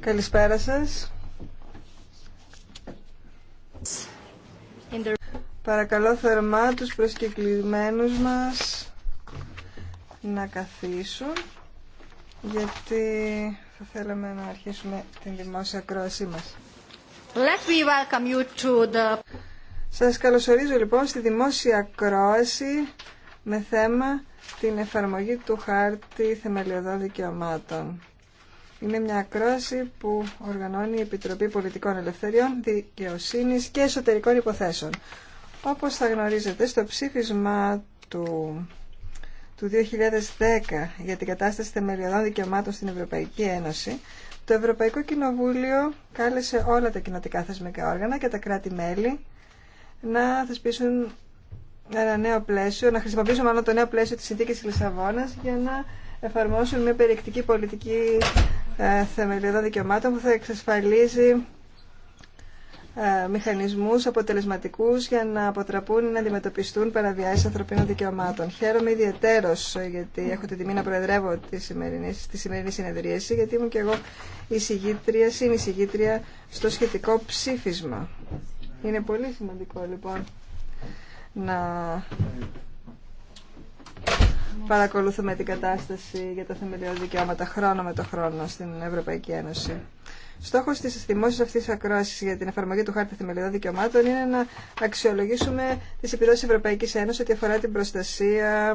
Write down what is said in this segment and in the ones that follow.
Καλησπέρα σας. Παρακαλώ θερμά τους προσκεκλημένους μας να καθίσουν γιατί θα θέλαμε να αρχίσουμε την δημόσια κρόασή μας. Let the... Σας καλωσορίζω λοιπόν στη δημόσια κρόαση με θέμα την εφαρμογή του χάρτη θεμελιωδών δικαιωμάτων. Είναι μια ακρόαση που οργανώνει η Επιτροπή Πολιτικών Ελευθεριών, Δικαιοσύνη και Εσωτερικών Υποθέσεων. Όπω θα γνωρίζετε, στο ψήφισμα του, 2010 για την κατάσταση θεμελιωδών δικαιωμάτων στην Ευρωπαϊκή Ένωση, το Ευρωπαϊκό Κοινοβούλιο κάλεσε όλα τα κοινοτικά θεσμικά όργανα και τα κράτη-μέλη να θεσπίσουν ένα νέο πλαίσιο, να χρησιμοποιήσουν μάλλον το νέο πλαίσιο της συνθήκης Λισαβόνας για να εφαρμόσουν μια περιεκτική πολιτική ε, θεμελιωδών δικαιωμάτων που θα εξασφαλίζει ε, μηχανισμούς αποτελεσματικούς για να αποτραπούν ή να αντιμετωπιστούν παραβιάσεις ανθρωπίνων δικαιωμάτων. Χαίρομαι ιδιαίτερος ε, γιατί έχω την τιμή να προεδρεύω τη σημερινή, τη σημερινή συνεδρίαση γιατί ήμουν και εγώ εισηγήτρια, συνεισηγήτρια στο σχετικό ψήφισμα. Είναι πολύ σημαντικό λοιπόν να παρακολουθούμε την κατάσταση για τα θεμελιώδη δικαιώματα χρόνο με το χρόνο στην Ευρωπαϊκή Ένωση. Στόχος της δημόσια αυτής ακρόαση για την εφαρμογή του Χάρτη θεμελιωδών Δικαιωμάτων είναι να αξιολογήσουμε τις τη Ευρωπαϊκή Ένωση ότι αφορά την προστασία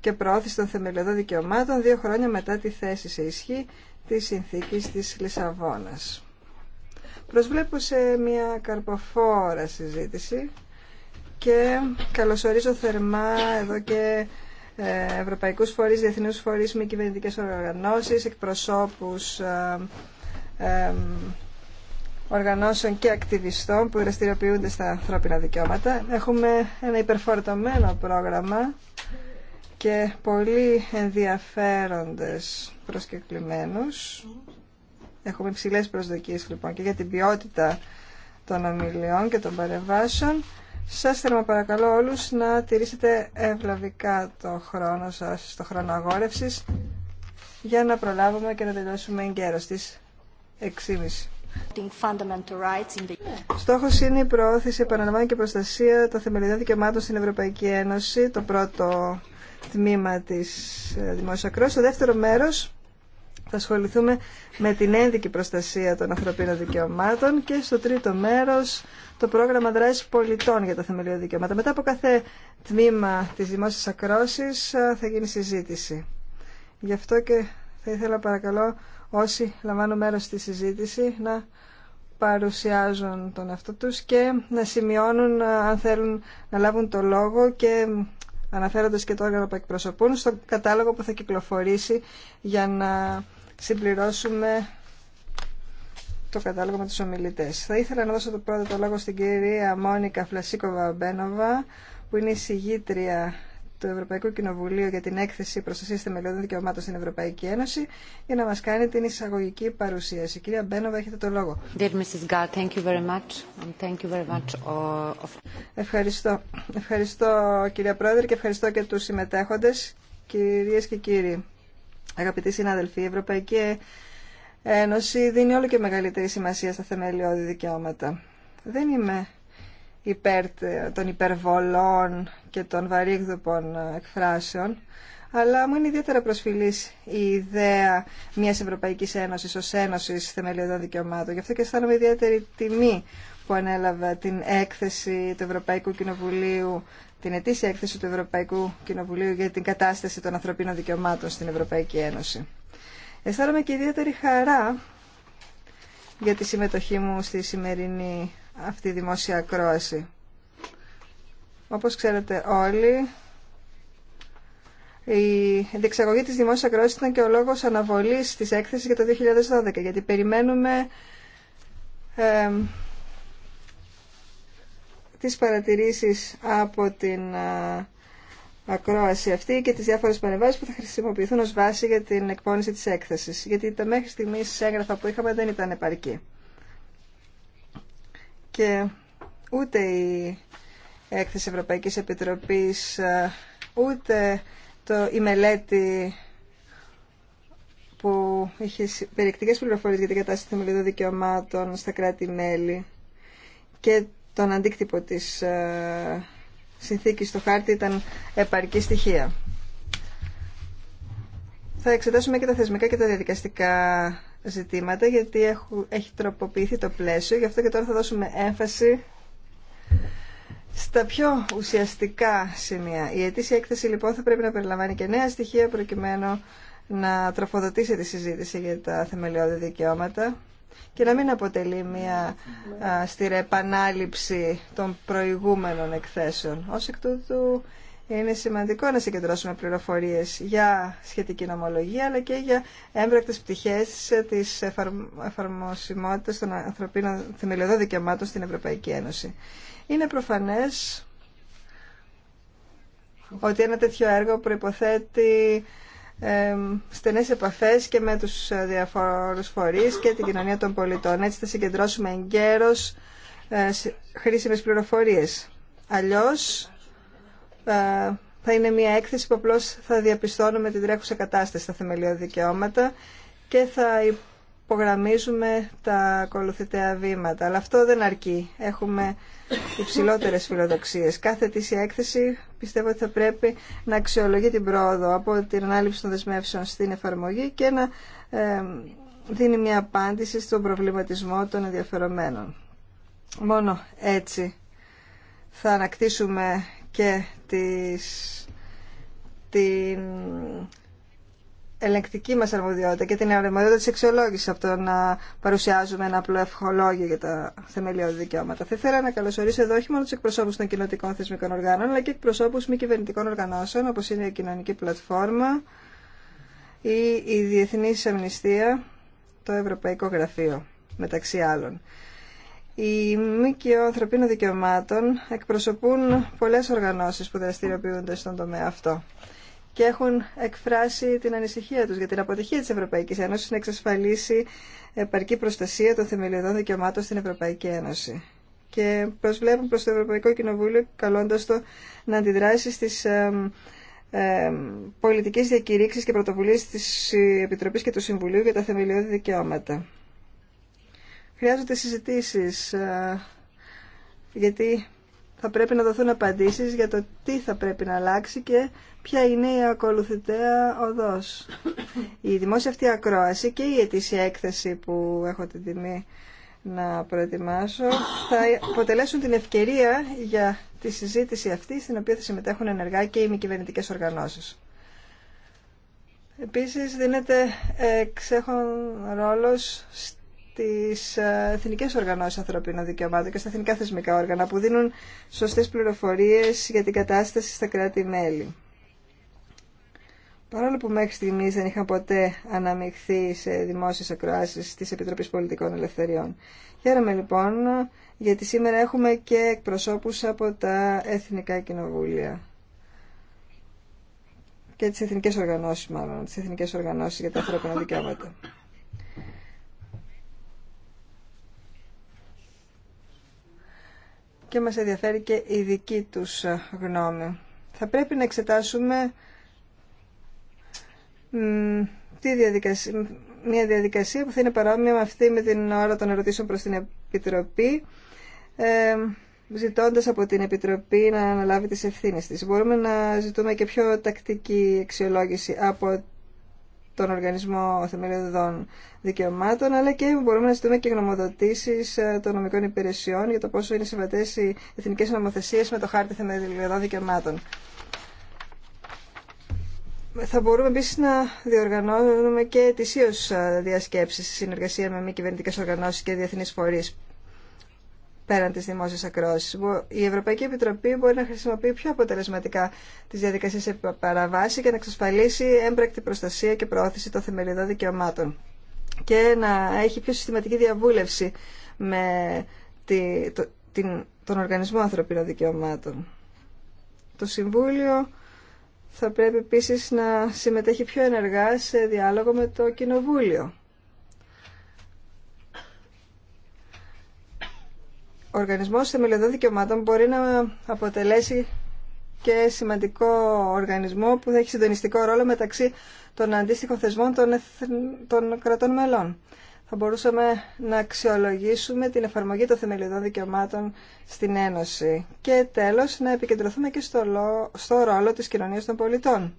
και προώθηση των θεμελιωδών δικαιωμάτων δύο χρόνια μετά τη θέση σε ισχύ τη συνθήκη τη Λισαβόνα. Προσβλέπω σε μια καρποφόρα συζήτηση και καλωσορίζω θερμά εδώ και ε, ευρωπαϊκούς φορείς, διεθνούς φορείς, μη κυβερνητικές οργανώσεις, εκπροσώπους ε, ε, οργανώσεων και ακτιβιστών που δραστηριοποιούνται στα ανθρώπινα δικαιώματα. Έχουμε ένα υπερφορτωμένο πρόγραμμα και πολύ ενδιαφέροντες προσκεκλημένους. Έχουμε υψηλέ προσδοκίες λοιπόν και για την ποιότητα των ομιλιών και των παρεμβάσεων σας θέλω παρακαλώ όλους να τηρήσετε ευλαβικά το χρόνο σας, το χρόνο αγόρευσης, για να προλάβουμε και να τελειώσουμε εγκαίρος στις 6.30. Στόχο είναι η προώθηση, επαναλαμβάνει και προστασία των θεμελιωδών δικαιωμάτων στην Ευρωπαϊκή Ένωση, το πρώτο τμήμα τη ε, δημόσια Το δεύτερο μέρος θα ασχοληθούμε με την ένδικη προστασία των ανθρωπίνων δικαιωμάτων και στο τρίτο μέρος το πρόγραμμα δράσης πολιτών για τα θεμελιώδη δικαιώματα. Μετά από κάθε τμήμα της δημόσιας ακρόσης θα γίνει συζήτηση. Γι' αυτό και θα ήθελα παρακαλώ όσοι λαμβάνουν μέρος στη συζήτηση να παρουσιάζουν τον αυτό τους και να σημειώνουν αν θέλουν να λάβουν το λόγο και αναφέροντας και το όργανο που εκπροσωπούν στο κατάλογο που θα κυκλοφορήσει για να συμπληρώσουμε το κατάλογο με τους ομιλητές. Θα ήθελα να δώσω το πρώτο το λόγο στην κυρία Μόνικα Φλασίκοβα Μπένοβα, που είναι η συγγήτρια του Ευρωπαϊκού Κοινοβουλίου για την έκθεση προστασία θεμελιώδων δικαιωμάτων στην Ευρωπαϊκή Ένωση για να μα κάνει την εισαγωγική παρουσίαση. Κυρία Μπένοβα, έχετε το λόγο. Ευχαριστώ. Ευχαριστώ, κυρία Πρόεδρε, και ευχαριστώ και του συμμετέχοντε, κυρίε και κύριοι. Αγαπητοί συνάδελφοι, η Ευρωπαϊκή Ένωση δίνει όλο και μεγαλύτερη σημασία στα θεμελιώδη δικαιώματα. Δεν είμαι υπέρ των υπερβολών και των βαρύγδουπων ε, εκφράσεων, αλλά μου είναι ιδιαίτερα προσφυλής η ιδέα μιας Ευρωπαϊκής Ένωσης ως Ένωσης Θεμελιωδών Δικαιωμάτων. Γι' αυτό και αισθάνομαι ιδιαίτερη τιμή που ανέλαβα την έκθεση του Ευρωπαϊκού Κοινοβουλίου την ετήσια έκθεση του Ευρωπαϊκού Κοινοβουλίου για την κατάσταση των ανθρωπίνων δικαιωμάτων στην Ευρωπαϊκή Ένωση. Αισθάνομαι και ιδιαίτερη χαρά για τη συμμετοχή μου στη σημερινή αυτή δημόσια ακρόαση. Όπως ξέρετε όλοι, η διεξαγωγή της δημόσιας ακρόασης ήταν και ο λόγος αναβολής της έκθεσης για το 2012, γιατί περιμένουμε τις παρατηρήσεις από την ακρόαση αυτή και τις διάφορες παρεμβάσεις που θα χρησιμοποιηθούν ως βάση για την εκπόνηση της έκθεσης, γιατί τα μέχρι στιγμής έγγραφα που είχαμε δεν ήταν επαρκή. Και ούτε η έκθεση Ευρωπαϊκής Επιτροπής, ούτε το, η μελέτη που είχε περιεκτικές πληροφορίες για την κατάσταση των δικαιωμάτων στα κράτη-μέλη και τον αντίκτυπο της ε, συνθήκης στο χάρτη ήταν επαρκή στοιχεία. Θα εξετάσουμε και τα θεσμικά και τα διαδικαστικά ζητήματα γιατί έχουν, έχει τροποποιηθεί το πλαίσιο γι' αυτό και τώρα θα δώσουμε έμφαση στα πιο ουσιαστικά σημεία. Η ετήσια έκθεση λοιπόν θα πρέπει να περιλαμβάνει και νέα στοιχεία προκειμένου να τροφοδοτήσει τη συζήτηση για τα θεμελιώδη δικαιώματα και να μην αποτελεί μια στήρε επανάληψη των προηγούμενων εκθέσεων. Ως εκ τούτου είναι σημαντικό να συγκεντρώσουμε πληροφορίες για σχετική νομολογία αλλά και για έμπρακτες πτυχές της εφαρμοσιμότητας των ανθρωπίνων θεμελιωδών δικαιωμάτων στην Ευρωπαϊκή Ένωση. Είναι προφανές ότι ένα τέτοιο έργο προϋποθέτει στενές επαφές και με τους ε, διαφορούς φορείς και την κοινωνία των πολιτών. Έτσι θα συγκεντρώσουμε εγκαίρως ε, χρήσιμες πληροφορίες. Αλλιώς ε, θα είναι μια έκθεση που απλώς θα διαπιστώνουμε την τρέχουσα κατάσταση στα θεμελιώδη δικαιώματα και θα υπογραμμίζουμε τα ακολουθητέα βήματα. Αλλά αυτό δεν αρκεί. Έχουμε υψηλότερε φιλοδοξίες. Κάθε η έκθεση πιστεύω ότι θα πρέπει να αξιολογεί την πρόοδο από την ανάληψη των δεσμεύσεων στην εφαρμογή και να δίνει μια απάντηση στον προβληματισμό των ενδιαφερομένων. Μόνο έτσι θα ανακτήσουμε και τις, την ελεγκτική μας αρμοδιότητα και την αρμοδιότητα της αξιολόγηση από το να παρουσιάζουμε ένα απλό ευχολόγιο για τα θεμελιώδη δικαιώματα. Θα ήθελα να καλωσορίσω εδώ όχι μόνο τους εκπροσώπους των κοινωτικών θεσμικών οργάνων, αλλά και εκπροσώπους μη κυβερνητικών οργανώσεων, όπως είναι η Κοινωνική Πλατφόρμα ή η η διεθνη Αμνηστία, το Ευρωπαϊκό Γραφείο, μεταξύ άλλων. Οι ΜΚΟ ανθρωπίνων δικαιωμάτων εκπροσωπούν πολλές οργανώσεις που δραστηριοποιούνται στον τομέα αυτό και έχουν εκφράσει την ανησυχία τους για την αποτυχία της Ευρωπαϊκής Ένωσης να εξασφαλίσει επαρκή προστασία των θεμελιωδών δικαιωμάτων στην Ευρωπαϊκή Ένωση. Και προσβλέπουν προς το Ευρωπαϊκό Κοινοβούλιο καλώντας το να αντιδράσει στις ε, πολιτικές διακηρύξεις και πρωτοβουλίες της Επιτροπής και του Συμβουλίου για τα θεμελιώδη δικαιώματα. Χρειάζονται συζητήσεις ε, γιατί θα πρέπει να δοθούν απαντήσεις για το τι θα πρέπει να αλλάξει και ποια είναι η ακολουθητέα οδός. Η δημόσια αυτή ακρόαση και η ετήσια έκθεση που έχω την τιμή να προετοιμάσω θα αποτελέσουν την ευκαιρία για τη συζήτηση αυτή στην οποία θα συμμετέχουν ενεργά και οι μη κυβερνητικέ οργανώσεις. Επίσης δίνεται εξέχον ρόλος τι ε, εθνικέ οργανώσει ανθρωπίνων δικαιωμάτων και στα εθνικά θεσμικά όργανα που δίνουν σωστέ πληροφορίε για την κατάσταση στα κράτη-μέλη. Παρόλο που μέχρι στιγμή δεν είχαν ποτέ αναμειχθεί σε δημόσιε ακροάσεις τη Επιτροπή Πολιτικών Ελευθεριών. Χαίρομαι λοιπόν γιατί σήμερα έχουμε και εκπροσώπους από τα Εθνικά Κοινοβούλια και τις Εθνικές Οργανώσεις μάλλον, τις Εθνικές Οργανώσεις για τα Ανθρώπινα Δικαιώματα. και μας ενδιαφέρει και η δική τους ε, γνώμη. Θα πρέπει να εξετάσουμε τη διαδικασία, μια διαδικασία που θα είναι παρόμοια με αυτή με την ώρα των ερωτήσεων προς την Επιτροπή ε, ζητώντας από την Επιτροπή να αναλάβει τις ευθύνες της. Μπορούμε να ζητούμε και πιο τακτική αξιολόγηση από τον Οργανισμό Θεμελιωδών Δικαιωμάτων, αλλά και μπορούμε να ζητούμε και γνωμοδοτήσει ε, των νομικών υπηρεσιών για το πόσο είναι συμβατέ οι εθνικέ νομοθεσίε με το χάρτη Θεμελιωδών Δικαιωμάτων. Θα μπορούμε επίση να διοργανώνουμε και ετησίω ε, διασκέψει στη συνεργασία με μη κυβερνητικέ οργανώσει και διεθνεί φορεί πέραν της δημόσια ακρόση. Η Ευρωπαϊκή Επιτροπή μπορεί να χρησιμοποιεί πιο αποτελεσματικά τις διαδικασίες επί παραβάση και να εξασφαλίσει έμπρακτη προστασία και προώθηση των θεμελιδών δικαιωμάτων και να έχει πιο συστηματική διαβούλευση με τη, τον Οργανισμό Ανθρωπίνων Δικαιωμάτων. Το Συμβούλιο θα πρέπει επίσης να συμμετέχει πιο ενεργά σε διάλογο με το Κοινοβούλιο Οργανισμός Θεμελιωδών Δικαιωμάτων μπορεί να αποτελέσει και σημαντικό οργανισμό που θα έχει συντονιστικό ρόλο μεταξύ των αντίστοιχων θεσμών των, κρατών μελών. Θα μπορούσαμε να αξιολογήσουμε την εφαρμογή των θεμελιωδών δικαιωμάτων στην Ένωση και τέλος να επικεντρωθούμε και στο, στο ρόλο της κοινωνίας των πολιτών.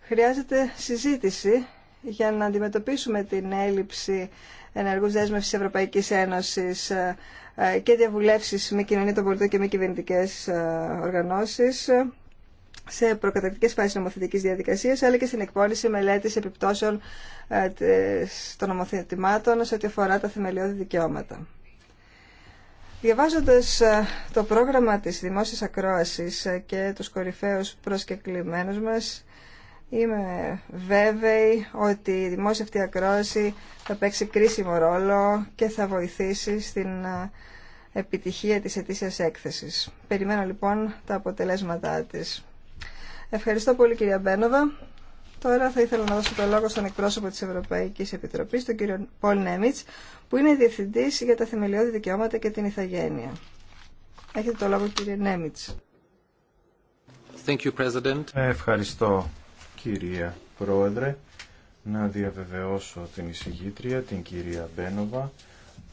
Χρειάζεται συζήτηση για να αντιμετωπίσουμε την έλλειψη ενεργούς δέσμευσης Ευρωπαϊκής Ένωσης ε, ε, και διαβουλεύσεις με κοινωνία των πολιτών και με κυβερνητικές ε, οργανώσεις σε προκατακτικέ φάσει νομοθετική διαδικασία, αλλά και στην εκπόνηση μελέτη επιπτώσεων ε, των νομοθετημάτων σε ό,τι αφορά τα θεμελιώδη δικαιώματα. Διαβάζοντα το πρόγραμμα τη δημόσια ακρόαση και του κορυφαίου προσκεκλημένου μα, Είμαι βέβαιη ότι η δημόσια αυτή ακρόαση θα παίξει κρίσιμο ρόλο και θα βοηθήσει στην επιτυχία της ετήσιας έκθεσης. Περιμένω λοιπόν τα αποτελέσματά της. Ευχαριστώ πολύ κυρία Μπένοβα. Τώρα θα ήθελα να δώσω το λόγο στον εκπρόσωπο της Ευρωπαϊκής Επιτροπής, τον κύριο Πολ Νέμιτς, που είναι διευθυντής για τα θεμελιώδη δικαιώματα και την ηθαγένεια. Έχετε το λόγο κύριε Νέμιτς. Ευχαριστώ κυρία Πρόεδρε, να διαβεβαιώσω την εισηγήτρια, την κυρία Μπένοβα,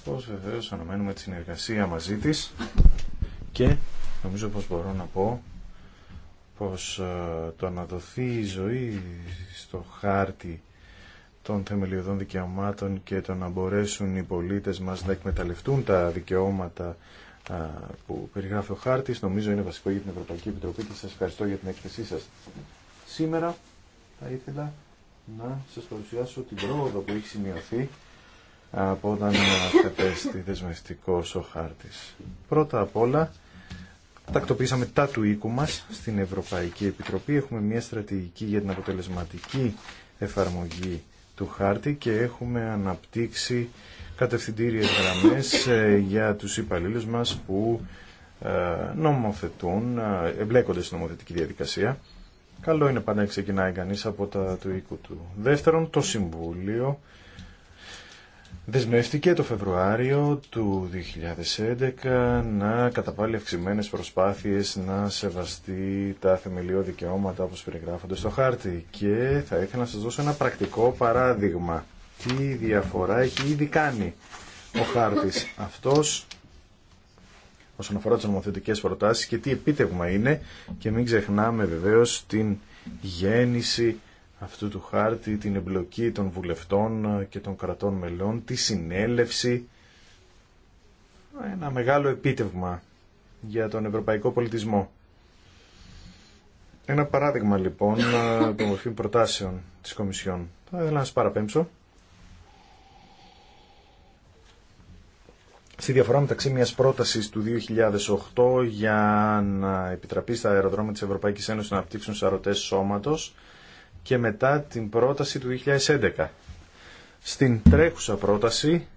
πως βεβαίως αναμένουμε τη συνεργασία μαζί της και νομίζω πως μπορώ να πω πως ε, το να δοθεί η ζωή στο χάρτη των θεμελιωδών δικαιωμάτων και το να μπορέσουν οι πολίτες μας να εκμεταλλευτούν τα δικαιώματα ε, που περιγράφει ο χάρτης νομίζω είναι βασικό για την Ευρωπαϊκή Επιτροπή και σας ευχαριστώ για την έκθεσή σας. Σήμερα θα ήθελα να σας παρουσιάσω την πρόοδο που έχει σημειωθεί από όταν κατέστη δεσμευτικός ο χάρτης. Πρώτα απ' όλα, τακτοποιήσαμε τα του οίκου μας στην Ευρωπαϊκή Επιτροπή. Έχουμε μια στρατηγική για την αποτελεσματική εφαρμογή του χάρτη και έχουμε αναπτύξει κατευθυντήριες γραμμές ε, για τους υπαλλήλους μας που ε, νομοθετούν, ε, εμπλέκονται στην νομοθετική διαδικασία Καλό είναι πάντα να ξεκινάει κανεί από τα του οίκου του. Δεύτερον, το Συμβούλιο δεσμεύτηκε το Φεβρουάριο του 2011 να καταβάλει αυξημένε προσπάθειες να σεβαστεί τα θεμελιώδη δικαιώματα όπως περιγράφονται στο χάρτη. Και θα ήθελα να σα δώσω ένα πρακτικό παράδειγμα. Τι διαφορά έχει ήδη κάνει ο χάρτης αυτός όσον αφορά τι νομοθετικές προτάσεις και τι επίτευγμα είναι και μην ξεχνάμε βεβαίως την γέννηση αυτού του χάρτη, την εμπλοκή των βουλευτών και των κρατών μελών, τη συνέλευση, ένα μεγάλο επίτευγμα για τον ευρωπαϊκό πολιτισμό. Ένα παράδειγμα λοιπόν των μορφή προτάσεων της Κομισιόν. Θα ήθελα να σας παραπέμψω στη διαφορά μεταξύ μια πρότασης του 2008 για να επιτραπεί στα αεροδρόμια της Ευρωπαϊκής Ένωσης να αναπτύξουν σαρωτέ σώματος και μετά την πρόταση του 2011. Στην τρέχουσα πρόταση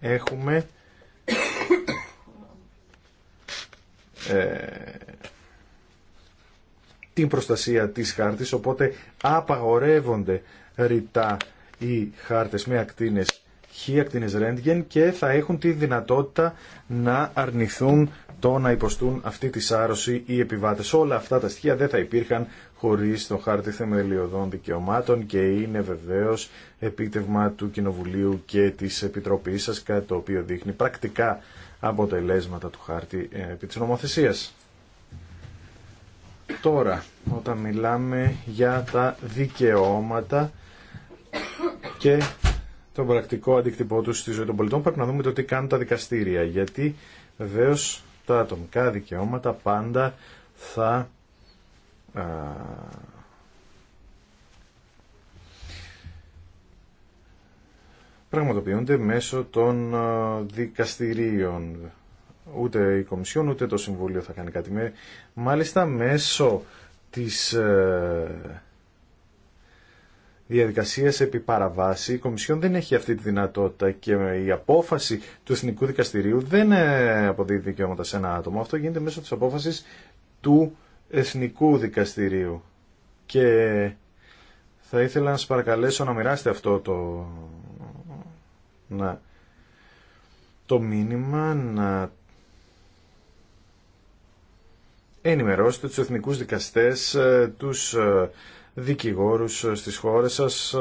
έχουμε ε, την προστασία της χάρτης, οπότε απαγορεύονται ρητά οι χάρτες με ακτίνες και θα έχουν τη δυνατότητα να αρνηθούν το να υποστούν αυτή τη σάρωση οι επιβάτες. Όλα αυτά τα στοιχεία δεν θα υπήρχαν χωρίς το χάρτη θεμελιωδών δικαιωμάτων και είναι βεβαίως επίτευγμα του Κοινοβουλίου και της Επιτροπής σας, κάτι το οποίο δείχνει πρακτικά αποτελέσματα του χάρτη ε, επί της νομοθεσίας. Τώρα, όταν μιλάμε για τα δικαιώματα και τον πρακτικό αντίκτυπό του στη ζωή των πολιτών. Πρέπει να δούμε το τι κάνουν τα δικαστήρια. Γιατί βεβαίω τα ατομικά δικαιώματα πάντα θα πραγματοποιούνται μέσω των δικαστηρίων. Ούτε η Κομισιόν ούτε το Συμβούλιο θα κάνει κάτι. Μάλιστα μέσω της ε, διαδικασίας επί παραβάση, η Κομισιόν δεν έχει αυτή τη δυνατότητα και η απόφαση του Εθνικού Δικαστηρίου δεν ε, αποδίδει δικαιώματα σε ένα άτομο. Αυτό γίνεται μέσω της απόφασης του Εθνικού Δικαστηρίου. Και θα ήθελα να σας παρακαλέσω να μοιράσετε αυτό το, να, το μήνυμα, να ενημερώσετε τους εθνικούς δικαστές, ε, τους ε, δικηγόρους ε, στις χώρες σας ε,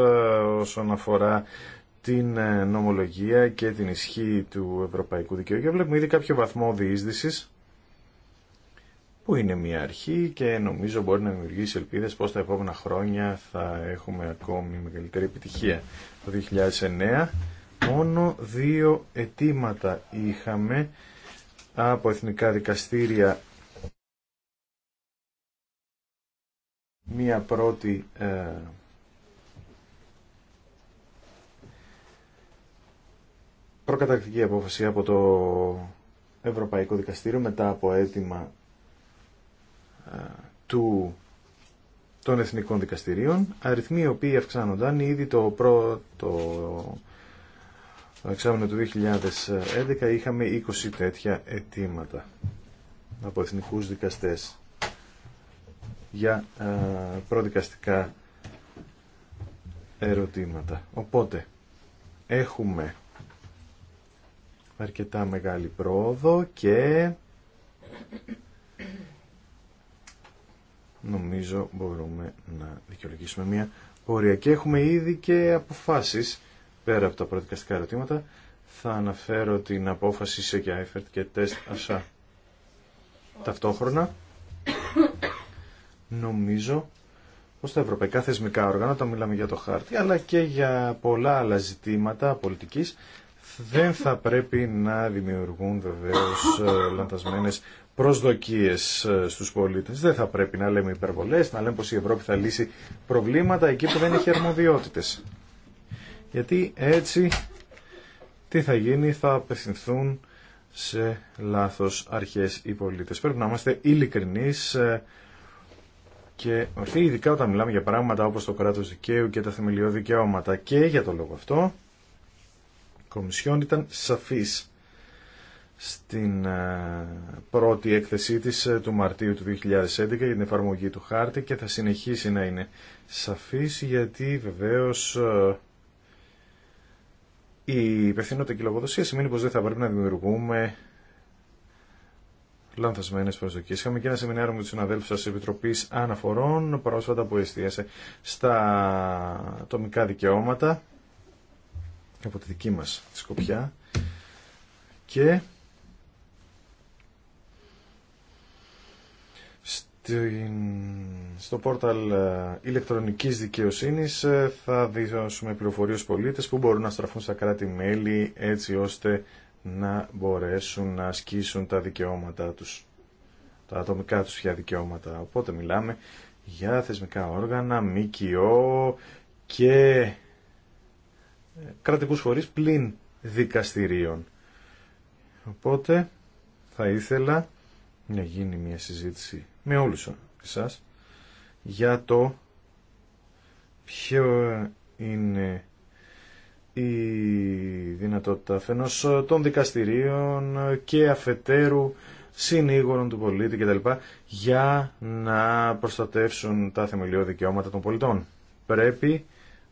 όσον αφορά την ε, νομολογία και την ισχύ του ευρωπαϊκού δικαίου. Και βλέπουμε ήδη κάποιο βαθμό διείσδυσης που είναι μια αρχή και νομίζω μπορεί να δημιουργήσει ελπίδες πως τα επόμενα χρόνια θα έχουμε ακόμη μεγαλύτερη επιτυχία. Το 2009 μόνο δύο αιτήματα είχαμε από εθνικά δικαστήρια μία πρώτη ε, προκαταρκτική απόφαση από το Ευρωπαϊκό Δικαστήριο μετά από αίτημα ε, του, των Εθνικών Δικαστηρίων αριθμοί οι οποίοι αυξάνονταν ήδη το πρώτο εξάμεινο του 2011 είχαμε 20 τέτοια αιτήματα από εθνικούς δικαστές για ε, προδικαστικά ερωτήματα. Οπότε, έχουμε αρκετά μεγάλη πρόοδο και νομίζω μπορούμε να δικαιολογήσουμε μια πορεία. Και έχουμε ήδη και αποφάσεις πέρα από τα προδικαστικά ερωτήματα. Θα αναφέρω την απόφαση σε Γιάιφερτ και τεστ ΑΣΑ. Ταυτόχρονα νομίζω πως τα ευρωπαϊκά θεσμικά όργανα, όταν μιλάμε για το χάρτη, αλλά και για πολλά άλλα ζητήματα πολιτικής, δεν θα πρέπει να δημιουργούν βεβαίως ε, λανθασμένες προσδοκίες ε, στους πολίτες. Δεν θα πρέπει να λέμε υπερβολές, να λέμε πως η Ευρώπη θα λύσει προβλήματα εκεί που δεν έχει αρμοδιότητες. Γιατί έτσι τι θα γίνει, θα απευθυνθούν σε λάθος αρχές οι πολίτες. Πρέπει να είμαστε ειλικρινείς ε, και ορθή, ειδικά όταν μιλάμε για πράγματα όπως το κράτος δικαίου και τα θεμελιώδη δικαιώματα. Και για το λόγο αυτό, η Κομισιόν ήταν σαφής στην ε, πρώτη έκθεσή της ε, του Μαρτίου του 2011 για την εφαρμογή του χάρτη και θα συνεχίσει να είναι σαφής γιατί βεβαίως ε, η υπευθυνότητα και η λογοδοσία σημαίνει πως δεν θα πρέπει να δημιουργούμε Λανθασμένε προσδοκίες. Είχαμε και ένα σεμινάριο με τους σα σας Επιτροπής Αναφορών πρόσφατα που εστίασε στα ατομικά δικαιώματα από τη δική μα Σκοπιά και στο πόρταλ ε, ηλεκτρονικής δικαιοσύνης ε, θα δώσουμε πληροφορίες στους πολίτες που μπορούν να στραφούν στα κράτη-μέλη έτσι ώστε να μπορέσουν να ασκήσουν τα δικαιώματά τους, τα ατομικά τους πια δικαιώματα. Οπότε μιλάμε για θεσμικά όργανα, ΜΚΟ και ε, κρατικούς φορείς πλην δικαστηρίων. Οπότε θα ήθελα να γίνει μια συζήτηση με όλους εσάς για το ποιο είναι η δυνατότητα αφενός των δικαστηρίων και αφετέρου συνήγορων του πολίτη κτλ. για να προστατεύσουν τα θεμελιώδη δικαιώματα των πολιτών. Πρέπει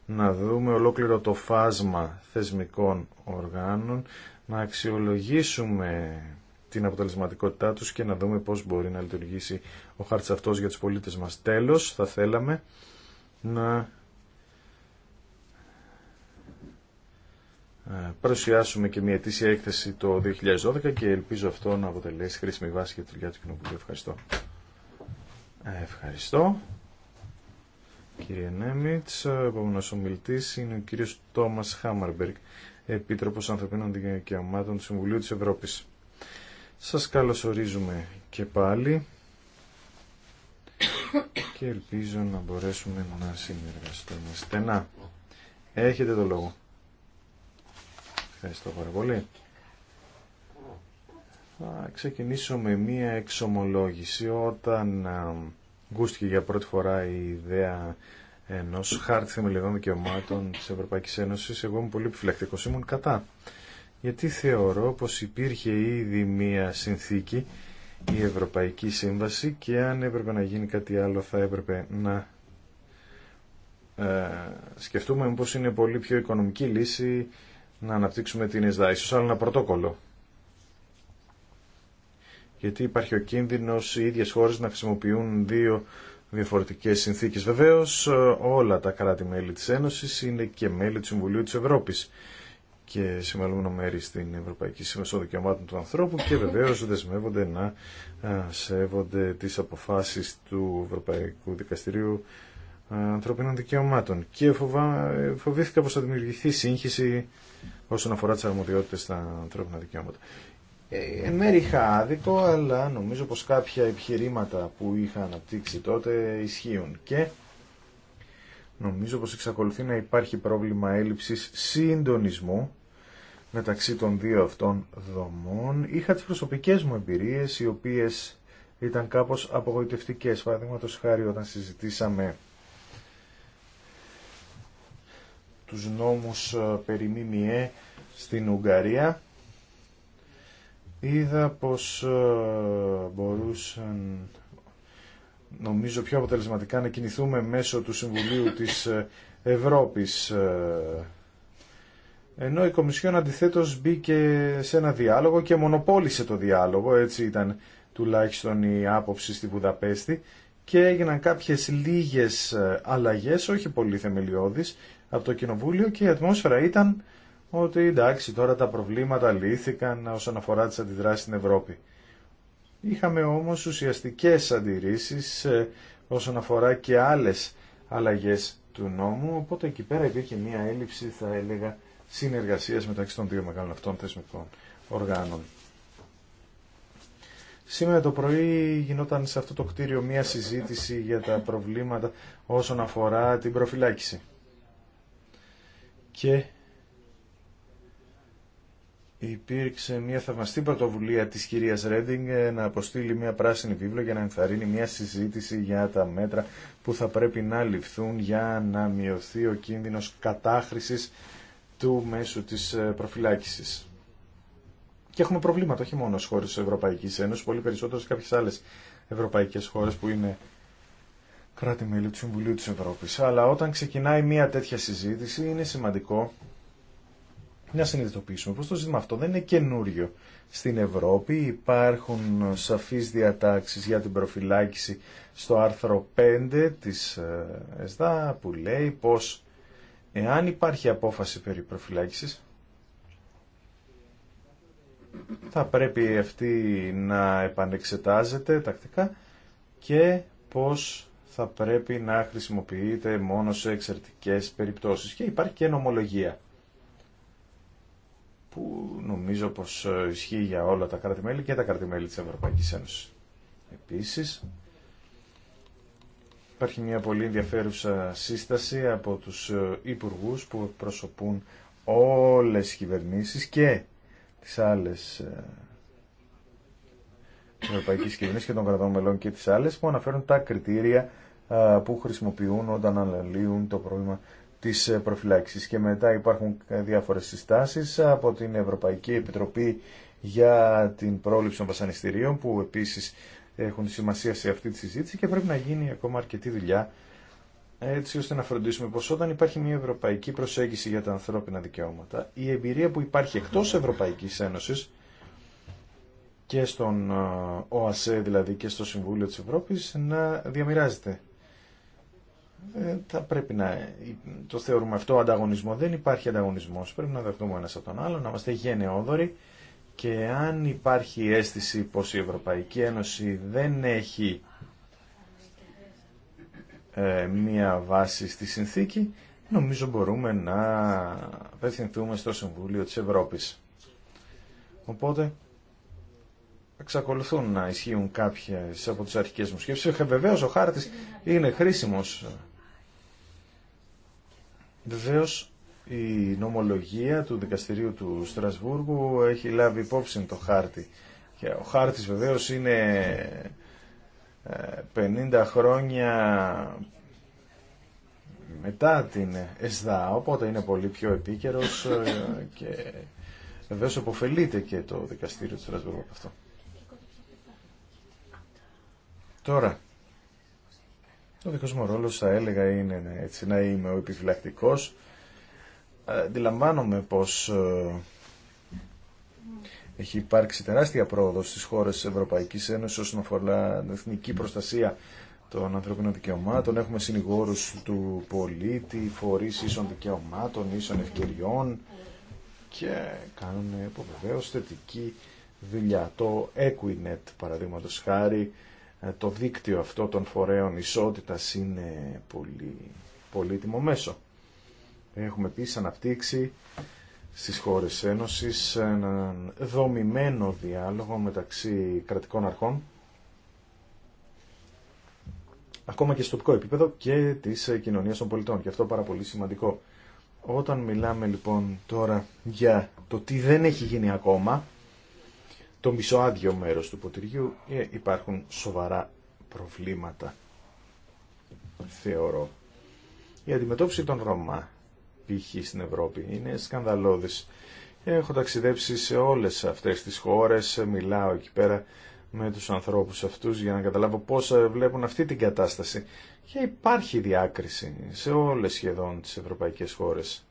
να δούμε ολόκληρο το φάσμα θεσμικών οργάνων, να αξιολογήσουμε την αποτελεσματικότητά τους και να δούμε πώς μπορεί να λειτουργήσει ο χάρτης αυτός για τους πολίτες μας. Τέλος, θα θέλαμε να Ε, παρουσιάσουμε και μια ετήσια έκθεση το 2012 και ελπίζω αυτό να αποτελέσει χρήσιμη βάση για τη δουλειά του Κοινοβουλίου. Ευχαριστώ. Ε, ευχαριστώ. Κύριε Νέμιτς, ο ε, επόμενος ομιλητής είναι ο κύριος Τόμας Χάμαρμπεργκ, Επίτροπος Ανθρωπίνων Δικαιωμάτων του Συμβουλίου της Ευρώπης. Σας καλωσορίζουμε και πάλι και ελπίζω να μπορέσουμε να συνεργαστούμε στενά. Έχετε το λόγο. Ευχαριστώ πάρα πολύ. Θα ξεκινήσω με μία εξομολόγηση. Όταν γκούστηκε για πρώτη φορά η ιδέα ενός χάρτη θεμελιωδών δικαιωμάτων της ευρωπαϊκή Ένωσης, εγώ ήμουν πολύ επιφυλακτικός, ήμουν κατά. Γιατί θεωρώ πως υπήρχε ήδη μία συνθήκη, η Ευρωπαϊκή Σύμβαση και αν έπρεπε να γίνει κάτι άλλο θα έπρεπε να ε, σκεφτούμε πως είναι πολύ πιο οικονομική λύση να αναπτύξουμε την ΕΣΔΑ, ίσως άλλο ένα πρωτόκολλο. Γιατί υπάρχει ο κίνδυνος οι ίδιες χώρες να χρησιμοποιούν δύο διαφορετικές συνθήκες. Βεβαίως όλα τα κράτη-μέλη της Ένωσης είναι και μέλη του Συμβουλίου της Ευρώπης και συμμελούμενο μέρη στην Ευρωπαϊκή Σύμβαση των Δικαιωμάτων του Ανθρώπου και βεβαίως δεσμεύονται να σέβονται τις αποφάσεις του Ευρωπαϊκού Δικαστηρίου ε, ανθρωπίνων δικαιωμάτων και φοβά, ε, φοβήθηκα πως θα δημιουργηθεί σύγχυση όσον αφορά τις αρμοδιότητες στα ανθρώπινα δικαιώματα. Ε, ε, μέρη είχα άδικο, αλλά νομίζω πως κάποια επιχειρήματα που είχα αναπτύξει τότε ισχύουν και νομίζω πως εξακολουθεί να υπάρχει πρόβλημα έλλειψης συντονισμού μεταξύ των δύο αυτών δομών. Είχα τις προσωπικές μου εμπειρίες, οι οποίες ήταν κάπως απογοητευτικές. Παραδείγματος χάρη όταν συζητήσαμε τους νόμους ε, περί ΜΜΕ στην Ουγγαρία είδα πως ε, μπορούσαν νομίζω πιο αποτελεσματικά να κινηθούμε μέσω του Συμβουλίου της ε, Ευρώπης ενώ η Κομισιόν αντιθέτως μπήκε σε ένα διάλογο και μονοπόλησε το διάλογο, έτσι ήταν τουλάχιστον η άποψη στη Βουδαπέστη και έγιναν κάποιες λίγες αλλαγές, όχι πολύ θεμελιώδεις, από το Κοινοβούλιο και η ατμόσφαιρα ήταν ότι εντάξει τώρα τα προβλήματα λύθηκαν όσον αφορά τις αντιδράσεις στην Ευρώπη. Είχαμε όμως ουσιαστικές αντιρρήσεις ε, όσον αφορά και άλλες αλλαγές του νόμου, οπότε εκεί πέρα υπήρχε μια έλλειψη, θα έλεγα, συνεργασίας μεταξύ των δύο μεγάλων αυτών θεσμικών οργάνων. Σήμερα το πρωί γινόταν σε αυτό το κτίριο μια συζήτηση για τα προβλήματα όσον αφορά την προφυλάκηση και υπήρξε μια θαυμαστή πρωτοβουλία της κυρίας Ρέντινγκ ε, να αποστείλει μια πράσινη βίβλο για να ενθαρρύνει μια συζήτηση για τα μέτρα που θα πρέπει να ληφθούν για να μειωθεί ο κίνδυνος κατάχρησης του μέσου της ε, προφυλάκησης. Και έχουμε προβλήματα όχι μόνο στις χώρες της Ευρωπαϊκής Ένωσης, πολύ περισσότερο σε κάποιες άλλες ευρωπαϊκές χώρες που είναι κράτη-μέλη του Συμβουλίου της Ευρώπης. Αλλά όταν ξεκινάει μια τέτοια συζήτηση είναι σημαντικό να συνειδητοποιήσουμε πως το ζήτημα αυτό δεν είναι καινούριο. Στην Ευρώπη υπάρχουν σαφείς διατάξεις για την προφυλάκηση στο άρθρο 5 της ε, ΕΣΔΑ που λέει πως εάν υπάρχει απόφαση περί προφυλάκησης θα πρέπει αυτή να επανεξετάζεται τακτικά και πως θα πρέπει να χρησιμοποιείται μόνο σε εξαιρετικές περιπτώσεις. Και υπάρχει και νομολογία που νομίζω πως ε, ισχύει για όλα τα κρατη και τα κράτη-μέλη της Ευρωπαϊκής Ένωσης. Επίσης, υπάρχει μια πολύ ενδιαφέρουσα σύσταση από τους ε, υπουργούς που προσωπούν όλες τις κυβερνήσεις και τις άλλες ε, Ευρωπαϊκή Κοινωνία και των κρατών μελών και τι άλλε που αναφέρουν τα κριτήρια που χρησιμοποιούν όταν αναλύουν το πρόβλημα τη ε, προφυλάξης. Και μετά υπάρχουν ε, διάφορε συστάσει από την Ευρωπαϊκή Επιτροπή για την πρόληψη των βασανιστήριων που επίση έχουν σημασία σε αυτή τη συζήτηση και πρέπει να γίνει ακόμα αρκετή δουλειά έτσι ώστε να φροντίσουμε πως όταν υπάρχει μια ευρωπαϊκή προσέγγιση για τα ανθρώπινα δικαιώματα η εμπειρία που υπάρχει εκτός Ευρωπαϊκής Ένωσης και στον ε, ΟΑΣΕ, δηλαδή και στο Συμβούλιο της Ευρώπης, να διαμοιράζεται. Ε, θα πρέπει να το θεωρούμε αυτό ανταγωνισμό. Δεν υπάρχει ανταγωνισμός. Πρέπει να δεχτούμε ένας από τον άλλο, να είμαστε γενναιόδοροι και αν υπάρχει αίσθηση πως η Ευρωπαϊκή Ένωση δεν έχει ε, μία βάση στη συνθήκη, νομίζω μπορούμε να απευθυνθούμε στο Συμβούλιο της Ευρώπης. Οπότε εξακολουθούν να ισχύουν κάποιε από τι αρχικές μου σκέψεις. Ε, βεβαίω ο χάρτης είναι χρήσιμος. Βεβαίω η νομολογία του δικαστηρίου του Στρασβούργου έχει λάβει υπόψη το χάρτη. Και ο χάρτης βεβαίω είναι 50 ε, χρόνια μετά την ΕΣΔΑ, οπότε είναι πολύ πιο επίκαιρος ε, και βεβαίως αποφελείται και το δικαστήριο του Στρασβούργου από αυτό. Τώρα, ο δικό μου ρόλο θα έλεγα είναι έτσι να είμαι ο επιφυλακτικό, Αντιλαμβάνομαι πω ε, έχει υπάρξει τεράστια πρόοδο στι χώρε τη Ευρωπαϊκή Ένωση όσον αφορά την εθνική προστασία των ανθρωπίνων δικαιωμάτων. Έχουμε συνηγόρου του πολίτη, φορεί ίσων δικαιωμάτων, ίσων ευκαιριών και κάνουν ε, βεβαίω θετική δουλειά. Το Equinet, παραδείγματο χάρη, ε, το δίκτυο αυτό των φορέων ισότητας είναι πολύ πολύτιμο μέσο. Έχουμε επίσης αναπτύξει στις χώρες Ένωσης έναν δομημένο διάλογο μεταξύ κρατικών αρχών ακόμα και στο τοπικό επίπεδο και της κοινωνίας των πολιτών και αυτό πάρα πολύ σημαντικό. Όταν μιλάμε λοιπόν τώρα για το τι δεν έχει γίνει ακόμα το μισοάδιο μέρος του ποτηριού ε, υπάρχουν σοβαρά προβλήματα, θεωρώ. Η αντιμετώπιση των Ρωμά, π.χ. στην Ευρώπη, είναι σκανδαλώδης. Έχω ταξιδέψει σε όλες αυτές τις χώρες, μιλάω εκεί πέρα με τους ανθρώπους αυτούς για να καταλάβω πώς βλέπουν αυτή την κατάσταση. Και υπάρχει διάκριση σε όλες σχεδόν τις ευρωπαϊκές χώρες.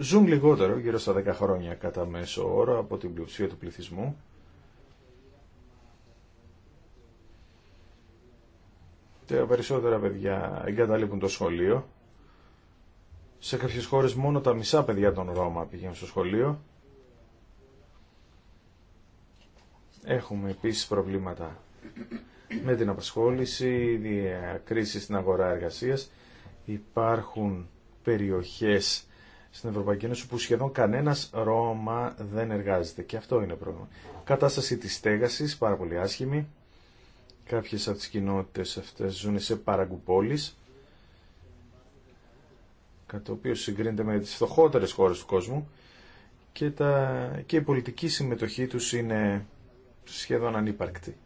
ζουν λιγότερο, γύρω στα 10 χρόνια κατά μέσο όρο, από την πλειοψηφία του πληθυσμού. Τα περισσότερα παιδιά εγκαταλείπουν το σχολείο. Σε κάποιες χώρες μόνο τα μισά παιδιά των Ρώμα πηγαίνουν στο σχολείο. Έχουμε επίσης προβλήματα με την απασχόληση, διακρίσεις στην αγορά εργασίας. Υπάρχουν περιοχές στην Ευρωπαϊκή Ένωση που σχεδόν κανένας Ρώμα δεν εργάζεται και αυτό είναι πρόβλημα. Κατάσταση της στέγασης, πάρα πολύ άσχημη. Κάποιε από τι κοινότητε αυτές ζουν σε παραγκουπόλεις κατά το οποίο συγκρίνεται με τις φτωχότερε χώρες του κόσμου και, τα, και η πολιτική συμμετοχή τους είναι σχεδόν ανύπαρκτη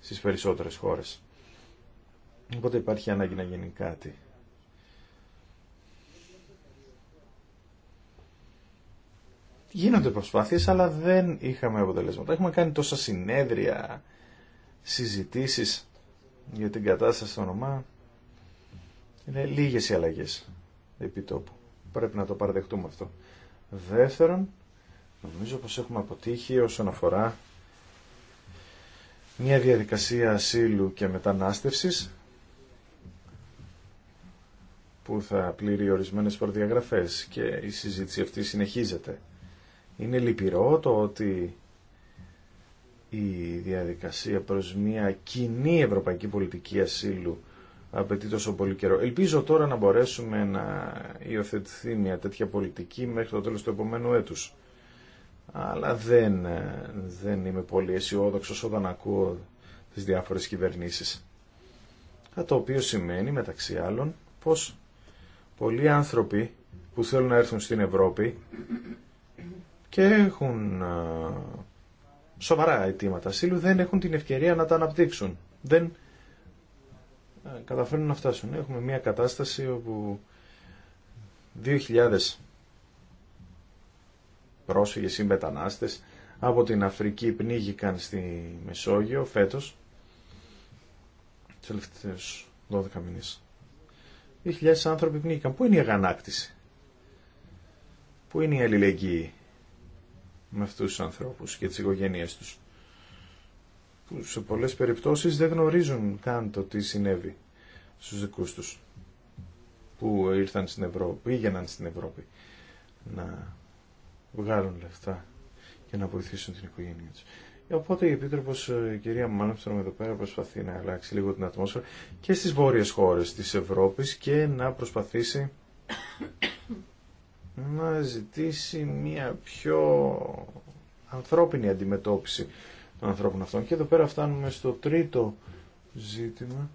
στι περισσότερε χώρες. Οπότε υπάρχει ανάγκη να γίνει κάτι. Γίνονται προσπάθειες, αλλά δεν είχαμε αποτελέσματα. Έχουμε κάνει τόσα συνέδρια, συζητήσεις για την κατάσταση στο όνομά. Είναι λίγες οι αλλαγές επί τόπου. Πρέπει να το παραδεχτούμε αυτό. Δεύτερον, νομίζω πως έχουμε αποτύχει όσον αφορά μια διαδικασία ασύλου και μετανάστευσης που θα πλήρει ορισμένες προδιαγραφές και η συζήτηση αυτή συνεχίζεται. Είναι λυπηρό το ότι η διαδικασία προς μια κοινή ευρωπαϊκή πολιτική ασύλου απαιτεί τόσο πολύ καιρό. Ελπίζω τώρα να μπορέσουμε να υιοθετηθεί μια τέτοια πολιτική μέχρι το τέλος του επόμενου έτους. Αλλά δεν, δεν είμαι πολύ αισιόδοξο όταν ακούω τις διάφορες κυβερνήσεις. Το οποίο σημαίνει μεταξύ άλλων πως πολλοί άνθρωποι που θέλουν να έρθουν στην Ευρώπη και έχουν σοβαρά αιτήματα ασύλου δεν έχουν την ευκαιρία να τα αναπτύξουν. Δεν καταφέρνουν να φτάσουν. Έχουμε μια κατάσταση όπου 2.000 πρόσφυγες ή μετανάστες από την Αφρική πνίγηκαν στη Μεσόγειο φέτος τους τελευταίους 12 μήνες. 2.000 άνθρωποι πνίγηκαν. Πού είναι η αγανάκτηση. μεσογειο φετος τελευταιους 12 μηνες είναι η αλληλεγγύη με αυτούς τους ανθρώπους και τις οικογένειές τους. Που σε πολλές περιπτώσεις δεν γνωρίζουν καν το τι συνέβη στους δικούς τους που ήρθαν στην Ευρώπη, πήγαιναν στην Ευρώπη να βγάλουν λεφτά και να βοηθήσουν την οικογένειά τους. Οπότε η Επίτροπο ε, κυρία Μάνεμστρομ εδώ πέρα προσπαθεί να αλλάξει λίγο την ατμόσφαιρα και στις βόρειες χώρες της Ευρώπης και να προσπαθήσει να ζητήσει μια πιο ανθρώπινη αντιμετώπιση των ανθρώπων αυτών. Και εδώ πέρα φτάνουμε στο τρίτο ζήτημα,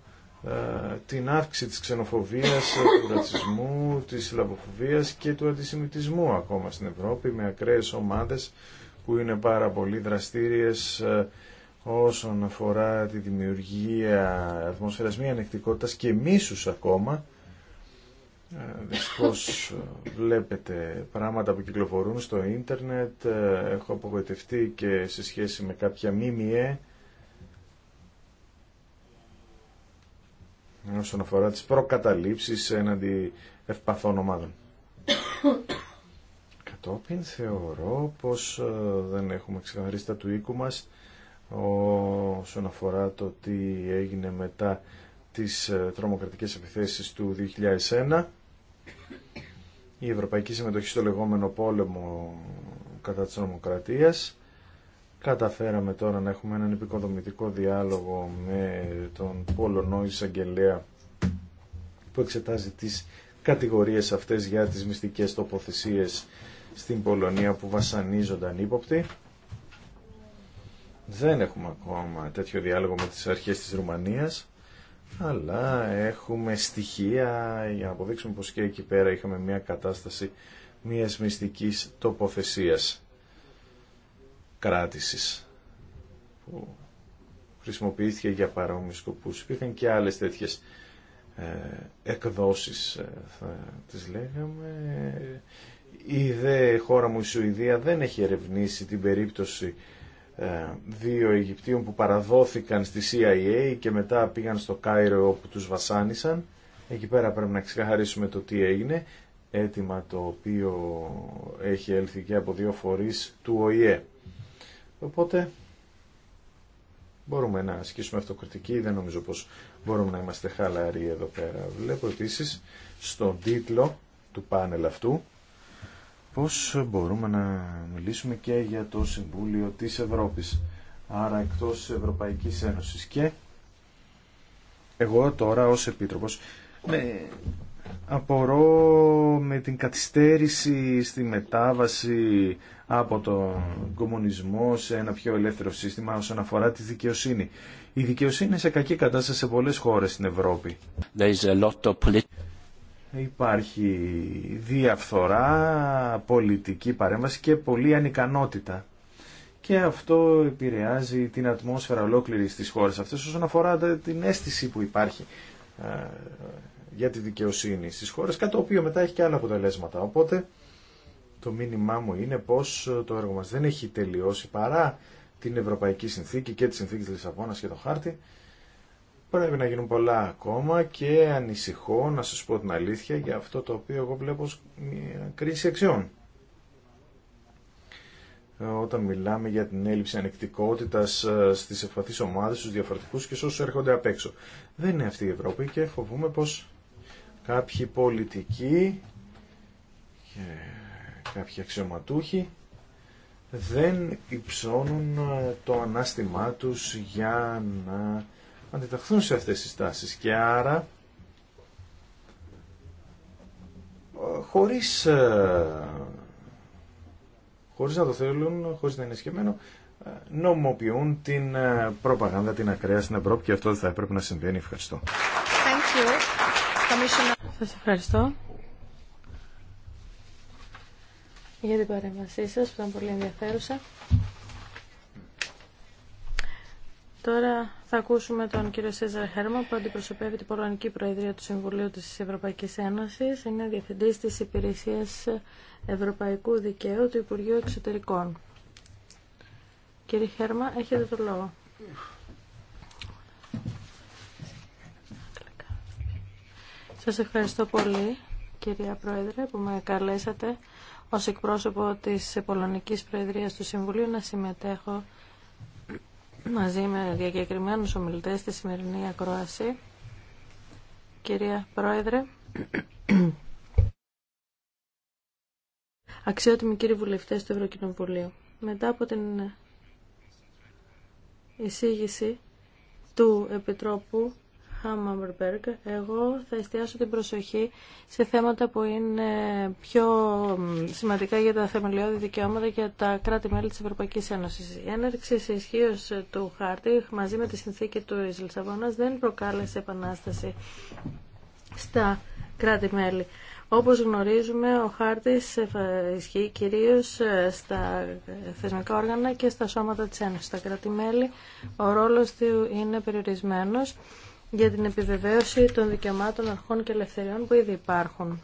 ε, την αύξηση της ξενοφοβίας, ε, του ρατσισμού, της λαβοφοβίας και του αντισημιτισμού ακόμα στην Ευρώπη με ακραίες ομάδες που είναι πάρα πολύ δραστήριες ε, όσον αφορά τη δημιουργία ατμόσφαιρας μη ανεκτικότητας και μίσους ακόμα ε, δυστυχώς ε, βλέπετε πράγματα που κυκλοφορούν στο ίντερνετ. Ε, έχω απογοητευτεί και σε σχέση με κάποια μίμιε όσον αφορά τις προκαταλήψεις έναντι ευπαθών ομάδων. Κατόπιν θεωρώ πως δεν έχουμε ξεκαθαρίσει τα του οίκου μας όσον αφορά το τι έγινε μετά τις ε, τρομοκρατικές επιθέσεις του 2001, η ευρωπαϊκή συμμετοχή στο λεγόμενο πόλεμο κατά της τρομοκρατίας, Καταφέραμε τώρα να έχουμε έναν επικοδομητικό διάλογο με τον Πολωνό εισαγγελέα που εξετάζει τις κατηγορίες αυτές για τις μυστικές τοποθεσίες στην Πολωνία που βασανίζονταν ύποπτοι. Δεν έχουμε ακόμα τέτοιο διάλογο με τις αρχές της Ρουμανίας αλλά έχουμε στοιχεία για να αποδείξουμε πως και εκεί πέρα είχαμε μια κατάσταση μιας μυστικής τοποθεσίας κράτησης που χρησιμοποιήθηκε για παρόμοιου σκοπούς. Υπήρχαν και άλλες τέτοιες ε, εκδόσεις ε, θα τις λέγαμε. Η δε χώρα μου η Σουηδία δεν έχει ερευνήσει την περίπτωση ε, δύο Αιγυπτίων που παραδόθηκαν στη CIA και μετά πήγαν στο Κάιρο όπου τους βασάνισαν. Εκεί πέρα πρέπει να ξεχαρίσουμε το τι έγινε, Έτοιμα το οποίο έχει έλθει και από δύο φορείς του ΟΗΕ. Οπότε μπορούμε να ασκήσουμε αυτοκριτική, δεν νομίζω πως μπορούμε να είμαστε χαλαροί εδώ πέρα. Βλέπω επίση στον τίτλο του πάνελ αυτού πώς μπορούμε να μιλήσουμε και για το Συμβούλιο της Ευρώπης, άρα εκτός Ευρωπαϊκής Ένωσης. Και εγώ τώρα ως Επίτροπος με απορώ με την καθυστέρηση στη μετάβαση από τον κομμουνισμό σε ένα πιο ελεύθερο σύστημα όσον αφορά τη δικαιοσύνη. Η δικαιοσύνη είναι σε κακή κατάσταση σε πολλές χώρες στην Ευρώπη υπάρχει διαφθορά, πολιτική παρέμβαση και πολλή ανικανότητα. Και αυτό επηρεάζει την ατμόσφαιρα ολόκληρη της χώρας αυτές όσον αφορά την αίσθηση που υπάρχει ε, για τη δικαιοσύνη στις χώρες, κάτι το οποίο μετά έχει και άλλα αποτελέσματα. Οπότε το μήνυμά μου είναι πως το έργο μας δεν έχει τελειώσει παρά την Ευρωπαϊκή Συνθήκη και τη Συνθήκη της Λισαβόνας και το χάρτη Πρέπει να γίνουν πολλά ακόμα και ανησυχώ να σας πω την αλήθεια για αυτό το οποίο εγώ βλέπω ως μια κρίση αξιών. Όταν μιλάμε για την έλλειψη ανεκτικότητας ε, στις ευπαθείς ομάδες, στους διαφορετικούς και στους όσους έρχονται απ' έξω. Δεν είναι αυτή η Ευρώπη και φοβούμε πως κάποιοι πολιτικοί και κάποιοι αξιωματούχοι δεν υψώνουν ε, το ανάστημά τους για να αντιταχθούν σε αυτές τις τάσεις και άρα ε, χωρίς, ε, χωρίς να το θέλουν, χωρίς να είναι σκεμμένο, ε, νομοποιούν την προπαγάνδα, την ακραία στην Ευρώπη και αυτό δεν θα έπρεπε να συμβαίνει. Ευχαριστώ. Thank you. Σας ευχαριστώ για την παρέμβασή σας που ήταν πολύ ενδιαφέρουσα. Τώρα θα ακούσουμε τον κύριο Σέζαρ Χέρμα που αντιπροσωπεύει την Πολωνική Προεδρία του Συμβουλίου της Ευρωπαϊκής Ένωσης. Είναι διευθυντή τη Υπηρεσία Ευρωπαϊκού Δικαίου του Υπουργείου Εξωτερικών. Κύριε Χέρμα, έχετε το λόγο. Σας ευχαριστώ πολύ, κυρία Πρόεδρε, που με καλέσατε ως εκπρόσωπο της Πολωνικής Προεδρίας του Συμβουλίου να συμμετέχω μαζί με διακεκριμένους ομιλητές στη σημερινή ακρόαση. Κυρία Πρόεδρε, αξιότιμοι κύριοι βουλευτές του Ευρωκοινοβουλίου, μετά από την εισήγηση του Επιτρόπου εγώ θα εστιάσω την προσοχή σε θέματα που είναι πιο σημαντικά για τα θεμελιώδη δικαιώματα για τα κράτη-μέλη της Ευρωπαϊκής Ένωσης. Η έναρξη σε ισχύω του χάρτη μαζί με τη συνθήκη του Λισαβόνας δεν προκάλεσε επανάσταση στα κράτη-μέλη. Όπως γνωρίζουμε, ο χάρτης ισχύει κυρίως ε, στα θεσμικά όργανα και στα σώματα της Ένωσης. Στα κράτη-μέλη ο ρόλος του είναι περιορισμένος για την επιβεβαίωση των δικαιωμάτων αρχών και ελευθεριών που ήδη υπάρχουν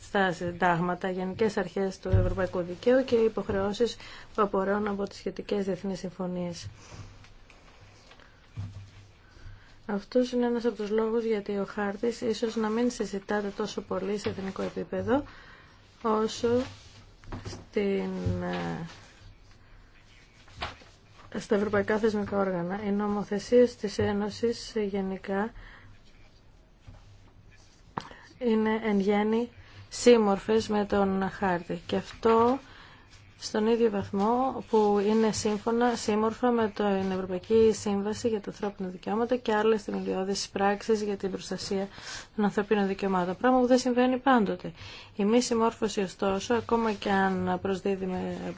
στα συντάγματα, γενικές αρχές του Ευρωπαϊκού Δικαίου και υποχρεώσεις που απορρέουν από τις σχετικέ διεθνεί συμφωνίες. Αυτός είναι ένας από τους λόγους γιατί ο χάρτη ίσως να μην συζητάται τόσο πολύ σε εθνικό επίπεδο όσο στην ε, στα ευρωπαϊκά θεσμικά όργανα. Οι νομοθεσίε τη Ένωση γενικά είναι εν γέννη σύμμορφε με τον χάρτη. Και αυτό στον ίδιο βαθμό που είναι σύμφωνα, σύμμορφα με την Ευρωπαϊκή Σύμβαση για τα ανθρώπινα δικαιώματα και άλλε θεμελιώδει πράξει για την προστασία των ανθρωπίνων δικαιωμάτων. Πράγμα που δεν συμβαίνει πάντοτε. Η μη συμμόρφωση, ωστόσο, ακόμα και αν προσδίδει,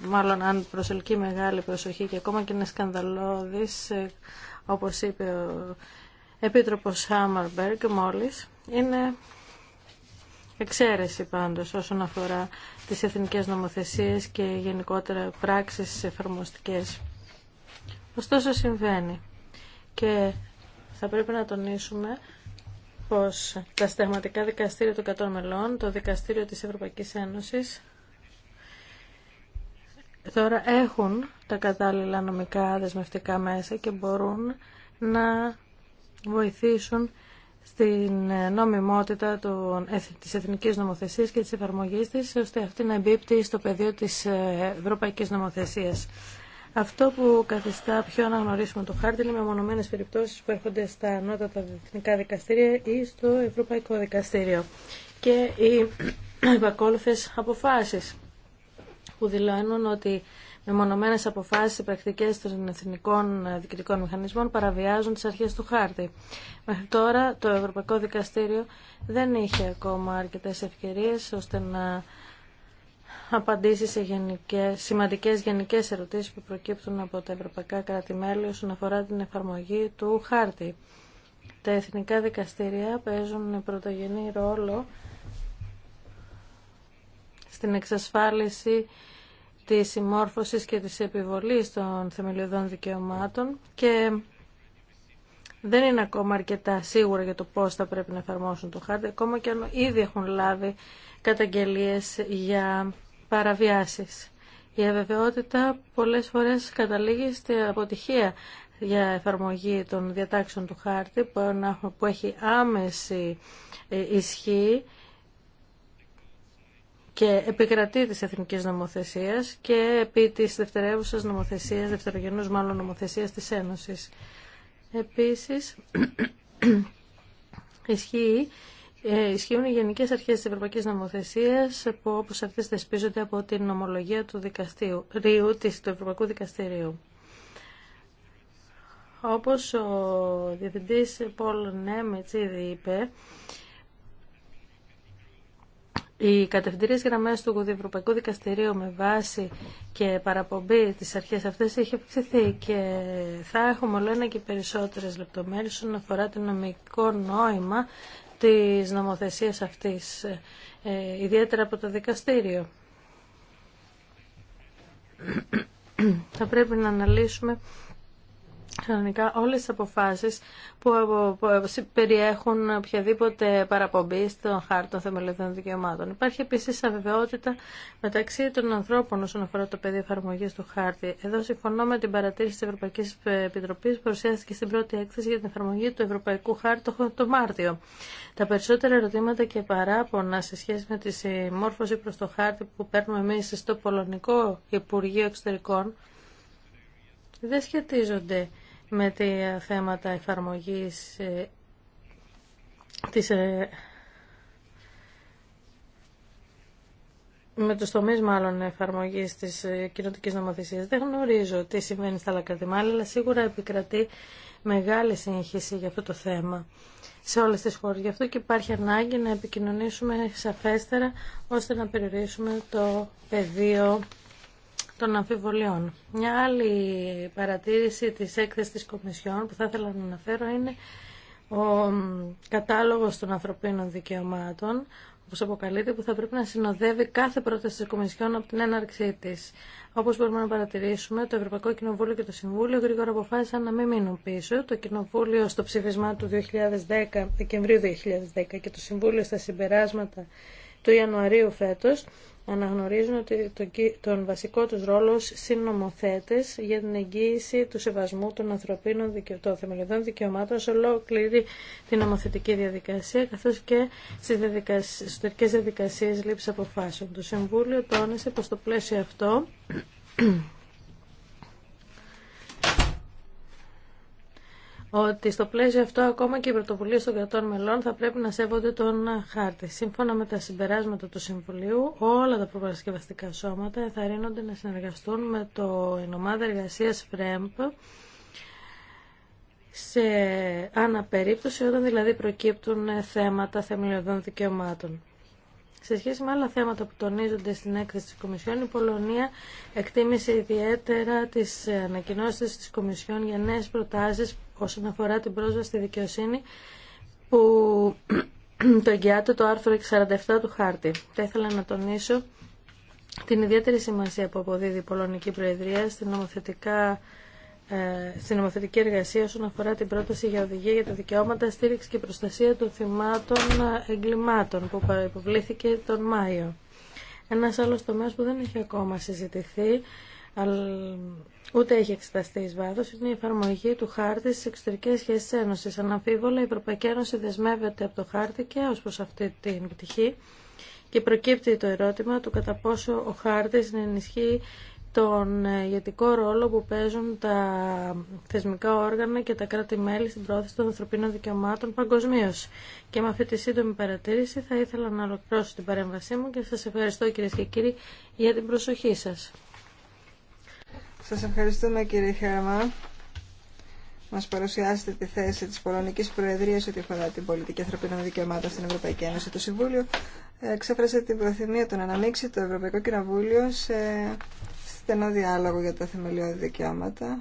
μάλλον αν προσελκύει μεγάλη προσοχή και ακόμα και είναι σκανδαλώδη, ε, όπω είπε ο Επίτροπο Χάμαρμπεργκ μόλι, είναι εξαίρεση πάντως όσον αφορά τις εθνικές νομοθεσίες και γενικότερα πράξεις εφαρμοστικές. Ωστόσο συμβαίνει και θα πρέπει να τονίσουμε πως τα στεγματικά δικαστήρια των 100 μελών, το Δικαστήριο της Ευρωπαϊκής Ένωσης, τώρα έχουν τα κατάλληλα νομικά δεσμευτικά μέσα και μπορούν να βοηθήσουν στην νομιμότητα των, της εθνικής νομοθεσίας και της εφαρμογής της, ώστε αυτή να εμπίπτει στο πεδίο της ε, ευρωπαϊκής νομοθεσίας. Αυτό που καθιστά πιο αναγνωρίσιμο το χάρτη είναι μεμονωμένες περιπτώσεις που έρχονται στα ανώτατα εθνικά δικαστήρια ή στο Ευρωπαϊκό Δικαστήριο και οι επακόλουθες αποφάσεις που δηλώνουν ότι μεμονωμένε αποφάσει οι πρακτικέ των εθνικών ε, διοικητικών μηχανισμών παραβιάζουν τι αρχέ του χάρτη. Μέχρι τώρα το Ευρωπαϊκό Δικαστήριο δεν είχε ακόμα αρκετέ ευκαιρίε ώστε να απαντήσει σε γενικές, σημαντικές γενικές ερωτήσεις που προκύπτουν από τα ευρωπαϊκά κράτη-μέλη όσον αφορά την εφαρμογή του χάρτη. Τα εθνικά δικαστήρια παίζουν πρωτογενή ρόλο στην εξασφάλιση της συμμόρφωσης και της επιβολής των θεμελιωδών δικαιωμάτων και δεν είναι ακόμα αρκετά σίγουρα για το πώς θα πρέπει να εφαρμόσουν το χάρτη, ακόμα και αν ήδη έχουν λάβει καταγγελίες για παραβιάσεις. Η αβεβαιότητα πολλές φορές καταλήγει στην αποτυχία για εφαρμογή των διατάξεων του χάρτη που έχει άμεση ε, ισχύ και επικρατεί της εθνικής νομοθεσίας και επί της δευτερεύουσας νομοθεσίας, δευτερογενούς μάλλον νομοθεσίας της Ένωσης. Επίσης, ισχύει ε, ισχύουν οι γενικές αρχές της Ευρωπαϊκής Νομοθεσίας που όπως αυτές θεσπίζονται από την νομολογία του, δικαστήριου, του Ευρωπαϊκού Δικαστηρίου. Όπως ο Διευθυντής Πολ Νέμιτς ήδη είπε, οι κατευθυντήριε γραμμέ του Ευρωπαϊκού Δικαστηρίου με βάση και παραπομπή τη αρχέ αυτέ έχει αυξηθεί και θα έχουμε όλο ένα και περισσότερε λεπτομέρειε όσον αφορά το νομικό νόημα της νομοθεσίας αυτής, ε, ιδιαίτερα από το δικαστήριο. θα πρέπει να αναλύσουμε Κανονικά όλες τις αποφάσεις που περιέχουν οποιαδήποτε παραπομπή στον χάρτη των θεμελιωδών δικαιωμάτων. Υπάρχει επίσης αβεβαιότητα μεταξύ των ανθρώπων όσον αφορά το πεδίο εφαρμογή του χάρτη. Εδώ συμφωνώ με την παρατήρηση της Ευρωπαϊκής Επιτροπής που παρουσιάστηκε στην πρώτη έκθεση για την εφαρμογή του Ευρωπαϊκού Χάρτη το Μάρτιο. Τα περισσότερα ερωτήματα και παράπονα σε σχέση με τη συμμόρφωση προς το χάρτη που παίρνουμε εμεί στο Πολωνικό Υπουργείο Εξωτερικών δεν σχετίζονται με τα θέματα εφαρμογής ε, της ε, με τους τομείς μάλλον εφαρμογής της ε, κοινωτικής νομοθεσίας. Δεν γνωρίζω τι συμβαίνει στα άλλα αλλά σίγουρα επικρατεί μεγάλη σύγχυση για αυτό το θέμα σε όλες τις χώρες. Γι' αυτό και υπάρχει ανάγκη να επικοινωνήσουμε σαφέστερα ώστε να περιορίσουμε το πεδίο των αμφιβολιών. Μια άλλη παρατήρηση της έκθεσης της Κομισιόν που θα ήθελα να αναφέρω είναι ο κατάλογος των ανθρωπίνων δικαιωμάτων όπως αποκαλείται, που θα πρέπει να συνοδεύει κάθε πρόταση της Κομισιόν από την έναρξή της. Όπως μπορούμε να παρατηρήσουμε, το Ευρωπαϊκό Κοινοβούλιο και το Συμβούλιο γρήγορα αποφάσισαν να μην μείνουν πίσω. Το Κοινοβούλιο στο ψήφισμά του 2010, Δεκεμβρίου 2010 και το Συμβούλιο στα συμπεράσματα του Ιανουαρίου φέτος αναγνωρίζουν ότι τον βασικό τους ρόλο συνομοθέτες για την εγγύηση του σεβασμού των ανθρωπίνων δικαιωτών, θεμελιωδών δικαιωμάτων σε ολόκληρη την νομοθετική διαδικασία, καθώς και στις εσωτερικές διαδικασίες λήψης αποφάσεων. Το Συμβούλιο τόνισε πως το πλαίσιο αυτό ότι στο πλαίσιο αυτό ακόμα και οι πρωτοβουλίε των κρατών μελών θα πρέπει να σέβονται τον χάρτη. Σύμφωνα με τα συμπεράσματα του Συμβουλίου, όλα τα προπαρασκευαστικά σώματα ενθαρρύνονται να συνεργαστούν με το Ενωμάδα Εργασίας ΦΡΕΜΠ σε αναπερίπτωση όταν δηλαδή προκύπτουν θέματα θεμελιωδών δικαιωμάτων. Σε σχέση με άλλα θέματα που τονίζονται στην έκθεση της Κομισιόν, η Πολωνία εκτίμησε ιδιαίτερα τις ανακοινώσεις της Κομισιόν για νέες προτάσεις όσον αφορά την πρόσβαση στη δικαιοσύνη που το εγγυάται το άρθρο 47 του χάρτη. Θα ήθελα να τονίσω την ιδιαίτερη σημασία που αποδίδει η Πολωνική Προεδρία στην νομοθετικά ε, στην νομοθετική εργασία όσον αφορά την πρόταση για οδηγία για τα δικαιώματα στήριξη και προστασία των θυμάτων εγκλημάτων που υποβλήθηκε τον Μάιο. Ένας άλλος τομέας που δεν έχει ακόμα συζητηθεί ούτε έχει εξεταστεί εις βάθος, είναι η εφαρμογή του χάρτη στις εξωτερικές σχέσεις ένωσης. Αναμφίβολα, η Ευρωπαϊκή Ένωση δεσμεύεται από το χάρτη και ως προς αυτή την πτυχή και προκύπτει το ερώτημα του κατά πόσο ο χάρτης ενισχύει τον ηγετικό ρόλο που παίζουν τα θεσμικά όργανα και τα κράτη-μέλη στην πρόθεση των ανθρωπίνων δικαιωμάτων παγκοσμίω. Και με αυτή τη σύντομη παρατήρηση θα ήθελα να ολοκληρώσω την παρέμβασή μου και σας ευχαριστώ κυρίε και κύριοι για την προσοχή σας. Σας ευχαριστούμε κύριε Χέρμα. Μας παρουσιάσετε τη θέση της Πολωνικής Προεδρίας ότι αφορά την πολιτική ανθρωπίνων δικαιωμάτων στην Ευρωπαϊκή Ένωση. Το Συμβούλιο ε, εξέφρασε την προθυμία του να αναμίξει το Ευρωπαϊκό Κοινοβούλιο σε στενό διάλογο για τα θεμελιώδη δικαιώματα.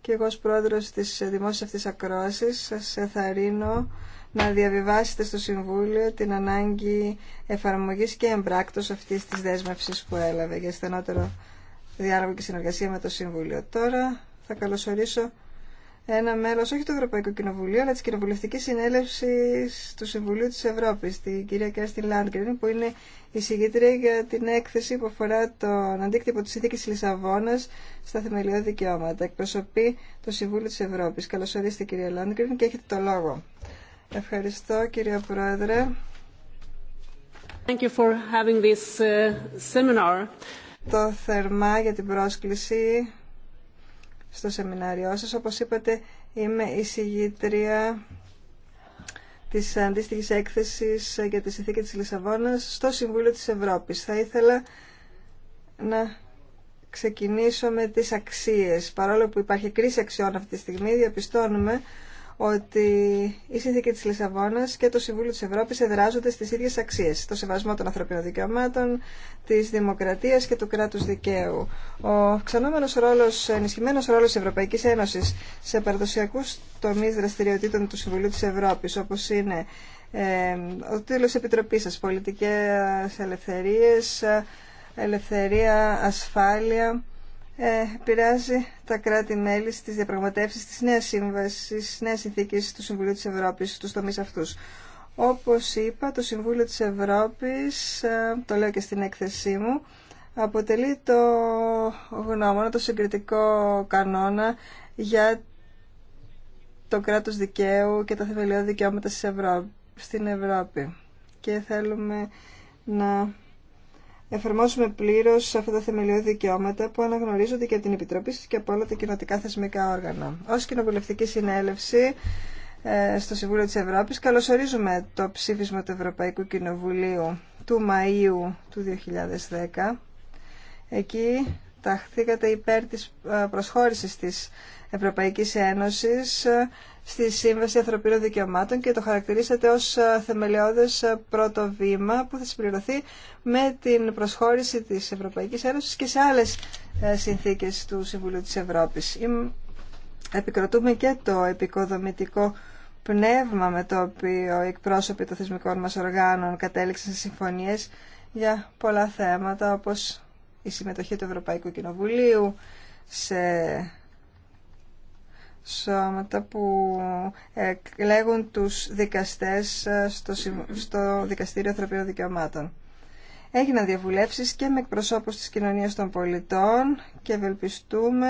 Και εγώ ως πρόεδρος της δημόσιας αυτής ακρόασης σας εθαρρύνω να διαβιβάσετε στο Συμβούλιο την ανάγκη εφαρμογής και εμπράκτος αυτής της δέσμευσης που έλαβε για στενότερο διάλογο και συνεργασία με το Συμβούλιο. Τώρα θα καλωσορίσω ένα μέλο όχι του Ευρωπαϊκού Κοινοβουλίου, αλλά τη Κοινοβουλευτική Συνέλευση του Συμβουλίου τη Ευρώπη, την κυρία Κέρστιν Λάντγκριν, που είναι η για την έκθεση που αφορά τον αντίκτυπο τη συνθήκη Λισαβόνα στα θεμελιώδη δικαιώματα. Εκπροσωπεί το Συμβούλιο τη Ευρώπη. Καλωσορίστε, κυρία Λάντγκριν, και έχετε το λόγο. Ευχαριστώ, κύριε Πρόεδρε. Thank you for having this uh, seminar ευχαριστώ θερμά για την πρόσκληση στο σεμινάριό σας. Όπως είπατε, είμαι η συγγήτρια της αντίστοιχης έκθεσης για τη συνθήκη της Λισαβόνας στο Συμβούλιο της Ευρώπης. Θα ήθελα να ξεκινήσω με τις αξίες. Παρόλο που υπάρχει κρίση αξιών αυτή τη στιγμή, διαπιστώνουμε ότι η Σύνθηκη της Λισαβόνας και το Συμβούλιο της Ευρώπης εδράζονται στις ίδιες αξίες, το σεβασμό των ανθρωπίνων δικαιωμάτων, της δημοκρατίας και του κράτους δικαίου. Ο αυξανόμενος ρόλος, ενισχυμένος ρόλος της Ευρωπαϊκής Ένωσης σε παραδοσιακούς τομείς δραστηριοτήτων του Συμβουλίου της Ευρώπης, όπως είναι ε, ο τίτλος Επιτροπής σας, πολιτικές ελευθερίες, ελευθερία, ασφάλεια, ε, πειράζει τα κράτη-μέλη στις διαπραγματεύσεις της νέας σύμβασης, της νέας συνθήκης του Συμβουλίου της Ευρώπης, στους τομείς αυτούς. Όπως είπα, το Συμβούλιο της Ευρώπης, ε, το λέω και στην έκθεσή μου, αποτελεί το γνώμονα, το συγκριτικό κανόνα για το κράτος δικαίου και τα θεμελιώδη δικαιώματα στην Ευρώπη. Και θέλουμε να εφαρμόσουμε πλήρως αυτά τα θεμελιώδη δικαιώματα που αναγνωρίζονται και από την Επιτροπή σα και από όλα τα κοινοτικά θεσμικά όργανα. Ω Κοινοβουλευτική Συνέλευση ε, στο Συμβούλιο της Ευρώπης καλωσορίζουμε το ψήφισμα του Ευρωπαϊκού Κοινοβουλίου του Μαΐου του 2010. Εκεί ταχθήκατε υπέρ της ε, προσχώρησης της Ευρωπαϊκής Ένωσης ε, στη Σύμβαση Ανθρωπίνων Δικαιωμάτων και το χαρακτηρίσατε ως ε, θεμελιώδες ε, πρώτο βήμα που θα συμπληρωθεί με την προσχώρηση της Ευρωπαϊκής Ένωσης και σε άλλες ε, συνθήκες του Συμβουλίου της Ευρώπης. Επικροτούμε και το επικοδομητικό πνεύμα με το οποίο οι εκπρόσωποι των θεσμικών μας οργάνων κατέληξαν σε συμφωνίες για πολλά θέματα όπως η συμμετοχή του Ευρωπαϊκού Κοινοβουλίου σε σώματα που ε, εκλέγουν τους δικαστές ε, στο, στο Δικαστήριο Ανθρωπίνων Δικαιωμάτων. Έγιναν διαβουλεύσεις και με εκπροσώπους της κοινωνίας των πολιτών και ευελπιστούμε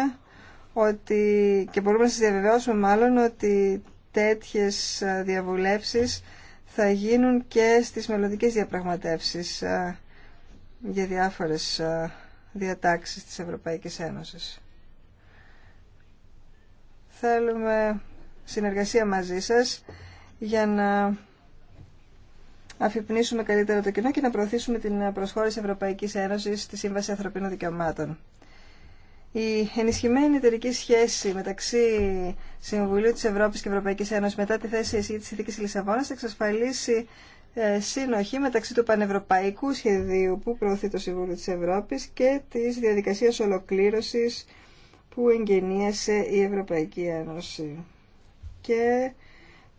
ότι, και μπορούμε να σας διαβεβαιώσουμε μάλλον ότι τέτοιες ε, διαβουλεύσεις θα γίνουν και στις μελλοντικέ διαπραγματεύσεις για διάφορες διατάξεις της Ευρωπαϊκής Ένωσης θέλουμε συνεργασία μαζί σας για να αφυπνίσουμε καλύτερα το κοινό και να προωθήσουμε την προσχώρηση Ευρωπαϊκής Ένωσης στη Σύμβαση Ανθρωπίνων Δικαιωμάτων. Η ενισχυμένη εταιρική σχέση μεταξύ Συμβουλίου της Ευρώπης και Ευρωπαϊκής Ένωσης μετά τη θέση τη της Συνθήκης Λισαβόνας θα εξασφαλίσει ε, συνοχή μεταξύ του πανευρωπαϊκού σχεδίου που προωθεί το Συμβούλιο της Ευρώπης και της διαδικασίας ολοκλήρωσης που εγγενίασε η Ευρωπαϊκή Ένωση. Και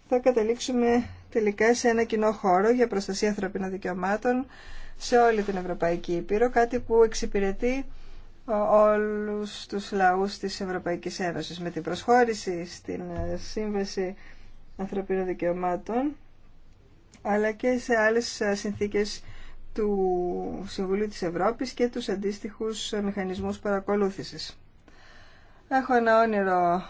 θα καταλήξουμε τελικά σε ένα κοινό χώρο για προστασία ανθρωπίνων δικαιωμάτων σε όλη την Ευρωπαϊκή Ήπειρο, κάτι που εξυπηρετεί όλους τους λαούς της Ευρωπαϊκής Ένωσης. Με την προσχώρηση στην ε, Σύμβαση Ανθρωπίνων Δικαιωμάτων, αλλά και σε άλλες ε, συνθήκες του Συμβουλίου της Ευρώπης και τους αντίστοιχους ε, μηχανισμούς παρακολούθησης. Έχω ένα όνειρο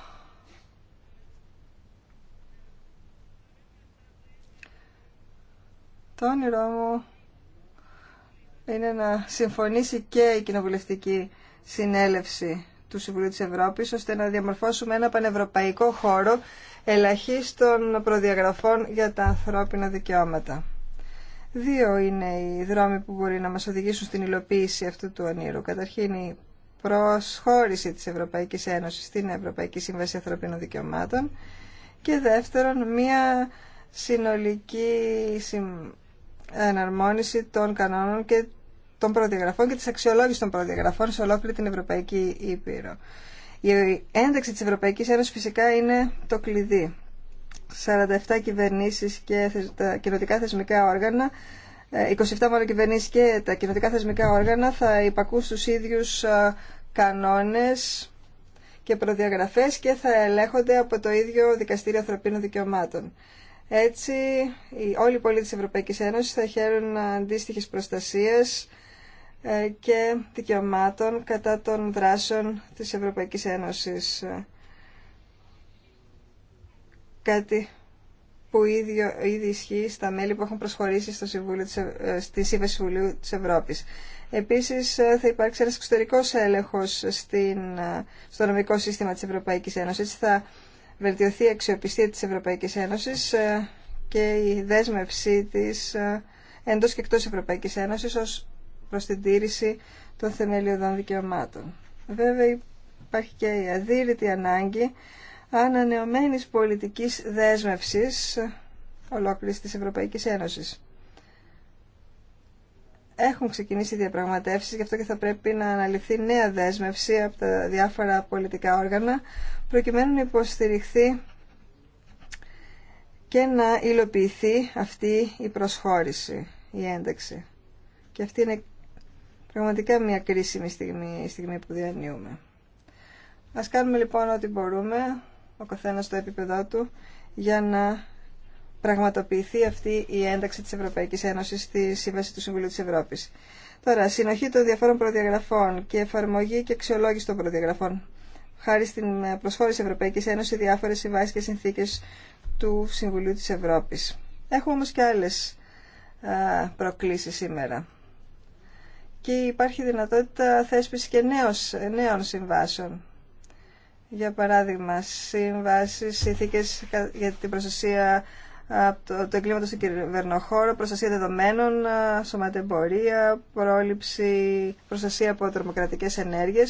Το όνειρό μου είναι να συμφωνήσει και η κοινοβουλευτική συνέλευση του Συμβουλίου της Ευρώπης ώστε να διαμορφώσουμε ένα πανευρωπαϊκό χώρο ελαχίστων προδιαγραφών για τα ανθρώπινα δικαιώματα. Δύο είναι οι δρόμοι που μπορεί να μας οδηγήσουν στην υλοποίηση αυτού του ονείρου. Καταρχήν η προσχώρηση της Ευρωπαϊκής Ένωσης στην Ευρωπαϊκή Σύμβαση Ανθρωπίνων Δικαιωμάτων και δεύτερον μια συνολική εναρμόνιση των κανόνων και των προδιαγραφών και της αξιολόγησης των προδιαγραφών σε ολόκληρη την Ευρωπαϊκή Ήπειρο. Η ένταξη της Ευρωπαϊκής Ένωσης φυσικά είναι το κλειδί. 47 κυβερνήσεις και τα κοινοτικά θεσμικά όργανα ε, 27 κυβερνήσει και τα κοινοτικά θεσμικά όργανα θα υπακούν στους ίδιους κανόνες και προδιαγραφές και θα ελέγχονται από το ίδιο Δικαστήριο Ανθρωπίνων Δικαιωμάτων. Έτσι, όλοι οι πολίτες της Ευρωπαϊκής Ένωσης θα χαίρουν αντίστοιχες προστασίες ε, και δικαιωμάτων κατά των δράσεων της Ευρωπαϊκής Ένωσης. Κάτι που ήδη ισχύει στα μέλη που έχουν προσχωρήσει στο Συμβούλιο της, ε, στη Σύμβαση Συμβουλίου της Ευρώπης. Επίσης ε, θα υπάρξει ένα εξωτερικό έλεγχο ε, στο νομικό σύστημα τη Ευρωπαϊκή Ένωση. θα βελτιωθεί η αξιοπιστία της Ευρωπαϊκής Ένωσης και η δέσμευσή της εντό και εκτός Ευρωπαϊκής Ένωσης ως προ την τήρηση των θεμελιωδών δικαιωμάτων. Βέβαια υπάρχει και η αδύρυτη ανάγκη ανανεωμένης πολιτικής δέσμευσης ολόκληρης της Ευρωπαϊκής Ένωσης. Έχουν ξεκινήσει διαπραγματεύσεις, γι' αυτό και θα πρέπει να αναλυθεί νέα δέσμευση από τα διάφορα πολιτικά όργανα, προκειμένου να υποστηριχθεί και να υλοποιηθεί αυτή η προσχώρηση, η ένταξη. Και αυτή είναι πραγματικά μια κρίσιμη στιγμή, στιγμή που διανύουμε. Ας κάνουμε λοιπόν ό,τι μπορούμε, ο καθένας στο επίπεδό του για να πραγματοποιηθεί αυτή η ένταξη της Ευρωπαϊκής Ένωσης στη Σύμβαση του Συμβουλίου της Ευρώπης. Τώρα, συνοχή των διαφόρων προδιαγραφών και εφαρμογή και αξιολόγηση των προδιαγραφών. Χάρη στην προσχώρηση Ευρωπαϊκής Ένωσης, διάφορες συμβάσεις και συνθήκες του Συμβουλίου της Ευρώπης. Έχουμε όμως και άλλες προκλήσεις σήμερα. Και υπάρχει δυνατότητα θέσπιση και νέων συμβάσεων για παράδειγμα, σύμβαση, συνθήκε για την προστασία του το εγκλήματο στον κυβερνοχώρο, προστασία δεδομένων, σωματεμπορία, πρόληψη, προστασία από τρομοκρατικέ ενέργειε,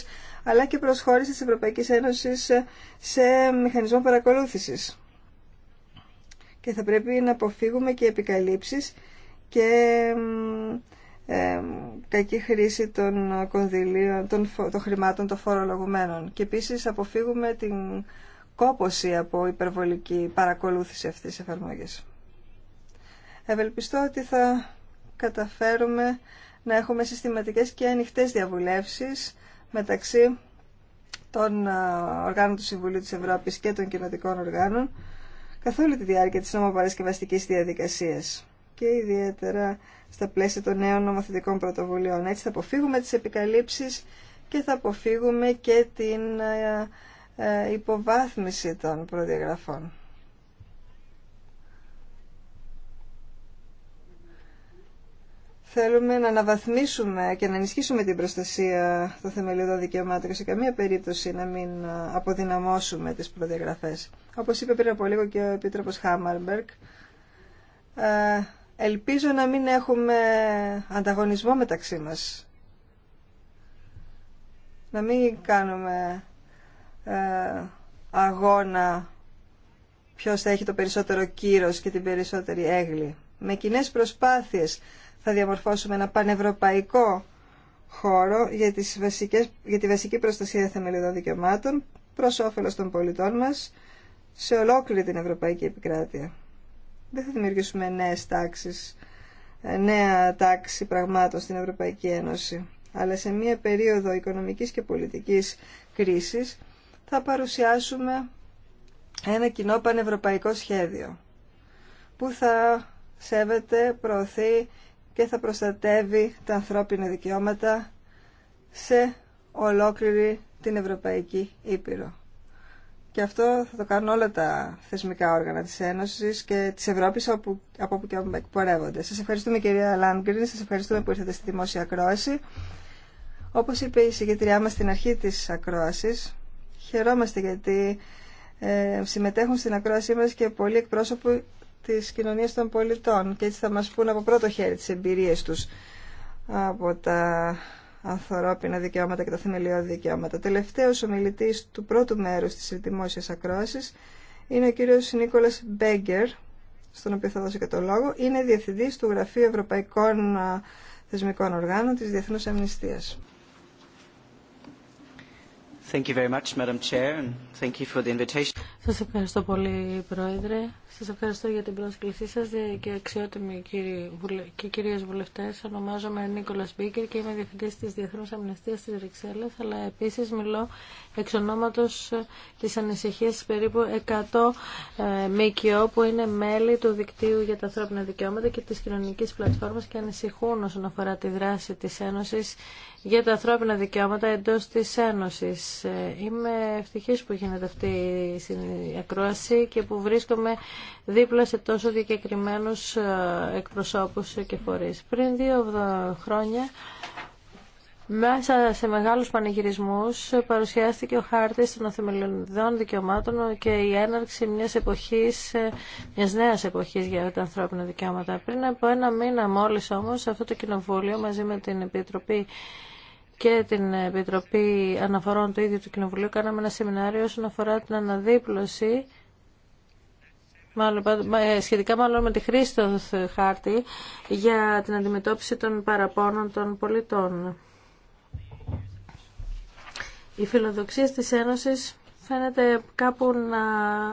αλλά και προσχώρηση τη Ευρωπαϊκή Ένωση σε μηχανισμό παρακολούθηση. Και θα πρέπει να αποφύγουμε και επικαλύψεις και κακή χρήση των κονδυλίων, των, των χρημάτων των φορολογουμένων. Και επίσης αποφύγουμε την κόποση από υπερβολική παρακολούθηση αυτής της εφαρμογής. Ευελπιστώ ότι θα καταφέρουμε να έχουμε συστηματικές και ανοιχτές διαβουλεύσεις μεταξύ των ε, οργάνων του Συμβουλίου της Ευρώπης και των κοινοτικών οργάνων καθ' όλη τη διάρκεια της νομοπαρασκευαστικής διαδικασίας και ιδιαίτερα στα πλαίσια των νέων νομοθετικών πρωτοβουλειών. Έτσι θα αποφύγουμε τις επικαλύψεις και θα αποφύγουμε και την ε, ε, υποβάθμιση των προδιαγραφών. Θέλουμε να αναβαθμίσουμε και να ενισχύσουμε την προστασία των θεμελιωδών δικαιωμάτων και σε καμία περίπτωση να μην ε, αποδυναμώσουμε τις προδιαγραφές. Όπως είπε πριν από λίγο και ο Επίτροπος Χάμαρμπερκ, Ελπίζω να μην έχουμε ανταγωνισμό μεταξύ μας. Να μην κάνουμε ε, αγώνα ποιος θα έχει το περισσότερο κύρος και την περισσότερη έγλη. Με κοινές προσπάθειες θα διαμορφώσουμε ένα πανευρωπαϊκό χώρο για, τις βασικές, για τη βασική προστασία θεμελιωδών δικαιωμάτων προς όφελος των πολιτών μας σε ολόκληρη την Ευρωπαϊκή Επικράτεια δεν θα δημιουργήσουμε νέε τάξεις, ε, νέα τάξη πραγμάτων στην Ευρωπαϊκή Ένωση. Αλλά σε μία περίοδο οικονομικής και πολιτικής κρίσης θα παρουσιάσουμε ένα κοινό πανευρωπαϊκό σχέδιο που θα σέβεται, προωθεί και θα προστατεύει τα ανθρώπινα δικαιώματα σε ολόκληρη την Ευρωπαϊκή Ήπειρο. Και αυτό θα το κάνουν όλα τα θεσμικά όργανα της Ένωσης και της Ευρώπης από, από όπου και όπου εκπορεύονται. Σας ευχαριστούμε κυρία Λάνγκριν, σας ευχαριστούμε που ήρθατε στη δημόσια ακρόαση. Όπως είπε η συγκεκριά μας στην αρχή της ακρόασης, χαιρόμαστε γιατί ε, συμμετέχουν στην ακρόασή μας και πολλοί εκπρόσωποι της κοινωνίας των πολιτών και έτσι θα μας πούν από πρώτο χέρι τις εμπειρίες τους από τα ανθρώπινα δικαιώματα και τα θεμελιώδη δικαιώματα. Τελευταίος ομιλητής του πρώτου μέρους της δημόσιας ακρόασης είναι ο κύριος Νίκολας Μπέγκερ, στον οποίο θα δώσω και το λόγο. Είναι διευθυντής του Γραφείου Ευρωπαϊκών ε, Θεσμικών Οργάνων της Διεθνούς Αμνηστίας. Thank Σας ευχαριστώ πολύ, Πρόεδρε. Σας ευχαριστώ για την πρόσκλησή σας και αξιότιμοι κύριοι και κυρίες βουλευτές. Ονομάζομαι Νίκολα Μπίκερ και είμαι διευθυντής της Διεθνούς Αμνηστίας της Βρυξέλλας, αλλά επίσης μιλώ εξ ονόματος ε, της ανησυχίας περίπου 100 ε, ΜΚΟ που είναι μέλη του δικτύου για τα ανθρώπινα δικαιώματα και της κοινωνικής πλατφόρμας και ανησυχούν όσον αφορά τη δράση της Ένωσης για τα ανθρώπινα δικαιώματα εντός της Ένωσης ε, είμαι ευτυχής που γίνεται αυτή η ακρόαση και που βρίσκομαι δίπλα σε τόσο διακεκριμένους ε, εκπροσώπους και φορείς. Πριν δύο χρόνια μέσα σε μεγάλους πανηγυρισμούς παρουσιάστηκε ο χάρτης των θεμελιωδών δικαιωμάτων και η έναρξη μιας εποχής, ε, μιας νέας εποχής για τα ανθρώπινα δικαιώματα. Πριν από ένα μήνα μόλις όμως αυτό το κοινοβούλιο μαζί με την Επιτροπή και την Επιτροπή Αναφορών του ίδιου του Κοινοβουλίου κάναμε ένα σεμινάριο όσον αφορά την αναδίπλωση Μάλλον, ε, σχετικά μάλλον με τη χρήση του χάρτη για την αντιμετώπιση των παραπώνων των πολιτών. Οι φιλοδοξίε της Ένωσης φαίνεται κάπου να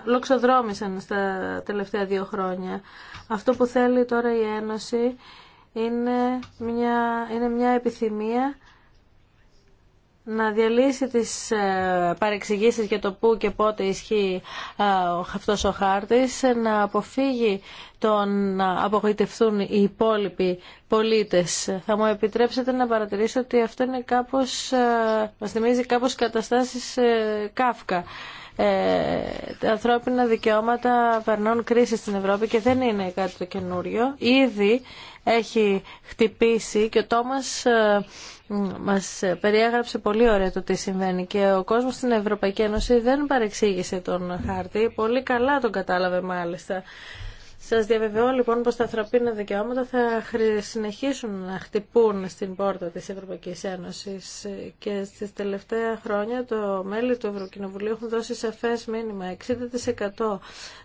λοξοδρόμησαν στα τελευταία δύο χρόνια. Αυτό που θέλει τώρα η Ένωση είναι μια επιθυμία να διαλύσει τις ε, παρεξηγήσεις για το πού και πότε ισχύει ε, αυτός ο χάρτης, να αποφύγει το να απογοητευτούν οι υπόλοιποι πολίτες. Θα μου επιτρέψετε να παρατηρήσω ότι αυτό είναι κάπως, ε, μας θυμίζει κάπως καταστάσεις Κάφκα. τα ανθρώπινα δικαιώματα περνούν κρίση στην Ευρώπη και δεν είναι κάτι το καινούριο. Ήδη έχει χτυπήσει και ο Τόμας ε, μας περιέγραψε πολύ ωραία το τι συμβαίνει και ο κόσμος στην Ευρωπαϊκή Ένωση δεν παρεξήγησε τον χάρτη, πολύ καλά τον κατάλαβε μάλιστα. Σας διαβεβαιώ λοιπόν πως τα ανθρωπίνα δικαιώματα θα συνεχίσουν να χτυπούν στην πόρτα της Ευρωπαϊκής Ένωσης και στις τελευταία χρόνια το μέλη του Ευρωκοινοβουλίου έχουν δώσει σαφές μήνυμα. 60%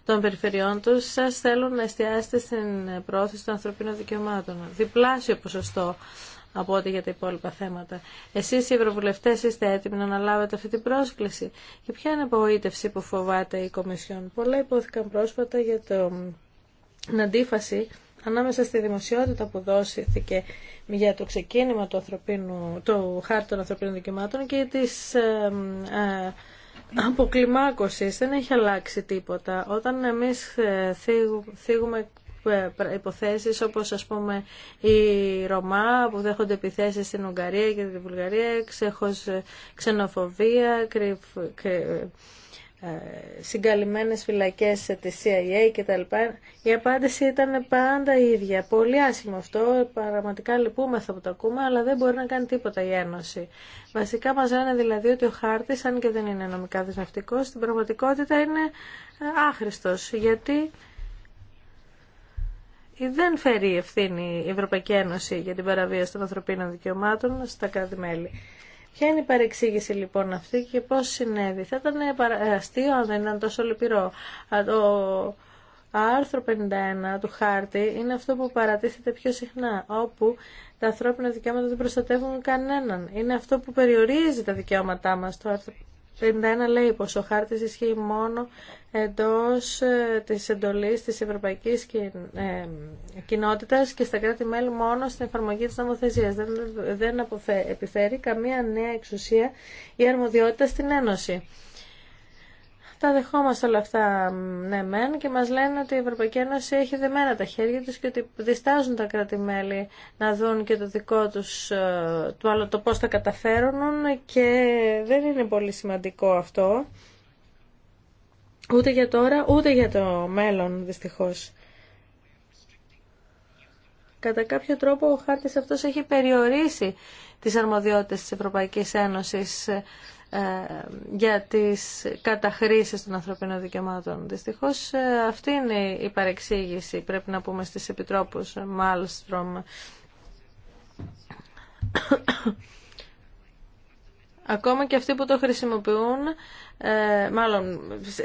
των περιφερειών τους σας θέλουν να εστιάσετε στην πρόθεση των ανθρωπίνων δικαιωμάτων. Διπλάσιο ποσοστό από ό,τι για τα υπόλοιπα θέματα. Εσεί οι Ευρωβουλευτέ είστε έτοιμοι να αναλάβετε αυτή την πρόσκληση. Και ποια είναι η απογοήτευση που φοβάται η Κομισιόν. Πολλά υπόθηκαν πρόσφατα για το αντίφαση ανάμεσα στη δημοσιότητα που δόθηκε για το ξεκίνημα του, ανθρωπίνου, του χάρτη των ανθρωπίνων δικαιωμάτων και της ε, αποκλιμάκωσης. Δεν έχει αλλάξει τίποτα. Όταν εμείς ε, θίγουμε ε, υποθέσεις όπως ας πούμε η Ρωμά που δέχονται επιθέσεις στην Ουγγαρία και την Βουλγαρία, ξεχως, ε, ξενοφοβία, κρυφ, ε, συγκαλυμμένες φυλακές τη CIA κτλ. Η απάντηση ήταν πάντα η ίδια. Πολύ άσχημο αυτό, πραγματικά λυπούμεθα που το ακούμε, αλλά δεν μπορεί να κάνει τίποτα η Ένωση. Βασικά μας λένε δηλαδή ότι ο χάρτης, αν και δεν είναι νομικά δεσμευτικός, στην πραγματικότητα είναι ε, άχρηστος, γιατί δεν φέρει ευθύνη η Ευρωπαϊκή Ένωση για την παραβίαση των ανθρωπίνων δικαιωμάτων στα κράτη-μέλη. Ποια είναι η παρεξήγηση λοιπόν αυτή και πώς συνέβη. Θα ήταν αστείο αν δεν ήταν τόσο λυπηρό. Το άρθρο 51 του χάρτη είναι αυτό που παρατίθεται πιο συχνά, όπου τα ανθρώπινα δικαιώματα δεν προστατεύουν κανέναν. Είναι αυτό που περιορίζει τα δικαιώματά μας. Το άρθρο 51 λέει πως ο χάρτης ισχύει μόνο εντός ε, της εντολής της Ευρωπαϊκής ε, Κοινότητας και στα κράτη-μέλη μόνο στην εφαρμογή της νομοθεσίας. Δεν επιφέρει καμία νέα εξουσία ή αρμοδιότητα στην Ένωση. Τα δεχόμαστε όλα αυτά, ναι, μεν, και μας λένε ότι η Ευρωπαϊκή Ένωση έχει δεμένα τα χέρια της και ότι διστάζουν τα κράτη-μέλη να δουν και το δικό τους, ε, το το πώς τα καταφέρουν και δεν είναι πολύ σημαντικό αυτό ούτε για τώρα, ούτε για το μέλλον, δυστυχώς. Κατά κάποιο τρόπο ο χάρτης αυτός έχει περιορίσει τις αρμοδιότητες της Ευρωπαϊκής Ένωσης ε, ε, για τις καταχρήσεις των ανθρωπίνων δικαιωμάτων. Δυστυχώς ε, αυτή είναι η παρεξήγηση, πρέπει να πούμε στις Επιτρόπους Μάλστρομ. Ακόμα και αυτοί που το χρησιμοποιούν ε, μάλλον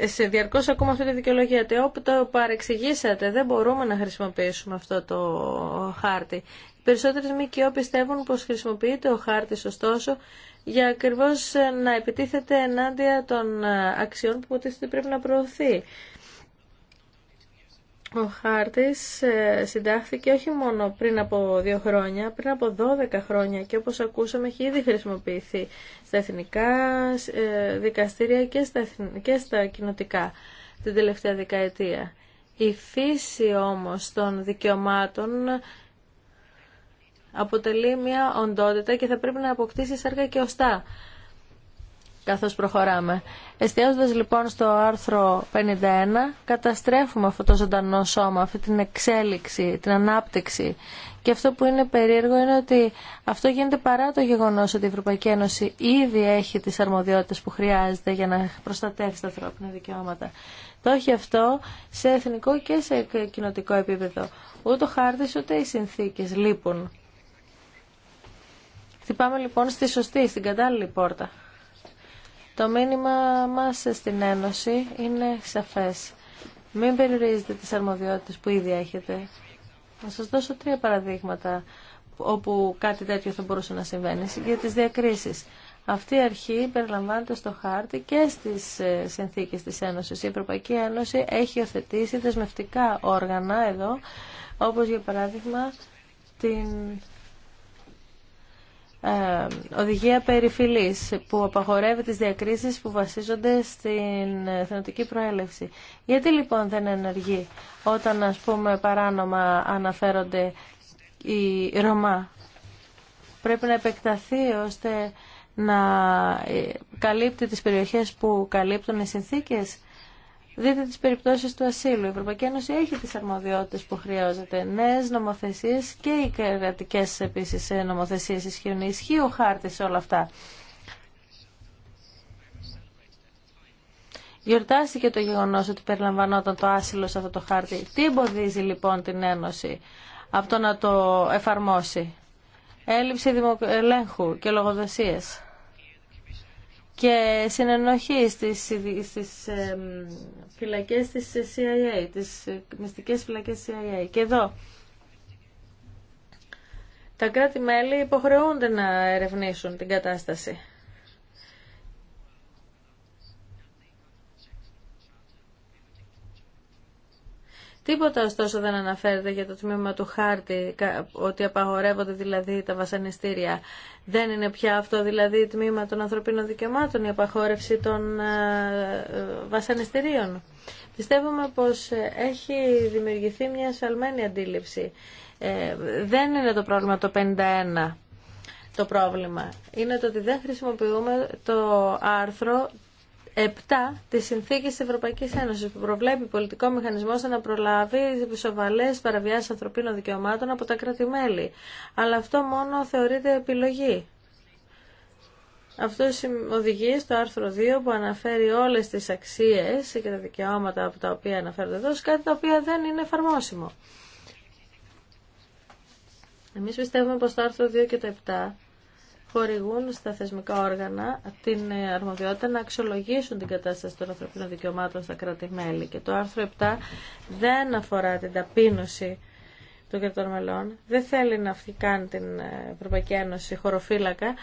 σε διαρκώς ακούμε αυτή τη δικαιολογία ότι όπου το παρεξηγήσατε δεν μπορούμε να χρησιμοποιήσουμε αυτό το χάρτη. Οι περισσότερες ΜΚΟ πιστεύουν πως χρησιμοποιείται ο χάρτης ωστόσο για ακριβώς να επιτίθεται ενάντια των ε, αξιών που υποτίθεται πρέπει να προωθεί. Ο χάρτης ε, συντάχθηκε όχι μόνο πριν από δύο χρόνια, πριν από 12 χρόνια και όπως ακούσαμε έχει ήδη χρησιμοποιηθεί στα εθνικά ε, δικαστήρια και στα, και στα κοινοτικά την τελευταία δεκαετία. Η φύση όμως των δικαιωμάτων αποτελεί μια οντότητα και θα πρέπει να αποκτήσει σάρκα και οστά καθώς προχωράμε. Εστιάζοντας λοιπόν στο άρθρο 51, καταστρέφουμε αυτό το ζωντανό σώμα, αυτή την εξέλιξη, την ανάπτυξη. Και αυτό που είναι περίεργο είναι ότι αυτό γίνεται παρά το γεγονός ότι η Ευρωπαϊκή Ένωση ήδη έχει τις αρμοδιότητες που χρειάζεται για να προστατεύσει τα ανθρώπινα δικαιώματα. Το έχει αυτό σε εθνικό και σε κοινοτικό επίπεδο. Ούτε ο χάρτης ούτε οι συνθήκες λείπουν. Χτυπάμε λοιπόν στη σωστή, στην κατάλληλη πόρτα. Το μήνυμα μας στην Ένωση είναι σαφές. Μην περιορίζετε τις αρμοδιότητες που ήδη έχετε. Να σας δώσω τρία παραδείγματα όπου κάτι τέτοιο θα μπορούσε να συμβαίνει για τις διακρίσεις. Αυτή η αρχή περιλαμβάνεται στο χάρτη και στις ε, συνθήκες της Ένωσης. Η Ευρωπαϊκή Ένωση έχει οθετήσει δεσμευτικά όργανα εδώ, όπως για παράδειγμα την ε, οδηγία περιφυλής που απαγορεύει τις διακρίσεις που βασίζονται στην θεωτική προέλευση. Γιατί λοιπόν δεν ενεργεί όταν ας πούμε παράνομα αναφέρονται οι Ρωμά. Πρέπει να επεκταθεί ώστε να ε, καλύπτει τις περιοχές που καλύπτουν οι συνθήκες Δείτε τις περιπτώσεις του ασύλου. Η Ευρωπαϊκή Ένωση έχει τις αρμοδιότητες που χρειάζεται. Νέες νομοθεσίες και οι κρατικέ επίσης νομοθεσίες ισχύουν. Ισχύει ο χάρτης σε όλα αυτά. Γιορτάστηκε το γεγονός ότι περιλαμβανόταν το άσυλο σε αυτό το χάρτη. Τι εμποδίζει λοιπόν την Ένωση από το να το εφαρμόσει. Έλλειψη ελέγχου και λογοδοσίες και συνενοχή στις, στις ε, φυλακές της CIA, τις μυστικές φυλακές της CIA. Και εδώ τα κράτη-μέλη υποχρεούνται να ερευνήσουν την κατάσταση. Τίποτα ωστόσο δεν αναφέρεται για το τμήμα του χάρτη, ότι απαγορεύονται δηλαδή τα βασανιστήρια. Δεν είναι πια αυτό δηλαδή τμήμα των ανθρωπίνων δικαιωμάτων, η απαγόρευση των ε, ε, βασανιστήριων. Πιστεύουμε πως ε, έχει δημιουργηθεί μια σαλμένη αντίληψη. δεν είναι το πρόβλημα το 51 το πρόβλημα. Είναι το ότι δεν χρησιμοποιούμε το άρθρο 7 τη συνθήκη τη Ευρωπαϊκή Ένωση που προβλέπει πολιτικό μηχανισμό ώστε να προλάβει σοβαλέ παραβιάσει ανθρωπίνων δικαιωμάτων από τα κράτη-μέλη. Αλλά αυτό μόνο θεωρείται επιλογή. Αυτό οδηγεί στο άρθρο 2 που αναφέρει όλες τις αξίες και τα δικαιώματα από τα οποία αναφέρονται εδώ, κάτι τα οποία δεν είναι εφαρμόσιμο. Εμείς πιστεύουμε πως το άρθρο 2 και το 7 χορηγούν στα θεσμικά όργανα την ε, αρμοδιότητα να αξιολογήσουν την κατάσταση των ανθρωπίνων δικαιωμάτων στα κράτη-μέλη. Και το άρθρο 7 δεν αφορά την ταπείνωση των κρατών μελών. Δεν θέλει να κάνει την ε, Ευρωπαϊκή Ένωση χωροφύλακα,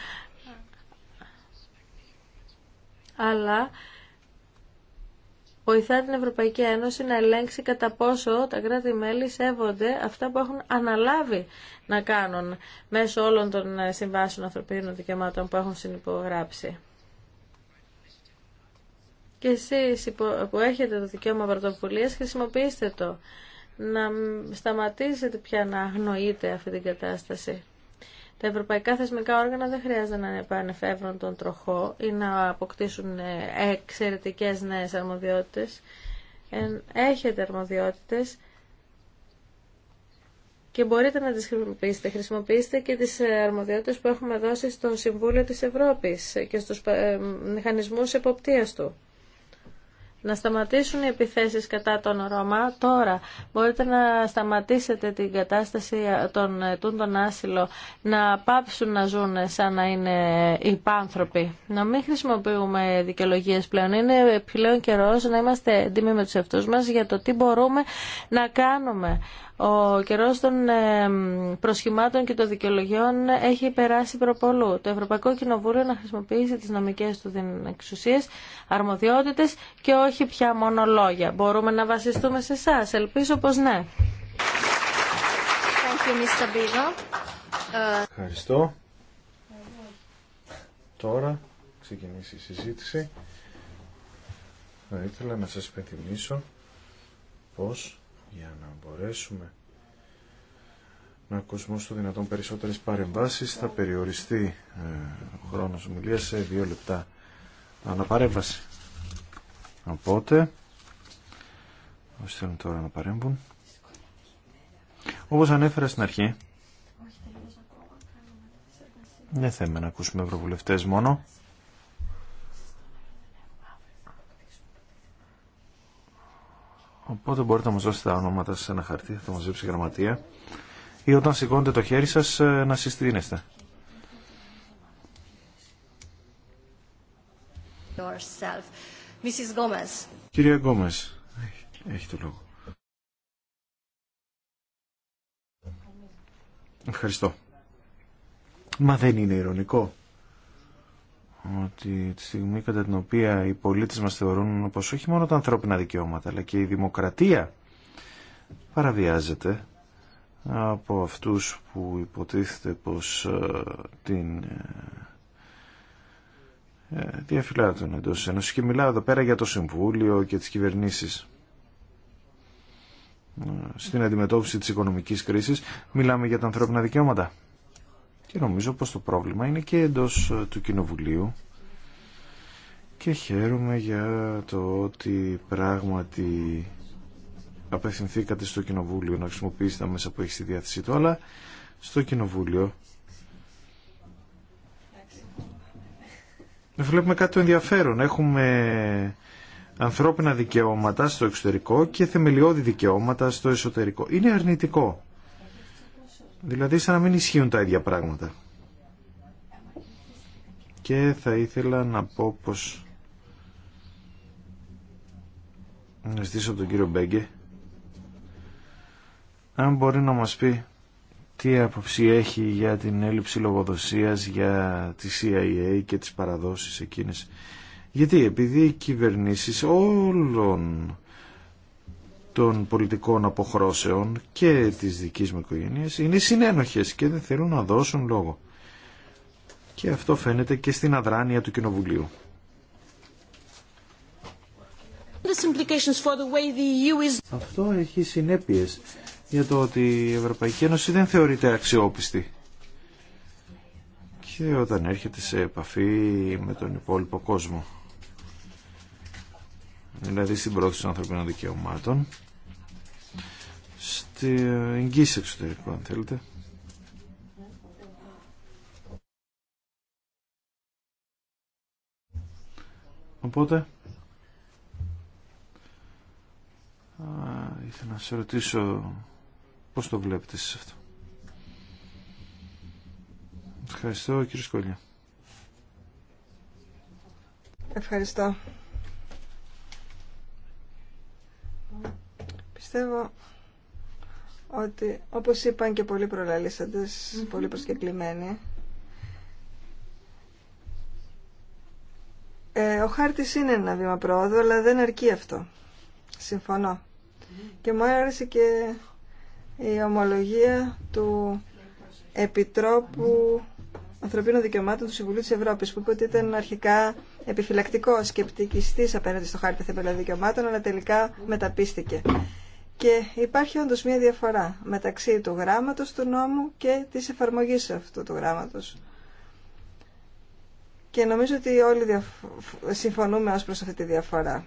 αλλά βοηθά την Ευρωπαϊκή Ένωση να ελέγξει κατά πόσο τα κράτη-μέλη σέβονται αυτά που έχουν αναλάβει να κάνουν μέσω όλων των συμβάσεων ανθρωπίνων δικαιωμάτων που έχουν συνυπογράψει. Και εσείς που έχετε το δικαίωμα πρωτοβουλίας χρησιμοποιήστε το να σταματήσετε πια να αγνοείτε αυτή την κατάσταση. Τα ευρωπαϊκά θεσμικά όργανα δεν χρειάζεται να επανεφεύρουν τον τροχό ή να αποκτήσουν ε, εξαιρετικές νέες αρμοδιότητες. Ε, έχετε αρμοδιότητες και μπορείτε να τις χρησιμοποιήσετε. Χρησιμοποιήστε και τις ε, αρμοδιότητες που έχουμε δώσει στο Συμβούλιο της Ευρώπης και στους μηχανισμούς εποπτείας του να σταματήσουν οι επιθέσεις κατά τον Ρώμα τώρα. Μπορείτε να σταματήσετε την κατάσταση των τον άσυλο να πάψουν να ζουν σαν να είναι υπάνθρωποι. Να μην χρησιμοποιούμε δικαιολογίε πλέον. Είναι πλέον καιρός να είμαστε έντιμοι με του εαυτούς μας για το τι μπορούμε να κάνουμε. Ο καιρό των ε, προσχημάτων και των δικαιολογιών έχει περάσει προπολού. Το Ευρωπαϊκό Κοινοβούλιο να χρησιμοποιήσει τις νομικές του εξουσίε, αρμοδιότητες και όχι πια μόνο λόγια. Μπορούμε να βασιστούμε σε εσά. Ελπίζω πως ναι. Ε, Ευχαριστώ. Τώρα ξεκινήσει η συζήτηση. Θα ήθελα να σας υπενθυμίσω πως για να μπορέσουμε να ακούσουμε όσο δυνατόν περισσότερες παρεμβάσεις θα περιοριστεί ε, ο χρόνος ομιλίας σε δύο λεπτά αναπαρέμβαση. Οπότε, όσοι θέλουν τώρα να παρέμβουν, όπως ανέφερα στην αρχή, δεν θέλουμε να ακούσουμε ευρωβουλευτές μόνο. Οπότε μπορείτε να μας δώσετε τα ονόματα σε ένα χαρτί, θα το μαζέψει η γραμματεία. Ή όταν σηκώνετε το χέρι σας ε, να συστήνεστε. Gomez. Κυρία Γκόμες, έχει το λόγο. Ευχαριστώ. Μα δεν είναι ηρωνικό ότι τη στιγμή κατά την οποία οι πολίτες μας θεωρούν πως όχι μόνο τα ανθρώπινα δικαιώματα αλλά και η δημοκρατία παραβιάζεται από αυτούς που υποτίθεται πως ε, την ε, ε, διαφυλάττουν εντός ενός και μιλάω εδώ πέρα για το Συμβούλιο και τις κυβερνήσεις στην αντιμετώπιση της οικονομικής κρίσης μιλάμε για τα ανθρώπινα δικαιώματα και νομίζω πως το πρόβλημα είναι και εντός ε, του Κοινοβουλίου και χαίρομαι για το ότι πράγματι απευθυνθήκατε στο Κοινοβούλιο να χρησιμοποιήσετε τα μέσα που έχει στη διάθεσή του, αλλά στο Κοινοβούλιο βλέπουμε κάτι το ενδιαφέρον. Έχουμε ανθρώπινα δικαιώματα στο εξωτερικό και θεμελιώδη δικαιώματα στο εσωτερικό. Είναι αρνητικό Δηλαδή σαν να μην ισχύουν τα ίδια πράγματα. Και θα ήθελα να πω πως να ζητήσω τον κύριο Μπέγκε αν μπορεί να μας πει τι άποψη έχει για την έλλειψη λογοδοσίας για τη CIA και τις παραδόσεις εκείνες. Γιατί επειδή οι κυβερνήσεις όλων των πολιτικών αποχρώσεων και της δικής μου οικογένεια είναι συνένοχες και δεν θέλουν να δώσουν λόγο. Και αυτό φαίνεται και στην αδράνεια του Κοινοβουλίου. E αυτό έχει συνέπειες για το ότι η Ευρωπαϊκή Ένωση δεν θεωρείται αξιόπιστη. Και όταν έρχεται σε επαφή με τον υπόλοιπο κόσμο. Δηλαδή στην πρόθεση των ανθρωπίνων δικαιωμάτων στη εγγύηση εξωτερικού αν θέλετε οπότε ήθελα να σε ρωτήσω πώς το βλέπετε εσείς αυτό ευχαριστώ κύριε Σκολιά ευχαριστώ πιστεύω ότι όπως είπαν και πολλοί προλαλήσαντες, mm -hmm. πολλοί προσκεκλημένοι, ε, ο χάρτης είναι ένα βήμα πρόοδο αλλά δεν αρκεί αυτό. Συμφωνώ. Και μου άρεσε και η ομολογία του Επιτρόπου Ανθρωπίνων Δικαιωμάτων του Συμβουλίου της Ευρώπης, που είπε ότι ήταν αρχικά επιφυλακτικό, σκεπτικιστής απέναντι στο χάρτη θεμελιών δικαιωμάτων, αλλά τελικά μεταπίστηκε. Και υπάρχει όντως μια διαφορά μεταξύ του γράμματος του νόμου και της εφαρμογής αυτού του γράμματος. Και νομίζω ότι όλοι συμφωνούμε ως προς αυτή τη διαφορά.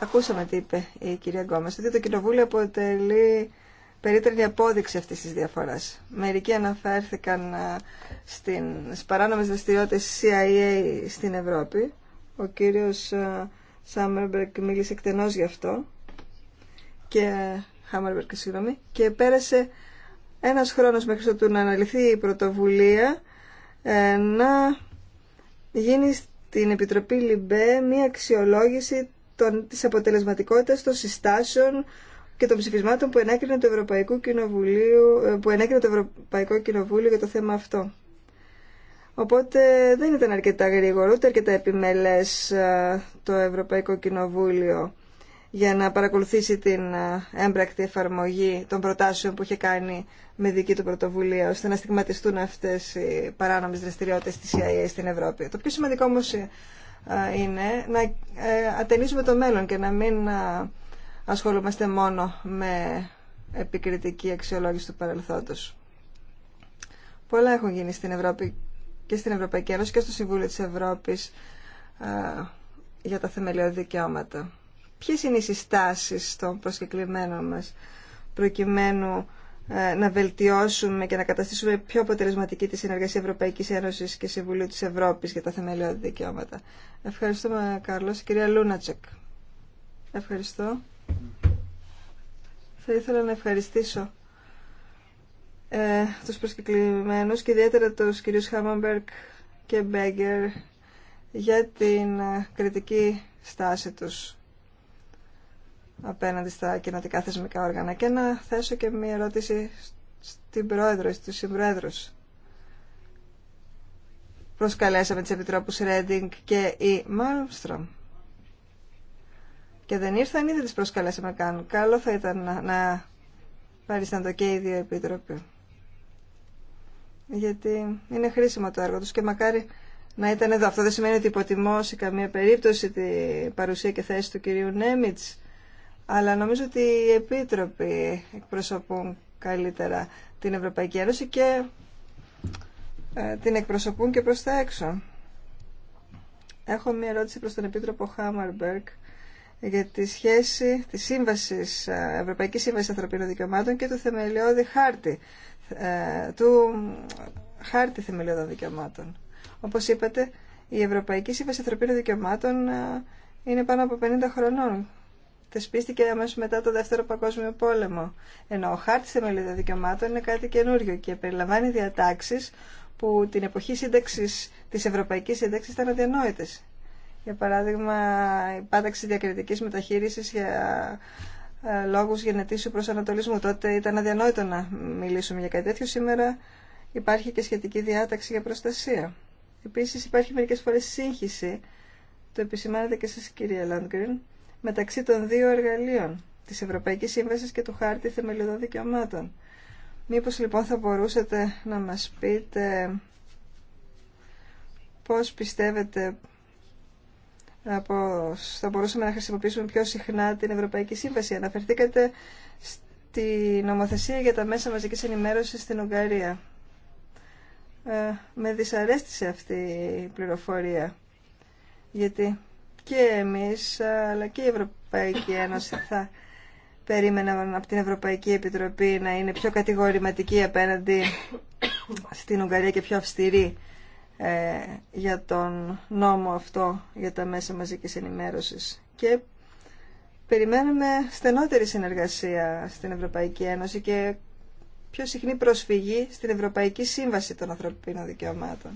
Ακούσαμε τι είπε η κυρία Γκόμες, ότι το Κοινοβούλιο αποτελεί περίτρινη απόδειξη αυτής της διαφοράς. Μερικοί αναφέρθηκαν στην, στις παράνομες δραστηριότητες CIA στην Ευρώπη. Ο κύριος Σάμερμπερκ μίλησε εκτενώς γι' αυτό και, συγγνώμη, και πέρασε ένας χρόνος μέχρι να αναλυθεί η πρωτοβουλία ε, να γίνει στην Επιτροπή ΛΙΜΠΕ μία αξιολόγηση των, της αποτελεσματικότητας των συστάσεων και των ψηφισμάτων που ενέκρινε το Ευρωπαϊκό, Κοινοβουλίο, ε, που ενέκρινε το Ευρωπαϊκό Κοινοβούλιο για το θέμα αυτό. Οπότε δεν ήταν αρκετά γρήγορο, ούτε αρκετά επιμελές ε, το Ευρωπαϊκό Κοινοβούλιο για να παρακολουθήσει την ε, έμπρακτη εφαρμογή των προτάσεων που είχε κάνει με δική του πρωτοβουλία, ώστε να στιγματιστούν αυτές οι παράνομες δραστηριότητες της CIA στην Ευρώπη. Το πιο σημαντικό όμως ε, είναι να ε, ατενίζουμε το μέλλον και να μην ασχολούμαστε μόνο με επικριτική αξιολόγηση του παρελθόντος. Πολλά έχουν γίνει στην Ευρώπη και στην Ευρωπαϊκή Ένωση και στο Συμβούλιο της Ευρώπης για τα θεμελιώδη δικαιώματα ποιες είναι οι συστάσεις των προσκεκλημένων μας προκειμένου ε, να βελτιώσουμε και να καταστήσουμε πιο αποτελεσματική τη συνεργασία Ευρωπαϊκής Ένωσης και Συμβουλίου της Ευρώπης για τα θεμελιώδη δικαιώματα. Ευχαριστούμε, Κάρλος. Κυρία Λούνατσεκ. Ευχαριστώ. Θα ήθελα να ευχαριστήσω ε, τους προσκεκλημένους και ιδιαίτερα τους κυρίους Χάμαμπερκ και Μπέγκερ για την ε, κριτική στάση τους απέναντι στα κοινοτικά θεσμικά όργανα. Και να θέσω και μία ερώτηση στην Πρόεδρο ή στους Συμπρόεδρους. Προσκαλέσαμε τις Επιτρόπους Ρέντινγκ και η Μάλμστρομ. Και δεν ήρθαν ή δεν τις προσκαλέσαμε καν. Καλό θα ήταν να, να το και οι δύο Επίτροποι. Γιατί είναι χρήσιμο το έργο τους και μακάρι να ήταν εδώ. Αυτό δεν σημαίνει ότι υποτιμώ σε καμία περίπτωση ...τη παρουσία και θέση του κυρίου Νέμιτς αλλά νομίζω ότι οι επίτροποι εκπροσωπούν καλύτερα την Ευρωπαϊκή Ένωση και ε, την εκπροσωπούν και προς τα έξω. Έχω μία ερώτηση προς τον Επίτροπο Χάμαρμπερκ για τη σχέση της σύμβασης, ε, Ευρωπαϊκής Σύμβασης Ανθρωπίνων Δικαιωμάτων και του θεμελιώδη χάρτη, ε, του χάρτη θεμελιώδων δικαιωμάτων. Όπως είπατε, η Ευρωπαϊκή Σύμβαση Ανθρωπίνων Δικαιωμάτων είναι πάνω από 50 χρονών θεσπίστηκε αμέσω μετά το Δεύτερο Παγκόσμιο Πόλεμο. Ενώ ο χάρτη θεμελιδών δικαιωμάτων είναι κάτι καινούριο και περιλαμβάνει διατάξει που την εποχή σύνταξη τη Ευρωπαϊκή σύνταξη ήταν αδιανόητε. Για παράδειγμα, η πάταξη διακριτική μεταχείρισης για ε, λόγου γενετήσου προσανατολισμού. Τότε ήταν αδιανόητο να μιλήσουμε για κάτι τέτοιο. Σήμερα υπάρχει και σχετική διάταξη για προστασία. Επίση, υπάρχει μερικέ φορέ σύγχυση, το επισημάνετε και εσεί, κυρία Λάντγκριν, μεταξύ των δύο εργαλείων, της Ευρωπαϊκής Σύμβασης και του Χάρτη Θεμελιωδών Δικαιωμάτων. Μήπως λοιπόν θα μπορούσατε να μας πείτε πώς πιστεύετε ε, πώς θα μπορούσαμε να χρησιμοποιήσουμε πιο συχνά την Ευρωπαϊκή Σύμβαση. Αναφερθήκατε στη νομοθεσία για τα μέσα μαζικής ενημέρωσης στην Ουγγαρία. Ε, με δυσαρέστησε αυτή η πληροφορία, γιατί και εμείς αλλά και η Ευρωπαϊκή Ένωση θα περίμεναν από την Ευρωπαϊκή Επιτροπή να είναι πιο κατηγορηματική απέναντι στην Ουγγαρία και πιο αυστηρή ε, για τον νόμο αυτό για τα μέσα μαζικής ενημέρωσης. Και περιμένουμε στενότερη συνεργασία στην Ευρωπαϊκή Ένωση και πιο συχνή προσφυγή στην Ευρωπαϊκή Σύμβαση των Ανθρωπίνων Δικαιωμάτων.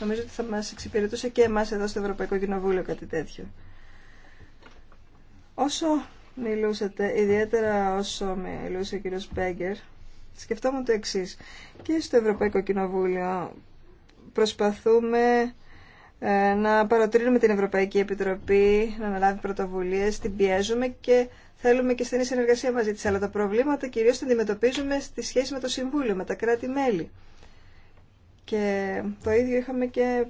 Νομίζω ότι θα μας εξυπηρετούσε και εμάς εδώ στο Ευρωπαϊκό Κοινοβούλιο κάτι τέτοιο. Όσο μιλούσατε, ιδιαίτερα όσο μιλούσε ο κ. Μπέγκερ, σκεφτόμουν το εξής. Και στο Ευρωπαϊκό Κοινοβούλιο προσπαθούμε ε, να παροτρύνουμε την Ευρωπαϊκή Επιτροπή να αναλάβει πρωτοβουλίε, την πιέζουμε και θέλουμε και στενή συνεργασία μαζί της. Αλλά τα προβλήματα κυρίω τα αντιμετωπίζουμε στη σχέση με το Συμβούλιο, με τα κράτη-μέλη. Και το ίδιο είχαμε και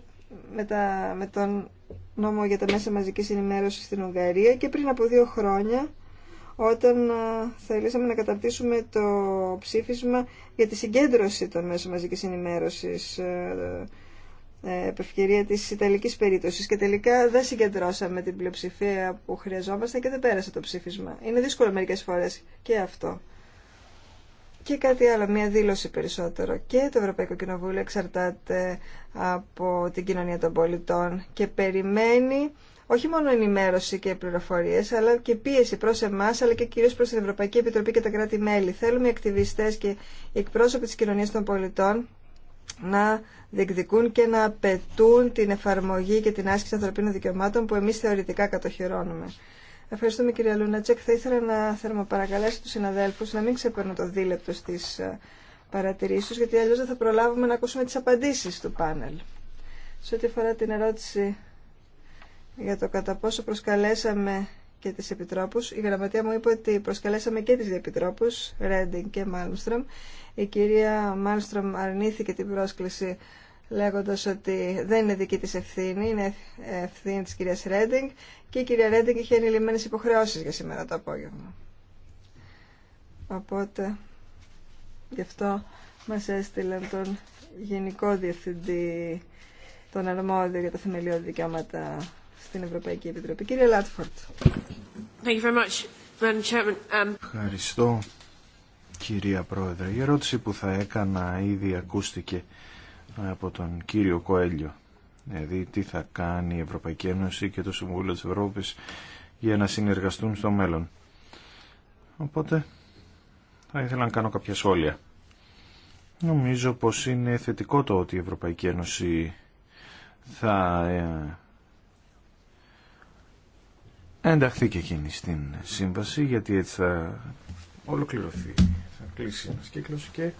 με, τον νόμο για τα μέσα μαζικής ενημέρωσης στην Ουγγαρία και πριν από δύο χρόνια όταν ε, θελήσαμε να καταρτήσουμε το ψήφισμα για τη συγκέντρωση των μέσων μαζικής ενημέρωσης ε, ε, επευκαιρία της Ιταλικής περίπτωσης και τελικά δεν συγκεντρώσαμε την πλειοψηφία που χρειαζόμασταν και δεν πέρασε το ψήφισμα. Είναι δύσκολο μερικές φορές και αυτό. Και κάτι άλλο, μια δήλωση περισσότερο. Και το Ευρωπαϊκό Κοινοβούλιο εξαρτάται από την κοινωνία των πολιτών και περιμένει όχι μόνο ενημέρωση και πληροφορίε, αλλά και πίεση προ εμά, αλλά και κυρίω προ την Ευρωπαϊκή Επιτροπή και τα κράτη-μέλη. Θέλουμε οι ακτιβιστέ και οι εκπρόσωποι τη κοινωνία των πολιτών να διεκδικούν και να απαιτούν την εφαρμογή και την άσκηση ανθρωπίνων δικαιωμάτων που εμείς θεωρητικά κατοχυρώνουμε. Ευχαριστούμε κυρία Λούνατσεκ. Θα ήθελα να θερμοπαρακαλέσω τους συναδέλφους να μην ξεπέρνουν το δίλεπτο στις ε, παρατηρήσεις του, γιατί αλλιώς δεν θα προλάβουμε να ακούσουμε τις απαντήσεις του πάνελ. Σε ό,τι αφορά την ερώτηση για το κατά πόσο προσκαλέσαμε και τις Επιτρόπους. Η γραμματεία μου είπε ότι προσκαλέσαμε και τις δύο Επιτρόπους, Ρέντινγκ και Μάλμστρομ. Η κυρία Μάλμστρομ αρνήθηκε την πρόσκληση λέγοντας ότι δεν είναι δική της ευθύνη, είναι ευθύνη της κυρίας Ρέντινγκ και η κυρία Ρέντινγκ είχε ενηλυμένες υποχρεώσεις για σήμερα το απόγευμα. Οπότε, γι' αυτό μας έστειλαν τον Γενικό Διευθυντή τον αρμόδιο για τα θεμελιώδη δικαιώματα στην Ευρωπαϊκή Επιτροπή. Κύριε Λάτφορτ. Um, Ευχαριστώ κυρία Πρόεδρε. Η ερώτηση που θα έκανα ήδη ακούστηκε από τον κύριο Κοέλιο. Δηλαδή τι θα κάνει η Ευρωπαϊκή Ένωση και το Συμβούλιο της Ευρώπης για να συνεργαστούν στο μέλλον. Οπότε θα ήθελα να κάνω κάποια σχόλια. Νομίζω πως είναι θετικό το ότι η Ευρωπαϊκή Ένωση θα ε, ενταχθεί και εκείνη στην σύμβαση γιατί έτσι θα ολοκληρωθεί, θα κλείσει ένας κύκλος και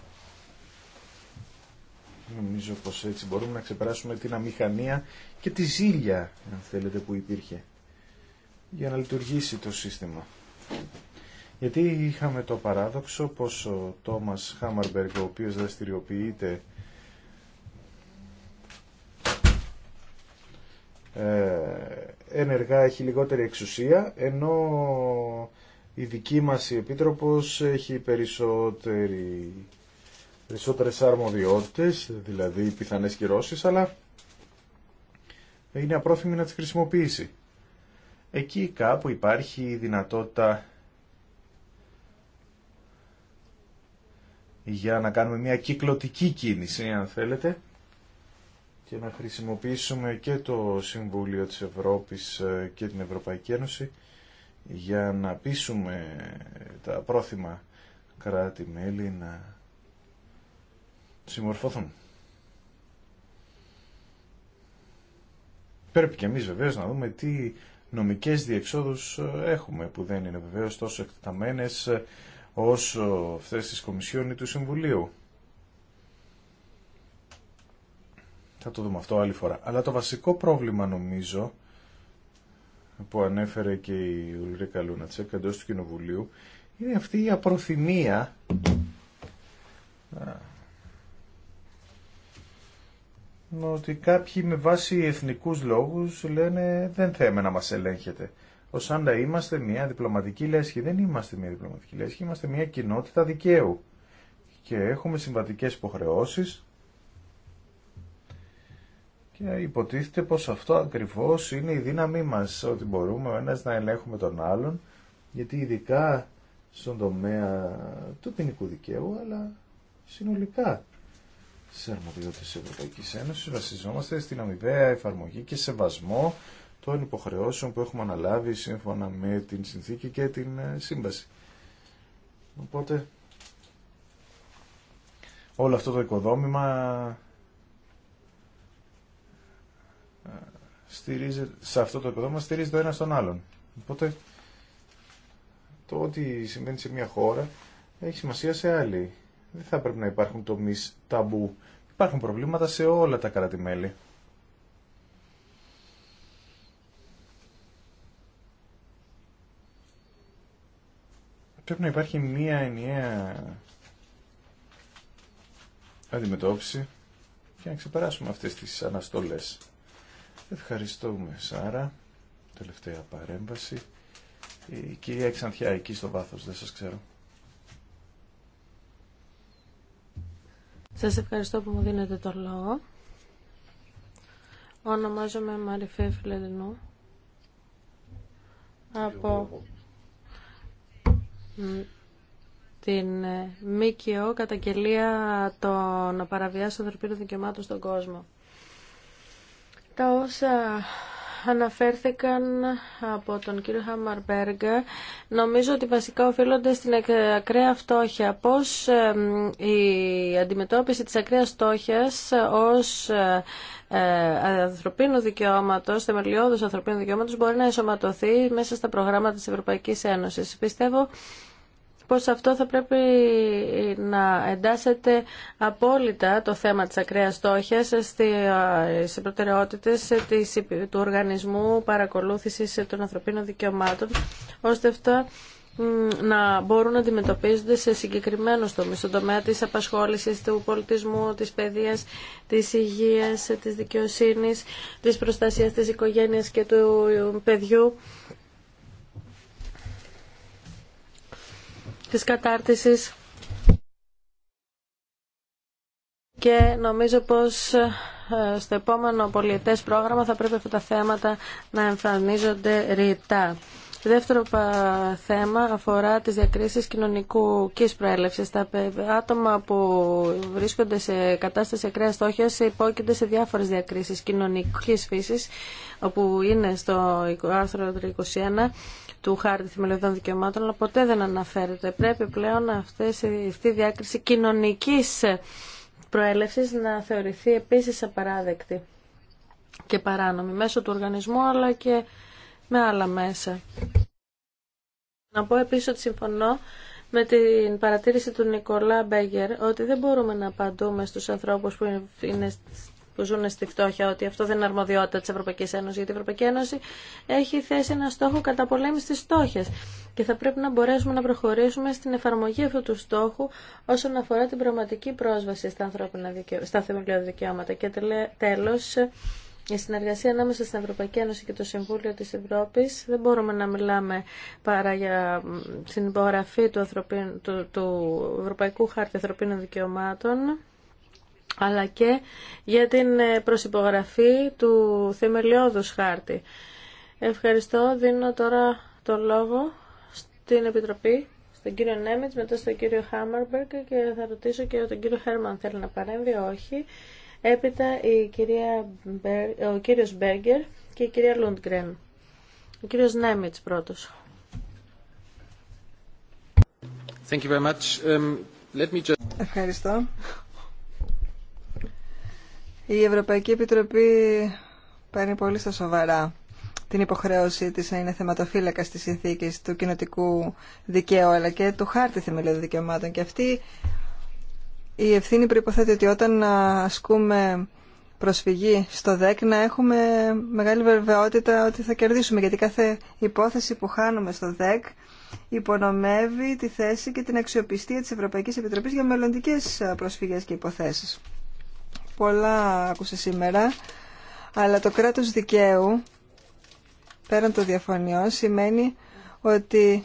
νομίζω πως έτσι μπορούμε να ξεπεράσουμε την αμηχανία και τη ζήλια αν θέλετε που υπήρχε για να λειτουργήσει το σύστημα. Γιατί είχαμε το παράδοξο πως ο Τόμας Χάμαρμπεργκ, ο οποίος δραστηριοποιείται ε, ενεργά έχει λιγότερη εξουσία, ενώ η δική μας η Επίτροπος έχει περισσότερη, περισσότερες αρμοδιότητες, δηλαδή πιθανές κυρώσεις, αλλά είναι απρόθυμη να τις χρησιμοποιήσει. Εκεί κάπου υπάρχει η δυνατότητα για να κάνουμε μια κυκλωτική κίνηση, αν θέλετε, και να χρησιμοποιήσουμε και το Συμβούλιο της Ευρώπης ε, και την Ευρωπαϊκή Ένωση για να πείσουμε τα πρόθυμα κράτη-μέλη να συμμορφωθούν. Πρέπει και εμείς βεβαίως να δούμε τι νομικές διεξόδους ε, έχουμε που δεν είναι βεβαίως τόσο εκτεταμένες ε, όσο αυτές της Κομισιόν ή του Συμβουλίου. Θα το δούμε αυτό άλλη φορά. Αλλά το βασικό πρόβλημα νομίζω που ανέφερε και η Ουλρίκα Λούνατσεκ εντό του Κοινοβουλίου είναι αυτή η απροθυμία ότι κάποιοι με βάση εθνικούς λόγους λένε δεν θέμε να μας ελέγχεται. Ως αν είμαστε μια διπλωματική λέσχη. Δεν είμαστε μια διπλωματική λέσχη, είμαστε μια κοινότητα δικαίου. Και έχουμε συμβατικές υποχρεώσεις και ε, υποτίθεται πως αυτό ακριβώς είναι η δύναμή μας, ότι μπορούμε ο ένας να ελέγχουμε τον άλλον, γιατί ειδικά στον τομέα του ποινικού δικαίου, αλλά συνολικά στις αρμοδιότητες της Ευρωπαϊκής Ένωσης βασιζόμαστε στην αμοιβαία εφαρμογή και σεβασμό των υποχρεώσεων που έχουμε αναλάβει σύμφωνα με την συνθήκη και την ε, σύμβαση. Οπότε όλο αυτό το οικοδόμημα στηρίζεται, σε αυτό το επίπεδο μας στηρίζει το ένα στον άλλον. Οπότε το ότι συμβαίνει σε μια χώρα έχει σημασία σε άλλη. Δεν θα πρέπει να υπάρχουν τομεί ταμπού. Υπάρχουν προβλήματα σε όλα τα κράτη-μέλη. Πρέπει να υπάρχει μία ενιαία αντιμετώπιση και να ξεπεράσουμε αυτές τις αναστολές. Ευχαριστούμε Σάρα. Τελευταία παρέμβαση. Η κυρία Εξανθιά εκεί στο βάθος, δεν σας ξέρω. Σας ευχαριστώ που μου δίνετε το λόγο. Ονομάζομαι Μαριφέ Φιλερινού. Από την ΜΚΟ καταγγελία των παραβιάσεων ανθρωπίνων δικαιωμάτων στον κόσμο τα όσα αναφέρθηκαν από τον κύριο Χαμαρμπέργκα νομίζω ότι βασικά οφείλονται στην ακραία φτώχεια. Πώς η αντιμετώπιση της ακραίας φτώχειας ως ε, ανθρωπίνου δικαιώματο, θεμελιώδου ανθρωπίνου δικαιώματος μπορεί να ενσωματωθεί μέσα στα προγράμματα της Ευρωπαϊκής Ένωσης. Πιστεύω πως αυτό θα πρέπει να εντάσσεται απόλυτα το θέμα της ακραίας στόχιας στις προτεραιότητες του Οργανισμού Παρακολούθησης των Ανθρωπίνων Δικαιωμάτων, ώστε αυτά να μπορούν να αντιμετωπίζονται σε συγκεκριμένου τομεί, στον τομέα τη απασχόληση, του πολιτισμού, της παιδεία, της υγεία, της δικαιοσύνη, τη προστασία τη οικογένεια και του ε, παιδιού. της κατάρτισης και νομίζω πως ε, στο επόμενο πολιετές πρόγραμμα θα πρέπει αυτά τα θέματα να εμφανίζονται ρητά. δεύτερο θέμα αφορά τις διακρίσεις κοινωνικού προέλευσης. Τα άτομα που βρίσκονται σε κατάσταση ακραίας στόχια, υπόκεινται σε διάφορες διακρίσεις κοινωνικής φύσης, όπου είναι στο άρθρο του χάρτη θεμελιωδών δικαιωμάτων, αλλά ποτέ δεν αναφέρεται. Πρέπει πλέον αυτές, αυτή η διάκριση κοινωνικής προέλευσης να θεωρηθεί επίσης απαράδεκτη και παράνομη μέσω του οργανισμού αλλά και με άλλα μέσα. Να πω επίσης ότι συμφωνώ με την παρατήρηση του Νικολά Μπέγκερ ότι δεν μπορούμε να απαντούμε στους ανθρώπους που είναι που ζουν στη φτώχεια, ότι αυτό δεν είναι αρμοδιότητα τη Ευρωπαϊκή Ένωση, γιατί η Ευρωπαϊκή Ένωση έχει θέσει ένα στόχο κατά πολέμηση τη φτώχεια. Και θα πρέπει να μπορέσουμε να προχωρήσουμε στην εφαρμογή αυτού του στόχου όσον αφορά την πραγματική πρόσβαση στα, ανθρώπινα στα θεμελιώδη δικαιώματα. Και τέλο, η συνεργασία ανάμεσα στην Ευρωπαϊκή Ένωση και το Συμβούλιο της Ευρώπης δεν μπορούμε να μιλάμε παρά για την υπογραφή του, του, του Ευρωπαϊκού Χάρτη Ανθρωπίνων Δικαιωμάτων αλλά και για την ε, προσυπογραφή του θεμελιώδους χάρτη. Ευχαριστώ. Δίνω τώρα το λόγο στην Επιτροπή, στον κύριο Νέμιτς, μετά στον κύριο Χάμαρμπεργκ και θα ρωτήσω και τον κύριο Χέρμαν θέλει να παρέμβει, όχι. Έπειτα η κυρία, ο κύριος Μπέργκερ και η κυρία Λούντγκρεν. Ο κύριος Νέμιτς πρώτος. Um, Ευχαριστώ. Η Ευρωπαϊκή Επιτροπή παίρνει πολύ στα σοβαρά την υποχρέωση της να είναι θεματοφύλακα στις συνθήκες του κοινοτικού δικαίου αλλά και του χάρτη θεμελιώδων δικαιωμάτων και αυτή η ευθύνη προϋποθέτει ότι όταν ασκούμε προσφυγή στο ΔΕΚ να έχουμε μεγάλη βεβαιότητα ότι θα κερδίσουμε γιατί κάθε υπόθεση που χάνουμε στο ΔΕΚ υπονομεύει τη θέση και την αξιοπιστία της Ευρωπαϊκής Επιτροπής για μελλοντικές προσφυγές και υποθέσεις πολλά άκουσα σήμερα, αλλά το κράτος δικαίου, πέραν των διαφωνιών, σημαίνει ότι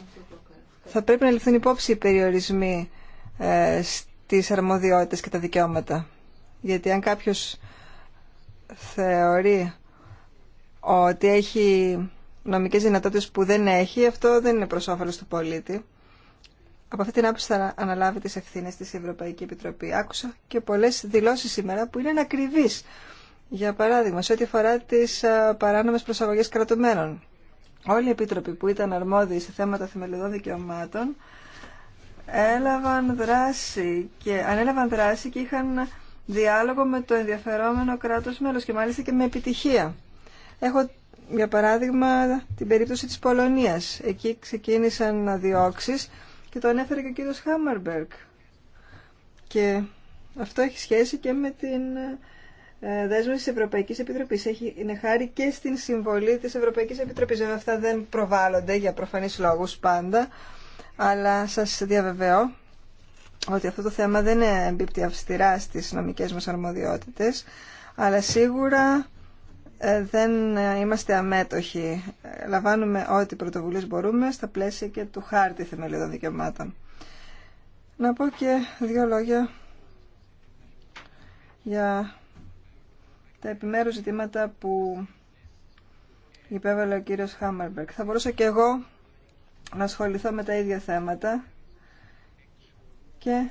θα πρέπει να ληφθούν υπόψη οι περιορισμοί ε, στις αρμοδιότητες και τα δικαιώματα. Γιατί αν κάποιος θεωρεί ότι έχει νομικές δυνατότητες που δεν έχει, αυτό δεν είναι προς του πολίτη από αυτή την άποψη θα αναλάβει τις ευθύνες της Ευρωπαϊκή Επιτροπή. Άκουσα και πολλές δηλώσεις σήμερα που είναι ακριβείς. Για παράδειγμα, σε ό,τι αφορά τις παράνομες προσαγωγές κρατουμένων. Όλοι οι επίτροποι που ήταν αρμόδιοι σε θέματα θεμελιωδών δικαιωμάτων έλαβαν δράση και ανέλαβαν δράση και είχαν διάλογο με το ενδιαφερόμενο κράτος μέλος και μάλιστα και με επιτυχία. Έχω για παράδειγμα την περίπτωση της Πολωνίας. Εκεί ξεκίνησαν διώξεις το ανέφερε και ο κύριος Χάμαρμπεργκ. Και αυτό έχει σχέση και με την ε, δέσμευση της Ευρωπαϊκής Επιτροπής. Έχει, είναι χάρη και στην συμβολή της Ευρωπαϊκής Επιτροπής. Βέβαια αυτά δεν προβάλλονται για προφανείς λόγους πάντα, αλλά σας διαβεβαιώ ότι αυτό το θέμα δεν εμπίπτει αυστηρά στις νομικές μας αρμοδιότητες, αλλά σίγουρα ε, δεν ε, είμαστε αμέτωχοι. Ε, λαμβάνουμε ό,τι πρωτοβουλίες μπορούμε στα πλαίσια και του χάρτη θεμελιωδών δικαιωμάτων. Να πω και δύο λόγια για τα επιμέρους ζητήματα που υπέβαλε ο κύριος Χάμαρμπερκ. Θα μπορούσα και εγώ να ασχοληθώ με τα ίδια θέματα και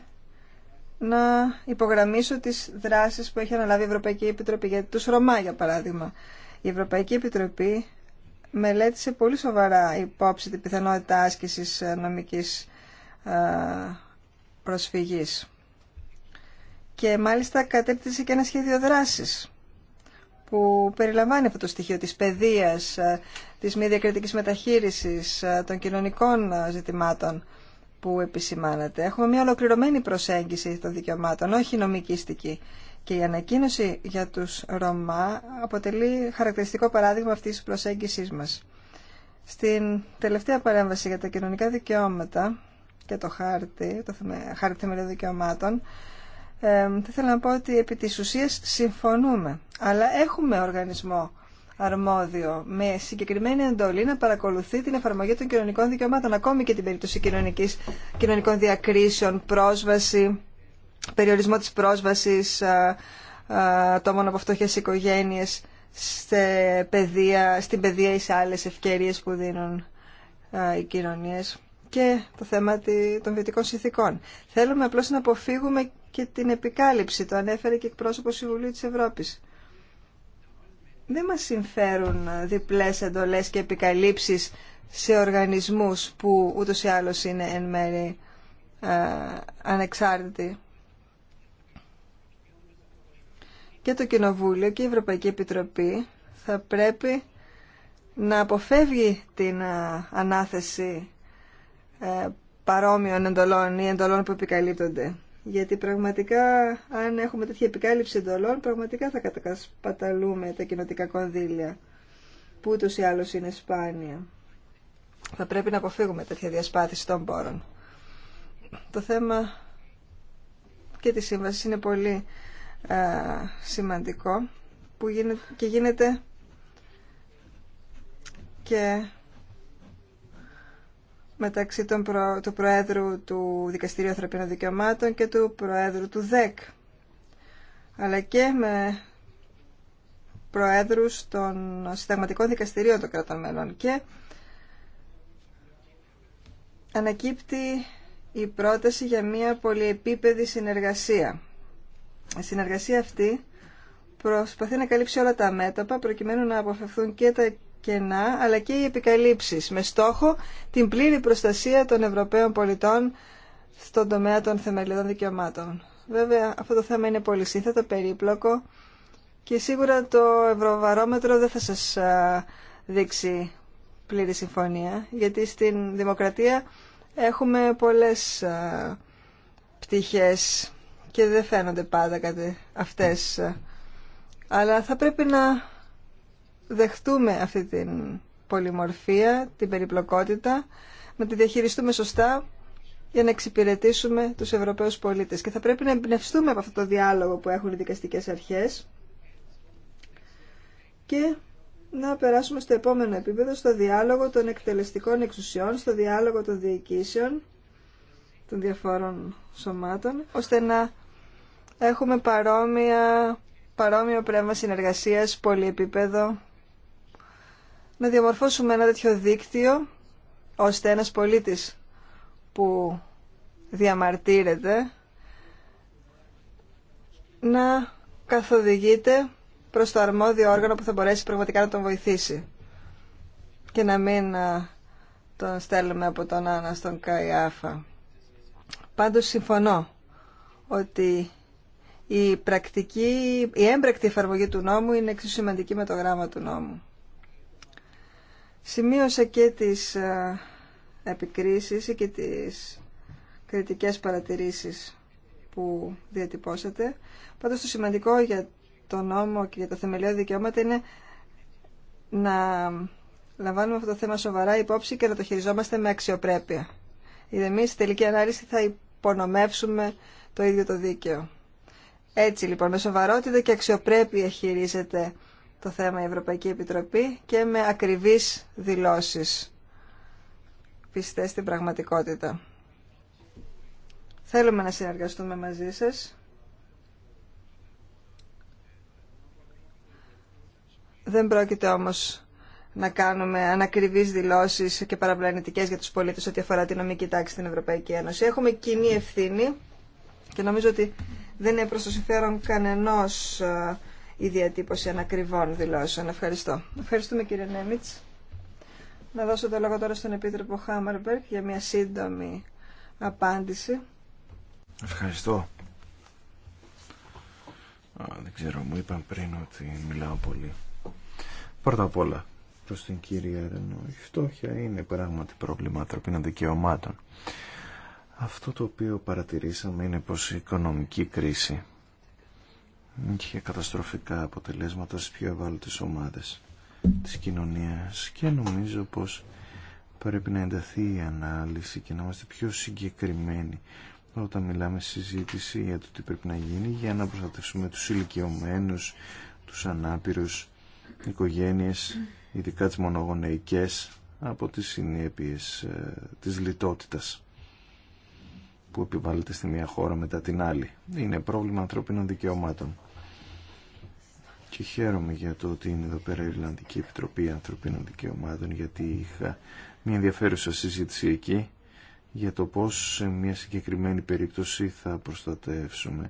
να υπογραμμίσω τις δράσεις που έχει αναλάβει η Ευρωπαϊκή Επιτροπή για τους Ρωμά για παράδειγμα. Η Ευρωπαϊκή Επιτροπή μελέτησε πολύ σοβαρά υπόψη την πιθανότητα άσκησης νομικής προσφυγής και μάλιστα κατέπτυσε και ένα σχέδιο δράσης που περιλαμβάνει αυτό το στοιχείο της παιδείας, της μη διακριτικής μεταχείρισης, των κοινωνικών ζητημάτων που επισημάνατε. Έχουμε μια ολοκληρωμένη προσέγγιση των δικαιωμάτων, όχι νομικιστική. Και η ανακοίνωση για τους Ρωμά αποτελεί χαρακτηριστικό παράδειγμα αυτής της προσέγγισης μας. Στην τελευταία παρέμβαση για τα κοινωνικά δικαιώματα και το χάρτη, το χάρτη θεμελιών δικαιωμάτων, ε, θα ήθελα να πω ότι επί της ουσίας συμφωνούμε. Αλλά έχουμε οργανισμό αρμόδιο με συγκεκριμένη εντολή να παρακολουθεί την εφαρμογή των κοινωνικών δικαιωμάτων, ακόμη και την περίπτωση κοινωνικής, κοινωνικών διακρίσεων, πρόσβαση, περιορισμό της πρόσβασης α, ατόμων από φτωχές οικογένειες σε παιδεία, στην παιδεία ή σε άλλες ευκαιρίες που δίνουν οι κοινωνίες και το θέμα των βιωτικών συνθήκων. Θέλουμε απλώς να αποφύγουμε και την επικάλυψη, το ανέφερε και εκπρόσωπο Συμβουλίου της Ευρώπης δεν μας συμφέρουν διπλές εντολές και επικαλύψεις σε οργανισμούς που ούτως ή άλλως είναι εν μέρει ανεξάρτητοι. Και το Κοινοβούλιο και η Ευρωπαϊκή Επιτροπή θα πρέπει να αποφεύγει την ε, ανάθεση ε, παρόμοιων εντολών ή εντολών που επικαλύπτονται. Γιατί πραγματικά, αν έχουμε τέτοια επικάλυψη εντολών, πραγματικά θα κατακασπαταλούμε τα κοινοτικά κονδύλια, που ούτως ή άλλως είναι σπάνια. Θα πρέπει να αποφύγουμε τέτοια διασπάθηση των πόρων. Το θέμα και τη σύμβαση είναι πολύ σημαντικό που γίνεται, και γίνεται και μεταξύ των του Προέδρου του Δικαστηρίου Ανθρωπίνων Δικαιωμάτων και του Προέδρου του ΔΕΚ, αλλά και με Προέδρους των Συνταγματικών Δικαστηρίων των Κρατών Μελών. Και ανακύπτει η πρόταση για μια πολυεπίπεδη συνεργασία. Η συνεργασία αυτή προσπαθεί να καλύψει όλα τα μέτωπα προκειμένου να αποφευθούν και τα κενά αλλά και οι επικαλύψεις με στόχο την πλήρη προστασία των Ευρωπαίων πολιτών στον τομέα των θεμελιωδών δικαιωμάτων. Βέβαια αυτό το θέμα είναι πολύ σύνθετο, περίπλοκο και σίγουρα το Ευρωβαρόμετρο δεν θα σας δείξει πλήρη συμφωνία γιατί στην δημοκρατία έχουμε πολλές πτυχές και δεν φαίνονται πάντα κάτι αυτές αλλά θα πρέπει να δεχτούμε αυτή την πολυμορφία, την περιπλοκότητα, να τη διαχειριστούμε σωστά για να εξυπηρετήσουμε τους Ευρωπαίους πολίτες. Και θα πρέπει να εμπνευστούμε από αυτό το διάλογο που έχουν οι δικαστικές αρχές και να περάσουμε στο επόμενο επίπεδο, στο διάλογο των εκτελεστικών εξουσιών, στο διάλογο των διοικήσεων, των διαφόρων σωμάτων, ώστε να έχουμε παρόμοια, παρόμοιο πνεύμα συνεργασίας πολυεπίπεδο να διαμορφώσουμε ένα τέτοιο δίκτυο ώστε ένας πολίτης που διαμαρτύρεται να καθοδηγείται προς το αρμόδιο όργανο που θα μπορέσει πραγματικά να τον βοηθήσει και να μην τον στέλνουμε από τον Άννα στον Καϊάφα. Πάντως συμφωνώ ότι η πρακτική, η έμπρακτη εφαρμογή του νόμου είναι εξίσου σημαντική με το γράμμα του νόμου. Σημείωσα και τις ε, επικρίσεις και τις κριτικές παρατηρήσεις που διατυπώσατε. Πάντως το σημαντικό για το νόμο και για τα θεμελιώδη δικαιώματα είναι να λαμβάνουμε αυτό το θέμα σοβαρά υπόψη και να το χειριζόμαστε με αξιοπρέπεια. Γιατί εμεί στη τελική ανάλυση θα υπονομεύσουμε το ίδιο το δίκαιο. Έτσι λοιπόν, με σοβαρότητα και αξιοπρέπεια χειρίζεται το θέμα η Ευρωπαϊκή Επιτροπή και με ακριβείς δηλώσεις πιστές στην πραγματικότητα. Θέλουμε να συνεργαστούμε μαζί σας. Δεν πρόκειται όμως να κάνουμε ανακριβείς δηλώσεις και παραπλανητικές για τους πολίτες ό,τι αφορά την νομική τάξη στην Ευρωπαϊκή Ένωση. Έχουμε κοινή ευθύνη και νομίζω ότι δεν είναι προς το συμφέρον κανενός ε, η διατύπωση ανακριβών δηλώσεων. Ευχαριστώ. Ευχαριστούμε κύριε Νέμιτς. Να δώσω το λόγο τώρα στον Επίτροπο Χάμαρμπερκ για μια σύντομη απάντηση. Ευχαριστώ. Α, δεν ξέρω, μου είπαν πριν ότι μιλάω πολύ. Πρώτα απ' όλα, προς την κυρία Ρενό, η φτώχεια είναι πράγματι πρόβλημα ανθρωπίνων δικαιωμάτων. Αυτό το οποίο παρατηρήσαμε είναι πως η οικονομική κρίση είχε καταστροφικά αποτελέσματα στις πιο ευάλωτες ομάδες της κοινωνίας και νομίζω πως πρέπει να ενταθεί η ανάλυση και να είμαστε πιο συγκεκριμένοι όταν μιλάμε στη συζήτηση για το τι πρέπει να γίνει για να προστατεύσουμε τους ηλικιωμένου, τους ανάπηρους, οικογένειες, ειδικά τις μονογονεϊκές από τις συνέπειες ε, της λιτότητας που επιβάλλεται στη μία χώρα μετά την άλλη. Είναι πρόβλημα ανθρωπίνων δικαιωμάτων και χαίρομαι για το ότι είναι εδώ πέρα η Ιρλανδική Επιτροπή Ανθρωπίνων Δικαιωμάτων γιατί είχα μια ενδιαφέρουσα συζήτηση εκεί για το πώς σε μια συγκεκριμένη περίπτωση θα προστατεύσουμε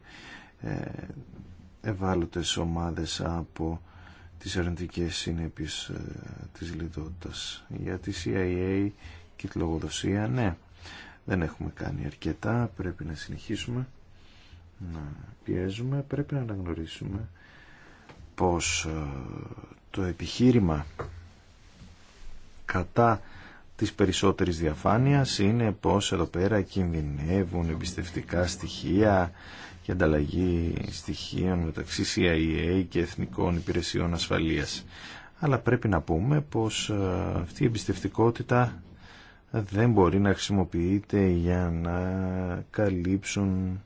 ε, ευάλωτες ομάδες από τις αρνητικές συνέπειες ε, της λιτότητας. Για τη CIA και τη λογοδοσία, ναι, δεν έχουμε κάνει αρκετά, πρέπει να συνεχίσουμε να πιέζουμε, πρέπει να αναγνωρίσουμε πως ε, το επιχείρημα κατά της περισσότερης διαφάνειας είναι πως εδώ πέρα κινδυνεύουν εμπιστευτικά στοιχεία και ανταλλαγή στοιχείων μεταξύ CIA και Εθνικών Υπηρεσιών Ασφαλείας. Αλλά πρέπει να πούμε πως ε, αυτή η εμπιστευτικότητα δεν μπορεί να χρησιμοποιείται για να καλύψουν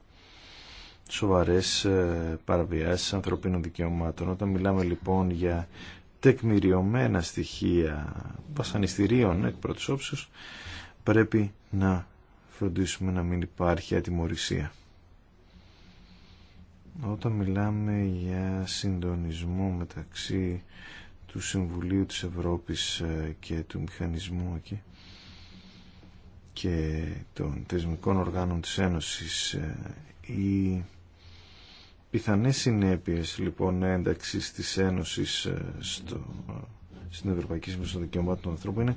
σοβαρές ε, παραβιάσεις ανθρωπίνων δικαιωμάτων. Όταν μιλάμε λοιπόν για τεκμηριωμένα στοιχεία βασανιστήριων εκ πρώτης όψης, πρέπει να φροντίσουμε να μην υπάρχει ατιμορρησία. Όταν μιλάμε για συντονισμό μεταξύ του Συμβουλίου της Ευρώπης ε, και του Μηχανισμού εκεί και των θεσμικών οργάνων της Ένωσης η ε, πιθανές συνέπειες λοιπόν ένταξης της Ένωσης ε, στο, ε, στην Ευρωπαϊκή Σύμβαση των Δικαιωμάτων του Ανθρώπου είναι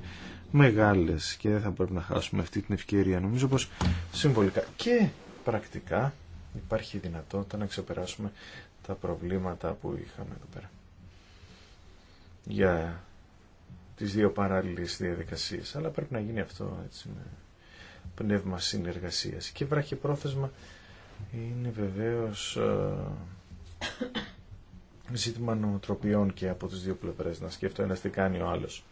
μεγάλες και δεν θα πρέπει να χάσουμε αυτή την ευκαιρία. Νομίζω πως συμβολικά και πρακτικά υπάρχει δυνατότητα να ξεπεράσουμε τα προβλήματα που είχαμε εδώ πέρα. Για τις δύο παράλληλες διαδικασίες. Αλλά πρέπει να γίνει αυτό έτσι, με πνεύμα συνεργασίας. Και βράχει πρόθεσμα είναι βεβαίως ε, ζήτημα νοοτροπιών και από τις δύο πλευρές να σκέφτω ένας τι κάνει ο άλλος.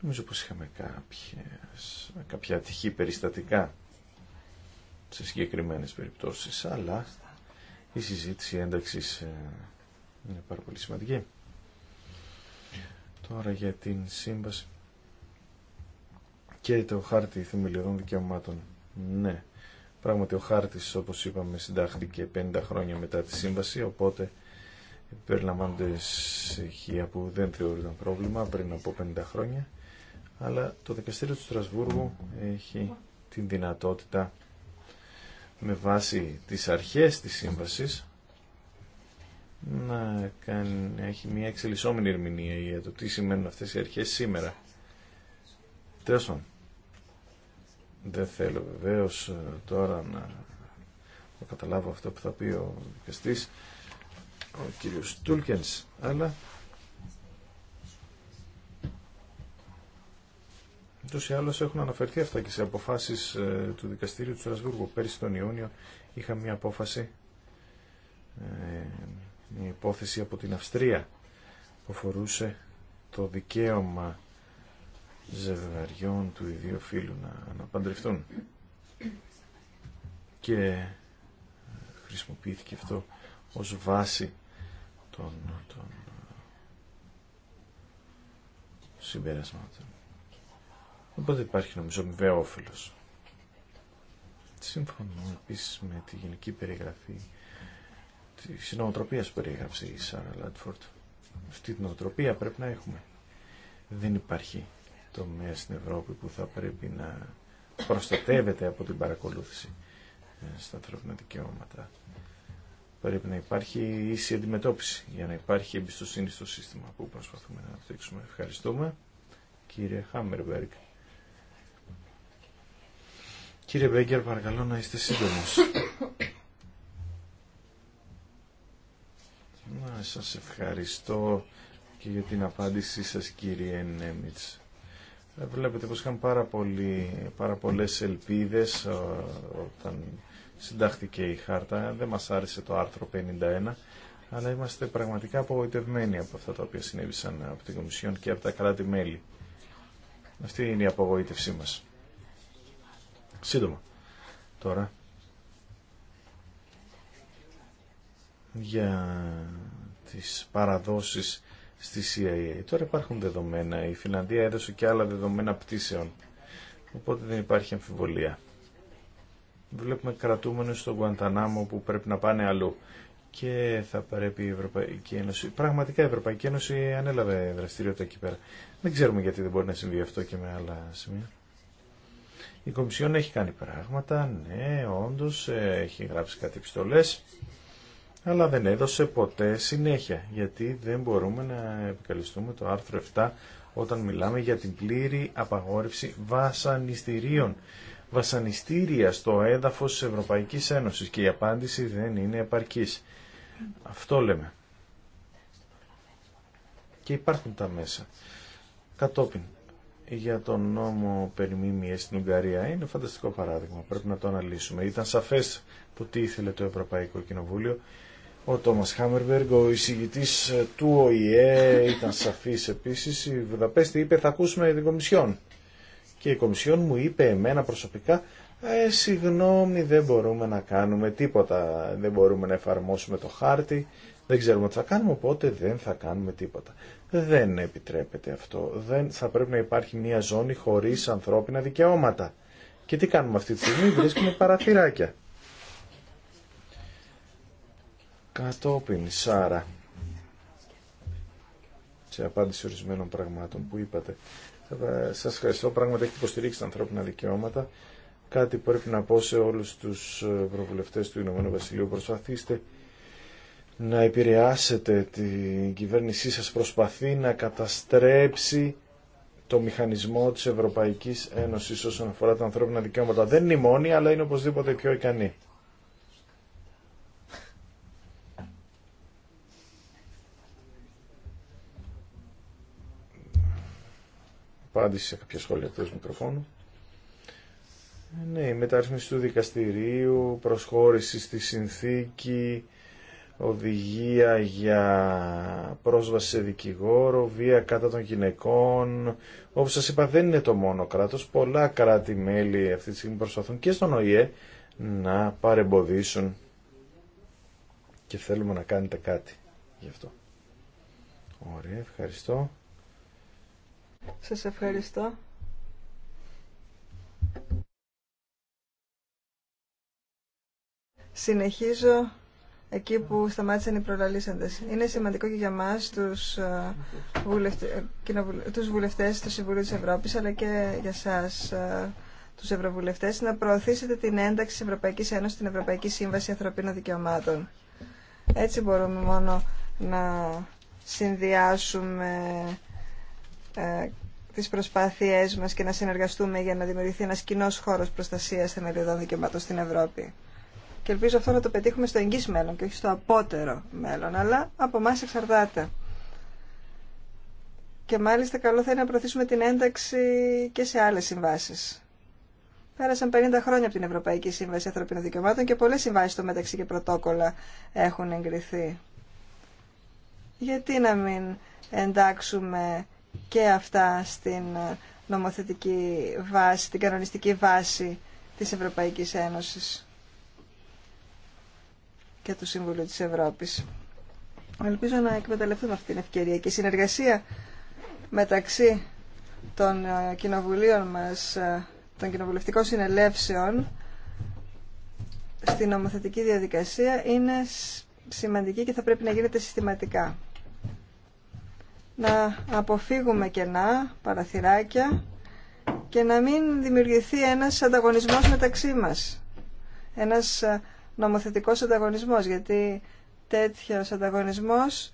Νομίζω πως είχαμε κάποιες, κάποια ατυχή περιστατικά σε συγκεκριμένες περιπτώσεις, αλλά η συζήτηση ένταξης είναι πάρα πολύ σημαντική. Τώρα για την σύμβαση και το χάρτη θεμελιωδών δικαιωμάτων. Ναι, Πράγματι ο χάρτης όπως είπαμε συντάχθηκε 50 χρόνια μετά τη σύμβαση οπότε περιλαμβάνονται στοιχεία που δεν θεωρούνταν πρόβλημα πριν από 50 χρόνια αλλά το δικαστήριο του Στρασβούργου έχει την δυνατότητα με βάση τις αρχές της σύμβασης να κάνει, έχει μια εξελισσόμενη ερμηνεία για το τι σημαίνουν αυτές οι αρχές σήμερα. Τέλος δεν θέλω βεβαίω ε, τώρα να καταλάβω αυτό που θα πει ο δικαστή ο κύριος Τούλκενς, αλλά Ούτως ή έχουν αναφερθεί αυτά και σε αποφάσεις ε, του δικαστήριου του Στρασβούργου. Πέρυσι τον Ιούνιο είχα μια απόφαση, ε, μια υπόθεση από την Αυστρία που αφορούσε το δικαίωμα ζευγαριών του ιδίου φίλου να, να παντρευτούν. Και χρησιμοποιήθηκε αυτό ως βάση των, των συμπερασμάτων. Οπότε υπάρχει νομίζω βέβαια όφελος. Συμφωνώ επίσης με τη γενική περιγραφή τη νοοτροπία που περιέγραψε η Σάρα Λάντφορντ. Αυτή την νοοτροπία πρέπει να έχουμε. Δεν υπάρχει τομέα στην Ευρώπη που θα πρέπει να προστατεύεται από την παρακολούθηση ε, στα ανθρώπινα δικαιώματα. Πρέπει να υπάρχει ίση αντιμετώπιση για να υπάρχει εμπιστοσύνη στο σύστημα που προσπαθούμε να δείξουμε. Ευχαριστούμε. Κύριε Χάμερμπεργκ. Κύριε Μπέγκερ, παρακαλώ να είστε σύντομος. να σας ευχαριστώ και για την απάντησή σας κύριε Νέμιτς. Ε, βλέπετε πως είχαν πάρα, πολύ, πάρα πολλές ελπίδες ε, όταν συντάχθηκε η χάρτα. Δεν μας άρεσε το άρθρο 51, αλλά είμαστε πραγματικά απογοητευμένοι από αυτά τα οποία συνέβησαν από την Κομισιόν και από τα κράτη-μέλη. Αυτή είναι η απογοήτευσή μας. Σύντομα. Τώρα. Για τις παραδόσεις στη CIA. Τώρα υπάρχουν δεδομένα. Η Φιλανδία έδωσε και άλλα δεδομένα πτήσεων. Οπότε δεν υπάρχει αμφιβολία. Βλέπουμε κρατούμενους στον Κουαντανάμο που πρέπει να πάνε αλλού. Και θα πρέπει η Ευρωπαϊκή Ένωση. Πραγματικά η Ευρωπαϊκή Ένωση ανέλαβε δραστηριότητα εκεί πέρα. Δεν ξέρουμε γιατί δεν μπορεί να συμβεί αυτό και με άλλα σημεία. Η Κομισιόν έχει κάνει πράγματα, ναι, όντω, ε, έχει γράψει κάτι επιστολές αλλά δεν έδωσε ποτέ συνέχεια, γιατί δεν μπορούμε να επικαλυστούμε το άρθρο 7 όταν μιλάμε για την πλήρη απαγόρευση βασανιστήριων. Βασανιστήρια στο έδαφος της Ευρωπαϊκής Ένωσης και η απάντηση δεν είναι επαρκής. Αυτό λέμε. Και υπάρχουν τα μέσα. Κατόπιν, για τον νόμο περί στην Ουγγαρία είναι φανταστικό παράδειγμα. Πρέπει να το αναλύσουμε. Ήταν σαφές που τι ήθελε το Ευρωπαϊκό Κοινοβούλιο ο Τόμας Χάμερμπεργκ, ο εισηγητής ε, του ΟΗΕ, ήταν σαφής επίσης. Η Βουδαπέστη είπε θα ακούσουμε την Κομισιόν. Και η Κομισιόν μου είπε εμένα προσωπικά, ε, συγγνώμη δεν μπορούμε να κάνουμε τίποτα, δεν μπορούμε να εφαρμόσουμε το χάρτη, δεν ξέρουμε τι θα κάνουμε, οπότε δεν θα κάνουμε τίποτα. Δεν επιτρέπεται αυτό. Δεν θα πρέπει να υπάρχει μια ζώνη χωρίς ανθρώπινα δικαιώματα. Και τι κάνουμε αυτή τη στιγμή, βρίσκουμε παραθυράκια. Κατόπιν, Σάρα, σε απάντηση ορισμένων πραγμάτων που είπατε. Σας ευχαριστώ, πράγματι έχετε υποστηρίξει τα ανθρώπινα δικαιώματα. Κάτι πρέπει να πω σε όλους τους ε, προβουλευτές του Ηνωμένου Βασιλείου. Προσπαθήστε να επηρεάσετε την κυβέρνησή σας. Προσπαθεί να καταστρέψει το μηχανισμό της Ευρωπαϊκής Ένωσης όσον αφορά τα ανθρώπινα δικαιώματα. Δεν είναι η μόνη, αλλά είναι οπωσδήποτε πιο ικανή. απάντηση σε κάποια σχόλια μικροφώνου. Ναι, η μεταρρύθμιση του δικαστηρίου, προσχώρηση στη συνθήκη, οδηγία για πρόσβαση σε δικηγόρο, βία κατά των γυναικών. Όπως σας είπα δεν είναι το μόνο κράτος. Πολλά κράτη-μέλη αυτή τη στιγμή προσπαθούν και στον ΟΗΕ να παρεμποδίσουν και θέλουμε να κάνετε κάτι γι' αυτό. Ωραία, ευχαριστώ. Σας ευχαριστώ. Συνεχίζω εκεί που σταμάτησαν οι προλαλήσαντες. Είναι σημαντικό και για μας τους, ε, βουλευτε... Ε, τους βουλευτές του Συμβουλίου της Ευρώπης αλλά και για σας ε, τους ευρωβουλευτές να προωθήσετε την ένταξη της Ευρωπαϊκής Ένωσης στην Ευρωπαϊκή Σύμβαση Ανθρωπίνων Δικαιωμάτων. Έτσι μπορούμε μόνο να συνδυάσουμε ε, τις προσπάθειές μας και να συνεργαστούμε για να δημιουργηθεί ένας κοινό χώρος προστασίας θεμελιωδών δικαιωμάτων στην Ευρώπη. Και ελπίζω αυτό να το πετύχουμε στο εγγύς μέλλον και όχι στο απότερο μέλλον, αλλά από εμά εξαρτάται. Και μάλιστα καλό θα είναι να προωθήσουμε την ένταξη και σε άλλες συμβάσεις. Πέρασαν 50 χρόνια από την Ευρωπαϊκή Σύμβαση Ανθρωπίνων Δικαιωμάτων και πολλές συμβάσεις στο μεταξύ και πρωτόκολλα έχουν εγκριθεί. Γιατί να μην εντάξουμε και αυτά στην ε, νομοθετική βάση, την κανονιστική βάση της Ευρωπαϊκής Ένωσης και του Συμβουλίου της Ευρώπης. Ελπίζω να εκμεταλλευτούμε αυτή την ευκαιρία και η συνεργασία μεταξύ των ε, κοινοβουλίων μας, ε, των κοινοβουλευτικών συνελεύσεων στην νομοθετική διαδικασία είναι σημαντική και θα πρέπει να γίνεται συστηματικά να αποφύγουμε κενά, παραθυράκια και να μην δημιουργηθεί ένας ανταγωνισμός μεταξύ μας. Ένας ε, νομοθετικός ανταγωνισμός, γιατί τέτοιος ανταγωνισμός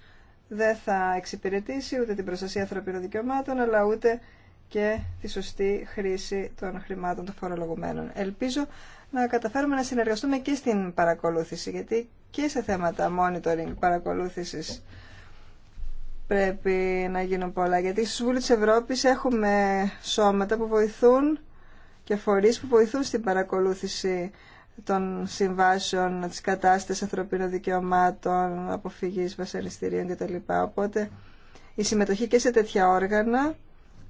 δεν θα εξυπηρετήσει ούτε την προστασία ανθρωπίνων δικαιωμάτων, αλλά ούτε και τη σωστή χρήση των χρημάτων των φορολογουμένων. Ελπίζω να καταφέρουμε να συνεργαστούμε και στην παρακολούθηση, γιατί και σε θέματα monitoring παρακολούθησης πρέπει να γίνουν πολλά, γιατί στη Συμβουλή τη Ευρώπη έχουμε σώματα που βοηθούν και φορεί που βοηθούν στην παρακολούθηση των συμβάσεων, της κατάσταση ανθρωπίνων δικαιωμάτων, αποφυγή βασανιστήριων κτλ. Οπότε η συμμετοχή και σε τέτοια όργανα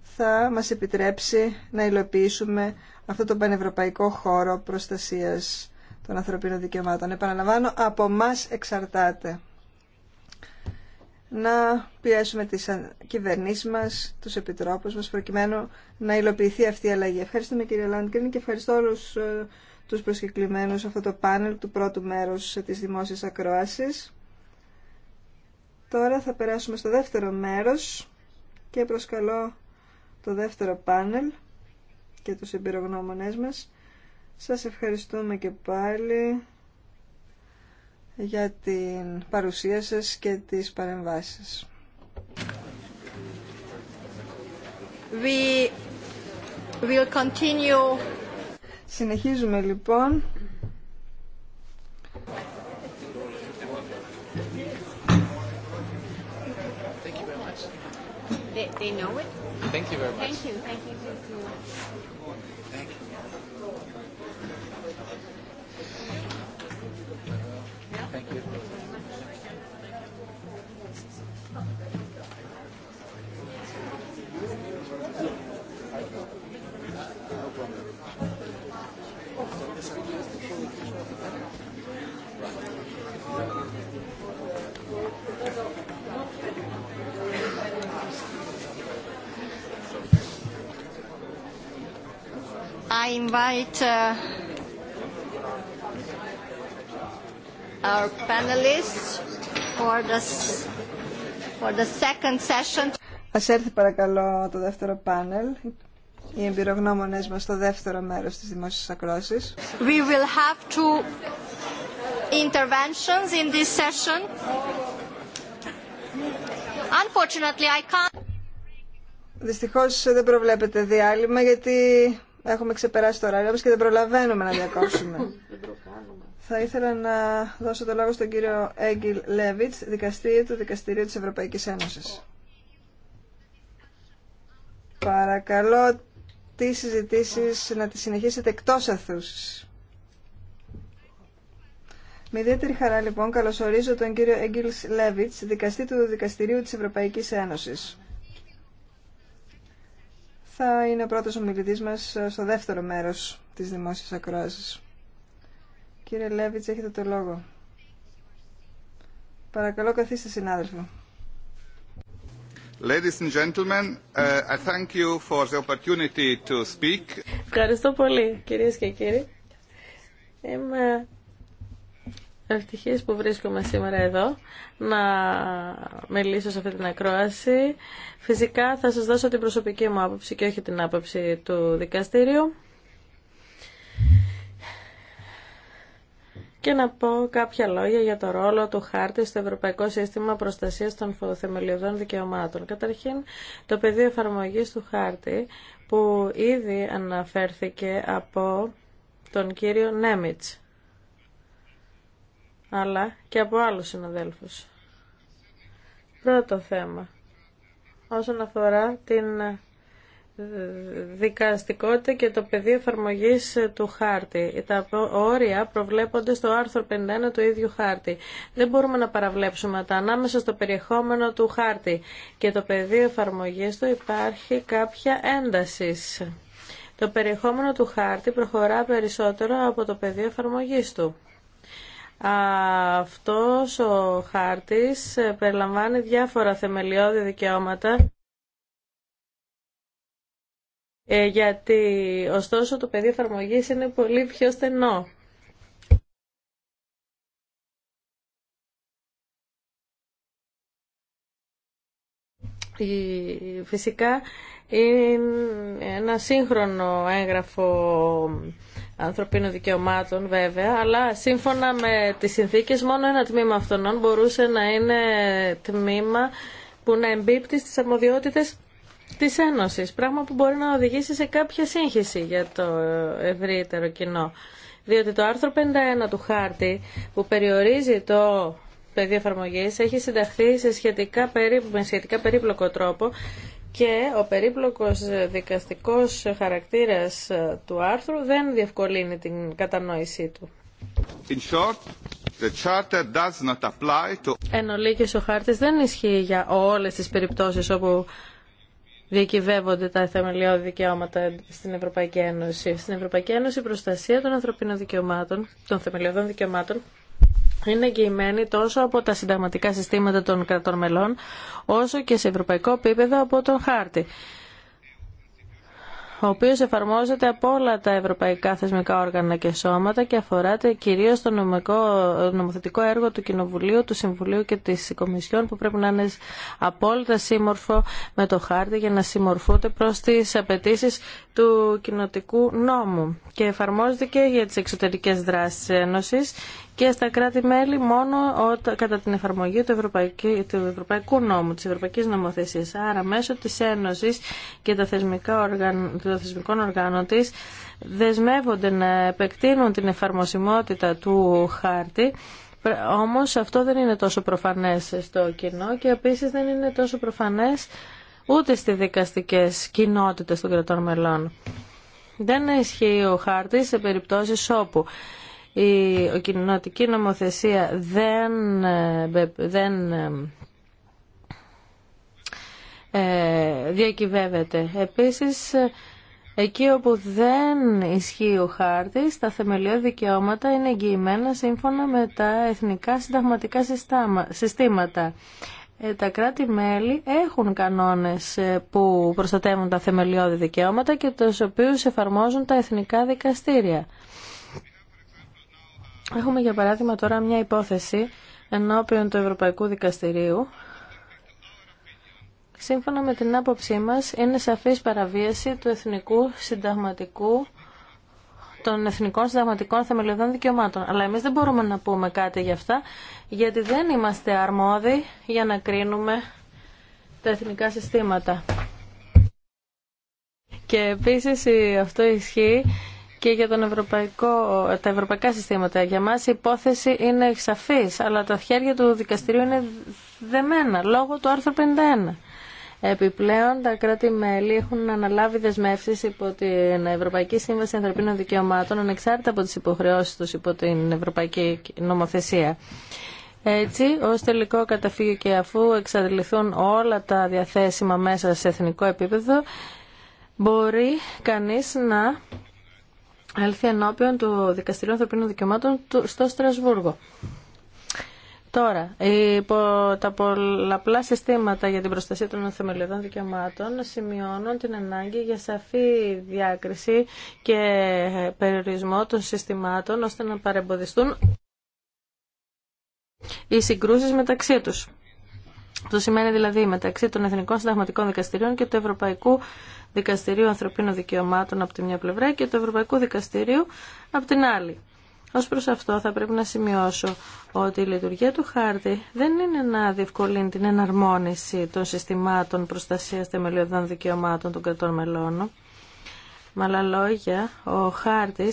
θα μας επιτρέψει να υλοποιήσουμε αυτό το πανευρωπαϊκό χώρο προστασίας των ανθρωπίνων δικαιωμάτων. Επαναλαμβάνω, από εμά εξαρτάται να πιέσουμε τις κυβερνήσεις μας, τους επιτρόπους μας, προκειμένου να υλοποιηθεί αυτή η αλλαγή. Ευχαριστούμε κύριε Λάντκριν και ευχαριστώ όλους ε, τους προσκεκλημένους σε αυτό το πάνελ του πρώτου μέρους της δημόσιας ακρόασης. Τώρα θα περάσουμε στο δεύτερο μέρος και προσκαλώ το δεύτερο πάνελ και τους εμπειρογνώμονές μας. Σας ευχαριστούμε και πάλι για την παρουσία σας και τις παρεμβάσεις We will continue. Συνεχίζουμε λοιπόν. They, they know it. Thank you very much. Thank you. Thank you. invite Ας έρθει παρακαλώ το δεύτερο πάνελ, οι εμπειρογνώμονες μας στο δεύτερο μέρος της δημόσιας ακρόσης. We in Δυστυχώς δεν προβλέπεται διάλειμμα γιατί Έχουμε ξεπεράσει το ωράριό μας και δεν προλαβαίνουμε να διακόψουμε. Θα ήθελα να δώσω το λόγο στον κύριο Έγγιλ Λέβιτς, δικαστή του Δικαστηρίου της Ευρωπαϊκής Ένωσης. Παρακαλώ τις συζητήσεις να τις συνεχίσετε εκτός αθούς. Με ιδιαίτερη χαρά λοιπόν καλωσορίζω τον κύριο Έγγιλ Λέβιτς, δικαστή του Δικαστηρίου της Ευρωπαϊκής Ένωσης θα είναι ο πρώτος ομιλητής μας στο δεύτερο μέρος της δημόσιας ακρόασης. Κύριε Λέβιτς, έχετε το λόγο. Παρακαλώ, καθίστε συνάδελφο. Ladies and gentlemen, uh, I thank you for the opportunity to speak. Ευχαριστώ πολύ, κυρίες και κύριοι. Είμαι ευτυχής που βρίσκομαι σήμερα εδώ να μιλήσω σε αυτή την ακρόαση. Φυσικά θα σας δώσω την προσωπική μου άποψη και όχι την άποψη του δικαστήριου. Και να πω κάποια λόγια για το ρόλο του χάρτη στο Ευρωπαϊκό Σύστημα Προστασίας των Θεμελιωδών Δικαιωμάτων. Καταρχήν, το πεδίο εφαρμογής του χάρτη που ήδη αναφέρθηκε από τον κύριο Νέμιτς αλλά και από άλλους συναδέλφους. Πρώτο θέμα, όσον αφορά την δικαστικότητα και το πεδίο εφαρμογή του χάρτη. Τα όρια προβλέπονται στο άρθρο 51 του ίδιου χάρτη. Δεν μπορούμε να παραβλέψουμε τα ανάμεσα στο περιεχόμενο του χάρτη και το πεδίο εφαρμογή του υπάρχει κάποια ένταση. Το περιεχόμενο του χάρτη προχωρά περισσότερο από το πεδίο εφαρμογή του. Αυτός ο χάρτης ε, περιλαμβάνει διάφορα θεμελιώδη δικαιώματα ε, γιατί ωστόσο το πεδίο εφαρμογή είναι πολύ πιο στενό. Φυσικά είναι ένα σύγχρονο έγγραφο ανθρωπίνων δικαιωμάτων βέβαια, αλλά σύμφωνα με τις συνθήκες μόνο ένα τμήμα αυτών μπορούσε να είναι τμήμα που να εμπίπτει στις αρμοδιότητες της Ένωσης, πράγμα που μπορεί να οδηγήσει σε κάποια σύγχυση για το ευρύτερο κοινό. Διότι το άρθρο 51 του χάρτη που περιορίζει το πεδίο εφαρμογή έχει συνταχθεί σε σχετικά περίπου, με σχετικά περίπλοκο τρόπο και ο περίπλοκος δικαστικός χαρακτήρας ε, του άρθρου δεν διευκολύνει την κατανόησή του. In short, the charter does not apply to... Εν ολίκης ο χάρτης δεν ισχύει για όλες τις περιπτώσεις όπου διακυβεύονται τα θεμελιώδη δικαιώματα στην Ευρωπαϊκή Ένωση. Στην Ευρωπαϊκή Ένωση η προστασία των ανθρωπίνων δικαιωμάτων, των θεμελιωδών δικαιωμάτων, είναι εγγυημένη τόσο από τα συνταγματικά συστήματα των κρατών μελών, όσο και σε ευρωπαϊκό επίπεδο από τον χάρτη ο οποίος εφαρμόζεται από όλα τα ευρωπαϊκά θεσμικά όργανα και σώματα και αφοράται κυρίως το νομοθετικό έργο του Κοινοβουλίου, του Συμβουλίου και της Κομισιόν που πρέπει να είναι απόλυτα σύμμορφο με το χάρτη για να συμμορφούνται προς τις απαιτήσει του κοινοτικού νόμου και εφαρμόζεται και για τις εξωτερικές δράσεις της Ένωσης και στα κράτη-μέλη μόνο κατά την εφαρμογή του ευρωπαϊκού, του ευρωπαϊκού νόμου, της ευρωπαϊκής νομοθεσίας. Άρα μέσω της Ένωσης και των θεσμικών οργάνων της δεσμεύονται να επεκτείνουν την εφαρμοσιμότητα του χάρτη όμως αυτό δεν είναι τόσο προφανές στο κοινό και επίσης δεν είναι τόσο προφανές ούτε στις δικαστικές κοινότητες των κρατών μελών. Δεν ισχύει ο χάρτης σε περιπτώσεις όπου η κοινωνική νομοθεσία δεν, ε, δεν ε, διακυβεύεται. Επίσης, εκεί όπου δεν ισχύει ο χάρτης, τα θεμελιώδη δικαιώματα είναι εγγυημένα σύμφωνα με τα εθνικά συνταγματικά συστήματα. Ε, τα κράτη-μέλη έχουν κανόνες ε, που προστατεύουν τα θεμελιώδη δικαιώματα και τους οποίους εφαρμόζουν τα εθνικά δικαστήρια. Έχουμε για παράδειγμα τώρα μια υπόθεση ενώπιον του Ευρωπαϊκού Δικαστηρίου. Σύμφωνα με την άποψή μας, είναι σαφής παραβίαση του εθνικού συνταγματικού των εθνικών συνταγματικών θεμελιωδών δικαιωμάτων. Αλλά εμείς δεν μπορούμε να πούμε κάτι γι' αυτά, γιατί δεν είμαστε αρμόδιοι για να κρίνουμε τα εθνικά συστήματα. Και επίσης αυτό ισχύει και για τον ευρωπαϊκό, τα ευρωπαϊκά συστήματα. Για μας η υπόθεση είναι εξαφής, αλλά τα χέρια του δικαστηρίου είναι δεμένα λόγω του άρθρου 51. Επιπλέον, τα κράτη-μέλη έχουν αναλάβει δεσμεύσεις υπό την Ευρωπαϊκή Σύμβαση Ανθρωπίνων Δικαιωμάτων, ανεξάρτητα από τις υποχρεώσεις τους υπό την Ευρωπαϊκή Νομοθεσία. Έτσι, ω τελικό καταφύγιο και αφού εξαντληθούν όλα τα διαθέσιμα μέσα σε εθνικό επίπεδο, μπορεί κανεί να έλθει ενώπιον του Δικαστηρίου Ανθρωπίνων Δικαιωμάτων στο Στρασβούργο. Τώρα, τα πολλαπλά συστήματα για την προστασία των θεμελιωδών δικαιωμάτων σημειώνουν την ανάγκη για σαφή διάκριση και περιορισμό των συστημάτων ώστε να παρεμποδιστούν οι συγκρούσεις μεταξύ τους. Το σημαίνει δηλαδή μεταξύ των Εθνικών Συνταγματικών Δικαστηρίων και του Ευρωπαϊκού Δικαστηρίου Ανθρωπίνων Δικαιωμάτων από τη μια πλευρά και του Ευρωπαϊκού Δικαστηρίου από την άλλη. Ω προς αυτό θα πρέπει να σημειώσω ότι η λειτουργία του χάρτη δεν είναι να διευκολύνει την εναρμόνιση των συστημάτων προστασίας θεμελιωδών δικαιωμάτων των κρατών μελών. Με άλλα λόγια, ο Χάρτη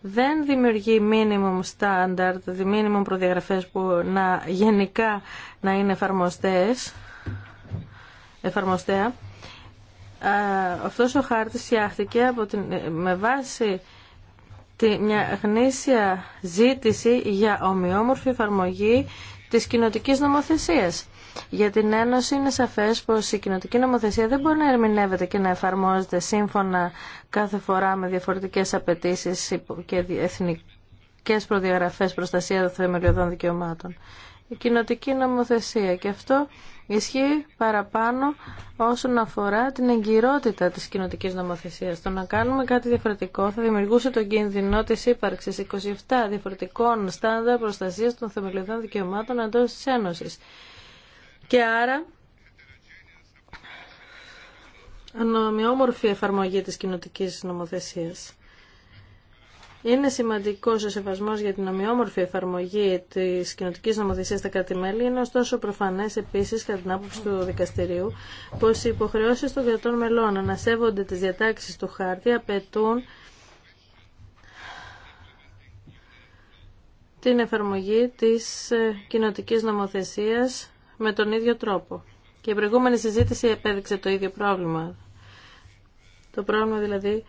δεν δημιουργεί minimum standard, minimum προδιαγραφές που να γενικά να είναι εφαρμοστές, εφαρμοστέα, αυτός ο χάρτης φτιάχτηκε την, ε, με βάση τη, μια γνήσια ζήτηση για ομοιόμορφη εφαρμογή της κοινοτικής νομοθεσίας. Για την Ένωση είναι σαφές πως η κοινοτική νομοθεσία δεν μπορεί να ερμηνεύεται και να εφαρμόζεται σύμφωνα κάθε φορά με διαφορετικές απαιτήσεις και εθνικές προδιαγραφές προστασία των θεμελιωδών δικαιωμάτων. Η κοινοτική νομοθεσία και αυτό ισχύει παραπάνω όσον αφορά την εγκυρότητα της κοινοτική νομοθεσίας. Το να κάνουμε κάτι διαφορετικό θα δημιουργούσε τον κίνδυνο της ύπαρξης 27 διαφορετικών στάνταρ προστασίας των θεμελιωδών δικαιωμάτων εντό της Ένωσης. Και άρα ανομοιόμορφη εφαρμογή της κοινοτική νομοθεσίας. Είναι σημαντικό ο σεβασμό για την ομοιόμορφη εφαρμογή τη κοινοτική νομοθεσία στα κρατη Είναι ωστόσο προφανέ επίση, κατά την άποψη του δικαστηρίου, πω οι υποχρεώσει των κρατών μελών να σέβονται τι διατάξει του χάρτη απαιτούν την εφαρμογή της ε, κοινοτική νομοθεσία με τον ίδιο τρόπο. Και η προηγούμενη συζήτηση επέδειξε το ίδιο πρόβλημα. Το πρόβλημα δηλαδή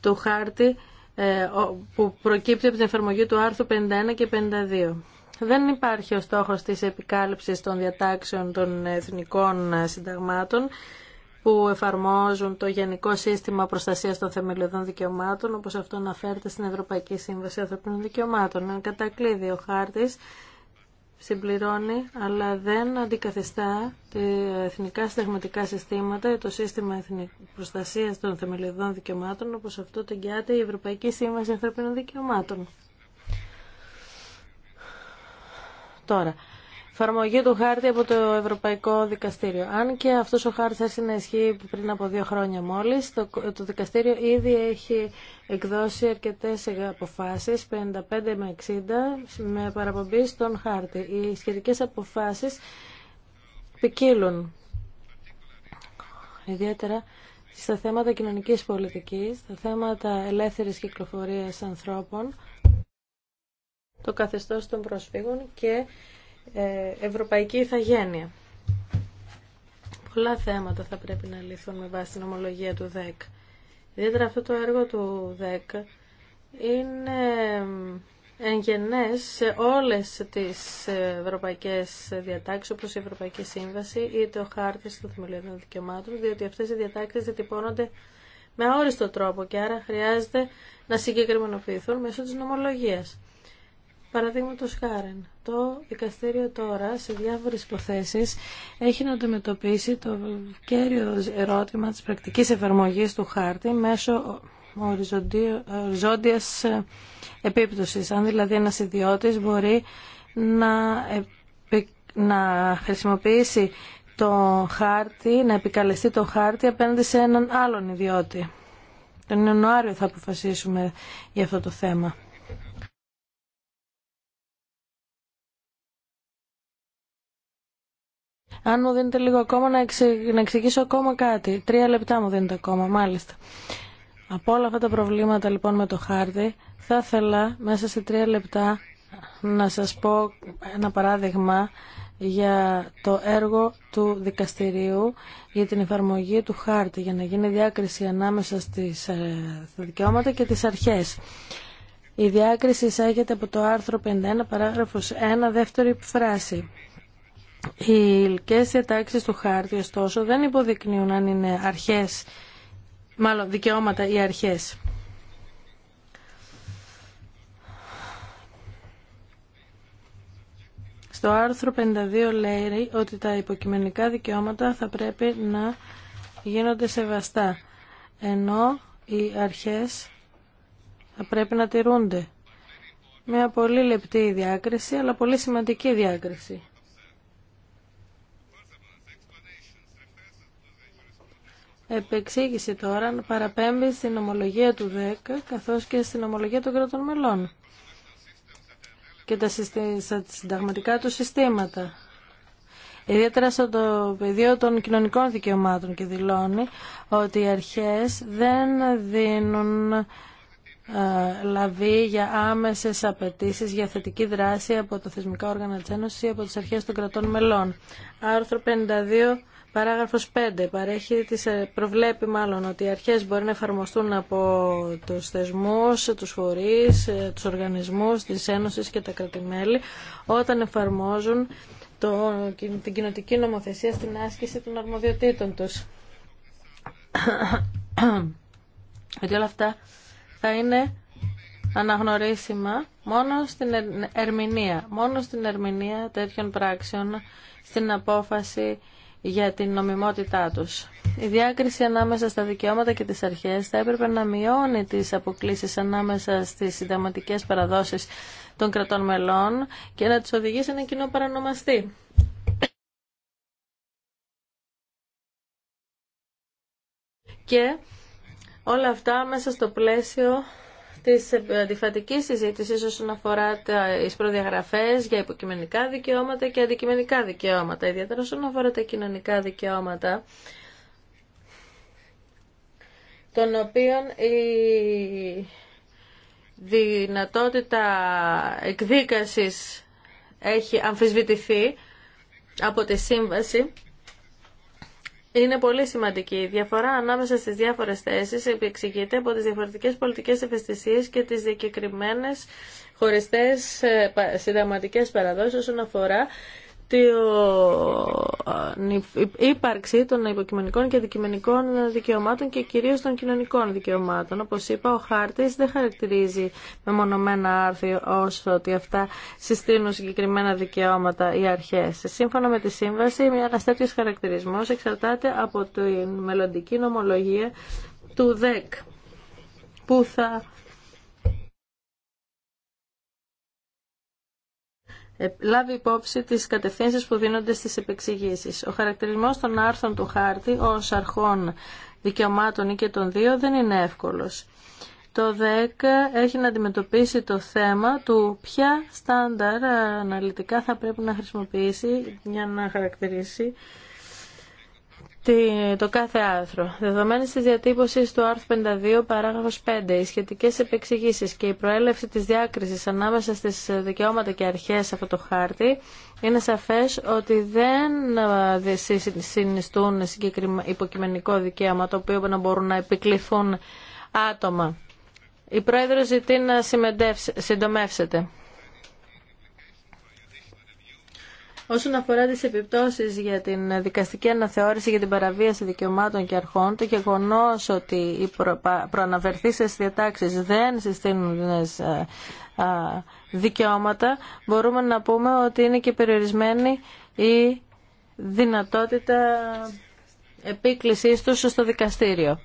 του χάρτη ε, που προκύπτει από την εφαρμογή του άρθρου 51 και 52. Δεν υπάρχει ο στόχος της επικάλυψης των διατάξεων των εθνικών συνταγμάτων που εφαρμόζουν το Γενικό Σύστημα Προστασίας των Θεμελιωδών Δικαιωμάτων όπως αυτό αναφέρεται στην Ευρωπαϊκή Σύμβαση Ανθρωπίνων Δικαιωμάτων. Είναι κατακλείδη ο χάρτης συμπληρώνει αλλά δεν αντικαθιστά τα εθνικά στεγματικά συστήματα, το σύστημα προστασίας των θεμελιωδών δικαιωμάτων όπως αυτό το εγγυάται η Ευρωπαϊκή Σύμβαση Ανθρωπίνων Δικαιωμάτων. Τώρα, εφαρμογή του χάρτη από το Ευρωπαϊκό Δικαστήριο. Αν και αυτός ο χάρτης έρθει να ισχύει πριν από δύο χρόνια μόλις, το, το Δικαστήριο ήδη έχει εκδώσει αρκετές αποφάσεις, 55 με 60, με παραπομπή στον χάρτη. Οι σχετικές αποφάσεις ποικίλουν. Ιδιαίτερα στα θέματα κοινωνικής πολιτικής, στα θέματα ελεύθερης κυκλοφορίας ανθρώπων, το καθεστώ των προσφύγων και ε, ευρωπαϊκή ηθαγένεια. Πολλά θέματα θα πρέπει να λυθούν με βάση την ομολογία του ΔΕΚ. Ιδιαίτερα αυτό το έργο του ΔΕΚ είναι εγγενές σε όλες τις ευρωπαϊκές διατάξεις όπως η Ευρωπαϊκή Σύμβαση ή το χάρτη των θεμελιωδών δικαιωμάτων διότι αυτές οι διατάξεις διατυπώνονται με αόριστο τρόπο και άρα χρειάζεται να συγκεκριμενοποιηθούν μέσω της νομολογίας. Παραδείγματο χάρη, το δικαστήριο τώρα σε διάφορε υποθέσει, έχει να αντιμετωπίσει το κέριο ερώτημα τη πρακτικής εφαρμογής του χάρτη μέσω οριζόντια επίπτωση. Αν δηλαδή ένας ιδιώτης μπορεί να, να χρησιμοποιήσει το χάρτη, να επικαλεστεί το χάρτη απέναντι σε έναν άλλον ιδιώτη. Τον Ιανουάριο θα αποφασίσουμε για αυτό το θέμα. Αν μου δίνετε λίγο ακόμα να, εξηγήσω ακόμα κάτι. Τρία λεπτά μου δίνετε ακόμα, μάλιστα. Από όλα αυτά τα προβλήματα λοιπόν με το χάρτη, θα ήθελα μέσα σε τρία λεπτά να σας πω ένα παράδειγμα για το έργο του δικαστηρίου για την εφαρμογή του χάρτη, για να γίνει διάκριση ανάμεσα στις, ε, στα δικαιώματα και τις αρχές. Η διάκριση εισάγεται από το άρθρο 51, παράγραφος 1, δεύτερη φράση. Οι ηλικέ διατάξει του χάρτη, ωστόσο, δεν υποδεικνύουν αν είναι αρχές, μάλλον δικαιώματα ή αρχές. Στο άρθρο 52 λέει ότι τα υποκειμενικά δικαιώματα θα πρέπει να γίνονται σεβαστά, ενώ οι αρχές θα πρέπει να τηρούνται. Μια πολύ λεπτή διάκριση, αλλά πολύ σημαντική διάκριση. επεξήγηση τώρα παραπέμπει στην ομολογία του ΔΕΚ καθώς και στην ομολογία των κρατών μελών και τα συνταγματικά του συστήματα. Ιδιαίτερα στο το πεδίο των κοινωνικών δικαιωμάτων και δηλώνει ότι οι αρχές δεν δίνουν ε, λαβή για άμεσες απαιτήσεις για θετική δράση από τα θεσμικά όργανα της Ένωσης ή από τις αρχές των κρατών μελών. Άρθρο 52 Παράγραφος 5 παρέχει, τις, ε, προβλέπει μάλλον ότι οι αρχές μπορεί να εφαρμοστούν από τους θεσμούς, τους φορείς, ε, τους οργανισμούς τις Ένωσες και τα κρατημέλη όταν εφαρμόζουν το, την κοινοτική νομοθεσία στην άσκηση των αρμοδιοτήτων τους. ότι όλα αυτά θα είναι αναγνωρίσιμα μόνο στην ε, ερμηνεία, μόνο στην ερμηνεία τέτοιων πράξεων στην απόφαση για την νομιμότητά τους. Η διάκριση ανάμεσα στα δικαιώματα και τις αρχές θα έπρεπε να μειώνει τις αποκλήσεις ανάμεσα στις συνταγματικές παραδόσεις των κρατών μελών και να τις οδηγήσει σε ένα κοινό παρανομαστή. Και όλα αυτά μέσα στο πλαίσιο τη αντιφατική συζήτηση όσον αφορά τι προδιαγραφέ για υποκειμενικά δικαιώματα και αντικειμενικά δικαιώματα, ιδιαίτερα όσον αφορά τα κοινωνικά δικαιώματα, των οποίων η δυνατότητα εκδίκασης έχει αμφισβητηθεί από τη σύμβαση είναι πολύ σημαντική. Η διαφορά ανάμεσα στις διάφορες θέσεις εξηγείται από τις διαφορετικές πολιτικές ευαισθησίες και τις διακεκριμένες χωριστές ε, συνταγματικές παραδόσεις όσον αφορά την ύπαρξη των υποκειμενικών και αντικειμενικών δικαιωμάτων και κυρίως των κοινωνικών δικαιωμάτων. Όπως είπα, ο χάρτης δεν χαρακτηρίζει με μονομένα άρθρο όσο ότι αυτά συστήνουν συγκεκριμένα δικαιώματα ή αρχές. Σύμφωνα με τη Σύμβαση, ένα τέτοιο χαρακτηρισμό εξαρτάται από τη μελλοντική νομολογία του ΔΕΚ που θα Ε, λάβει υπόψη τις κατευθύνσεις που δίνονται στις επεξηγήσεις. Ο χαρακτηρισμός των άρθρων του χάρτη ως αρχών δικαιωμάτων ή και των δύο δεν είναι εύκολος. Το ΔΕΚ έχει να αντιμετωπίσει το θέμα του ποια στάνταρ αναλυτικά θα πρέπει να χρησιμοποιήσει για να χαρακτηρίσει το κάθε άρθρο. Δεδομένης της διατύπωσης του άρθρου 52 παράγραφος 5, οι σχετικέ επεξηγήσεις και η προέλευση της διάκρισης ανάμεσα στις δικαιώματα και αρχές αυτό το χάρτη, είναι σαφές ότι δεν συνιστούν υποκειμενικό δικαίωμα το οποίο να μπορούν να επικληθούν άτομα. Η Πρόεδρο ζητεί να συντομεύσετε. Όσον αφορά τι επιπτώσει για την δικαστική αναθεώρηση για την παραβίαση δικαιωμάτων και αρχών, το γεγονό ότι οι προ, διατάξεις δεν συστήνουν ε, ε, δικαιώματα, μπορούμε να πούμε ότι είναι και περιορισμένη η δυνατότητα επίκλησής του στο δικαστήριο.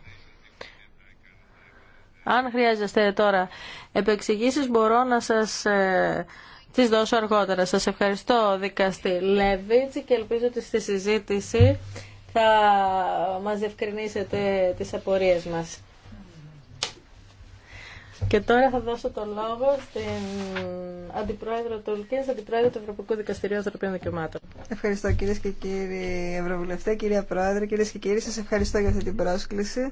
Αν χρειάζεστε τώρα επεξηγήσεις μπορώ να σας ε, τις δώσω αργότερα. Σας ευχαριστώ δικαστή Λεβίτση, και ελπίζω ότι στη συζήτηση θα μας διευκρινίσετε τις απορίες μας. Και τώρα θα δώσω το λόγο στην Αντιπρόεδρο Ολκίνης, Αντιπρόεδρο του Ευρωπαϊκού Δικαστηρίου Ανθρωπίνων Δικαιωμάτων. Ευχαριστώ κυρίε και κύριοι Ευρωβουλευτέ, κυρία Πρόεδρε, κυρίε και κύριοι. Σας ευχαριστώ για αυτή την πρόσκληση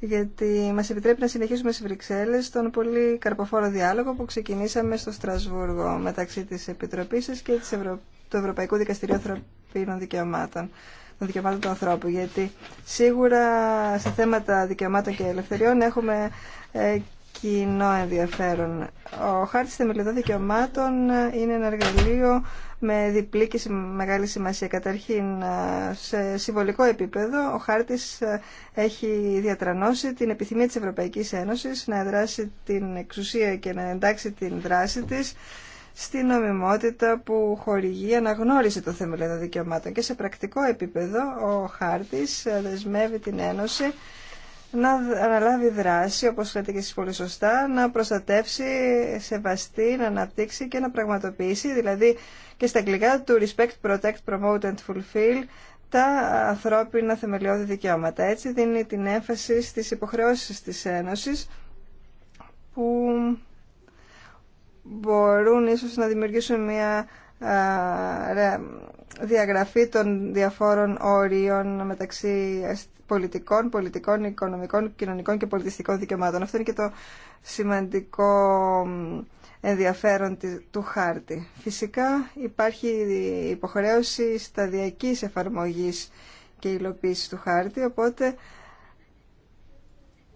γιατί μας επιτρέπει να συνεχίσουμε στι Βρυξέλλες τον πολύ καρποφόρο διάλογο που ξεκινήσαμε στο Στρασβούργο μεταξύ της Επιτροπής σα και της Ευρω... του Ευρωπαϊκού Δικαστηρίου Ανθρωπίνων Δικαιωμάτων των δικαιωμάτων του ανθρώπου, γιατί σίγουρα σε θέματα δικαιωμάτων και ελευθεριών έχουμε ε, κοινό ενδιαφέρον. Ο χάρτης θεμελιωδών δικαιωμάτων ε, είναι ένα εργαλείο με διπλή και μεγάλη σημασία. Καταρχήν, σε συμβολικό επίπεδο, ο χάρτης έχει διατρανώσει την επιθυμία της Ευρωπαϊκής Ένωσης να εδράσει την εξουσία και να εντάξει την δράση της στην νομιμότητα που χορηγεί αναγνώριση των θεμελιωδών δικαιωμάτων. Και σε πρακτικό επίπεδο, ο χάρτης δεσμεύει την Ένωση να αναλάβει δράση, όπως λέτε και εσείς πολύ σωστά, να προστατεύσει, σεβαστεί, να αναπτύξει και να πραγματοποιήσει, δηλαδή και στα αγγλικά του respect, protect, promote and fulfill, τα ανθρώπινα θεμελιώδη δικαιώματα. Έτσι δίνει την έμφαση στις υποχρεώσεις της Ένωσης που μπορούν ίσως να δημιουργήσουν μια διαγραφή των διαφόρων όριων μεταξύ πολιτικών, πολιτικών, οικονομικών, κοινωνικών και πολιτιστικών δικαιωμάτων. Αυτό είναι και το σημαντικό ενδιαφέρον του χάρτη. Φυσικά υπάρχει υποχρέωση σταδιακής εφαρμογής και υλοποίησης του χάρτη, οπότε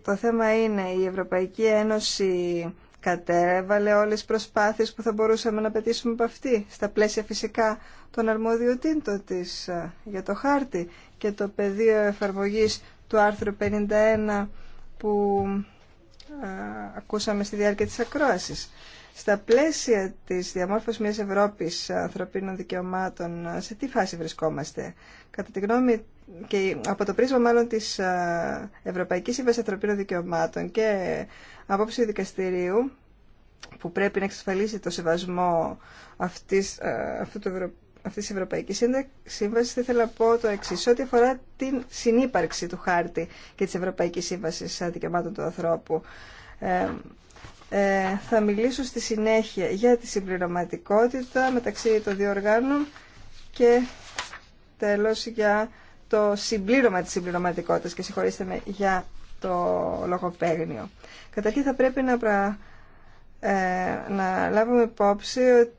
το θέμα είναι η Ευρωπαϊκή Ένωση κατέβαλε όλες τις προσπάθειες που θα μπορούσαμε να πετύσουμε από αυτή, στα πλαίσια φυσικά των αρμοδιοτήτων της ε, για το χάρτη και το πεδίο εφαρμογής του άρθρου 51 που ακούσαμε στη διάρκεια της ακρόασης. Στα πλαίσια της διαμόρφωσης μιας Ευρώπης ανθρωπίνων δικαιωμάτων, σε τι φάση βρισκόμαστε. Κατά τη γνώμη και από το πρίσμα μάλλον της Ευρωπαϊκής Σύμβασης Ανθρωπίνων Δικαιωμάτων και απόψη δικαστηρίου που πρέπει να εξασφαλίσει το σεβασμό αυτής, αυτού του αυτή τη ευρωπαϊκή σύμβαση θα ήθελα να πω το εξή ό,τι αφορά την συνύπαρξη του χάρτη και της Ευρωπαϊκής Σύμβασης Δικαιωμάτων του Ανθρώπου. Ε, θα μιλήσω στη συνέχεια για τη συμπληρωματικότητα μεταξύ των δύο οργάνων και τέλο για το συμπλήρωμα της συμπληρωματικότητα και συγχωρήστε με για το λογοπαίγνιο. Καταρχήν θα πρέπει να, ε, να λάβουμε υπόψη ότι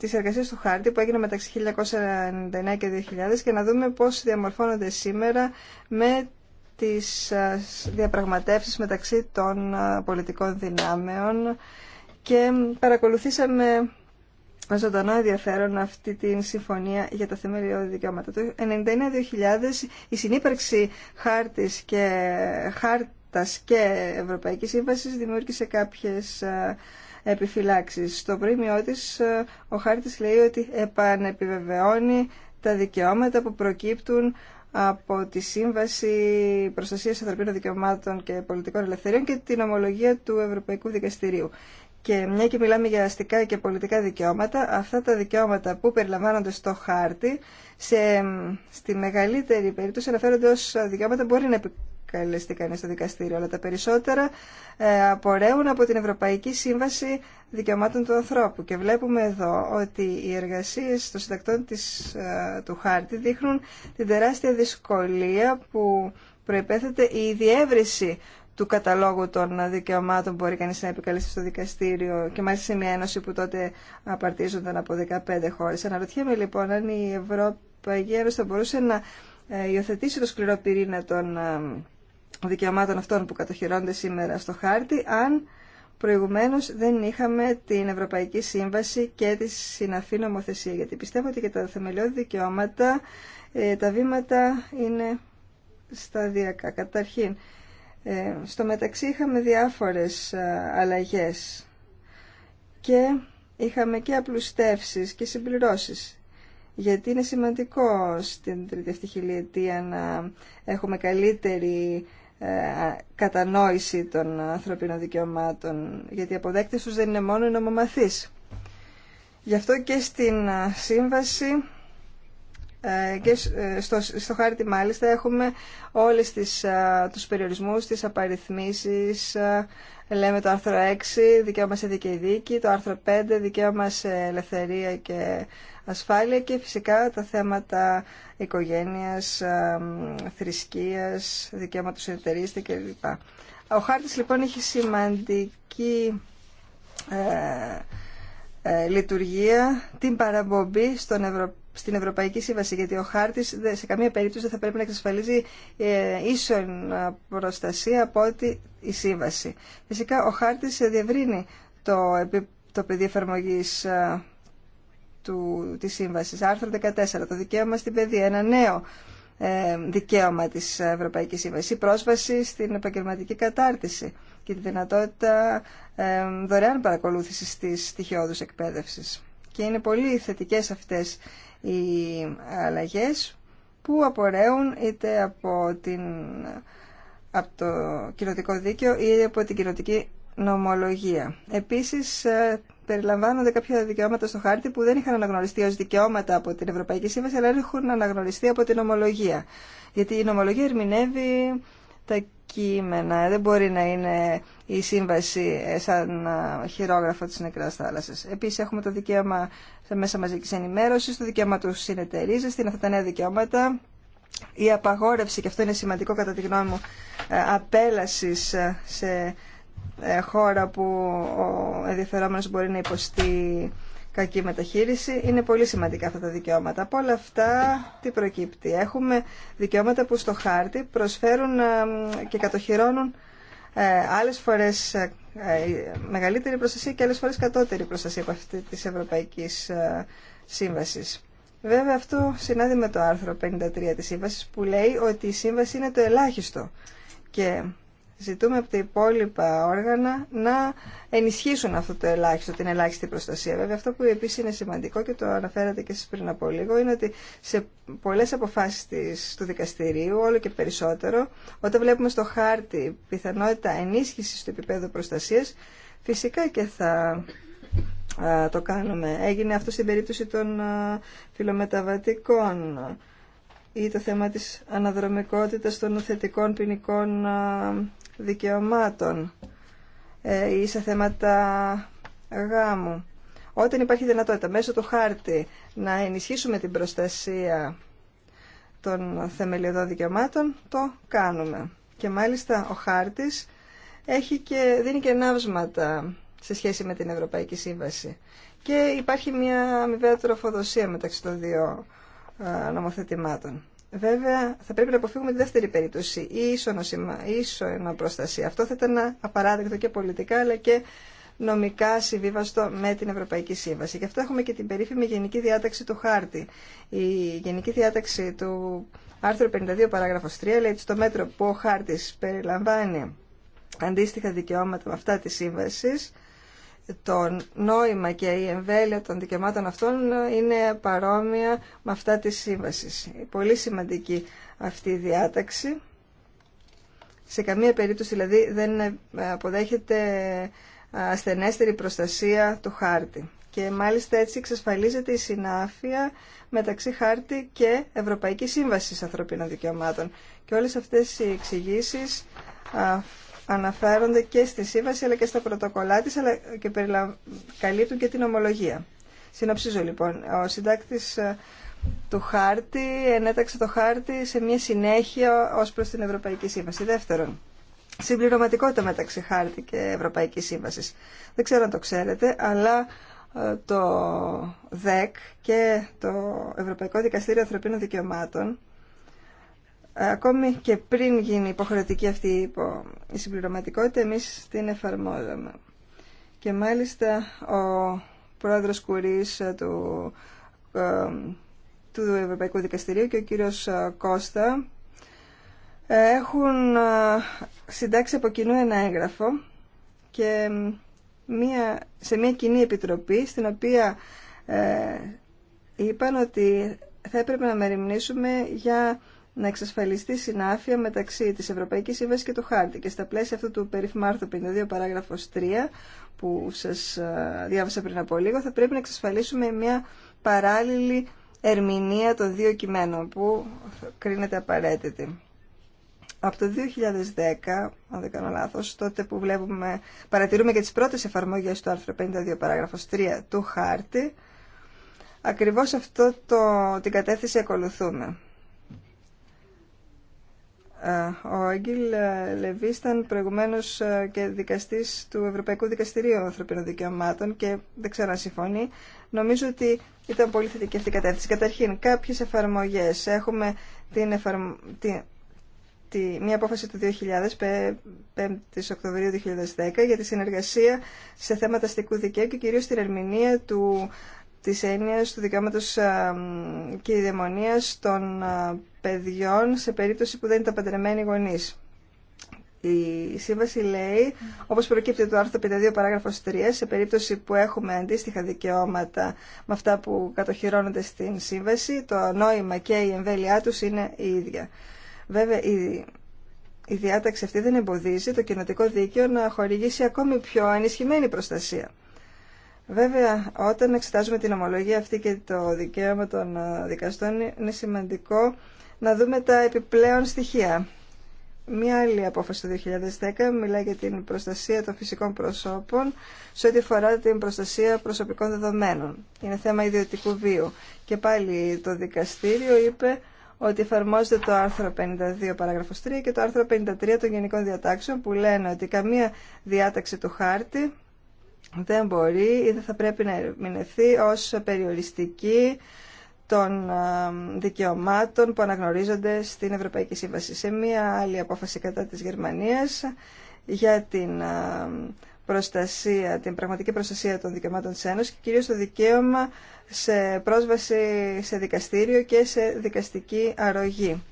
τις εργασίες του χάρτη που έγιναν μεταξύ 1999 και 2000 και να δούμε πώς διαμορφώνονται σήμερα με τις ε, διαπραγματεύσεις μεταξύ των ε, πολιτικών δυνάμεων και παρακολουθήσαμε με ζωντανό ενδιαφέρον αυτή τη συμφωνία για τα θεμελιώδη δικαιώματα. Το 1999 2000 η συνύπαρξη χάρτης και ε, χάρτας και Ευρωπαϊκής Σύμβασης δημιούργησε κάποιες επιφυλάξεις. Στο πρίμιό της ε, ο χάρτης λέει ότι επανεπιβεβαιώνει τα δικαιώματα που προκύπτουν από τη Σύμβαση Προστασίας Ανθρωπίνων Δικαιωμάτων και Πολιτικών Ελευθεριών και την ομολογία του Ευρωπαϊκού Δικαστηρίου. Και μια και μιλάμε για αστικά και πολιτικά δικαιώματα, αυτά τα δικαιώματα που περιλαμβάνονται στο χάρτη, σε, στη μεγαλύτερη περίπτωση αναφέρονται ως δικαιώματα που μπορεί να καλεστεί στο δικαστήριο, αλλά τα περισσότερα ε, απορρέουν από την Ευρωπαϊκή Σύμβαση Δικαιωμάτων του Ανθρώπου. Και βλέπουμε εδώ ότι οι εργασίε των συντακτών της, ε, του χάρτη δείχνουν την τεράστια δυσκολία που προϋπέθεται η διεύρυνση του καταλόγου των δικαιωμάτων που μπορεί κανείς να επικαλεστεί στο δικαστήριο και μάλιστα σε μια ένωση που τότε απαρτίζονταν από 15 χώρες. Αναρωτιέμαι λοιπόν αν η Ευρωπαϊκή Ένωση θα μπορούσε να ε, υιοθετήσει το σκληρό πυρήνα των δικαιωμάτων αυτών που κατοχυρώνται σήμερα στο χάρτη, αν προηγουμένως δεν είχαμε την Ευρωπαϊκή Σύμβαση και τη συναφή νομοθεσία. Γιατί πιστεύω ότι και τα θεμελιώδη δικαιώματα ε, τα βήματα είναι σταδιακά. Καταρχήν, ε, στο μεταξύ είχαμε διάφορες ε, αλλαγές και είχαμε και απλουστεύσεις και συμπληρώσεις. Γιατί είναι σημαντικό στην τρίτη χιλιετία να έχουμε καλύτερη ε, κατανόηση των ανθρωπίνων δικαιωμάτων, γιατί οι αποδέκτες τους δεν είναι μόνο οι νομομαθείς. Γι' αυτό και στην ε, σύμβαση ε, και στο, στο χάρτη μάλιστα έχουμε όλες τις, τους περιορισμούς, τις απαριθμίσεις, λέμε το άρθρο 6, δικαίωμα σε δίκαιη δίκη, το άρθρο 5, δικαίωμα σε ελευθερία και ασφάλεια και φυσικά τα θέματα οικογένειας, θρησκείας, δικαιώματος εταιρείστη κλπ. Ο χάρτης λοιπόν έχει σημαντική ε, ε, λειτουργία την παραμπομπή στον στην Ευρωπαϊκή Σύμβαση γιατί ο χάρτης σε καμία περίπτωση δεν θα πρέπει να εξασφαλίζει ε, ίσον προστασία από ότι η Σύμβαση. Φυσικά ο χάρτης διευρύνει το, το πεδίο εφαρμογή του, της Σύμβασης, άρθρο 14, το δικαίωμα στην παιδεία, ένα νέο ε, δικαίωμα της Ευρωπαϊκής Σύμβασης, η πρόσβαση στην επαγγελματική κατάρτιση και τη δυνατότητα ε, δωρεάν παρακολούθησης της στοιχειώδους εκπαίδευσης. Και είναι πολύ θετικές αυτές οι αλλαγές που απορρέουν είτε από, την, από το κοινοτικό δίκαιο ή από την κοινοτική νομολογία. Επίσης, ε, περιλαμβάνονται κάποια δικαιώματα στο χάρτη που δεν είχαν αναγνωριστεί ως δικαιώματα από την Ευρωπαϊκή Σύμβαση, αλλά έχουν αναγνωριστεί από την ομολογία. Γιατί η νομολογία ερμηνεύει τα κείμενα. Δεν μπορεί να είναι η σύμβαση ε, σαν ε, χειρόγραφο της νεκράς θάλασσας. Επίσης έχουμε το δικαίωμα σε μέσα μαζικής ενημέρωσης, το δικαίωμα του συνεταιρίζεστη, αυτά τα νέα δικαιώματα. Η απαγόρευση, και αυτό είναι σημαντικό κατά τη γνώμη μου, απέλασης σε ε, χώρα που ο ενδιαφερόμενος μπορεί να υποστεί κακή μεταχείριση. Είναι πολύ σημαντικά αυτά τα δικαιώματα. Από όλα αυτά τι προκύπτει. Έχουμε δικαιώματα που στο χάρτη προσφέρουν ε, και κατοχυρώνουν ε, άλλες φορές μεγαλύτερη προστασία και άλλες φορές κατώτερη προστασία από αυτή της Ευρωπαϊκής Σύμβασης. Βέβαια αυτό συνάδει με το άρθρο 53 της Σύμβασης που λέει ότι η Σύμβαση είναι το ελάχιστο και ζητούμε από τα υπόλοιπα όργανα να ενισχύσουν αυτό το ελάχιστο, την ελάχιστη προστασία. Βέβαια, αυτό που επίση είναι σημαντικό και το αναφέρατε και εσεί πριν από λίγο, είναι ότι σε πολλές αποφάσεις του δικαστηρίου, όλο και περισσότερο, όταν βλέπουμε στο χάρτη πιθανότητα ενίσχυση του επίπεδου προστασίας, φυσικά και θα το κάνουμε. Έγινε αυτό στην περίπτωση των φιλομεταβατικών ή το θέμα της αναδρομικότητας των θετικών ποινικών δικαιωμάτων ε, ή σε θέματα γάμου. Όταν υπάρχει δυνατότητα μέσω του χάρτη να ενισχύσουμε την προστασία των θεμελιωδών δικαιωμάτων, το κάνουμε. Και μάλιστα ο χάρτης έχει και, δίνει και ναύσματα σε σχέση με την Ευρωπαϊκή Σύμβαση. Και υπάρχει μια αμοιβαία τροφοδοσία μεταξύ των δύο ε, νομοθετημάτων. Βέβαια, θα πρέπει να αποφύγουμε τη δεύτερη περίπτωση, η ίσονο προστασία. Αυτό θα ήταν απαράδεκτο και πολιτικά, αλλά και νομικά συμβίβαστο με την Ευρωπαϊκή Σύμβαση. Γι' αυτό έχουμε και την περίφημη Γενική Διάταξη του Χάρτη. Η Γενική Διάταξη του άρθρου 52 παράγραφος 3 λέει ότι στο μέτρο που ο χάρτης περιλαμβάνει αντίστοιχα δικαιώματα με αυτά της Σύμβασης, το νόημα και η εμβέλεια των δικαιωμάτων αυτών είναι παρόμοια με αυτά της σύμβασης. Πολύ σημαντική αυτή η διάταξη. Σε καμία περίπτωση δηλαδή δεν αποδέχεται ασθενέστερη προστασία του χάρτη. Και μάλιστα έτσι εξασφαλίζεται η συνάφεια μεταξύ χάρτη και Ευρωπαϊκής Σύμβασης Ανθρωπίνων Δικαιωμάτων. Και όλες αυτές οι εξηγήσει αναφέρονται και στη σύμβαση αλλά και στα πρωτοκολλά της αλλά και περιλαμ... καλύπτουν και την ομολογία. Συνοψίζω λοιπόν, ο συντάκτης ε, του χάρτη ενέταξε το χάρτη σε μια συνέχεια ως προς την Ευρωπαϊκή Σύμβαση. Δεύτερον, συμπληρωματικότητα μεταξύ χάρτη και Ευρωπαϊκής Σύμβασης. Δεν ξέρω αν το ξέρετε, αλλά ε, το ΔΕΚ και το Ευρωπαϊκό Δικαστήριο Ανθρωπίνων Δικαιωμάτων ακόμη και πριν γίνει υποχρεωτική αυτή η συμπληρωματικότητα, εμείς την εφαρμόζαμε. Και μάλιστα ο πρόεδρος Κουρίς ε, του, ε, του Ευρωπαϊκού Δικαστηρίου και ο κύριος ε, Κώστα έχουν συντάξει από κοινού ένα έγγραφο και μία, σε μια κοινή επιτροπή στην οποία είπαν ότι θα έπρεπε να μεριμνήσουμε για να εξασφαλιστεί συνάφεια μεταξύ της Ευρωπαϊκής Σύμβασης και του Χάρτη. Και στα πλαίσια αυτού του άρθρου 52 παράγραφος 3 που σας ε, διάβασα πριν από λίγο θα πρέπει να εξασφαλίσουμε μια παράλληλη ερμηνεία των δύο κειμένων που κρίνεται απαραίτητη. Από το 2010, αν δεν κάνω λάθος, τότε που βλέπουμε, παρατηρούμε και τις πρώτες εφαρμογές του άρθρου 52 παράγραφος 3 του χάρτη, ακριβώς αυτό το, την κατεύθυνση ακολουθούμε. Ε, ο Άγγιλ ε, Λεβί ήταν προηγουμένω ε, και δικαστή του Ευρωπαϊκού Δικαστηρίου Ανθρωπίνων Δικαιωμάτων και δεν ξέρω αν συμφωνεί. Νομίζω ότι ήταν πολύ θετική αυτή η κατεύθυνση. Καταρχήν, κάποιε εφαρμογέ. Έχουμε την τη... Τη... μια απόφαση του 2000, 5 Οκτωβρίου 2010, για τη συνεργασία σε θέματα αστικού δικαίου και κυρίω την ερμηνεία του της έννοιας του δικαιώματος δαιμονία των παιδιών σε περίπτωση που δεν είναι τα παντρεμένοι γονείς. Η σύμβαση λέει, όπως προκύπτει το άρθρο 52 παράγραφος 3, σε περίπτωση που έχουμε αντίστοιχα δικαιώματα με αυτά που κατοχυρώνονται στην σύμβαση, το νόημα και η εμβέλειά τους είναι η ίδια. Βέβαια, η, η διάταξη αυτή δεν εμποδίζει το κοινοτικό δίκαιο να χορηγήσει ακόμη πιο ενισχυμένη προστασία. Βέβαια, όταν εξετάζουμε την ομολογία αυτή και το δικαίωμα των ε, δικαστών, είναι σημαντικό να δούμε τα επιπλέον στοιχεία. Μία άλλη απόφαση του 2010 μιλάει για την προστασία των φυσικών προσώπων σε ό,τι αφορά την προστασία προσωπικών δεδομένων. Είναι θέμα ιδιωτικού βίου. Και πάλι το δικαστήριο είπε ότι εφαρμόζεται το άρθρο 52 παράγραφος 3 και το άρθρο 53 των Γενικών Διατάξεων που λένε ότι καμία διάταξη του χάρτη δεν μπορεί ή δεν θα πρέπει να ερμηνευθεί ως περιοριστική των ε, δικαιωμάτων που αναγνωρίζονται στην Ευρωπαϊκή Σύμβαση. Σε μία άλλη απόφαση κατά της Γερμανίας για την ε, προστασία, την πραγματική προστασία των δικαιωμάτων της Ένωσης και κυρίως το δικαίωμα σε πρόσβαση σε δικαστήριο και σε δικαστική αρρωγή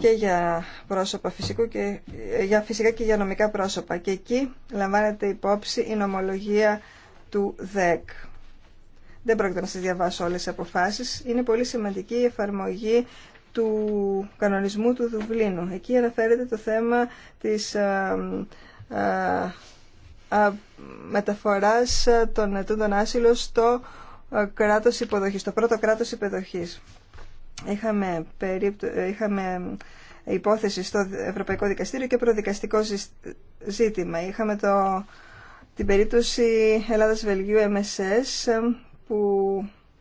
και για πρόσωπα φυσικού και ε, για φυσικά και για νομικά πρόσωπα και εκεί λαμβάνεται υπόψη η νομολογία του ΔΕΚ. Δεν πρόκειται να σας διαβάσω όλες τις αποφάσεις. Είναι πολύ σημαντική η εφαρμογή του κανονισμού του Δουβλίνου. Εκεί αναφέρεται το θέμα της ε, ε, α, μεταφοράς των ετούντων άσυλων στο κράτος υποδοχής, το πρώτο κράτος υποδοχής είχαμε, ε, είχαμε υπόθεση στο Ευρωπαϊκό Δικαστήριο και προδικαστικό ζήτημα. Είχαμε το, την περίπτωση Ελλάδας-Βελγίου MSS ε, που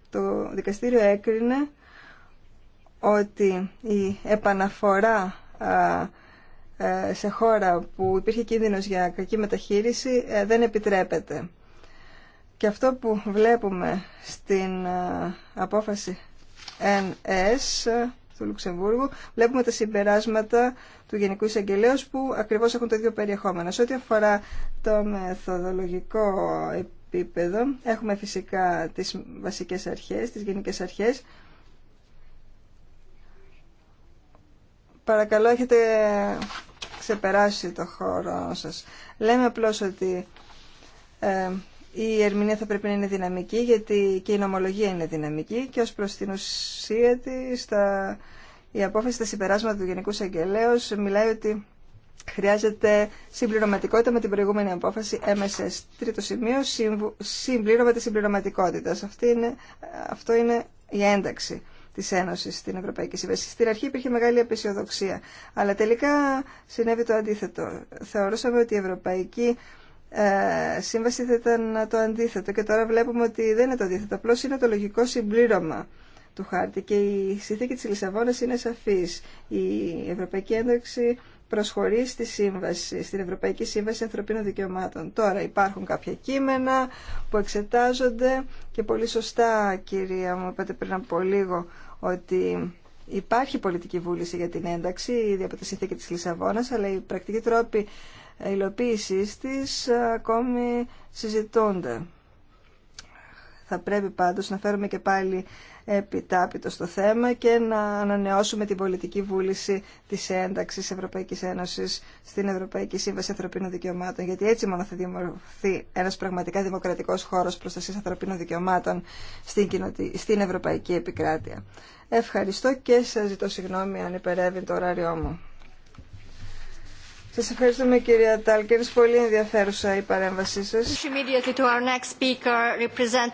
το δικαστήριο έκρινε ότι η επαναφορά ε, σε χώρα που υπήρχε κίνδυνος για κακή μεταχείριση δεν επιτρέπεται. Και αυτό που βλέπουμε στην απόφαση NS του Λουξεμβούργου, βλέπουμε τα συμπεράσματα του Γενικού Εισαγγελέω που ακριβώ έχουν το ίδιο περιεχόμενο. Σε ό,τι αφορά το μεθοδολογικό επίπεδο, έχουμε φυσικά τι βασικέ αρχέ, τι γενικέ αρχέ. Παρακαλώ, έχετε ξεπεράσει το χώρο σας. Λέμε απλώς ότι ε, η ερμηνεία θα πρέπει να είναι δυναμική γιατί και η νομολογία είναι δυναμική και ως προς την ουσία της η απόφαση στα συμπεράσματα του Γενικού Σαγγελέως μιλάει ότι χρειάζεται συμπληρωματικότητα με την προηγούμενη απόφαση MSS. Τρίτο σημείο, συμπλήρωμα της συμπληρωματικότητας. Αυτή είναι, αυτό είναι η ένταξη τη Ένωση στην Ευρωπαϊκή Σύμβαση. Στην αρχή υπήρχε μεγάλη απεσιοδοξία, αλλά τελικά συνέβη το αντίθετο. Θεωρούσαμε ότι η Ευρωπαϊκή ε, σύμβαση θα ήταν το αντίθετο και τώρα βλέπουμε ότι δεν είναι το αντίθετο, απλώ είναι το λογικό συμπλήρωμα του χάρτη και η συνθήκη της Λισαβόνας είναι σαφής. Η Ευρωπαϊκή Ένταξη προσχωρεί στη σύμβαση, στην Ευρωπαϊκή Σύμβαση Ανθρωπίνων Δικαιωμάτων. Τώρα υπάρχουν κάποια κείμενα που εξετάζονται και πολύ σωστά κυρία μου είπατε πριν από λίγο ότι υπάρχει πολιτική βούληση για την ένταξη ήδη από τη συνθήκη της Λισαβόνας αλλά οι πρακτικοί τρόποι υλοποίησή τη ακόμη συζητώνται. Θα πρέπει πάντως να φέρουμε και πάλι επιτάπητο στο θέμα και να ανανεώσουμε την πολιτική βούληση της ένταξης Ευρωπαϊκής Ένωσης στην Ευρωπαϊκή Σύμβαση Ανθρωπίνων Δικαιωμάτων, γιατί έτσι μόνο θα δημορφωθεί ένας πραγματικά δημοκρατικός χώρος προστασίας ανθρωπίνων δικαιωμάτων στην Ευρωπαϊκή Επικράτεια. Ευχαριστώ και σας ζητώ συγγνώμη αν υπερεύει το ωράριό μου. Σας ευχαριστούμε κυρία Τάλκενς. Πολύ ενδιαφέρουσα η παρέμβασή σας.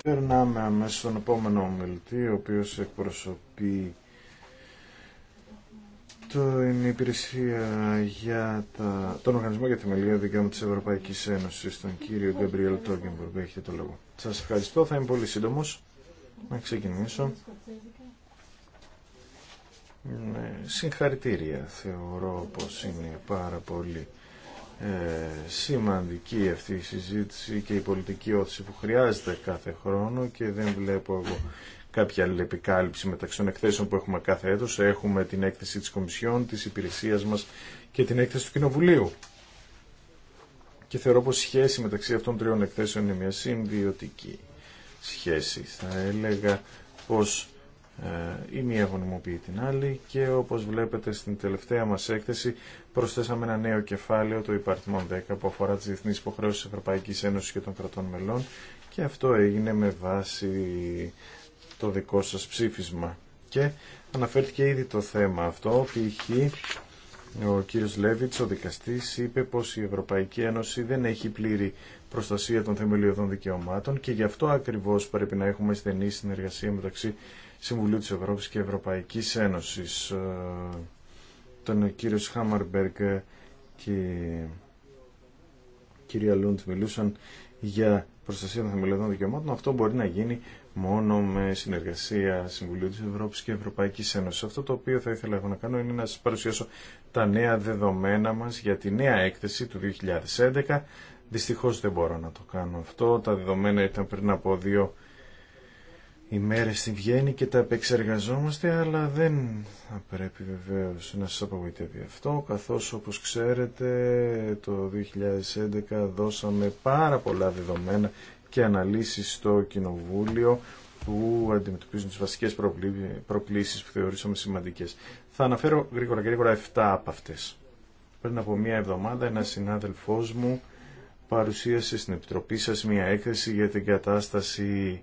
Περνάμε αμέσως στον επόμενο ομιλητή, ο οποίος εκπροσωπεί την υπηρεσία για τα... τον Οργανισμό για Θεμελία Δικαίωμα της Ευρωπαϊκής Ένωσης, τον κύριο Γκαμπριέλ που Έχετε το λόγο. Σας ευχαριστώ, θα είμαι πολύ σύντομος. Να ξεκινήσω ναι, συγχαρητήρια. Θεωρώ πως είναι πάρα πολύ ε, σημαντική αυτή η συζήτηση και η πολιτική όθηση που χρειάζεται κάθε χρόνο και δεν βλέπω εγώ κάποια αλληλεπικάλυψη μεταξύ των εκθέσεων που έχουμε κάθε έτος. Έχουμε την έκθεση της Κομισιόν, της υπηρεσίας μας και την έκθεση του Κοινοβουλίου. Και θεωρώ πως η σχέση μεταξύ αυτών των τριών εκθέσεων είναι μια συμβιωτική σχέση. Θα έλεγα πως ε, η μία γονιμοποιεί την άλλη και όπως βλέπετε στην τελευταία μας έκθεση προσθέσαμε ένα νέο κεφάλαιο το υπαρτιμό 10 που αφορά τις διεθνείς υποχρεώσεις της Ευρωπαϊκής Ένωσης και των κρατών μελών και αυτό έγινε με βάση το δικό σας ψήφισμα και αναφέρθηκε ήδη το θέμα αυτό π.χ. ο κύριος Λέβιτς ο δικαστής είπε πως η Ευρωπαϊκή Ένωση δεν έχει πλήρη προστασία των θεμελιωδών δικαιωμάτων και γι' αυτό ακριβώς πρέπει να έχουμε στενή συνεργασία μεταξύ Συμβουλίου της Ευρώπης και Ευρωπαϊκής Ένωσης. Ε, Τον κύριο Σχαμαρμπεργ και η κυρία Λούντ μιλούσαν για προστασία των θεμελιωδών δικαιωμάτων. Αυτό μπορεί να γίνει μόνο με συνεργασία Συμβουλίου της Ευρώπης και Ευρωπαϊκής Ένωσης. Αυτό το οποίο θα ήθελα εγώ να κάνω είναι να σας παρουσιάσω τα νέα δεδομένα μας για τη νέα έκθεση του 2011. Δυστυχώς δεν μπορώ να το κάνω αυτό. Τα δεδομένα ήταν πριν από δύο ημέρες στη βγαίνει και τα επεξεργαζόμαστε, αλλά δεν θα πρέπει βεβαίως να σας απογοητεύει αυτό, καθώς όπως ξέρετε το 2011 δώσαμε πάρα πολλά δεδομένα και αναλύσεις στο Κοινοβούλιο που αντιμετωπίζουν τις βασικές προκλήσεις που θεωρήσαμε σημαντικές. Θα αναφέρω γρήγορα και γρήγορα 7 από αυτές. Πριν από μία εβδομάδα ένας συνάδελφός μου παρουσίασε στην Επιτροπή σας μία έκθεση για την κατάσταση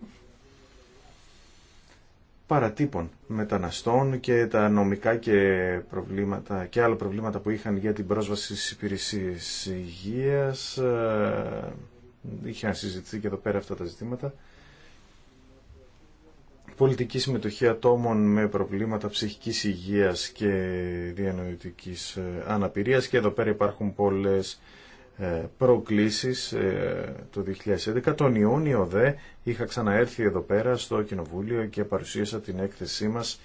παρατύπων μεταναστών και τα νομικά και, προβλήματα, και άλλα προβλήματα που είχαν για την πρόσβαση στις υπηρεσίες υγείας. Ε, είχαν συζητηθεί και εδώ πέρα αυτά τα ζητήματα. Πολιτική συμμετοχή ατόμων με προβλήματα ψυχικής υγείας και διανοητικής ε, αναπηρίας και εδώ πέρα υπάρχουν πολλές ε, προκλήσεις ε, το 2011. Τον Ιούνιο δε είχα ξαναέρθει εδώ πέρα στο Κοινοβούλιο και παρουσίασα την έκθεσή μας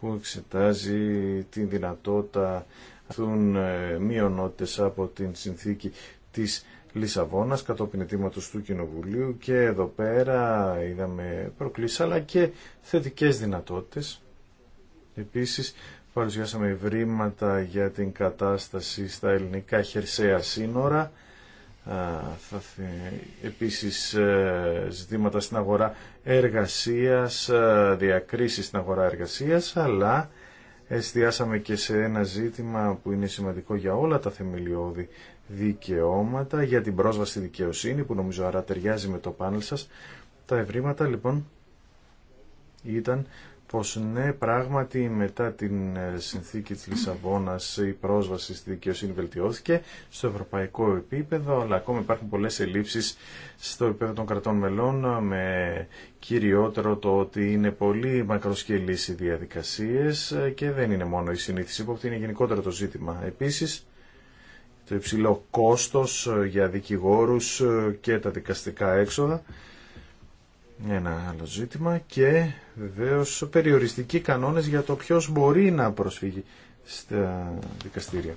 που εξετάζει την δυνατότητα των ε, μειονότητες από την συνθήκη της Λισαβόνας κατόπιν ετήματος του Κοινοβουλίου και εδώ πέρα είδαμε προκλήσεις αλλά και θετικές δυνατότητες. Επίσης παρουσιάσαμε βρήματα για την κατάσταση στα ελληνικά χερσαία σύνορα θα επίσης ε, ζητήματα στην αγορά εργασίας, ε, διακρίσεις στην αγορά εργασίας, αλλά εστιάσαμε και σε ένα ζήτημα που είναι σημαντικό για όλα τα θεμελιώδη δικαιώματα, για την πρόσβαση στη δικαιοσύνη, που νομίζω άρα ταιριάζει με το πάνελ σας. Τα ευρήματα λοιπόν ήταν πως ναι πράγματι μετά την ε, συνθήκη της Λισαβόνας η πρόσβαση στη δικαιοσύνη βελτιώθηκε στο ευρωπαϊκό επίπεδο αλλά ακόμα υπάρχουν πολλές ελλείψεις στο επίπεδο των κρατών μελών ε, με κυριότερο το ότι είναι πολύ μακροσκελείς οι διαδικασίες ε, και δεν είναι μόνο η συνήθιση υπόπτη, είναι γενικότερο το ζήτημα. Επίσης το υψηλό κόστος για δικηγόρους και τα δικαστικά έξοδα ένα άλλο ζήτημα και βεβαίως περιοριστικοί κανόνες για το ποιος μπορεί να προσφύγει στα δικαστήρια.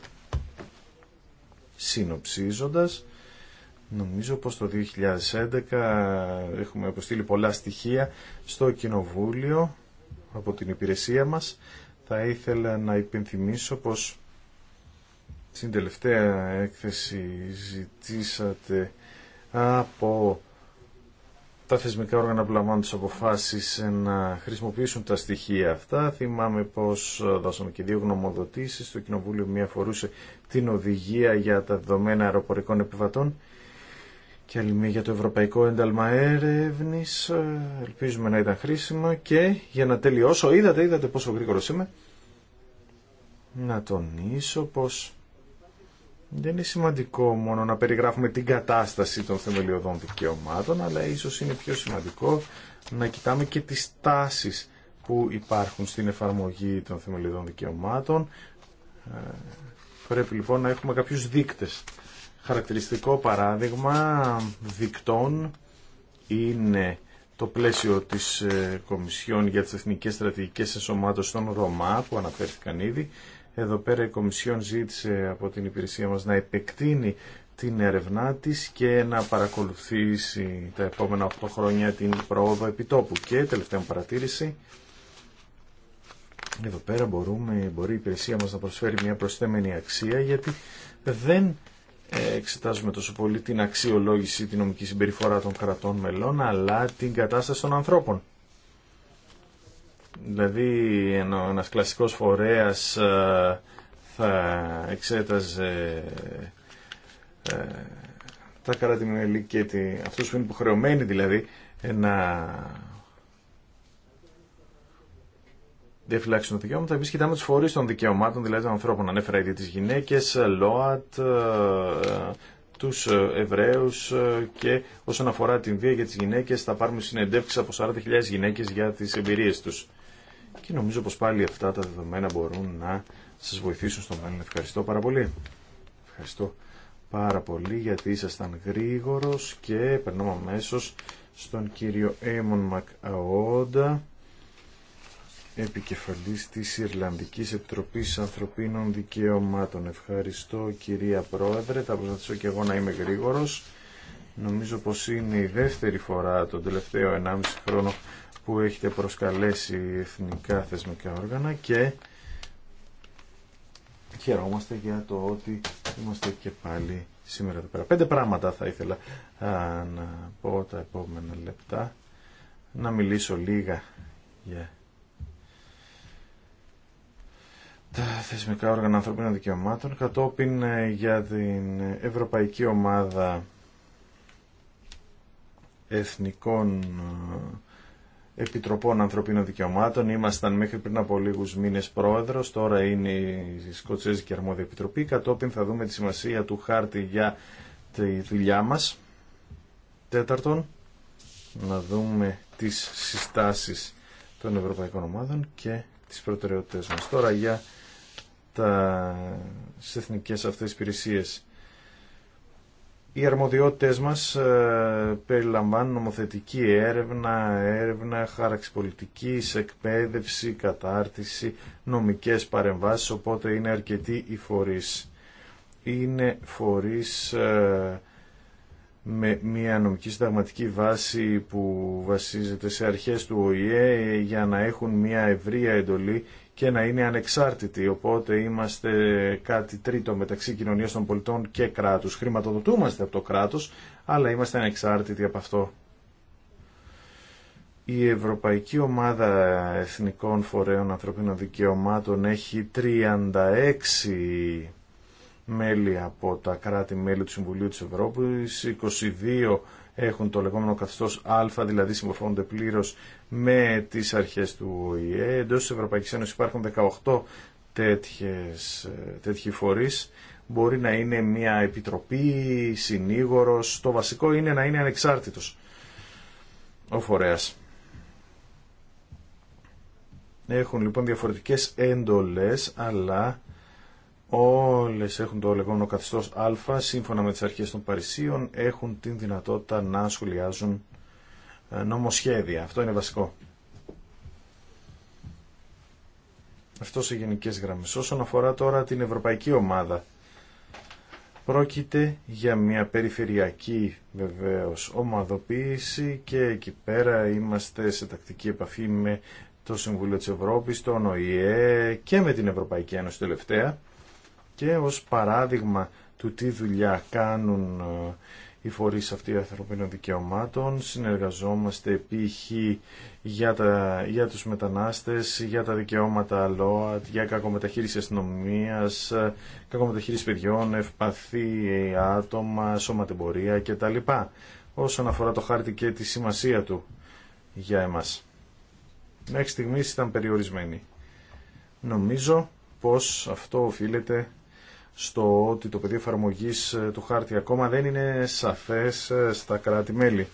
Συνοψίζοντας, νομίζω πως το 2011 έχουμε αποστείλει πολλά στοιχεία στο Κοινοβούλιο από την υπηρεσία μας. Θα ήθελα να υπενθυμίσω πως στην τελευταία έκθεση ζητήσατε από τα θεσμικά όργανα που λαμβάνουν τις αποφάσεις να χρησιμοποιήσουν τα στοιχεία αυτά. Θυμάμαι πως δώσαμε και δύο γνωμοδοτήσεις. Το Κοινοβούλιο μία φορούσε την οδηγία για τα δεδομένα αεροπορικών επιβατών και άλλη μία για το Ευρωπαϊκό Ένταλμα έρευνη. Ελπίζουμε να ήταν χρήσιμο και για να τελειώσω, είδατε, είδατε πόσο γρήγορο είμαι, να τονίσω πως δεν είναι σημαντικό μόνο να περιγράφουμε την κατάσταση των θεμελιωδών δικαιωμάτων, αλλά ίσως είναι πιο σημαντικό να κοιτάμε και τις τάσεις που υπάρχουν στην εφαρμογή των θεμελιωδών δικαιωμάτων. Ε, πρέπει λοιπόν να έχουμε κάποιους δείκτες. Χαρακτηριστικό παράδειγμα δικτών είναι το πλαίσιο της ε, Κομισιόν για τις Εθνικές Στρατηγικές Εσωμάτωσης των Ρωμά που αναφέρθηκαν ήδη εδώ πέρα η Κομισιόν ζήτησε από την υπηρεσία μας να επεκτείνει την ερευνά της και να παρακολουθήσει τα επόμενα 8 χρόνια την πρόοδο επιτόπου. Και τελευταία μου παρατήρηση, εδώ πέρα μπορούμε, μπορεί η υπηρεσία μας να προσφέρει μια προσθέμενη αξία γιατί δεν ε, εξετάζουμε τόσο πολύ την αξιολόγηση, την νομική συμπεριφορά των κρατών μελών αλλά την κατάσταση των ανθρώπων. Δηλαδή ένας κλασικός φορέας ε, θα εξέταζε ε, τα κρατη και τη, αυτούς που είναι υποχρεωμένοι δηλαδή να διαφυλάξουν τα δικαιώματα. θα κοιτάμε του φορεί των δικαιωμάτων, δηλαδή των ανθρώπων. Ανέφερα ήδη τις γυναίκες ΛΟΑΤ, ε, του Εβραίου και όσον αφορά την βία για τις γυναίκες θα πάρουμε συνεντεύξεις από 40.000 γυναίκες για τις εμπειρίε τους και νομίζω πως πάλι αυτά τα δεδομένα μπορούν να σας βοηθήσουν στο μέλλον. Ευχαριστώ πάρα πολύ. Ευχαριστώ πάρα πολύ γιατί ήσασταν γρήγορος και περνάμε αμέσω στον κύριο Έμον Μακαόντα επικεφαλής της Ιρλανδικής Επιτροπής Ανθρωπίνων Δικαιωμάτων. Ευχαριστώ κυρία Πρόεδρε, θα προσπαθήσω και εγώ να είμαι γρήγορος. Νομίζω πως είναι η δεύτερη φορά τον τελευταίο 1,5 χρόνο που έχετε προσκαλέσει εθνικά θεσμικά όργανα και χαιρόμαστε για το ότι είμαστε και πάλι σήμερα εδώ πέρα. Πέντε πράγματα θα ήθελα να πω τα επόμενα λεπτά. Να μιλήσω λίγα για τα θεσμικά όργανα ανθρώπινων δικαιωμάτων κατόπιν ε, για την Ευρωπαϊκή Ομάδα Εθνικών ε, Επιτροπών Ανθρωπίνων Δικαιωμάτων. Ήμασταν μέχρι πριν από λίγους μήνες πρόεδρος, τώρα είναι η Σκοτσέζικη Αρμόδια Επιτροπή. Κατόπιν θα δούμε τη σημασία του χάρτη για τη δουλειά μας. Τέταρτον, να δούμε τις συστάσεις των Ευρωπαϊκών Ομάδων και τις προτεραιότητες μας. Τώρα για τα εθνικές αυτές υπηρεσίε. Οι αρμοδιότητες μας ε, περιλαμβάνουν νομοθετική έρευνα, έρευνα, χάραξη πολιτικής, εκπαίδευση, κατάρτιση, νομικές παρεμβάσεις, οπότε είναι αρκετοί οι φορείς. Είναι φορείς ε, με μια νομική συνταγματική βάση που βασίζεται σε αρχές του ΟΗΕ για να έχουν μια ευρεία εντολή και να είναι ανεξάρτητη. Οπότε είμαστε κάτι τρίτο μεταξύ κοινωνίας των πολιτών και κράτους. Χρηματοδοτούμαστε από το κράτος, αλλά είμαστε ανεξάρτητοι από αυτό. Η Ευρωπαϊκή Ομάδα Εθνικών Φορέων Ανθρωπίνων Δικαιωμάτων έχει 36 μέλη από τα κράτη-μέλη του Συμβουλίου της Ευρώπης, 22 έχουν το λεγόμενο καθεστώ Α, δηλαδή συμμορφώνονται πλήρω με τις αρχές του ΟΗΕ. Εντό τη Ευρωπαϊκή Ένωση υπάρχουν 18 τέτοιες, ε, τέτοιοι φορεί. Μπορεί να είναι μια επιτροπή, συνήγορος. Το βασικό είναι να είναι ανεξάρτητο. ο φορέα. Έχουν λοιπόν διαφορετικές έντολες, αλλά όλες έχουν το λεγόμενο καθεστώς Α, σύμφωνα με τις αρχές των Παρισίων, έχουν την δυνατότητα να σχολιάζουν ε, νομοσχέδια. Αυτό είναι βασικό. Αυτό σε γενικές γραμμές. Όσον αφορά τώρα την Ευρωπαϊκή Ομάδα, πρόκειται για μια περιφερειακή βεβαίως ομαδοποίηση και εκεί πέρα είμαστε σε τακτική επαφή με το Συμβούλιο της Ευρώπης, τον ΟΗΕ και με την Ευρωπαϊκή Ένωση τελευταία και ως παράδειγμα του τι δουλειά κάνουν ε, οι φορείς αυτοί ανθρωπίνων δικαιωμάτων. Συνεργαζόμαστε π.χ. Για, τα, για τους μετανάστες, για τα δικαιώματα ΛΟΑΤ, για κακομεταχείριση αστυνομία, ε, κακομεταχείριση παιδιών, ευπαθή άτομα, σωματεμπορία κτλ. Όσον αφορά το χάρτη και τη σημασία του για εμάς. Μέχρι στιγμής ήταν περιορισμένη. Νομίζω πως αυτό οφείλεται στο ότι το πεδίο εφαρμογή ε, του χάρτη ακόμα δεν είναι σαφές ε, στα κράτη-μέλη.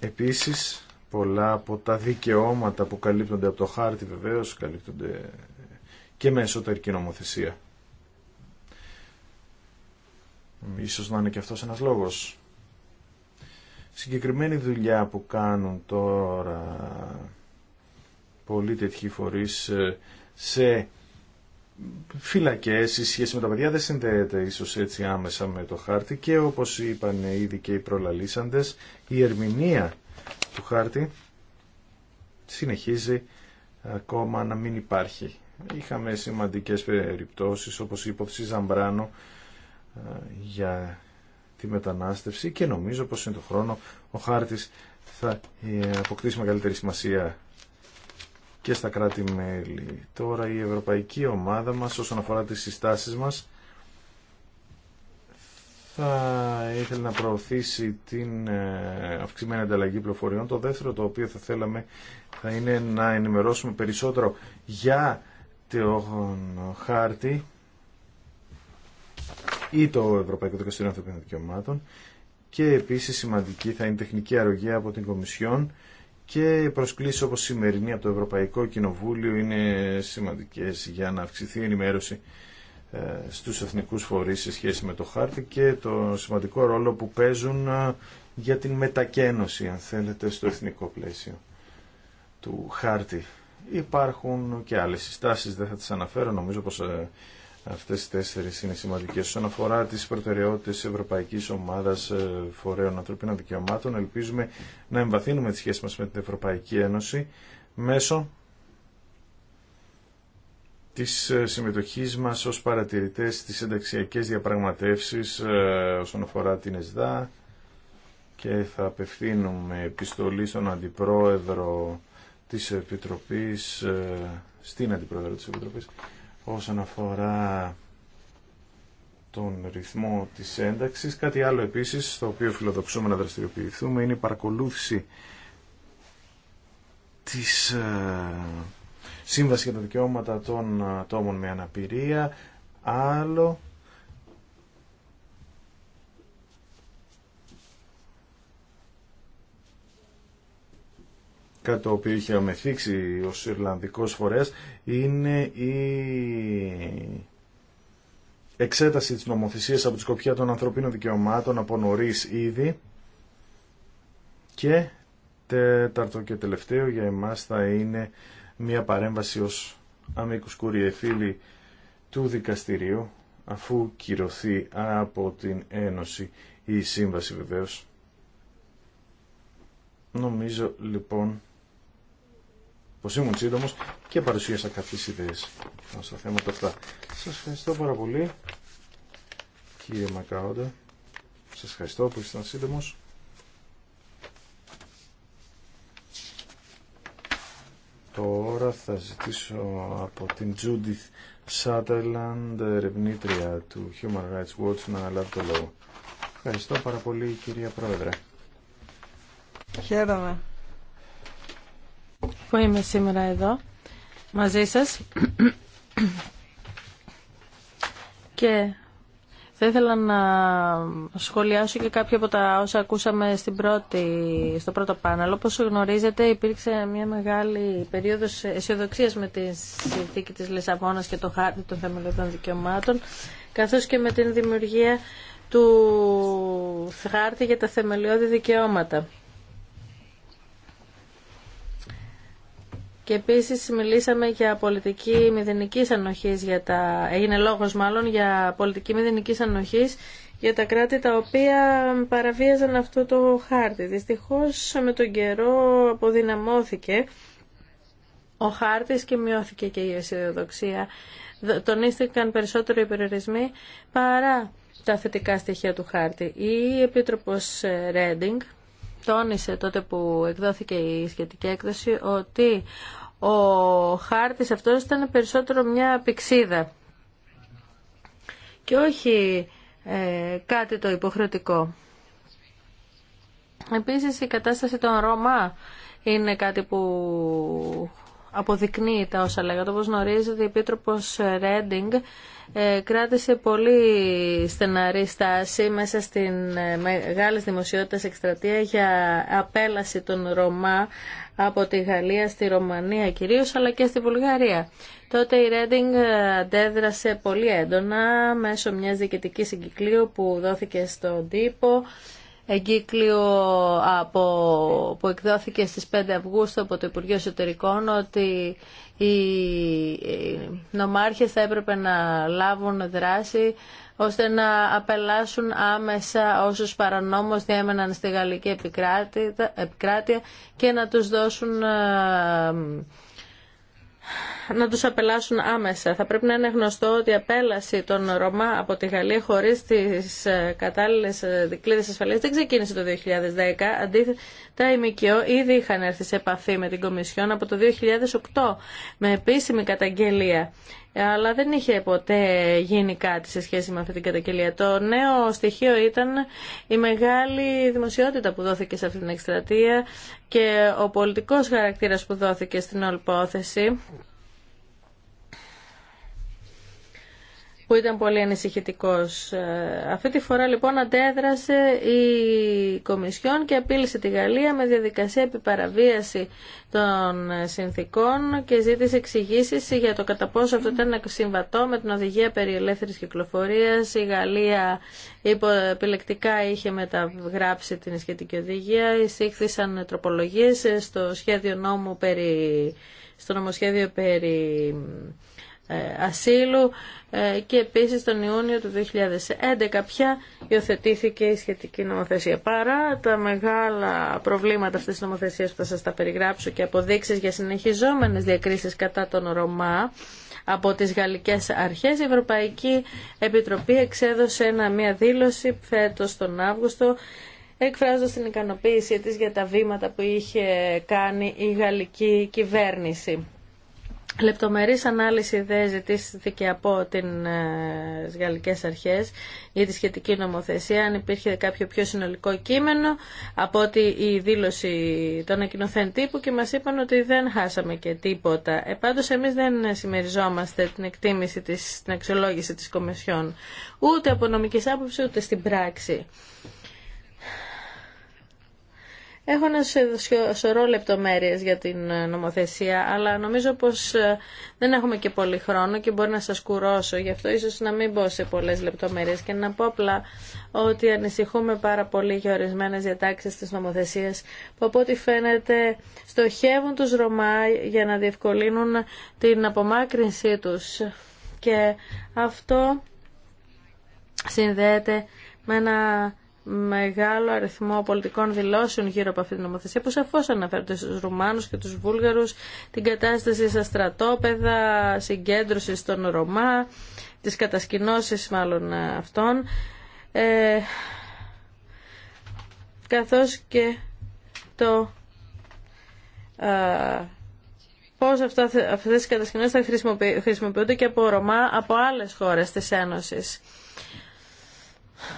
Επίσης, πολλά από τα δικαιώματα που καλύπτονται από το χάρτη βεβαίως καλύπτονται ε, και με εσωτερική νομοθεσία. Ίσως να είναι και αυτός ένας λόγος. Συγκεκριμένη δουλειά που κάνουν τώρα πολλοί τέτοιοι φορείς σε φυλακές, η σχέση με τα παιδιά δεν συνδέεται ίσως έτσι άμεσα με το χάρτη και όπως είπαν ήδη και οι προλαλήσαντες, η ερμηνεία του χάρτη συνεχίζει ακόμα να μην υπάρχει. Είχαμε σημαντικές περιπτώσεις όπως η υπόψη Ζαμπράνο ε, για τη μετανάστευση και νομίζω πως είναι το χρόνο ο χάρτης θα ε, αποκτήσει μεγαλύτερη σημασία και στα κράτη-μέλη. Τώρα η ευρωπαϊκή ομάδα μας όσον αφορά τις συστάσεις μας θα ήθελε να προωθήσει την ε, αυξημένη ανταλλαγή πληροφοριών. Το δεύτερο το οποίο θα θέλαμε θα είναι να ενημερώσουμε περισσότερο για τον χάρτη ή το Ευρωπαϊκό Δικαστήριο Ανθρωπίνων Δικαιωμάτων και επίσης σημαντική θα είναι τεχνική αρρωγή από την Κομισιόν και οι όπω όπως σημερινή από το Ευρωπαϊκό Κοινοβούλιο είναι σημαντικές για να αυξηθεί η ενημέρωση ε, στους εθνικούς φορείς σε σχέση με το χάρτη και το σημαντικό ρόλο που παίζουν ε, για την μετακένωση, αν θέλετε, στο εθνικό πλαίσιο του χάρτη. Υπάρχουν και άλλες συστάσεις, δεν θα τις αναφέρω, νομίζω πως ε, Αυτέ οι τέσσερι είναι σημαντικέ. Όσον αφορά τι προτεραιότητε τη Ευρωπαϊκής Ομάδας ε, Φορέων Ανθρωπίνων Δικαιωμάτων, ελπίζουμε να εμβαθύνουμε τη σχέση μας με την Ευρωπαϊκή Ένωση μέσω της ε, συμμετοχής μας ως παρατηρητές στι ενταξιακέ διαπραγματεύσει ε, όσον αφορά την ΕΣΔΑ και θα απευθύνουμε επιστολή στον Αντιπρόεδρο της Επιτροπής, στην Αντιπρόεδρο της Επιτροπής, όσον αφορά τον ρυθμό της ένταξης. Κάτι άλλο επίσης, στο οποίο φιλοδοξούμε να δραστηριοποιηθούμε, είναι η παρακολούθηση της ε, Σύμβασης για τα Δικαιώματα των Ατόμων με Αναπηρία. Άλλο κάτι το οποίο είχε αμεθύξει ο Ιρλανδικός φορέας είναι η εξέταση της νομοθεσίας από τη σκοπιά των ανθρωπίνων δικαιωμάτων από νωρίς ήδη και τέταρτο και τελευταίο για εμάς θα είναι μια παρέμβαση ως αμήκους κουριεφίλη του δικαστηρίου αφού κυρωθεί από την Ένωση η σύμβαση βεβαίως. Νομίζω λοιπόν ήμουν Σύντομο και παρουσίασα κάποιες ιδέες στα θέματα αυτά. Σας ευχαριστώ πάρα πολύ κύριε Μακάοντα. Σας ευχαριστώ που ήσασταν σύντομο. Τώρα θα ζητήσω από την Judith Sutherland, ερευνήτρια του Human Rights Watch, να αναλάβει το λόγο. Ευχαριστώ πάρα πολύ κυρία Πρόεδρε. Χαίρομαι που είμαι σήμερα εδώ μαζί σας και θα ήθελα να σχολιάσω και κάποια από τα όσα ακούσαμε στην πρώτη, στο πρώτο πάνελ. Όπως γνωρίζετε υπήρξε μια μεγάλη περίοδος αισιοδοξία με τη συνθήκη της Λισαβόνας και το χάρτη των θεμελιωδών δικαιωμάτων καθώς και με την δημιουργία του χάρτη για τα θεμελιώδη δικαιώματα. Και επίση μιλήσαμε για πολιτική μηδενική ανοχή για τα... έγινε μάλλον για πολιτική μηδενικής ανοχής για τα κράτη τα οποία παραβίαζαν αυτό το χάρτη. Δυστυχώς με τον καιρό αποδυναμώθηκε ο χάρτης και μειώθηκε και η αισιοδοξία. Τονίστηκαν περισσότερο οι περιορισμοί παρά τα θετικά στοιχεία του χάρτη. Η Επίτροπος Ρέντινγκ τόνισε τότε που εκδόθηκε η σχετική έκδοση ότι ο χάρτης αυτός ήταν περισσότερο μια πηξίδα και όχι ε, κάτι το υποχρεωτικό. Επίσης η κατάσταση των Ρώμα είναι κάτι που αποδεικνύει τα όσα λέγατε. Όπως γνωρίζετε η Επίτροπος Ρέντινγκ ε, κράτησε πολύ στεναρή στάση μέσα στην ε, μεγάλη δημοσιότητα εκστρατεία για απέλαση των Ρωμά από τη Γαλλία στη Ρωμανία κυρίως, αλλά και στη Βουλγαρία. Τότε η Ρέντινγκ ε, αντέδρασε πολύ έντονα μέσω μιας διοικητικής εγκυκλίου που δόθηκε στον τύπο, εγκύκλιο από, που εκδόθηκε στις 5 Αυγούστου από το Υπουργείο Εσωτερικών ότι οι νομάρχες θα έπρεπε να λάβουν δράση ώστε να απελάσουν άμεσα όσους παρανόμως διέμεναν στη γαλλική επικράτεια και να τους δώσουν ε, να τους απελάσουν άμεσα. Θα πρέπει να είναι γνωστό ότι η απέλαση των Ρωμά από τη Γαλλία χωρίς τις ε, κατάλληλες ε, δικλείδες ασφαλείας δεν ξεκίνησε το 2010. Αντίθετα, η ΜΚΟ ήδη είχαν έρθει σε επαφή με την Κομισιόν από το 2008 με επίσημη καταγγελία αλλά δεν είχε ποτέ γίνει κάτι σε σχέση με αυτή την καταγγελία. Το νέο στοιχείο ήταν η μεγάλη δημοσιότητα που δόθηκε σε αυτή την εκστρατεία και ο πολιτικός χαρακτήρας που δόθηκε στην όλη υπόθεση που ήταν πολύ ανησυχητικός. Ε, αυτή τη φορά λοιπόν αντέδρασε η Κομισιόν και απείλησε τη Γαλλία με διαδικασία επιπαραβίαση των συνθήκων και ζήτησε εξηγήσει για το κατά πόσο αυτό ήταν συμβατό με την οδηγία περί ελεύθερης κυκλοφορίας. Η Γαλλία επιλεκτικά είχε μεταγράψει την σχετική οδηγία. Εισήχθησαν τροπολογίες στο περί, στο νομοσχέδιο περί ε, ασύλου ε, και επίσης τον Ιούνιο του 2011 πια υιοθετήθηκε η σχετική νομοθεσία. Παρά τα μεγάλα προβλήματα αυτής της νομοθεσίας που θα σας τα περιγράψω και αποδείξεις για συνεχιζόμενες διακρίσεις κατά τον Ρωμά, από τις γαλλικές αρχές η Ευρωπαϊκή Επιτροπή εξέδωσε ένα, μια δήλωση φέτος τον Αύγουστο εκφράζοντας την ικανοποίησή της για τα βήματα που είχε κάνει η γαλλική κυβέρνηση. Λεπτομερής ανάλυση δεν ζητήθηκε από ε, τις γαλλικές αρχές για τη σχετική νομοθεσία. Αν υπήρχε κάποιο πιο συνολικό κείμενο από ότι η δήλωση των ανακοινωθέν τύπου και μας είπαν ότι δεν χάσαμε και τίποτα. Ε, εμείς δεν συμμεριζόμαστε την εκτίμηση, της, την αξιολόγηση της Κομισιόν ούτε από νομικής άποψη ούτε στην πράξη. Έχω ένα σωρό λεπτομέρειες για την ε, νομοθεσία, αλλά νομίζω πως ε, δεν έχουμε και πολύ χρόνο και μπορεί να σας κουρώσω. Γι' αυτό ίσω να μην μπω σε πολλές λεπτομέρειες και να πω απλά ότι ανησυχούμε πάρα πολύ για ορισμένε διατάξεις της νομοθεσίας που από ό,τι φαίνεται στοχεύουν τους Ρωμά για να διευκολύνουν την απομάκρυνσή του. Και αυτό συνδέεται με ένα μεγάλο αριθμό πολιτικών δηλώσεων γύρω από αυτή την νομοθεσία που σαφώς αναφέρονται στους Ρουμάνους και τους Βούλγαρους, την κατάσταση στα στρατόπεδα, συγκέντρωση στον Ρωμά, τις κατασκηνώσεις μάλλον αυτών, ε, καθώς και το ε, πώς αυτά, αυτές οι κατασκηνώσεις θα χρησιμοποιούνται και από Ρωμά από άλλες χώρες της Ένωσης.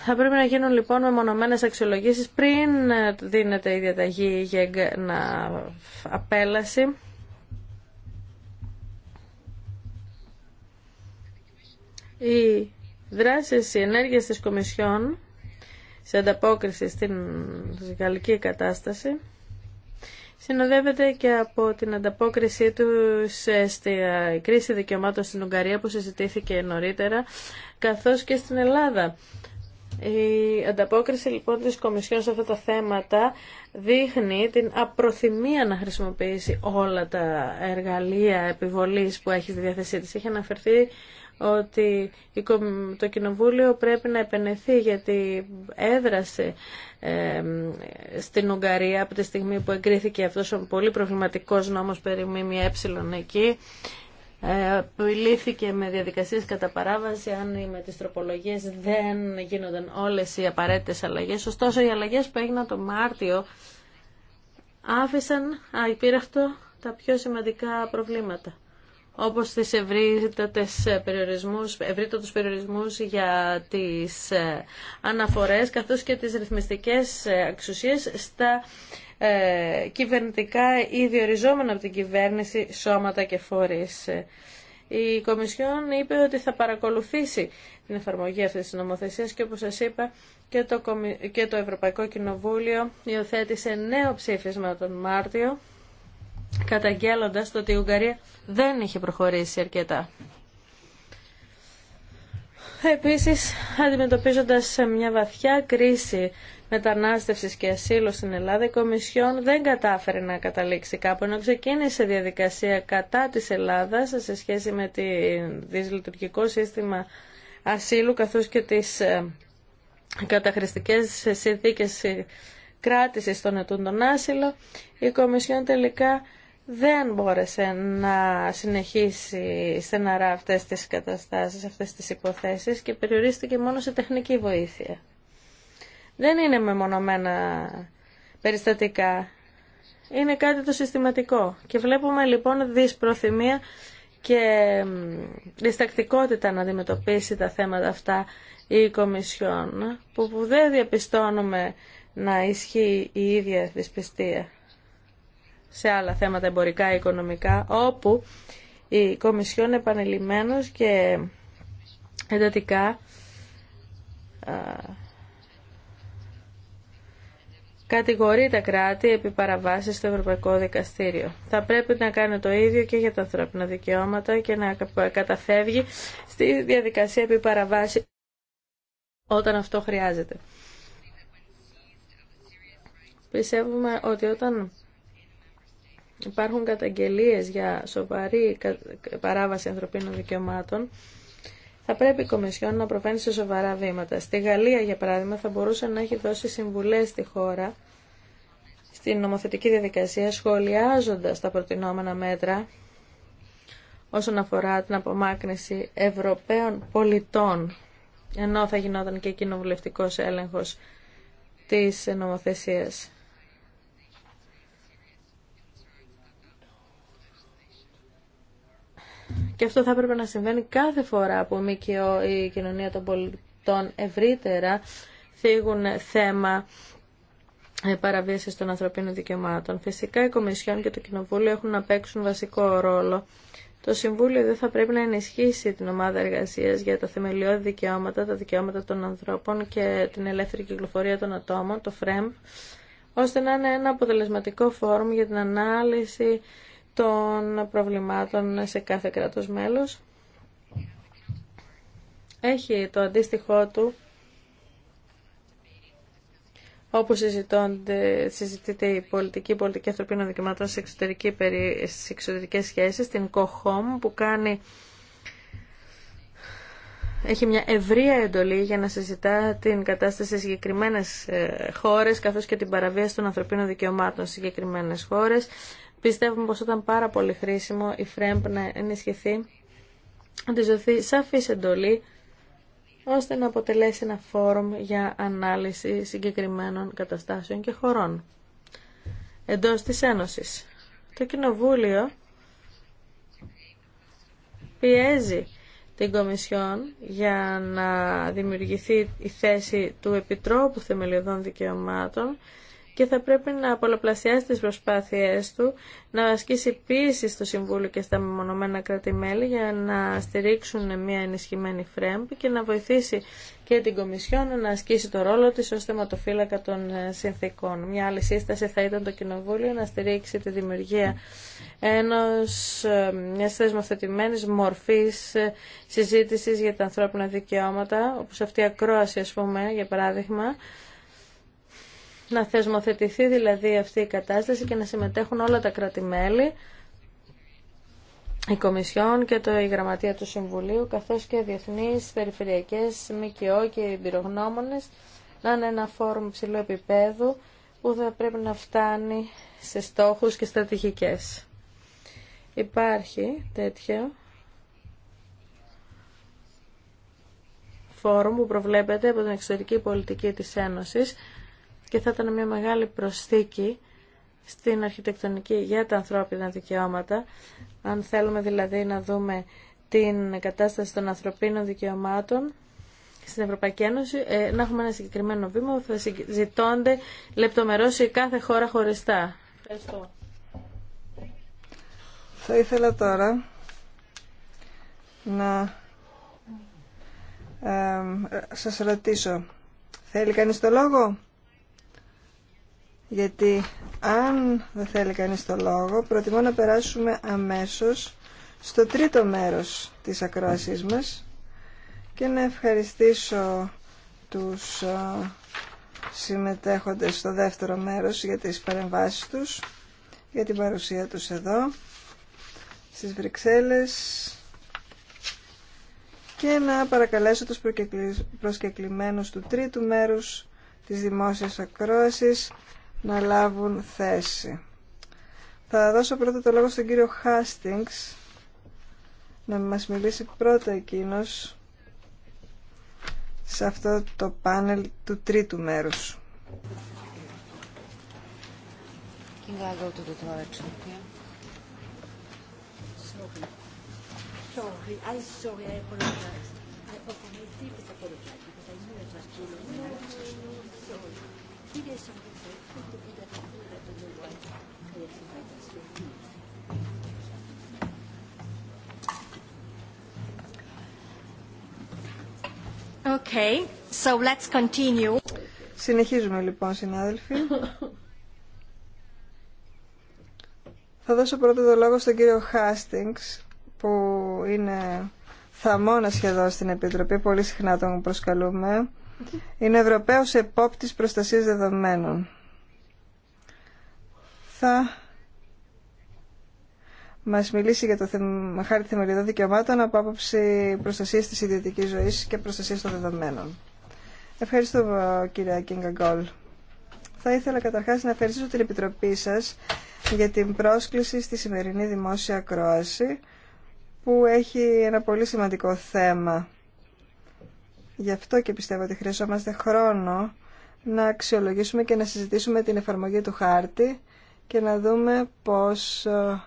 Θα πρέπει να γίνουν λοιπόν μεμονωμένες αξιολογήσεις πριν ε, δίνεται η διαταγή για να απέλαση. Οι δράσεις, οι ενέργειες της Κομισιόν σε ανταπόκριση στην γαλλική κατάσταση συνοδεύεται και από την ανταπόκρισή του στη ε, κρίση δικαιωμάτων στην Ουγγαρία που συζητήθηκε νωρίτερα καθώς και στην Ελλάδα. Η ανταπόκριση λοιπόν της Κομισιόν σε αυτά τα θέματα δείχνει την απροθυμία να χρησιμοποιήσει όλα τα εργαλεία επιβολής που έχει στη διάθεσή της. Έχει αναφερθεί ότι το Κοινοβούλιο πρέπει να επενεθεί γιατί έδρασε στην Ουγγαρία από τη στιγμή που εγκρίθηκε αυτός ο πολύ προβληματικός νόμος περί ΜΜΕ εκεί ε, που λύθηκε με διαδικασίες κατά παράβαση αν με τις τροπολογίες δεν γίνονταν όλες οι απαραίτητες αλλαγές. Ωστόσο, οι αλλαγές που έγιναν το Μάρτιο άφησαν αυτό τα πιο σημαντικά προβλήματα όπως τις ευρύτατες περιορισμούς, τους περιορισμούς για τις ε, αναφορές καθώς και τις ρυθμιστικές ε, αξουσίες στα ε, κυβερνητικά ή διοριζόμενα από την κυβέρνηση σώματα και φορείς. Η Κομισιόν είπε ότι θα παρακολουθήσει την εφαρμογή αυτής της νομοθεσίας και όπως σας είπα και το, και το Ευρωπαϊκό Κοινοβούλιο υιοθέτησε νέο ψήφισμα τον Μάρτιο καταγγέλλοντας το ότι η Ουγγαρία δεν είχε προχωρήσει αρκετά. Επίσης, αντιμετωπίζοντας μια βαθιά κρίση μετανάστευσης και ασύλου στην Ελλάδα, η Κομισιόν δεν κατάφερε να καταλήξει κάπου, ενώ ξεκίνησε διαδικασία κατά της Ελλάδας σε σχέση με τη δυσλειτουργικό σύστημα ασύλου, καθώς και τις ε, καταχρηστικές συνθήκες ε, κράτησης των ετούντων άσυλο, η Κομισιόν τελικά δεν μπόρεσε να συνεχίσει στεναρά αυτές τις καταστάσεις, αυτές τις υποθέσεις και περιορίστηκε μόνο σε τεχνική βοήθεια. Δεν είναι μεμονωμένα περιστατικά. Είναι κάτι το συστηματικό. Και βλέπουμε λοιπόν δυσπροθυμία και διστακτικότητα να αντιμετωπίσει τα θέματα αυτά η Κομισιόν, που δεν διαπιστώνουμε να ισχύει η ίδια δυσπιστία σε άλλα θέματα εμπορικά ή οικονομικά, όπου η Κομισιόν επανελειμμένως και εντατικά κατηγορεί τα κράτη επί παραβάσεις στο Ευρωπαϊκό Δικαστήριο. Θα πρέπει να κάνει το ίδιο και για τα ανθρώπινα δικαιώματα και να καταφεύγει στη διαδικασία επί παραβάση όταν αυτό χρειάζεται. Πιστεύουμε ότι όταν υπάρχουν καταγγελίες για σοβαρή παράβαση ανθρωπίνων δικαιωμάτων, θα πρέπει η Κομισιόν να προβαίνει σε σοβαρά βήματα. Στη Γαλλία, για παράδειγμα, θα μπορούσε να έχει δώσει συμβουλές στη χώρα στην νομοθετική διαδικασία, σχολιάζοντας τα προτινόμενα μέτρα όσον αφορά την απομάκρυνση Ευρωπαίων πολιτών, ενώ θα γινόταν και κοινοβουλευτικός έλεγχος της νομοθεσίας. Και αυτό θα έπρεπε να συμβαίνει κάθε φορά που η η κοινωνία των πολιτών ευρύτερα θίγουν θέμα ε, παραβίασης των ανθρωπίνων δικαιωμάτων. Φυσικά Κομισιόν και το Κοινοβούλιο έχουν να παίξουν βασικό ρόλο. Το Συμβούλιο δεν θα πρέπει να ενισχύσει την ομάδα εργασία για τα θεμελιώδη δικαιώματα, τα δικαιώματα των ανθρώπων και την ελεύθερη κυκλοφορία των ατόμων, το ΦΡΕΜΠ, e ώστε να είναι ένα αποτελεσματικό φόρουμ για την ανάλυση των προβλημάτων σε κάθε κράτος μέλος. Έχει το αντίστοιχό του όπου συζητείται η πολιτική, πολιτική ανθρωπίνων δικαιωμάτων σε εξωτερική, στις εξωτερικές σχέσεις, την COHOM, που κάνει, έχει μια ευρεία εντολή για να συζητά την κατάσταση σε συγκεκριμένες ε, χώρες, καθώς και την παραβίαση των ανθρωπίνων δικαιωμάτων σε συγκεκριμένες χώρες. Πιστεύουμε πως ήταν πάρα πολύ χρήσιμο η ΦΡΕΜΠ e να ενισχυθεί, να τη δοθεί σαφής εντολή, ώστε να αποτελέσει ένα φόρουμ για ανάλυση συγκεκριμένων καταστάσεων και χωρών εντός της Ένωσης. Το Κοινοβούλιο πιέζει την Κομισιόν για να δημιουργηθεί η θέση του Επιτρόπου Θεμελιωδών Δικαιωμάτων και θα πρέπει να πολλαπλασιάσει τις προσπάθειές του, να ασκήσει πίεση στο Συμβούλιο και στα μεμονωμένα κράτη-μέλη για να στηρίξουν μια ενισχυμένη ΦΡΕΜΠ και να βοηθήσει και την Κομισιόν να ασκήσει το ρόλο της ως θεματοφύλακα των ε, συνθήκων. Μια άλλη σύσταση θα ήταν το Κοινοβούλιο να στηρίξει τη δημιουργία ενός ε, μιας θεσμοθετημένης μορφής ε, συζήτησης για τα ανθρώπινα δικαιώματα, όπως αυτή η ακρόαση, ας πούμε, για παράδειγμα, να θεσμοθετηθεί δηλαδή αυτή η κατάσταση και να συμμετέχουν όλα τα κράτη-μέλη, η Κομισιόν και το, η Γραμματεία του Συμβουλίου, καθώς και διεθνείς, περιφερειακές, ΜΚΟ και οι εμπειρογνώμονες, να είναι ένα φόρουμ ψηλού επίπεδου που θα πρέπει να φτάνει σε στόχους και στρατηγικές. Υπάρχει τέτοιο φόρουμ που προβλέπεται από την εξωτερική πολιτική της Ένωσης και θα ήταν μια μεγάλη προσθήκη στην αρχιτεκτονική για τα ανθρώπινα δικαιώματα. Αν θέλουμε δηλαδή να δούμε την κατάσταση των ανθρωπίνων δικαιωμάτων στην Ευρωπαϊκή Ένωση, ε, να έχουμε ένα συγκεκριμένο βήμα που θα ζητώνται λεπτομερώς κάθε χώρα χωριστά. Ευχαριστώ. Θα ήθελα τώρα να ε, σας ρωτήσω. Θέλει κανείς το λόγο? γιατί αν δεν θέλει κανείς το λόγο, προτιμώ να περάσουμε αμέσως στο τρίτο μέρος της ακρόασής μας και να ευχαριστήσω τους συμμετέχοντες στο δεύτερο μέρος για τις παρεμβάσεις τους, για την παρουσία τους εδώ, στις Βρυξέλλες και να παρακαλέσω τους προσκεκλημένους του τρίτου μέρους της δημόσιας ακρόασης να λάβουν θέση. Θα δώσω πρώτα το λόγο στον κύριο Χάστινγκς να μας μιλήσει πρώτα εκείνος σε αυτό το πάνελ του τρίτου μέρους. Sorry, Okay, so Συνεχίζουμε λοιπόν συνάδελφοι. Θα δώσω πρώτο το λόγο στον κύριο Χάστινγκς που είναι θαμώνα σχεδόν στην Επιτροπή, πολύ συχνά τον προσκαλούμε. Είναι Ευρωπαίος Επόπτης Προστασίας Δεδομένων. Θα Μα μιλήσει για το θέμα, χάρτη θεμελιωδών δικαιωμάτων από άποψη προστασία τη ιδιωτική ζωή και προστασία των δεδομένων. Ευχαριστώ κύριε Κινγκαγκολ. Θα ήθελα καταρχά να ευχαριστήσω την Επιτροπή σα για την πρόσκληση στη σημερινή δημόσια ακρόαση που έχει ένα πολύ σημαντικό θέμα. Γι' αυτό και πιστεύω ότι χρειαζόμαστε χρόνο να αξιολογήσουμε και να συζητήσουμε την εφαρμογή του χάρτη και να δούμε πώς ε,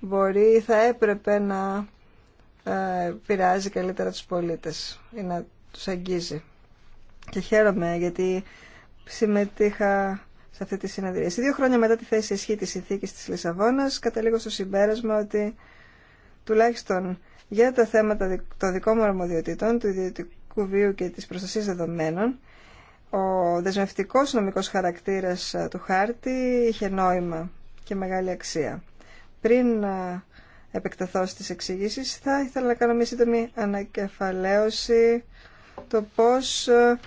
μπορεί ή θα έπρεπε να ε, πειράζει καλύτερα τους πολίτες ή να τους αγγίζει. Και χαίρομαι γιατί συμμετείχα σε αυτή τη συνεδρία. Σε δύο χρόνια μετά τη θέση ισχύ της συνθήκης της Λισαβόνας καταλήγω στο συμπέρασμα ότι τουλάχιστον για τα θέματα των δικών μου αρμοδιοτήτων, του ιδιωτικού βίου και της προστασίας δεδομένων, ο δεσμευτικός νομικός χαρακτήρας ε, του χάρτη είχε νόημα και μεγάλη αξία. Πριν να ε, επεκταθώ στις εξηγήσει, θα ήθελα να κάνω μια σύντομη ανακεφαλαίωση το πώς ε,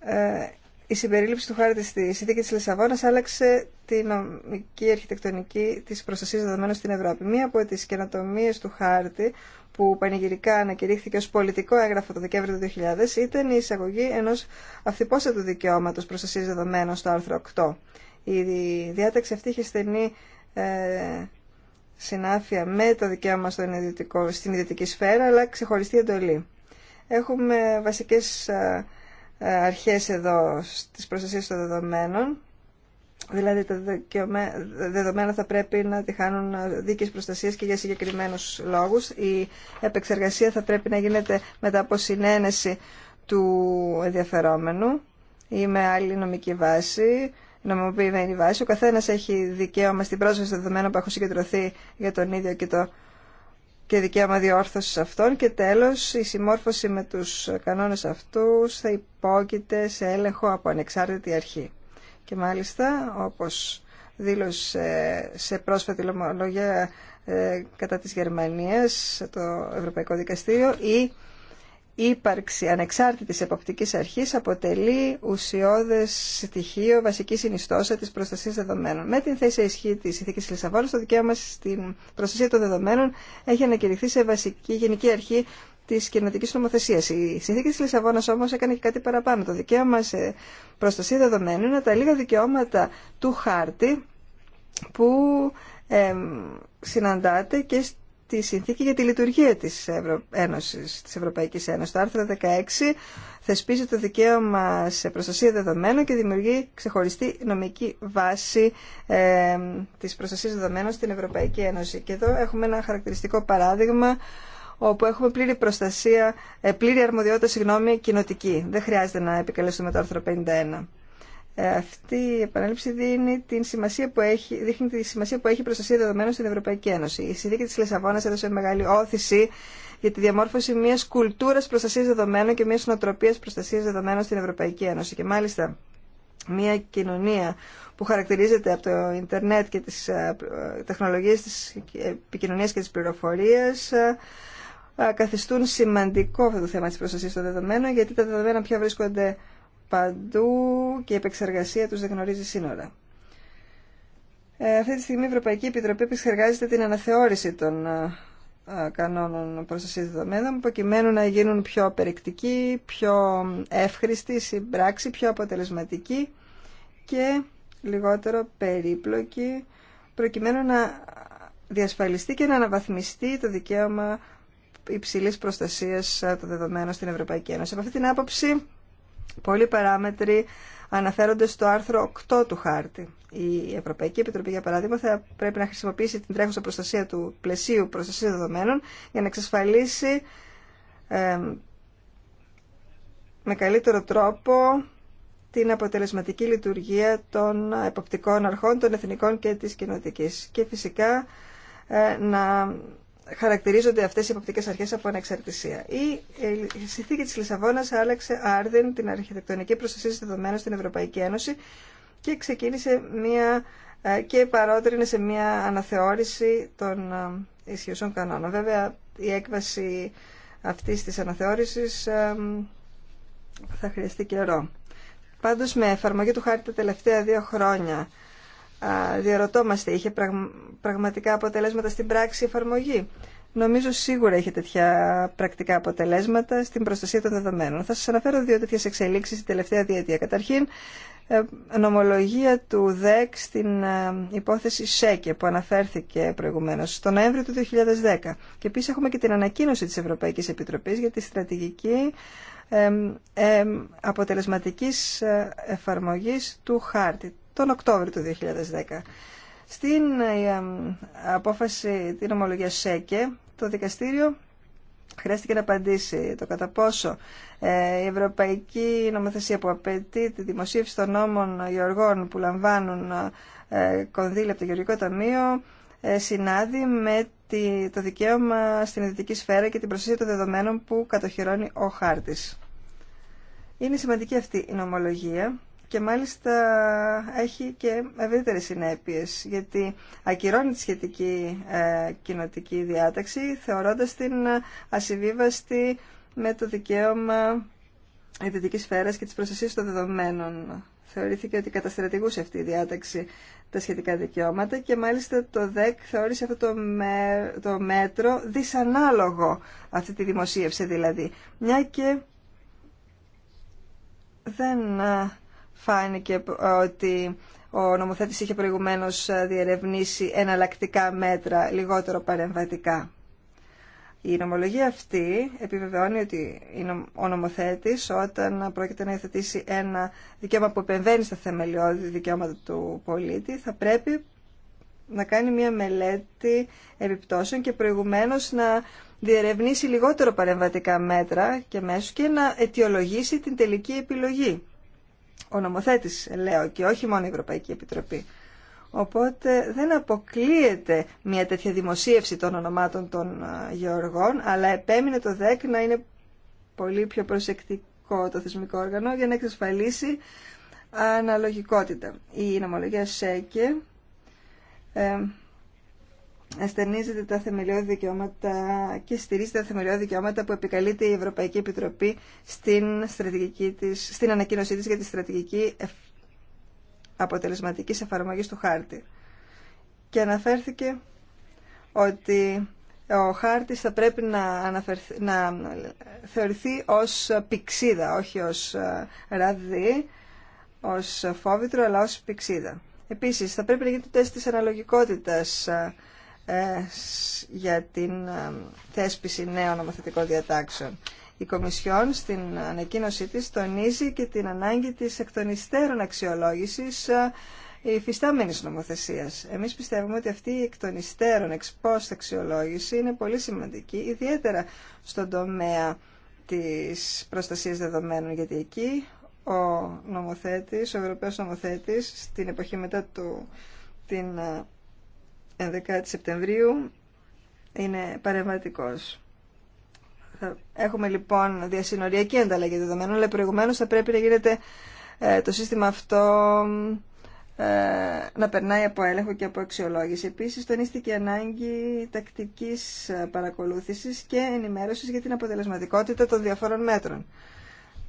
ε, η συμπερίληψη του χάρτη στη συνθήκη της Λισαβόνας άλλαξε τη νομική αρχιτεκτονική της προστασίας δεδομένων στην Ευρώπη. Μία από τις καινοτομίες του χάρτη που πανηγυρικά ανακηρύχθηκε ως πολιτικό έγγραφο το Δεκέμβριο του 2000 ήταν η εισαγωγή ενός αυθυπόστατου δικαιώματος προστασίας δεδομένων στο άρθρο 8. Η διάταξη αυτή είχε στενή ε, συνάφεια με το δικαίωμα στην ιδιωτική σφαίρα, αλλά ξεχωριστή εντολή. Έχουμε βασικές ε, ε, αρχές εδώ στις προστασίες των δεδομένων, δηλαδή τα δεδομένα θα πρέπει να τη χάνουν δίκαιες προστασίες και για συγκεκριμένους λόγους. Η επεξεργασία θα πρέπει να γίνεται μετά από συνένεση του ενδιαφερόμενου ή με άλλη νομική βάση, βάση. Ο καθένα έχει δικαίωμα στην πρόσβαση των δεδομένων που έχουν συγκεντρωθεί για τον ίδιο και, το, και δικαίωμα διόρθωση αυτών. Και τέλο, η συμμόρφωση με του κανόνε αυτού θα υπόκειται σε έλεγχο από ανεξάρτητη αρχή. Και μάλιστα, όπω δήλωσε σε πρόσφατη λομολογία ε, κατά της Γερμανίας το Ευρωπαϊκό Δικαστήριο, η ύπαρξη ανεξάρτητης εποπτικής αρχής αποτελεί ουσιώδες στοιχείο βασική συνιστόσα της προστασίας δεδομένων. Με την θέση ισχύ της Ηθικής Λισαβόνας, το δικαίωμα στην προστασία των δεδομένων έχει ανακηρυχθεί σε βασική γενική αρχή τη κοινοτική νομοθεσία. Η συνθήκη τη Λισαβόνα όμω έκανε και κάτι παραπάνω. Το δικαίωμα σε προστασία δεδομένων είναι τα λίγα δικαιώματα του χάρτη που ε, συναντάται και τη συνθήκη για τη λειτουργία της, Ευρω... Ένωσης, της Ευρωπαϊκής Ένωσης. Το άρθρο 16 θεσπίζει το δικαίωμα σε προστασία δεδομένων και δημιουργεί ξεχωριστή νομική βάση ε, της προστασίας δεδομένων στην Ευρωπαϊκή Ένωση. Και εδώ έχουμε ένα χαρακτηριστικό παράδειγμα όπου έχουμε πλήρη προστασία, ε, πλήρη αρμοδιότητα, συγγνώμη, κοινοτική. Δεν χρειάζεται να επικαλέσουμε το άρθρο 51 αυτή η επανάληψη δίνει την σημασία που έχει, δείχνει τη σημασία που έχει η προστασία δεδομένων στην Ευρωπαϊκή Ένωση. Η συνθήκη της Λισαβόνα έδωσε μεγάλη όθηση για τη διαμόρφωση μια κουλτούρα προστασία δεδομένων και μια νοοτροπίας προστασία δεδομένων στην Ευρωπαϊκή Ένωση. Και μάλιστα μια κοινωνία που χαρακτηρίζεται από το ίντερνετ και τι ε, ε, τεχνολογίε τη επικοινωνία και τη πληροφορία ε, καθιστούν σημαντικό αυτό το θέμα τη προστασία των δεδομένων γιατί τα δεδομένα πια βρίσκονται παντού και η επεξεργασία τους δεν γνωρίζει σύνορα. Ε, αυτή τη στιγμή η Ευρωπαϊκή Επιτροπή επεξεργάζεται την αναθεώρηση των ε, ε, κανόνων προστασίας δεδομένων προκειμένου να γίνουν πιο περιεκτικοί, πιο εύχρηστοι στην πράξη, πιο αποτελεσματικοί και λιγότερο περίπλοκοι προκειμένου να διασφαλιστεί και να αναβαθμιστεί το δικαίωμα υψηλής προστασίας των δεδομένων στην Ευρωπαϊκή Ένωση. αυτή την άποψη Πολλοί παράμετροι αναφέρονται στο άρθρο 8 του χάρτη. Η Ευρωπαϊκή Επιτροπή, για παράδειγμα, θα πρέπει να χρησιμοποιήσει την τρέχουσα προστασία του πλαισίου προστασία δεδομένων για να εξασφαλίσει με καλύτερο τρόπο την αποτελεσματική λειτουργία των εποπτικών αρχών, των εθνικών και της κοινοτικής. Και φυσικά ε, να χαρακτηρίζονται αυτές οι υποπτικές αρχές από ανεξαρτησία. Ε, η, συνθήκη της Λισαβόνας άλλαξε άρδεν την αρχιτεκτονική προστασία δεδομένων στην Ευρωπαϊκή Ένωση και ξεκίνησε μια ε, και παρότρινε σε μια αναθεώρηση των ε, ισχυωσών κανόνων. Βέβαια, η έκβαση αυτής της αναθεώρησης θα χρειαστεί καιρό. Πάντως, με εφαρμογή του χάρτη τα τελευταία δύο χρόνια διαρωτόμαστε, είχε πραγματικά αποτελέσματα στην πράξη εφαρμογή. Νομίζω σίγουρα είχε τέτοια πρακτικά αποτελέσματα στην προστασία των δεδομένων. Θα σας αναφέρω δύο τέτοιε εξελίξεις στην τελευταία διετία. Καταρχήν, ε, νομολογία του ΔΕΚ στην ε, υπόθεση ΣΕΚΕ που αναφέρθηκε προηγουμένως στο Νοέμβριο του 2010. Και επίσης έχουμε και την ανακοίνωση της Ευρωπαϊκής Επιτροπής για τη στρατηγική ε, αποτελεσματικής εφαρμογής του χάρτη τον Οκτώβριο του 2010. Στην ε, ε, απόφαση την ομολογία ΣΕΚΕ, το δικαστήριο χρειάστηκε να απαντήσει το κατά πόσο ε, η ευρωπαϊκή νομοθεσία που απαιτεί τη δημοσίευση των νόμων γεωργών που λαμβάνουν κονδύλια από το Γεωργικό Ταμείο συνάδει με το δικαίωμα στην ειδική σφαίρα και την προστασία των δεδομένων που κατοχυρώνει ο χάρτης. Είναι σημαντική αυτή η νομολογία και μάλιστα έχει και ευρύτερε συνέπειε γιατί ακυρώνει τη σχετική ε, κοινοτική διάταξη θεωρώντας την ασυμβίβαστη με το δικαίωμα ιδιωτικής σφαίρα και της προστασία των δεδομένων. Θεωρήθηκε ότι καταστρατηγούσε αυτή η διάταξη τα σχετικά δικαιώματα και μάλιστα το ΔΕΚ θεώρησε αυτό το, με, το μέτρο δυσανάλογο αυτή τη δημοσίευση δηλαδή. Μια και δεν ε, φάνηκε ότι ο νομοθέτης είχε προηγουμένως ε, διερευνήσει εναλλακτικά μέτρα, λιγότερο παρεμβατικά. Η νομολογία αυτή επιβεβαιώνει ότι ο νομοθέτης όταν πρόκειται να υιοθετήσει ένα δικαίωμα που επεμβαίνει στα θεμελιώδη δικαιώματα του πολίτη θα πρέπει να κάνει μια μελέτη επιπτώσεων και προηγουμένως να διερευνήσει λιγότερο παρεμβατικά μέτρα και μέσω και να αιτιολογήσει την τελική επιλογή ο νομοθέτης λέω και όχι μόνο η Ευρωπαϊκή Επιτροπή. Οπότε δεν αποκλείεται μια τέτοια δημοσίευση των ονομάτων των γεωργών, αλλά επέμεινε το ΔΕΚ να είναι πολύ πιο προσεκτικό το θεσμικό όργανο για να εξασφαλίσει αναλογικότητα. Η νομολογία ΣΕΚΕ ε, ασθενίζεται τα θεμελιώδη δικαιώματα και στηρίζεται τα θεμελιώδη δικαιώματα που επικαλείται η Ευρωπαϊκή Επιτροπή στην, στρατηγική της, στην ανακοίνωσή της για τη στρατηγική αποτελεσματικής εφαρμογής του χάρτη. Και αναφέρθηκε ότι ο χάρτης θα πρέπει να, αναφερθεί, να θεωρηθεί ως πηξίδα, όχι ως ε, ραδί, ως φόβητρο, αλλά ως πηξίδα. Επίσης, θα πρέπει να γίνει το τεστ της αναλογικότητας ε, ε, για την ε, θέσπιση νέων νομοθετικών διατάξεων. Η Κομισιόν στην ανακοίνωσή της τονίζει και την ανάγκη της εκτονιστέρων των υστέρων αξιολόγησης ε, υφιστάμενης νομοθεσίας. Εμείς πιστεύουμε ότι αυτή η εκτονιστέρων των αξιολόγηση είναι πολύ σημαντική, ιδιαίτερα στον τομέα της προστασίας δεδομένων, γιατί εκεί ο νομοθέτης, ο Ευρωπαίος νομοθέτης, στην εποχή μετά του, την 11 Σεπτεμβρίου είναι παρεμβατικός. Έχουμε λοιπόν διασυνοριακή ανταλλαγή δεδομένων, αλλά προηγουμένως θα πρέπει να γίνεται ε, το σύστημα αυτό ε, να περνάει από έλεγχο και από αξιολόγηση. Επίσης, τονίστηκε η ανάγκη τακτικής ε, παρακολούθησης και ενημέρωσης για την αποτελεσματικότητα των διαφόρων μέτρων.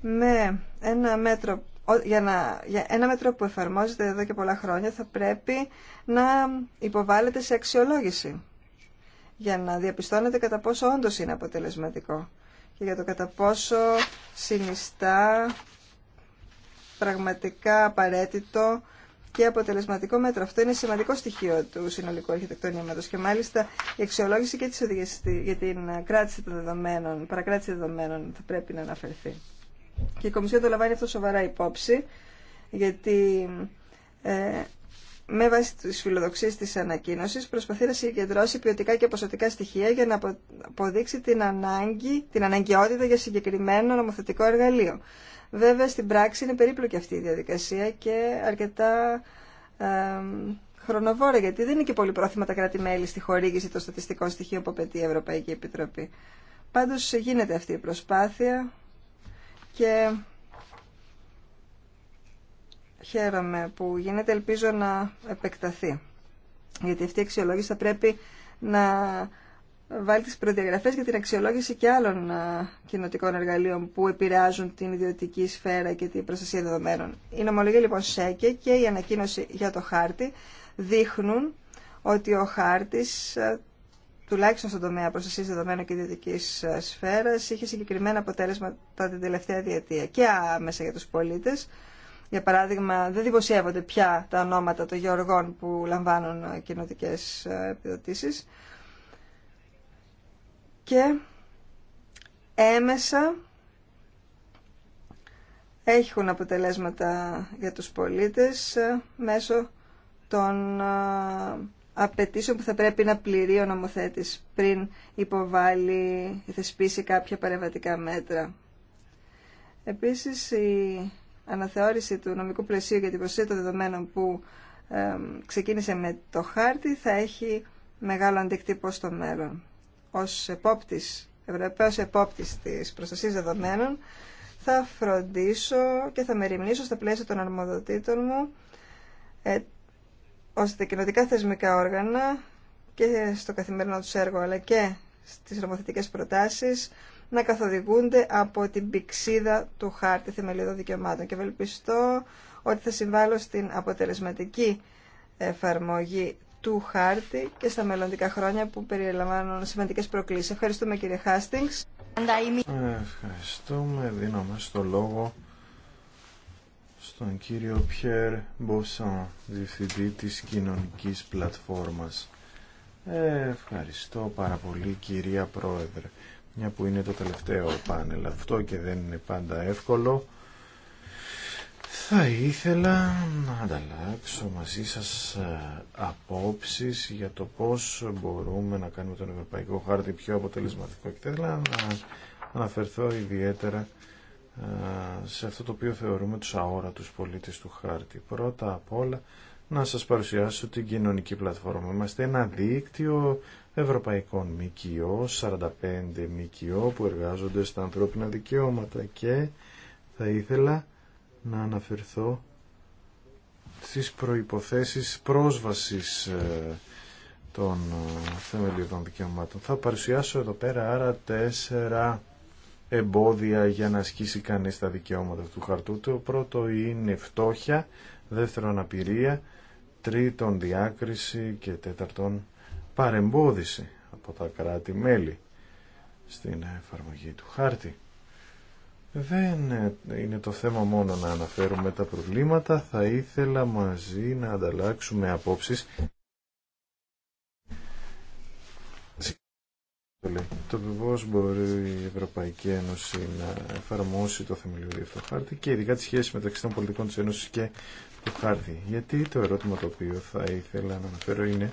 Με ένα μέτρο για, να, για ένα μέτρο που εφαρμόζεται εδώ και πολλά χρόνια θα πρέπει να υποβάλλεται σε αξιολόγηση για να διαπιστώνετε κατά πόσο όντως είναι αποτελεσματικό και για το κατά πόσο συνιστά πραγματικά απαραίτητο και αποτελεσματικό μέτρο. Αυτό είναι σημαντικό στοιχείο του συνολικού αρχιτεκτονικού Και μάλιστα η αξιολόγηση και τη οδηγία για την κράτηση των δεδομένων, παρακράτηση δεδομένων θα πρέπει να αναφερθεί. Και η Κομισιόν το λαμβάνει αυτό σοβαρά υπόψη, γιατί ε, με βάση τι φιλοδοξίες της ανακοίνωση προσπαθεί να συγκεντρώσει ποιοτικά και ποσοτικά στοιχεία για να αποδείξει την, ανάγκη, την αναγκαιότητα για συγκεκριμένο νομοθετικό εργαλείο. Βέβαια στην πράξη είναι περίπλοκη αυτή η διαδικασία και αρκετά ε, χρονοβόρα γιατί δεν είναι και πολύ πρόθυμα τα κράτη-μέλη στη χορήγηση των στατιστικών στοιχείων που απαιτεί η Ευρωπαϊκή Επιτροπή. Πάντως γίνεται αυτή η προσπάθεια και χαίρομαι που γίνεται, ελπίζω να επεκταθεί. Γιατί αυτή η αξιολόγηση θα πρέπει να βάλει τις προδιαγραφές για την αξιολόγηση και άλλων κοινοτικών εργαλείων που επηρεάζουν την ιδιωτική σφαίρα και την προστασία δεδομένων. Η νομολογία λοιπόν ΣΕΚΕ και η ανακοίνωση για το χάρτη δείχνουν ότι ο χάρτης τουλάχιστον στον τομέα προστασία δεδομένων και ιδιωτική ε, σφαίρα, είχε συγκεκριμένα αποτέλεσματα την τελευταία διετία και άμεσα για του πολίτε. Για παράδειγμα, δεν δημοσιεύονται πια τα ονόματα των γεωργών που λαμβάνουν ε, κοινοτικέ ε, επιδοτήσει. Και έμεσα έχουν αποτελέσματα για τους πολίτες μέσω των απαιτήσεων που θα πρέπει να πληρεί ο νομοθέτης πριν υποβάλει ή θεσπίσει κάποια παρεμβατικά μέτρα. Επίσης, η αναθεώρηση του νομικού πλαισίου για την προστασία των δεδομένων που ξεκίνησε με το χάρτη θα έχει μεγάλο αντικτύπο στο μέλλον. Ως επόπτης, Ευρωπαίος επόπτης της προστασίας δεδομένων θα φροντίσω και θα μεριμνήσω στα πλαίσια των αρμοδοτήτων μου ε, ώστε τα κοινοτικά θεσμικά όργανα και στο καθημερινό τους έργο αλλά και στις νομοθετικές προτάσεις να καθοδηγούνται από την πηξίδα του χάρτη θεμελιωδών δικαιωμάτων και ευελπιστώ ότι θα συμβάλλω στην αποτελεσματική εφαρμογή του χάρτη και στα μελλοντικά χρόνια που περιλαμβάνουν σημαντικές προκλήσεις. Ευχαριστούμε κύριε Χάστινγκς. Ε, ευχαριστούμε. Δίνομαι στο λόγο στον κύριο Πιέρ Μποσάν, διευθυντή της κοινωνικής πλατφόρμας. Ε, ευχαριστώ πάρα πολύ κυρία Πρόεδρε, μια που είναι το τελευταίο πάνελ αυτό και δεν είναι πάντα εύκολο. Θα ήθελα να ανταλλάξω μαζί σας ε, απόψεις για το πώς μπορούμε να κάνουμε τον Ευρωπαϊκό Χάρτη πιο αποτελεσματικό και θα ήθελα να αναφερθώ ιδιαίτερα ε, σε αυτό το οποίο θεωρούμε τους αόρατους πολίτες του χάρτη. Πρώτα απ' όλα να σας παρουσιάσω την κοινωνική πλατφόρμα. Είμαστε ένα δίκτυο ευρωπαϊκών ΜΚΟ, 45 ΜΚΟ που εργάζονται στα ανθρώπινα δικαιώματα και θα ήθελα να αναφερθώ στις προϋποθέσεις πρόσβασης ε, των ε, θεμελιωδών δικαιωμάτων. Θα παρουσιάσω εδώ πέρα άρα τέσσερα εμπόδια για να ασκήσει κανείς τα δικαιώματα του χαρτού του. Πρώτο είναι φτώχεια, δεύτερον απειρία, τρίτον διάκριση και τέταρτον παρεμπόδιση από τα κράτη-μέλη στην εφαρμογή του χάρτη. Δεν είναι το θέμα μόνο να αναφέρουμε τα προβλήματα, θα ήθελα μαζί να ανταλλάξουμε απόψεις Το πώ μπορεί η Ευρωπαϊκή Ένωση να εφαρμόσει το θεμελιώδη αυτό χάρτη και ειδικά τη σχέση μεταξύ των πολιτικών τη Ένωση και του χάρτη. Γιατί το ερώτημα το οποίο θα ήθελα να αναφέρω είναι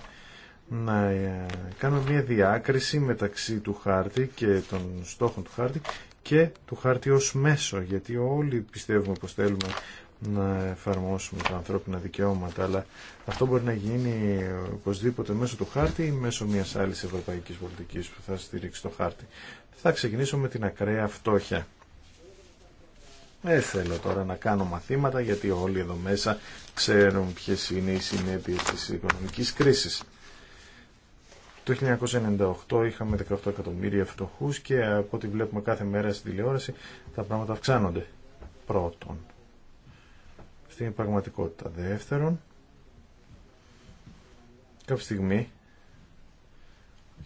να ε, κάνουμε μια διάκριση μεταξύ του χάρτη και των στόχων του χάρτη και του χάρτη ως μέσο, γιατί όλοι πιστεύουμε πως θέλουμε να εφαρμόσουμε τα ανθρώπινα δικαιώματα, αλλά αυτό μπορεί να γίνει οπωσδήποτε μέσω του χάρτη ή μέσω μιας άλλης ευρωπαϊκής πολιτικής που θα στηρίξει το χάρτη. Θα ξεκινήσω με την ακραία φτώχεια. Δεν θέλω τώρα να κάνω μαθήματα γιατί όλοι εδώ μέσα ξέρουν ποιες είναι οι συνέπειες της οικονομικής κρίσης. Το 1998 είχαμε 18 εκατομμύρια φτωχούς και από ό,τι βλέπουμε κάθε μέρα στην τηλεόραση τα πράγματα αυξάνονται. Πρώτον, είναι η πραγματικότητα. Δεύτερον, κάποια στιγμή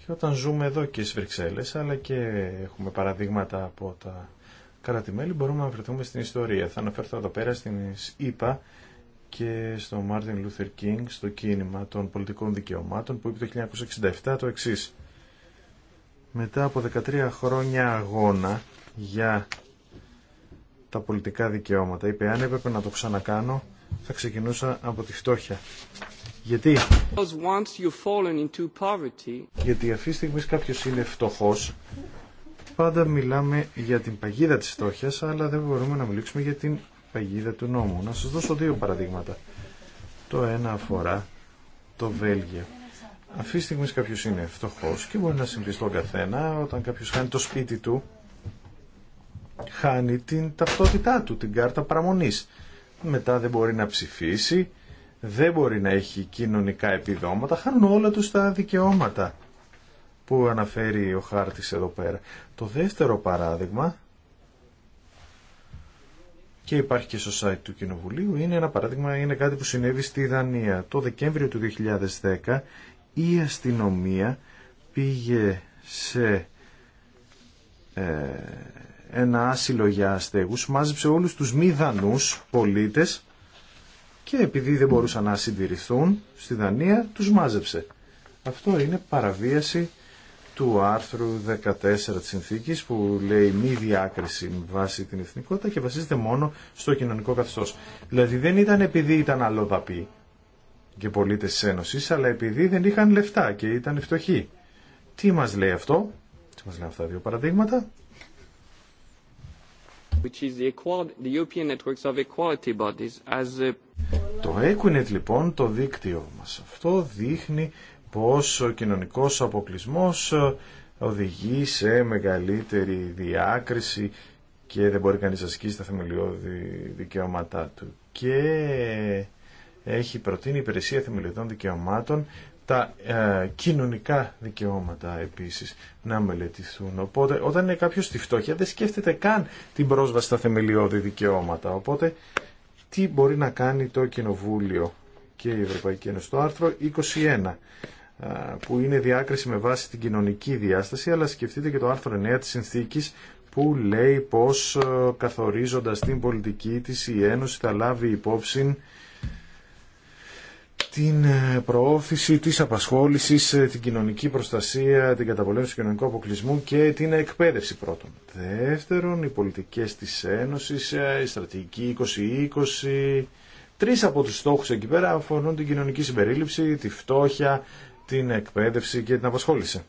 και όταν ζούμε εδώ και στις Βρυξέλλες αλλά και έχουμε παραδείγματα από τα κρατη μπορούμε να βρεθούμε στην ιστορία. Θα αναφερθώ εδώ πέρα στην ΙΠΑ και στο Μάρτιν Λούθερ Κίνγκ στο κίνημα των πολιτικών δικαιωμάτων που είπε το 1967 το εξής. Μετά από 13 χρόνια αγώνα για τα πολιτικά δικαιώματα. Είπε, αν έπρεπε να το ξανακάνω, θα ξεκινούσα από τη φτώχεια. Γιατί? Γιατί αυτή τη στιγμή κάποιο είναι φτωχό, πάντα μιλάμε για την παγίδα της φτώχειας, αλλά δεν μπορούμε να μιλήσουμε για την παγίδα του νόμου. Να σας δώσω δύο παραδείγματα. Το ένα αφορά το Βέλγιο. Αυτή τη στιγμή κάποιο είναι φτωχό και μπορεί να συμβεί στον καθένα όταν κάποιο χάνει το σπίτι του χάνει την ταυτότητά του, την κάρτα παραμονής. Μετά δεν μπορεί να ψηφίσει, δεν μπορεί να έχει κοινωνικά επιδόματα, χάνουν όλα τους τα δικαιώματα που αναφέρει ο χάρτης εδώ πέρα. Το δεύτερο παράδειγμα, και υπάρχει και στο site του Κοινοβουλίου, είναι ένα παράδειγμα, είναι κάτι που συνέβη στη Δανία. Το Δεκέμβριο του 2010 η αστυνομία πήγε σε ε, ένα άσυλο για αστέγους, μάζεψε όλους τους μη δανούς πολίτες και επειδή δεν μπορούσαν να συντηρηθούν στη Δανία, τους μάζεψε. Αυτό είναι παραβίαση του άρθρου 14 της συνθήκης που λέει μη διάκριση με βάση την εθνικότητα και βασίζεται μόνο στο κοινωνικό καθεστώς. Δηλαδή δεν ήταν επειδή ήταν αλλοδαποί και πολίτες της Ένωσης, αλλά επειδή δεν είχαν λεφτά και ήταν φτωχοί. Τι μας λέει αυτό, τι μας λένε αυτά δύο παραδείγματα, το Equinet λοιπόν το δίκτυο μας αυτό δείχνει πως ο κοινωνικός αποκλεισμός ε, οδηγεί σε μεγαλύτερη διάκριση και δεν μπορεί κανείς να ασκήσει τα θεμελιώδη δικαιώματά του. Και έχει προτείνει η Υπηρεσία Θεμελιωδών Δικαιωμάτων τα ε, κοινωνικά δικαιώματα επίσης να μελετηθούν. Οπότε όταν είναι κάποιος στη φτώχεια δεν σκέφτεται καν την πρόσβαση στα θεμελιώδη δικαιώματα. Οπότε τι μπορεί να κάνει το Κοινοβούλιο και η Ευρωπαϊκή Ένωση. Το άρθρο 21 ε, που είναι διάκριση με βάση την κοινωνική διάσταση αλλά σκεφτείτε και το άρθρο 9 της συνθήκης που λέει πως ε, καθορίζοντας την πολιτική της η Ένωση θα λάβει υπόψη την ε, προώθηση της απασχόλησης, ε, την κοινωνική προστασία, την καταπολέμηση του κοινωνικού αποκλεισμού και την εκπαίδευση πρώτον. Δεύτερον, οι πολιτικές της Ένωσης, ε, η στρατηγική 2020. Τρεις από τους στόχους εκεί πέρα αφορούν την κοινωνική συμπερίληψη, τη φτώχεια, την εκπαίδευση και την απασχόληση.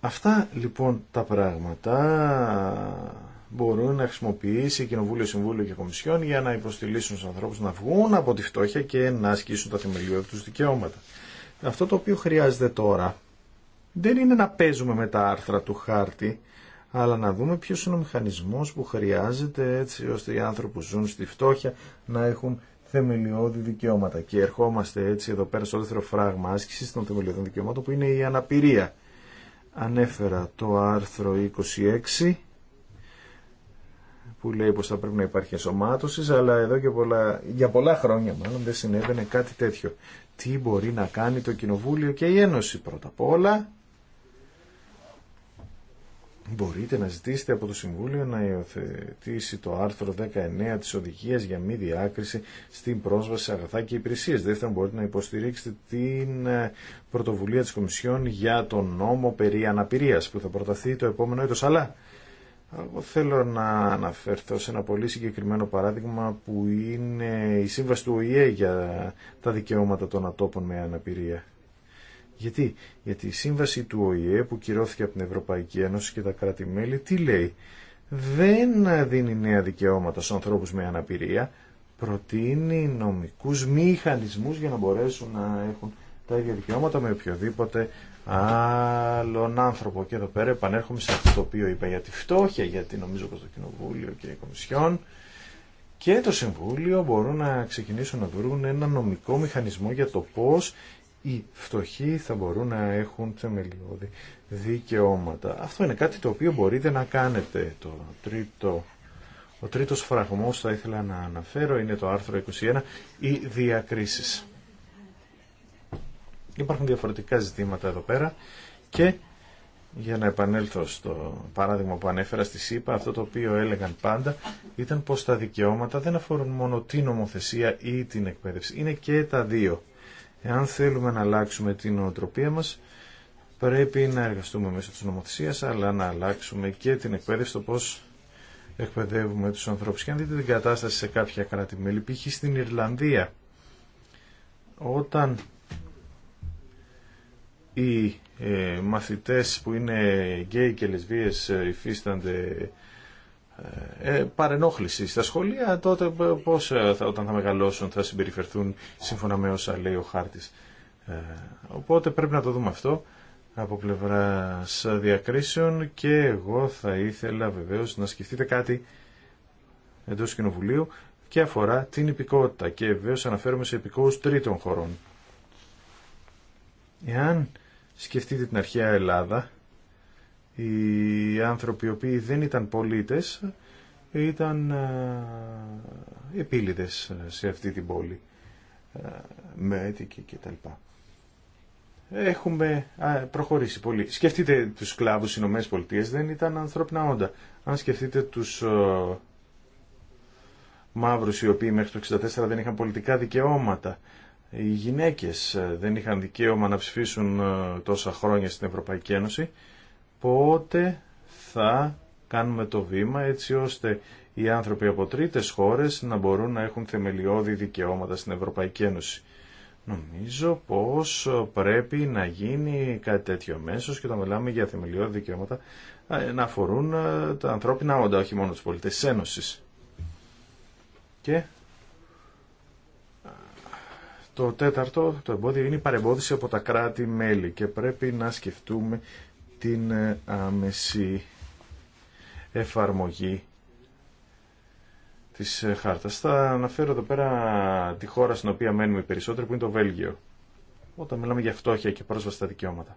Αυτά λοιπόν τα πράγματα μπορούν να χρησιμοποιήσει Κοινοβούλιο, Συμβούλιο και Κομισιόν για να υποστηλήσουν στου ανθρώπου να βγουν από τη φτώχεια και να ασκήσουν τα θεμελιώδη του δικαιώματα. Αυτό το οποίο χρειάζεται τώρα δεν είναι να παίζουμε με τα άρθρα του χάρτη, αλλά να δούμε ποιο είναι ο μηχανισμός που χρειάζεται έτσι ώστε οι άνθρωποι που ζουν στη φτώχεια να έχουν θεμελιώδη δικαιώματα. Και ερχόμαστε έτσι εδώ πέρα στο δεύτερο φράγμα άσκηση των θεμελιωδών δικαιωμάτων που είναι η αναπηρία. Ανέφερα το άρθρο 26 που λέει πως θα πρέπει να υπάρχει ενσωμάτωση, αλλά εδώ και πολλά, για πολλά χρόνια μάλλον δεν συνέβαινε κάτι τέτοιο. Τι μπορεί να κάνει το Κοινοβούλιο και η Ένωση πρώτα απ' όλα. Μπορείτε να ζητήσετε από το Συμβούλιο να υιοθετήσει το άρθρο 19 της Οδηγίας για μη διάκριση στην πρόσβαση σε αγαθά και υπηρεσίες. Δεύτερον, μπορείτε να υποστηρίξετε την ε, πρωτοβουλία της Κομισιόν για τον νόμο περί αναπηρίας που θα προταθεί το επόμενο έτος. Αλλά εγώ θέλω να αναφερθώ σε ένα πολύ συγκεκριμένο παράδειγμα που είναι η σύμβαση του ΟΗΕ για τα δικαιώματα των ατόπων με αναπηρία. Γιατί, Γιατί η σύμβαση του ΟΗΕ που κυρώθηκε από την Ευρωπαϊκή Ένωση και τα κράτη-μέλη τι λέει. Δεν δίνει νέα δικαιώματα στους ανθρώπους με αναπηρία, προτείνει νομικούς μηχανισμούς για να μπορέσουν να έχουν τα ίδια δικαιώματα με οποιοδήποτε άλλον άνθρωπο. Και εδώ πέρα επανέρχομαι σε αυτό το οποίο είπα για τη φτώχεια, γιατί νομίζω πως το Κοινοβούλιο και η Κομισιόν και το Συμβούλιο μπορούν να ξεκινήσουν να βρουν ένα νομικό μηχανισμό για το πώς οι φτωχοί θα μπορούν να έχουν θεμελιώδη δικαιώματα. Αυτό είναι κάτι το οποίο μπορείτε να κάνετε. Το τρίτο, ο τρίτος φραγμός θα ήθελα να αναφέρω είναι το άρθρο 21, οι διακρίσεις. Υπάρχουν διαφορετικά ζητήματα εδώ πέρα και για να επανέλθω στο παράδειγμα που ανέφερα στη ΣΥΠΑ, αυτό το οποίο έλεγαν πάντα ήταν πως τα δικαιώματα δεν αφορούν μόνο την νομοθεσία ή την εκπαίδευση. Είναι και τα δύο. Εάν θέλουμε να αλλάξουμε την νοοτροπία μας, πρέπει να εργαστούμε μέσω της νομοθεσίας, αλλά να αλλάξουμε και την εκπαίδευση, το πώς εκπαιδεύουμε τους ανθρώπους. Και αν δείτε την κατάσταση σε κάποια κράτη-μέλη, π.χ. στην Ιρλανδία, όταν οι ε, μαθητές που είναι γκέι και λεσβίες ε, υφίστανται ε, ε, παρενόχληση στα σχολεία, τότε πώς όταν θα μεγαλώσουν θα συμπεριφερθούν σύμφωνα με όσα λέει ο χάρτης. οπότε πρέπει να το δούμε αυτό από πλευρά διακρίσεων και εγώ θα ήθελα βεβαίως να σκεφτείτε κάτι εντός κοινοβουλίου και αφορά την υπηκότητα και βεβαίως αναφέρομαι σε υπηκόους τρίτων χωρών. Εάν Σκεφτείτε την αρχαία Ελλάδα. Οι άνθρωποι οι οποίοι δεν ήταν πολίτες ήταν επίλυτες σε αυτή την πόλη. με τα κτλ. Έχουμε προχωρήσει πολύ. Σκεφτείτε τους σκλάβους, οι Ηνωμένες Πολιτείες δεν ήταν ανθρώπινα όντα. Αν σκεφτείτε τους μαύρους οι οποίοι μέχρι το 64 δεν είχαν πολιτικά δικαιώματα οι γυναίκες ε, δεν είχαν δικαίωμα να ψηφίσουν ε, τόσα χρόνια στην Ευρωπαϊκή Ένωση, πότε θα κάνουμε το βήμα έτσι ώστε οι άνθρωποι από τρίτες χώρες να μπορούν να έχουν θεμελιώδη δικαιώματα στην Ευρωπαϊκή Ένωση. Νομίζω πως ε, πρέπει να γίνει κάτι τέτοιο μέσος και όταν μιλάμε για θεμελιώδη δικαιώματα να αφορούν τα ανθρώπινα όντα, όχι μόνο τους πολιτές της Ένωσης. Και το τέταρτο, το εμπόδιο, είναι η παρεμπόδιση από τα κράτη-μέλη και πρέπει να σκεφτούμε την ε, άμεση εφαρμογή της ε, χάρτας. Θα αναφέρω εδώ πέρα τη χώρα στην οποία μένουμε περισσότερο, που είναι το Βέλγιο, όταν μιλάμε για φτώχεια και πρόσβαση στα δικαιώματα.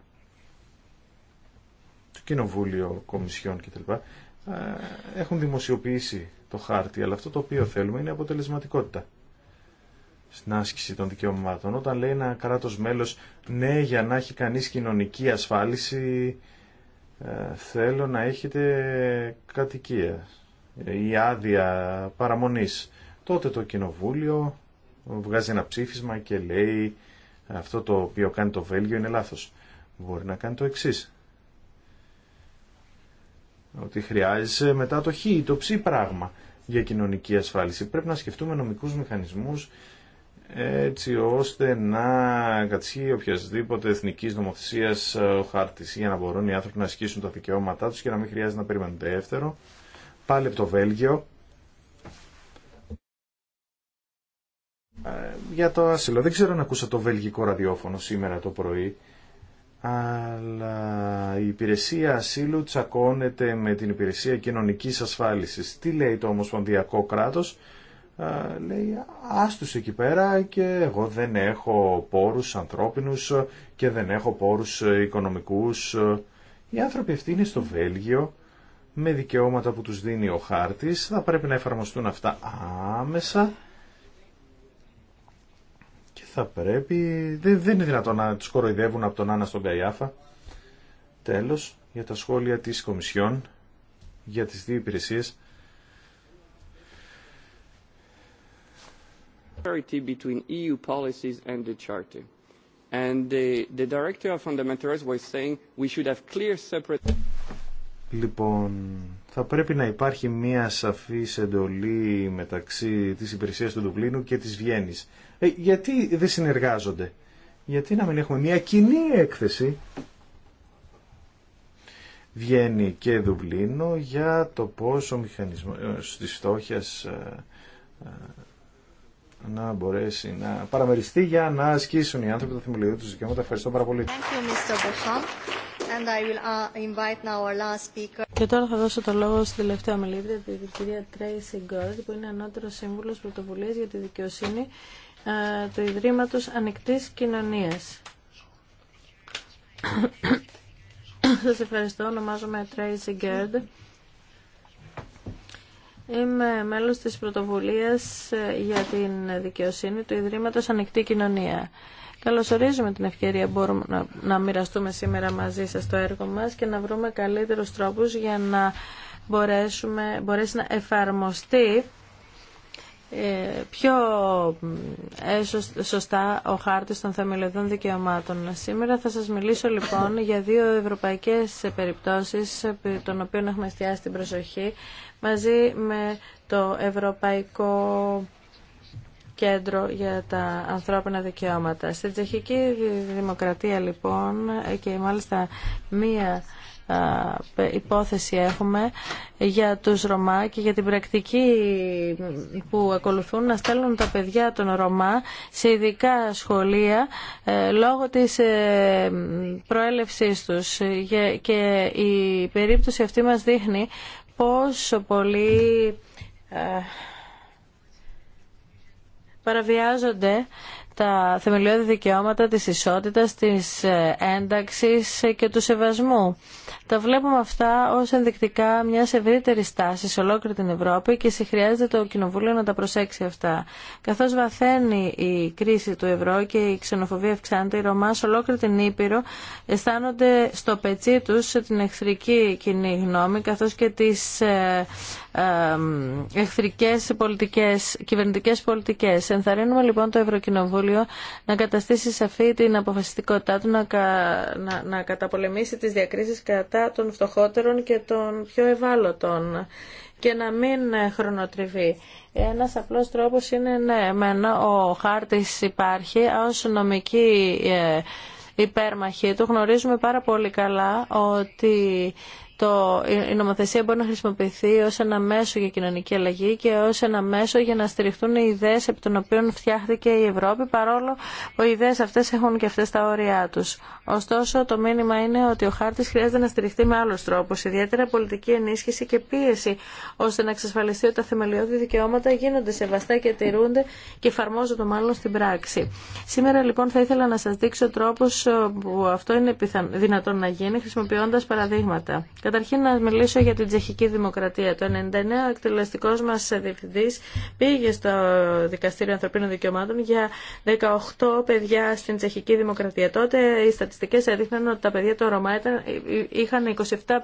Το Κοινοβούλιο, Κομισιόν κτλ. Ε, έχουν δημοσιοποιήσει το χάρτη, αλλά αυτό το οποίο θέλουμε είναι αποτελεσματικότητα στην άσκηση των δικαιωμάτων. Όταν λέει ένα κράτο μέλος ναι για να έχει κανείς κοινωνική ασφάλιση ε, θέλω να έχετε κατοικία ή άδεια παραμονής. Τότε το κοινοβούλιο βγάζει ένα ψήφισμα και λέει αυτό το οποίο κάνει το Βέλγιο είναι λάθος. Μπορεί να κάνει το εξή. Ότι χρειάζεσαι μετά το χ ή το ψ πράγμα για κοινωνική ασφάλιση. Πρέπει να σκεφτούμε νομικούς μηχανισμούς έτσι ώστε να κατησχύει οποιασδήποτε εθνική νομοθεσία ε, χάρτη για να μπορούν οι άνθρωποι να ασκήσουν τα δικαιώματά του και να μην χρειάζεται να περιμένουν δεύτερο. Πάλι από το Βέλγιο. Ε, για το άσυλο. Δεν ξέρω αν ακούσα το βελγικό ραδιόφωνο σήμερα το πρωί, αλλά η υπηρεσία ασύλου τσακώνεται με την υπηρεσία κοινωνικής ασφάλισης. Τι λέει το Ομοσπονδιακό κράτος, λέει άστους εκεί πέρα και εγώ δεν έχω πόρους ανθρώπινους και δεν έχω πόρους ε, οικονομικούς. Οι άνθρωποι αυτοί είναι στο Βέλγιο με δικαιώματα που τους δίνει ο χάρτης, θα πρέπει να εφαρμοστούν αυτά άμεσα και θα πρέπει, δεν, είναι δυνατόν να τους κοροϊδεύουν από τον Άννα στον Καϊάφα. Τέλος, για τα σχόλια της Κομισιόν, για τις δύο υπηρεσίες, between EU policies and the Charter. And the, of was saying we should have clear separate... Λοιπόν, θα πρέπει να υπάρχει μια σαφής εντολή μεταξύ της υπηρεσίας του Δουβλίνου και της Βιέννης. Ε, γιατί δεν συνεργάζονται. Γιατί να μην έχουμε μια κοινή έκθεση Βιέννη και Δουβλίνο για το πόσο ο μηχανισμός ε, της φτώχειας ε, να μπορέσει να παραμεριστεί για να ασκήσουν οι άνθρωποι τα θεμελιώδη του δικαιώματα. Ευχαριστώ πάρα πολύ. Uh, Και τώρα θα δώσω το λόγο στην τελευταία μιλήτρια, την κυρία Τρέισι Γκόρτ, που είναι ανώτερο σύμβουλο πρωτοβουλία για τη δικαιοσύνη ε, του Ιδρύματο Ανοιχτή Κοινωνία. Σα ευχαριστώ. Ονομάζομαι Τρέισι Γκέρντ. Είμαι μέλος της πρωτοβουλίας ε, για την δικαιοσύνη του Ιδρύματος Ανοιχτή Κοινωνία. Καλωσορίζουμε την ευκαιρία μπορούμε να, να μοιραστούμε σήμερα μαζί σας το έργο μας και να βρούμε καλύτερους τρόπους για να μπορέσουμε, μπορέσει να εφαρμοστεί ε, πιο ε, σωστά ο χάρτης των θεμελιωδών δικαιωμάτων. Σήμερα θα σας μιλήσω λοιπόν για δύο ευρωπαϊκές περιπτώσεις ε, των οποίων έχουμε εστιάσει την προσοχή μαζί με το Ευρωπαϊκό Κέντρο για τα Ανθρώπινα Δικαιώματα. Στην Τσεχική Δημοκρατία λοιπόν και μάλιστα μία υπόθεση έχουμε για τους Ρωμά και για την πρακτική που ακολουθούν να στέλνουν τα παιδιά των Ρωμά σε ειδικά σχολεία ε, λόγω της ε, προέλευσής τους. Και η περίπτωση αυτή μας δείχνει πόσο πολύ ε, παραβιάζονται τα θεμελιώδη δικαιώματα της ισότητας, της ε, ένταξης ε, και του σεβασμού. Τα βλέπουμε αυτά ως ενδεικτικά μιας ευρύτερης τάσης σε ολόκληρη την Ευρώπη και συγχρειάζεται το Κοινοβούλιο να τα προσέξει αυτά. Καθώς βαθαίνει η κρίση του ευρώ και η ξενοφοβία αυξάνεται, οι Ρωμά σε ολόκληρη την Ήπειρο αισθάνονται στο πετσί τους την εχθρική κοινή γνώμη καθώς και τις ε, εχθρικές πολιτικές, κυβερνητικές πολιτικές. Ενθαρρύνουμε λοιπόν το Ευρωκοινοβούλιο να καταστήσει σαφή την αποφασιστικότητά του να, να, να καταπολεμήσει τις διακρίσεις κατά των φτωχότερων και των πιο ευάλωτων και να μην χρονοτριβεί. Ένας απλός τρόπος είναι ναι, εμένα, ο χάρτης υπάρχει ως νομική ε, υπέρμαχή του γνωρίζουμε πάρα πολύ καλά ότι το, η νομοθεσία μπορεί να χρησιμοποιηθεί ως ένα μέσο για κοινωνική αλλαγή και ως ένα μέσο για να στηριχτούν οι ιδέες από τον οποίων φτιάχτηκε η Ευρώπη παρόλο που οι ιδέες αυτές έχουν και αυτές τα όρια τους. Ωστόσο το μήνυμα είναι ότι ο χάρτης χρειάζεται να στηριχτεί με άλλους τρόπους, ιδιαίτερα πολιτική ενίσχυση και πίεση ώστε να εξασφαλιστεί ότι τα θεμελιώδη δικαιώματα γίνονται σεβαστά και τηρούνται και εφαρμόζονται μάλλον στην πράξη. Σήμερα λοιπόν θα ήθελα να σας δείξω τρόπους ε, που αυτό είναι δυνατόν να γίνει χρησιμοποιώντας παραδείγματα. Καταρχήν να μιλήσω για την τσεχική δημοκρατία. Το 99 ο εκτελεστικός μας διευθυντή πήγε στο Δικαστήριο Ανθρωπίνων Δικαιωμάτων για 18 παιδιά στην τσεχική δημοκρατία. Τότε οι στατιστικές έδειχναν ότι τα παιδιά των Ρωμά ήταν, ε, ε, είχαν 27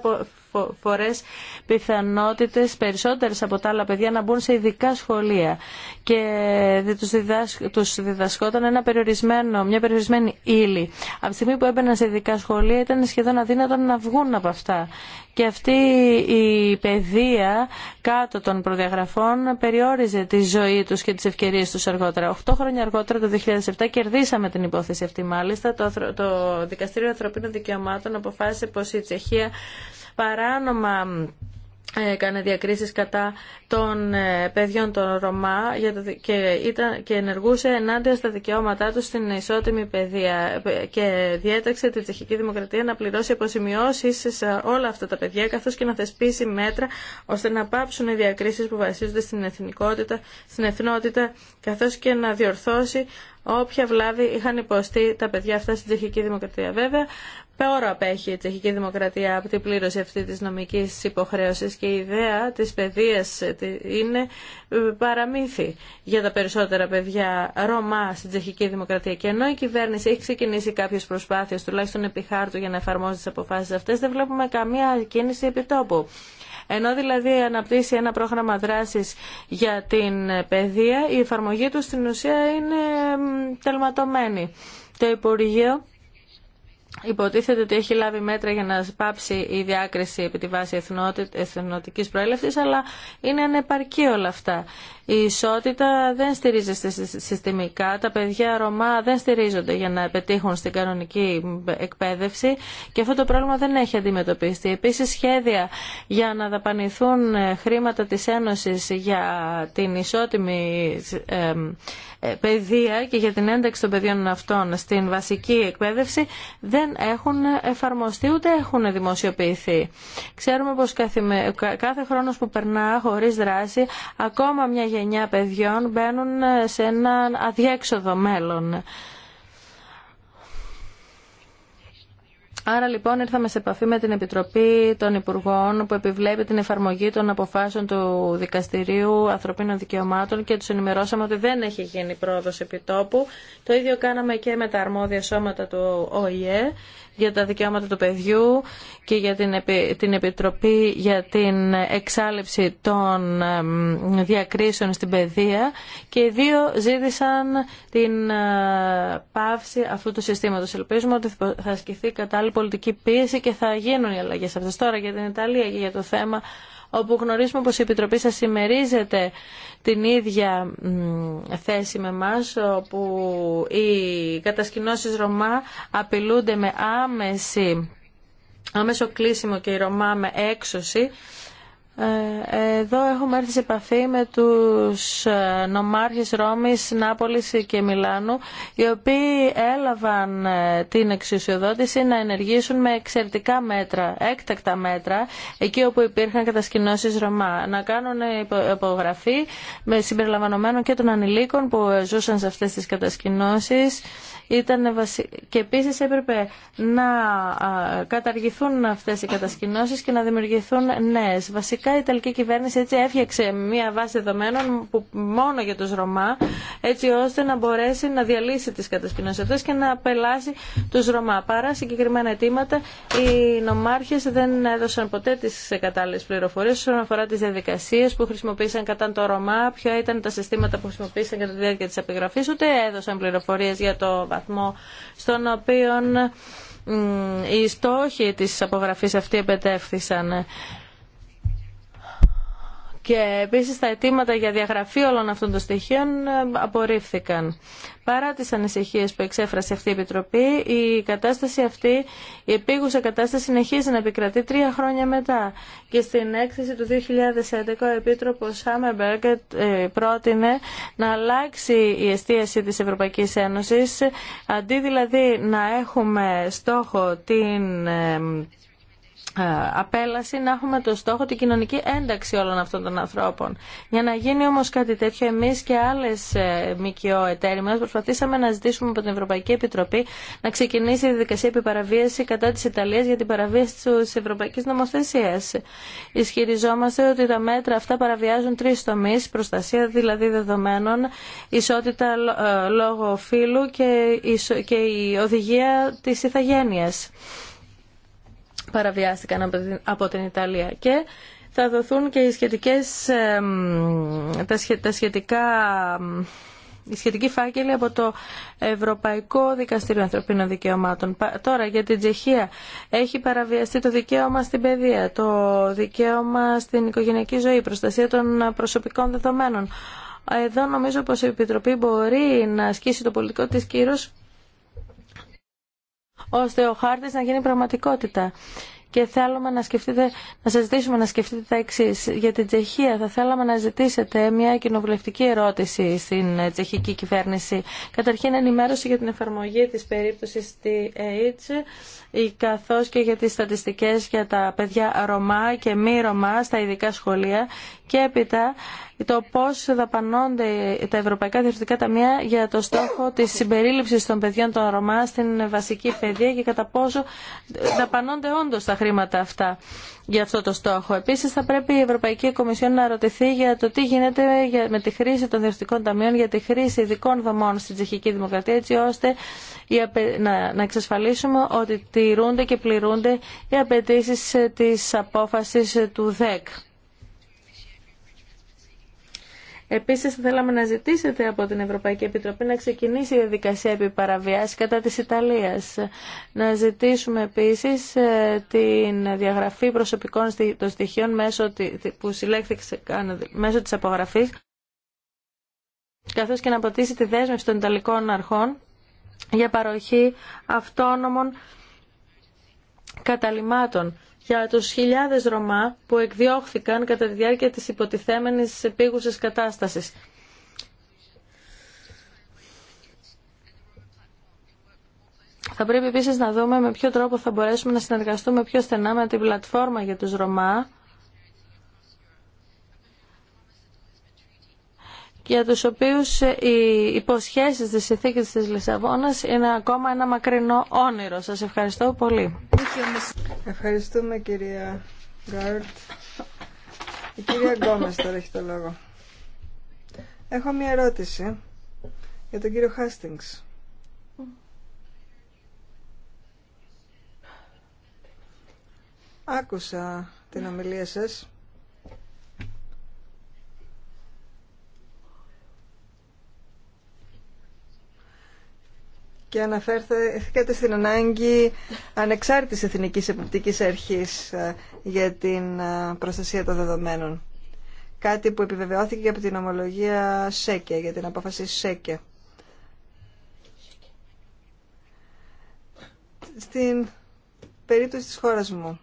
φορές πιθανότητες περισσότερες από τα άλλα παιδιά να μπουν σε ειδικά σχολεία και τους, τους διδασκόταν ένα περιορισμένο, μια περιορισμένη ύλη. Από τη στιγμή που έμπαιναν σε ειδικά σχολεία ήταν σχεδόν αδύνατον να βγουν από αυτά και αυτή η παιδεία κάτω των προδιαγραφών περιόριζε τη ζωή τους και τις ευκαιρίες τους αργότερα. Οχτώ χρόνια αργότερα το 2007 κερδίσαμε την υπόθεση αυτή μάλιστα. Το, το Δικαστήριο Ανθρωπίνων Δικαιωμάτων αποφάσισε πως η Τσεχία παράνομα έκανε διακρίσεις κατά των ε, παιδιών των Ρωμά και, ενεργούσε ενάντια στα δικαιώματά τους στην ισότιμη παιδεία και διέταξε την Τσεχική Δημοκρατία να πληρώσει αποσημειώσεις σε όλα αυτά τα παιδιά καθώς και να θεσπίσει μέτρα ώστε να πάψουν οι διακρίσεις που βασίζονται στην εθνικότητα, στην εθνότητα καθώς και να διορθώσει όποια βλάβη είχαν υποστεί τα παιδιά αυτά στην Τσεχική Δημοκρατία. Βέβαια, Πεόρο απέχει η τσεχική δημοκρατία από την πλήρωση αυτή της νομικής υποχρέωσης και η ιδέα της παιδείας ε, είναι ε, παραμύθι για τα περισσότερα παιδιά Ρωμά στην τσεχική δημοκρατία. Και ενώ η κυβέρνηση έχει ξεκινήσει κάποιες προσπάθειες, τουλάχιστον επί χάρτου, για να εφαρμόζει τις αποφάσεις αυτές, δεν βλέπουμε καμία κίνηση επιτόπου. Ενώ δηλαδή αναπτύσσει ένα πρόγραμμα δράσης για την ε, παιδεία, η εφαρμογή του στην ουσία είναι τελματωμένη. Το Υπουργείο Υποτίθεται ότι έχει λάβει μέτρα για να πάψει η διάκριση επί τη βάση εθνοτικής προέλευσης, αλλά είναι ανεπαρκή όλα αυτά. Η ισότητα δεν στηρίζεται συστημικά. Τα παιδιά Ρωμά δεν στηρίζονται για να πετύχουν στην κανονική εκπαίδευση και αυτό το πρόβλημα δεν έχει αντιμετωπιστεί. Επίσης, σχέδια για να δαπανηθούν ε, χρήματα της Ένωσης για την ισότιμη ε, ε, παιδεία και για την ένταξη των παιδιών αυτών στην βασική εκπαίδευση δεν έχουν εφαρμοστεί ούτε έχουν δημοσιοποιηθεί. Ξέρουμε πως κάθε χρόνος που περνά χωρίς δράση ακόμα μια γενιά παιδιών μπαίνουν σε ένα αδιέξοδο μέλλον. Άρα λοιπόν ήρθαμε σε επαφή με την Επιτροπή των Υπουργών που επιβλέπει την εφαρμογή των αποφάσεων του Δικαστηρίου Ανθρωπίνων Δικαιωμάτων και τους ενημερώσαμε ότι δεν έχει γίνει πρόοδος επιτόπου. Το ίδιο κάναμε και με τα αρμόδια σώματα του ΟΗΕ για τα δικαιώματα του παιδιού και για την Επιτροπή για την εξάλληψη των διακρίσεων στην παιδεία και οι δύο ζήτησαν την ε, πάυση αυτού του συστήματος. Ελπίζουμε ότι θα ασκηθεί κατάλληλη πολιτική πίεση και θα γίνουν οι αλλαγές αυτές. Τώρα για την Ιταλία και για το θέμα όπου γνωρίζουμε πως η Επιτροπή σας ημερίζεται την ίδια θέση με μας, όπου οι κατασκηνώσεις Ρωμά απειλούνται με άμεση, άμεσο κλείσιμο και η Ρωμά με έξωση, ε, εδώ έχουμε έρθει σε επαφή με τους ε, νομάρχες Ρώμης, Νάπολης και Μιλάνου, οι οποίοι έλαβαν ε, την εξουσιοδότηση να ενεργήσουν με εξαιρετικά μέτρα, έκτακτα μέτρα, εκεί όπου υπήρχαν κατασκηνώσεις Ρωμά. Να κάνουν υπογραφή με συμπεριλαμβανομένων και των ανηλίκων που ζούσαν σε αυτές τις κατασκηνώσεις ήταν Και επίσης έπρεπε να καταργηθούν αυτές οι κατασκηνώσεις και να δημιουργηθούν νέες. Βασικά η Ιταλική κυβέρνηση έτσι έφτιαξε μια βάση δεδομένων που μόνο για τους Ρωμά έτσι ώστε να μπορέσει να διαλύσει τις κατασκηνώσεις αυτές και να απελάσει τους Ρωμά. Παρά συγκεκριμένα αιτήματα οι νομάρχες δεν έδωσαν ποτέ τις κατάλληλες πληροφορίες όσον αφορά τις διαδικασίες που χρησιμοποίησαν κατά το Ρωμά, ποια ήταν τα συστήματα που χρησιμοποίησαν κατά τη διάρκεια της επιγραφής, ούτε έδωσαν πληροφορίες για το στον οποίο οι στόχοι της απογραφής αυτή επετεύθησαν. Και επίσης τα αιτήματα για διαγραφή όλων αυτών των στοιχείων ε, απορρίφθηκαν. Παρά τις ανησυχίες που εξέφρασε αυτή η Επιτροπή, η κατάσταση αυτή, η επίγουσα κατάσταση συνεχίζει να επικρατεί τρία χρόνια μετά. Και στην έκθεση του 2011 ο Επίτροπος Σάμεμπεργκ ε, πρότεινε να αλλάξει η εστίαση της Ευρωπαϊκής Ένωσης, αντί δηλαδή να έχουμε στόχο την ε, ε, απέλαση να έχουμε το στόχο την κοινωνική ένταξη όλων αυτών των ανθρώπων. Για να γίνει όμως κάτι τέτοιο εμείς και άλλες ε, ΜΚΟ εταίροι μας προσπαθήσαμε να ζητήσουμε από την Ευρωπαϊκή Επιτροπή να ξεκινήσει η δικασία επιπαραβίαση κατά της Ιταλίας για την παραβίαση της Ευρωπαϊκής Νομοθεσίας. Ισχυριζόμαστε ότι τα μέτρα αυτά παραβιάζουν τρεις τομείς, προστασία δηλαδή δεδομένων, ισότητα ε, λόγω φύλου και η οδηγία της ηθαγένειας παραβιάστηκαν από την Ιταλία. Και θα δοθούν και οι σχετικές, τα σχετικά σχετική φάκελη από το Ευρωπαϊκό Δικαστήριο Ανθρωπίνων Δικαιωμάτων. Τώρα για την Τσεχία έχει παραβιαστεί το δικαίωμα στην παιδεία, το δικαίωμα στην οικογενειακή ζωή, η προστασία των προσωπικών δεδομένων. Εδώ νομίζω πως η Επιτροπή μπορεί να ασκήσει το πολιτικό της κύρος ώστε ο χάρτης να γίνει πραγματικότητα. Και θέλουμε να, σκεφτείτε, να σας ζητήσουμε να σκεφτείτε τα εξή. Για την Τσεχία θα θέλαμε να ζητήσετε μια κοινοβουλευτική ερώτηση στην ε, τσεχική κυβέρνηση. Καταρχήν ενημέρωση για την εφαρμογή της περίπτωσης στη AIDS καθώς και για τις στατιστικές για τα παιδιά Ρωμά και μη Ρωμά στα ειδικά σχολεία και έπειτα το πώ δαπανώνται τα ευρωπαϊκά διευθυντικά ταμεία για το στόχο τη συμπεριληψη των παιδιών των Ρωμά στην βασική παιδεία και κατά πόσο δαπανώνται όντω τα χρήματα αυτά για αυτό το στόχο. Επίση, θα πρέπει η Ευρωπαϊκή Κομισιόν να ρωτηθεί για το τι γίνεται με τη χρήση των διευθυντικών ταμείων για τη χρήση ειδικών δομών στην Τσεχική Δημοκρατία έτσι ώστε να εξασφαλίσουμε ότι τηρούνται και πληρούνται οι απαιτήσει τη απόφαση του ΔΕΚ. Επίσης θέλαμε να ζητήσετε από την Ευρωπαϊκή Επιτροπή να ξεκινήσει η διαδικασία επί κατά της Ιταλίας. Να ζητήσουμε επίσης ε, την διαγραφή προσωπικών των στοιχείων μέσω, που συλλέχθηκαν μέσω της απογραφής καθώς και να αποτίσει τη δέσμευση των Ιταλικών αρχών για παροχή αυτόνομων καταλημάτων για τους χιλιάδες Ρωμά που εκδιώχθηκαν κατά τη διάρκεια της υποτιθέμενης επίγουσης κατάστασης. Θα πρέπει επίσης να δούμε με ποιο τρόπο θα μπορέσουμε να συνεργαστούμε πιο στενά με την πλατφόρμα για τους Ρωμά για τους οποίους ε, οι υποσχέσεις της συνθήκης της Λισαβόνας είναι ακόμα ένα μακρινό όνειρο. Σας ευχαριστώ πολύ. Ευχαριστούμε κυρία Γκάρτ. Η κυρία Γκόμες τώρα έχει το λόγο. Έχω μια ερώτηση για τον κύριο Χάστινγκς. Άκουσα την ομιλία σας και αναφέρθηκατε στην ανάγκη ανεξάρτητης εθνικής επιπτικής αρχής ε, για την ε, προστασία των δεδομένων. Κάτι που επιβεβαιώθηκε από την ομολογία ΣΕΚΕ, για την απόφαση ΣΕΚΕ. Στην περίπτωση της χώρας μου,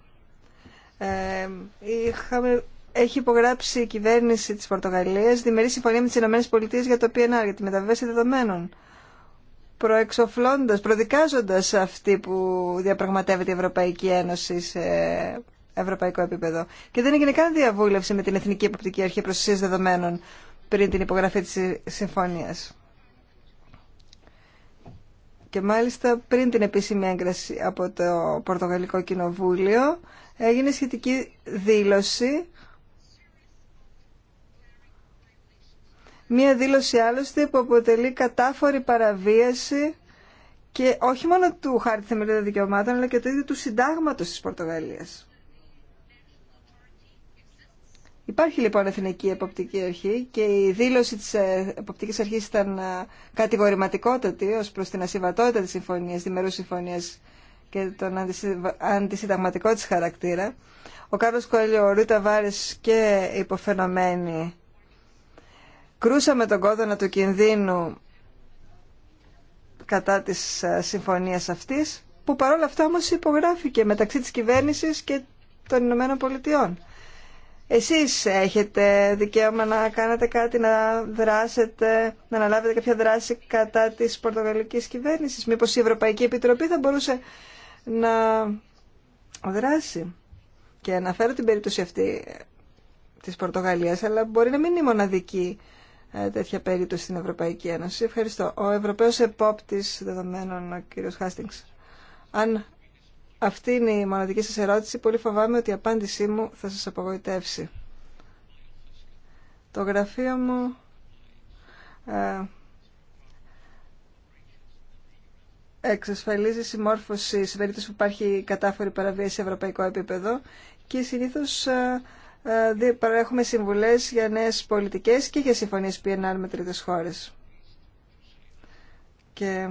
ε, έχει υπογράψει η κυβέρνηση της Πορτογαλίας διμερή συμφωνία με τις ΗΠΑ για το PNR, για τη μεταβίβαση δεδομένων προεξοφλώντας, προδικάζοντας αυτή που διαπραγματεύεται η Ευρωπαϊκή Ένωση σε ευρωπαϊκό επίπεδο. Και δεν έγινε καν διαβούλευση με την Εθνική Εποπτική Αρχή Προστασίας Δεδομένων πριν την υπογραφή της συμφωνίας. Και μάλιστα πριν την επίσημη έγκραση από το Πορτογαλικό Κοινοβούλιο έγινε σχετική δήλωση Μία δήλωση άλλωστε που αποτελεί κατάφορη παραβίαση και όχι μόνο του χάρτη θεμελιώδων δικαιωμάτων, αλλά και του ίδιου του συντάγματος της Πορτογαλίας. Υπάρχει λοιπόν Εθνική Εποπτική Αρχή και η δήλωση της ε, Εποπτικής Αρχής ήταν ε, κατηγορηματικότατη ως προς την ασυμβατότητα της συμφωνίας, διμερούς συμφωνίας και τον αντισυνταγματικό της χαρακτήρα. Ο Κάρλος Κόλιο, ο Ρούτα Βάρης και οι υποφαινομένοι κρούσαμε τον κόδωνα του κινδύνου κατά της ε, συμφωνίας αυτής, που παρόλα αυτά όμως υπογράφηκε μεταξύ της κυβέρνησης και των Ηνωμένων Πολιτειών. Εσείς έχετε δικαίωμα να κάνετε κάτι, να δράσετε, να αναλάβετε κάποια δράση κατά της πορτογαλικής κυβέρνησης. Μήπως η Ευρωπαϊκή Επιτροπή θα μπορούσε να δράσει. Και αναφέρω την περίπτωση αυτή της Πορτογαλίας, αλλά μπορεί να μην είναι η μοναδική ε, τέτοια περίπτωση στην Ευρωπαϊκή Ένωση. Ευχαριστώ. Ο Ευρωπαίος Επόπτης δεδομένων, ο κύριος Χάστινγκς. Αν αυτή είναι η μοναδική σας ερώτηση, πολύ φοβάμαι ότι η απάντησή μου θα σας απογοητεύσει. Το γραφείο μου... Ε, εξασφαλίζει συμμόρφωση σε περίπτωση που υπάρχει κατάφορη παραβίαση σε ευρωπαϊκό επίπεδο και συνήθως ε, ε, παρέχουμε συμβουλές για νέες πολιτικές και για συμφωνίες PNR με τρίτες χώρες. Και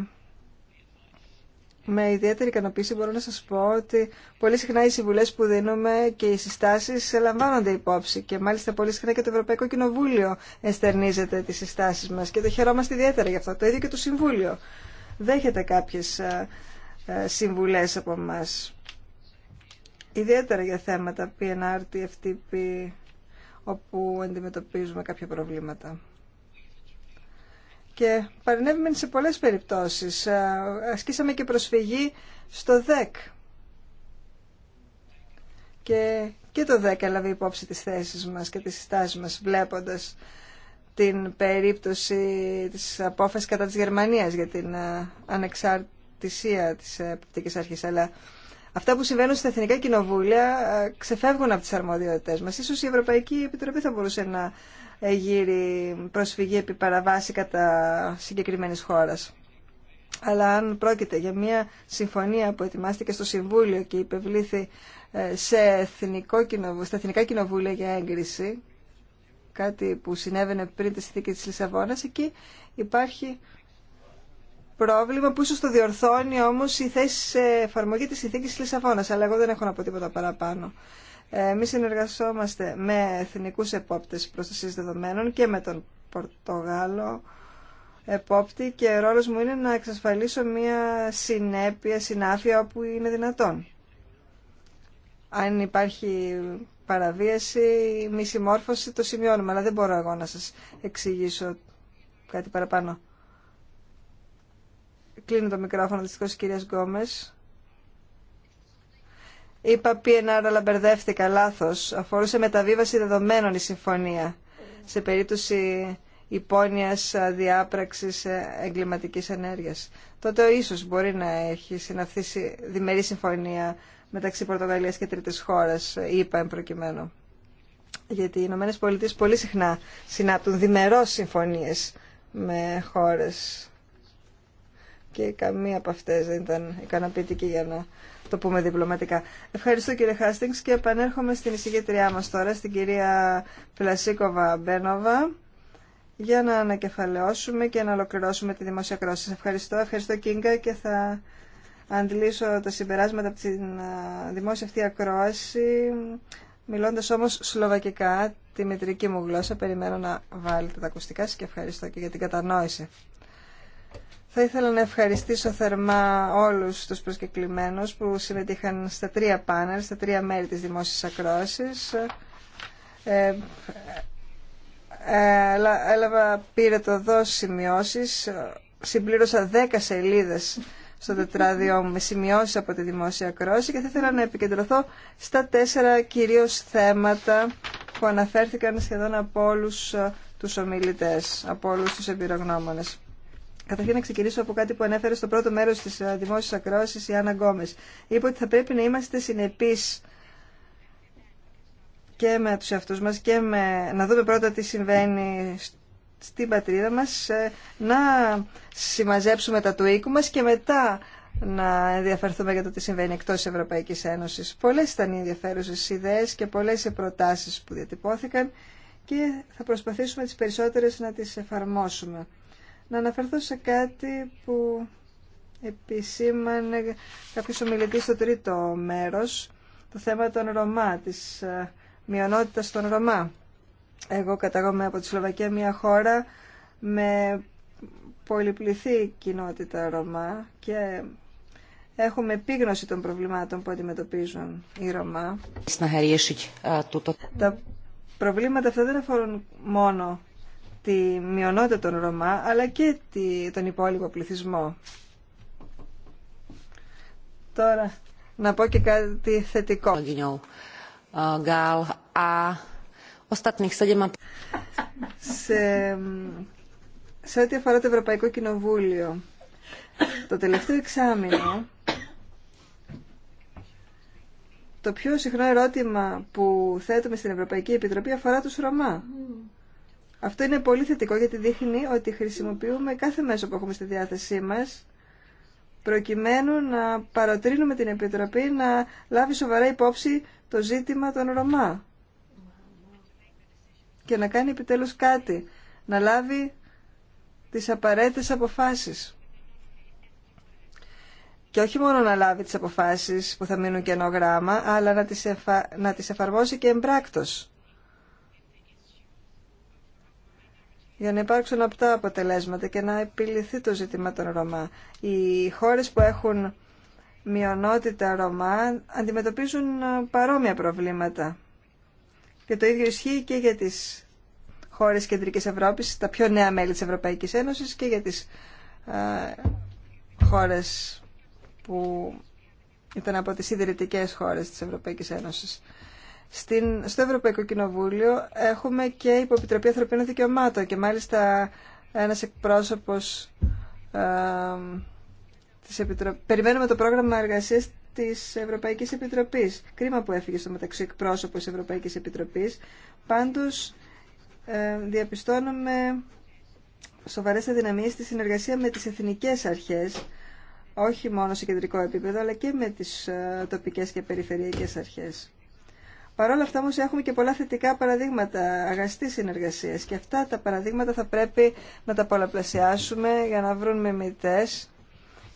με ιδιαίτερη ικανοποίηση μπορώ να σας πω ότι πολύ συχνά οι συμβουλές που δίνουμε και οι συστάσεις λαμβάνονται υπόψη και μάλιστα πολύ συχνά και το Ευρωπαϊκό Κοινοβούλιο εστερνίζεται τις συστάσεις μας και το χαιρόμαστε ιδιαίτερα γι' αυτό. Το ίδιο και το Συμβούλιο. Δέχεται κάποιες ε, ε, συμβουλές από εμάς ιδιαίτερα για θέματα PNR, TFTP, όπου αντιμετωπίζουμε κάποια προβλήματα. Και παρενέβημεν σε πολλές περιπτώσεις. Ε, ασκήσαμε και προσφυγή στο ΔΕΚ. Και, και το ΔΕΚ έλαβε υπόψη τις θέσεις μας και τις συστάσεις μας, βλέποντας την περίπτωση της απόφασης κατά της Γερμανίας για την ε, ανεξαρτησία της Επιτικής Αρχής. Αλλά αυτά που συμβαίνουν στα εθνικά κοινοβούλια ε, ξεφεύγουν από τις αρμοδιότητες μας. Ίσως η Ευρωπαϊκή Επιτροπή θα μπορούσε να ε, γύρει προσφυγή επί παραβάση κατά συγκεκριμένη χώρα. Αλλά αν πρόκειται για μια συμφωνία που ετοιμάστηκε στο Συμβούλιο και υπευλήθη ε, σε εθνικό στα εθνικά κοινοβούλια για έγκριση, κάτι που συνέβαινε πριν τη συνθήκη της Λισαβόνας, εκεί υπάρχει πρόβλημα που ίσως το διορθώνει όμως η θέση σε εφαρμογή της συνθήκης Λισαβόνας, αλλά εγώ δεν έχω να πω τίποτα παραπάνω. Ε, Εμεί συνεργαζόμαστε με εθνικούς επόπτες προστασία δεδομένων και με τον Πορτογάλο επόπτη και ρόλος μου είναι να εξασφαλίσω μια συνέπεια, συνάφεια όπου είναι δυνατόν. Αν υπάρχει παραβίαση, μη συμμόρφωση, το σημειώνουμε, αλλά δεν μπορώ εγώ να σας εξηγήσω κάτι παραπάνω. Κλείνω το μικρόφωνο δυστυχώς της κυρίας Γκόμες. Είπα PNR αλλά μπερδεύτηκα λάθος. Αφορούσε μεταβίβαση δεδομένων η συμφωνία σε περίπτωση υπόνοιας διάπραξης εγκληματικής ενέργειας. Τότε ίσως μπορεί να έχει συναυθεί διμερή συμφωνία μεταξύ Πορτογαλίας και τρίτης χώρας, είπα προκειμένου. Γιατί οι Ηνωμένε Πολιτείε πολύ συχνά συνάπτουν διμερώς συμφωνίες με χώρες και καμία από αυτέ δεν ήταν ικανοποιητική για να το πούμε διπλωματικά. Ευχαριστώ κύριε Χάστινγκ και επανέρχομαι στην εισηγήτριά μα τώρα, στην κυρία Πλασίκοβα Μπένοβα για να ανακεφαλαιώσουμε και να ολοκληρώσουμε τη δημόσια κρόση. Ευχαριστώ, ευχαριστώ Κίνγκα και θα αντλήσω τα συμπεράσματα από την δημόσια αυτή ακρόαση, μιλώντας όμως σλοβακικά, τη μητρική μου γλώσσα. Περιμένω να βάλετε τα ακουστικά σας και ευχαριστώ και για την κατανόηση. Θα ήθελα να ευχαριστήσω θερμά όλους τους προσκεκλημένους που συμμετείχαν στα τρία πάνελ, στα τρία μέρη της δημόσιας ακρόασης, Ε, ε έλαβα, πήρε το δό σημειώσεις, συμπλήρωσα δέκα σελίδες στο τετράδιό μου με σημειώσεις από τη δημόσια ακρόση και θα ήθελα να επικεντρωθώ στα τέσσερα κυρίως θέματα που αναφέρθηκαν σχεδόν από όλους ε, τους ομιλητές, από όλους τους εμπειρογνώμονες. Καταρχήν να ξεκινήσω από κάτι που ανέφερε στο πρώτο μέρος της ε, δημόσιας ακρόασης η Άννα Γκόμες. Είπε ότι θα πρέπει να είμαστε συνεπείς και με τους εαυτούς μας και με... να δούμε πρώτα τι συμβαίνει στην πατρίδα μας, ε, να συμμαζέψουμε τα του οίκου μας και μετά να ενδιαφερθούμε για το τι συμβαίνει εκτός Ευρωπαϊκής Ένωσης. Πολλές ήταν οι ενδιαφέρουσες ιδέες και πολλές οι προτάσεις που διατυπώθηκαν και θα προσπαθήσουμε τις περισσότερες να τις εφαρμόσουμε. Να αναφερθώ σε κάτι που επισήμανε κάποιος ομιλητής στο τρίτο μέρος, το θέμα των Ρωμά, της ε, μειονότητας των Ρωμά. Εγώ κατάγομαι από τη Σλοβακία, μια χώρα με πολυπληθή κοινότητα Ρωμά και έχουμε επίγνωση των προβλημάτων που αντιμετωπίζουν οι Ρωμά. Uh, Τα προβλήματα αυτά δεν αφορούν μόνο τη μειονότητα των Ρωμά αλλά και τον υπόλοιπο πληθυσμό. Τώρα να πω και κάτι θετικό. Ε, σε, σε ό,τι αφορά το Ευρωπαϊκό Κοινοβούλιο, το τελευταίο εξάμεινο το πιο συχνό ερώτημα που θέτουμε στην Ευρωπαϊκή Επιτροπή αφορά τους Ρωμά. Mm. Αυτό είναι πολύ θετικό γιατί δείχνει ότι χρησιμοποιούμε κάθε μέσο που έχουμε στη διάθεσή μας προκειμένου να παροτρύνουμε την Επιτροπή να λάβει σοβαρά υπόψη το ζήτημα των Ρωμά και να κάνει επιτέλους κάτι, να λάβει τις απαραίτητες αποφάσεις. Και όχι μόνο να λάβει τις αποφάσεις που θα μείνουν κενό γράμμα, αλλά να τις, να τις εφαρμόσει και εμπράκτος. για να υπάρξουν απτά αποτελέσματα και να επιληθεί το ζήτημα των Ρωμά. Οι χώρες που έχουν μειονότητα Ρωμά αντιμετωπίζουν ε, παρόμοια προβλήματα. Και το ίδιο ισχύει και για τις χώρες Κεντρικής Ευρώπης, τα πιο νέα μέλη της Ευρωπαϊκής Ένωσης και για τις ε, χώρες που ήταν από τις ιδρυτικές χώρες της Ευρωπαϊκής Ένωσης. Στην, στο Ευρωπαϊκό Κοινοβούλιο έχουμε και υποπιτροπή Ανθρωπίνων Δικαιωμάτων και μάλιστα ένας εκπρόσωπος ε, της Επιτροπής. Περιμένουμε το πρόγραμμα εργασίας της Ευρωπαϊκής Επιτροπής. Κρίμα που έφυγε στο μεταξύ εκπρόσωπος της Ευρωπαϊκής Επιτροπής. Πάντως ε, διαπιστώνουμε σοβαρές αδυναμίες στη συνεργασία με τις εθνικές αρχές όχι μόνο σε κεντρικό επίπεδο, αλλά και με τις ε, τοπικές και περιφερειακές αρχές. Παρ' όλα αυτά όμως έχουμε και πολλά θετικά παραδείγματα αγαστής συνεργασίας και αυτά τα παραδείγματα θα πρέπει να τα πολλαπλασιάσουμε για να βρουν μιμητές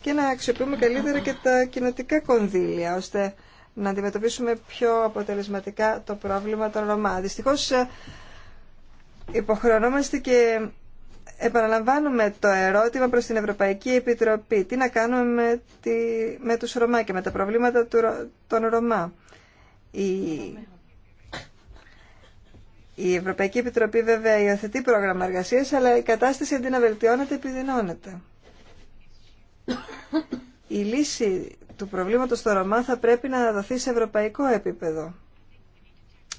και να αξιοποιούμε καλύτερα και τα κοινοτικά κονδύλια ώστε να αντιμετωπίσουμε πιο αποτελεσματικά το πρόβλημα των Ρωμά. Δυστυχώ ε, υποχρεωνόμαστε και επαναλαμβάνουμε το ερώτημα προς την Ευρωπαϊκή Επιτροπή. Τι να κάνουμε με, τη, τους Ρωμά και με τα προβλήματα του, των Ρωμά. Η... Ευρωπαϊκή Επιτροπή βέβαια υιοθετεί πρόγραμμα εργασίας, αλλά η κατάσταση αντί να βελτιώνεται επιδεινώνεται. Η λύση του προβλήματος στο Ρωμά θα πρέπει να δοθεί σε ευρωπαϊκό επίπεδο.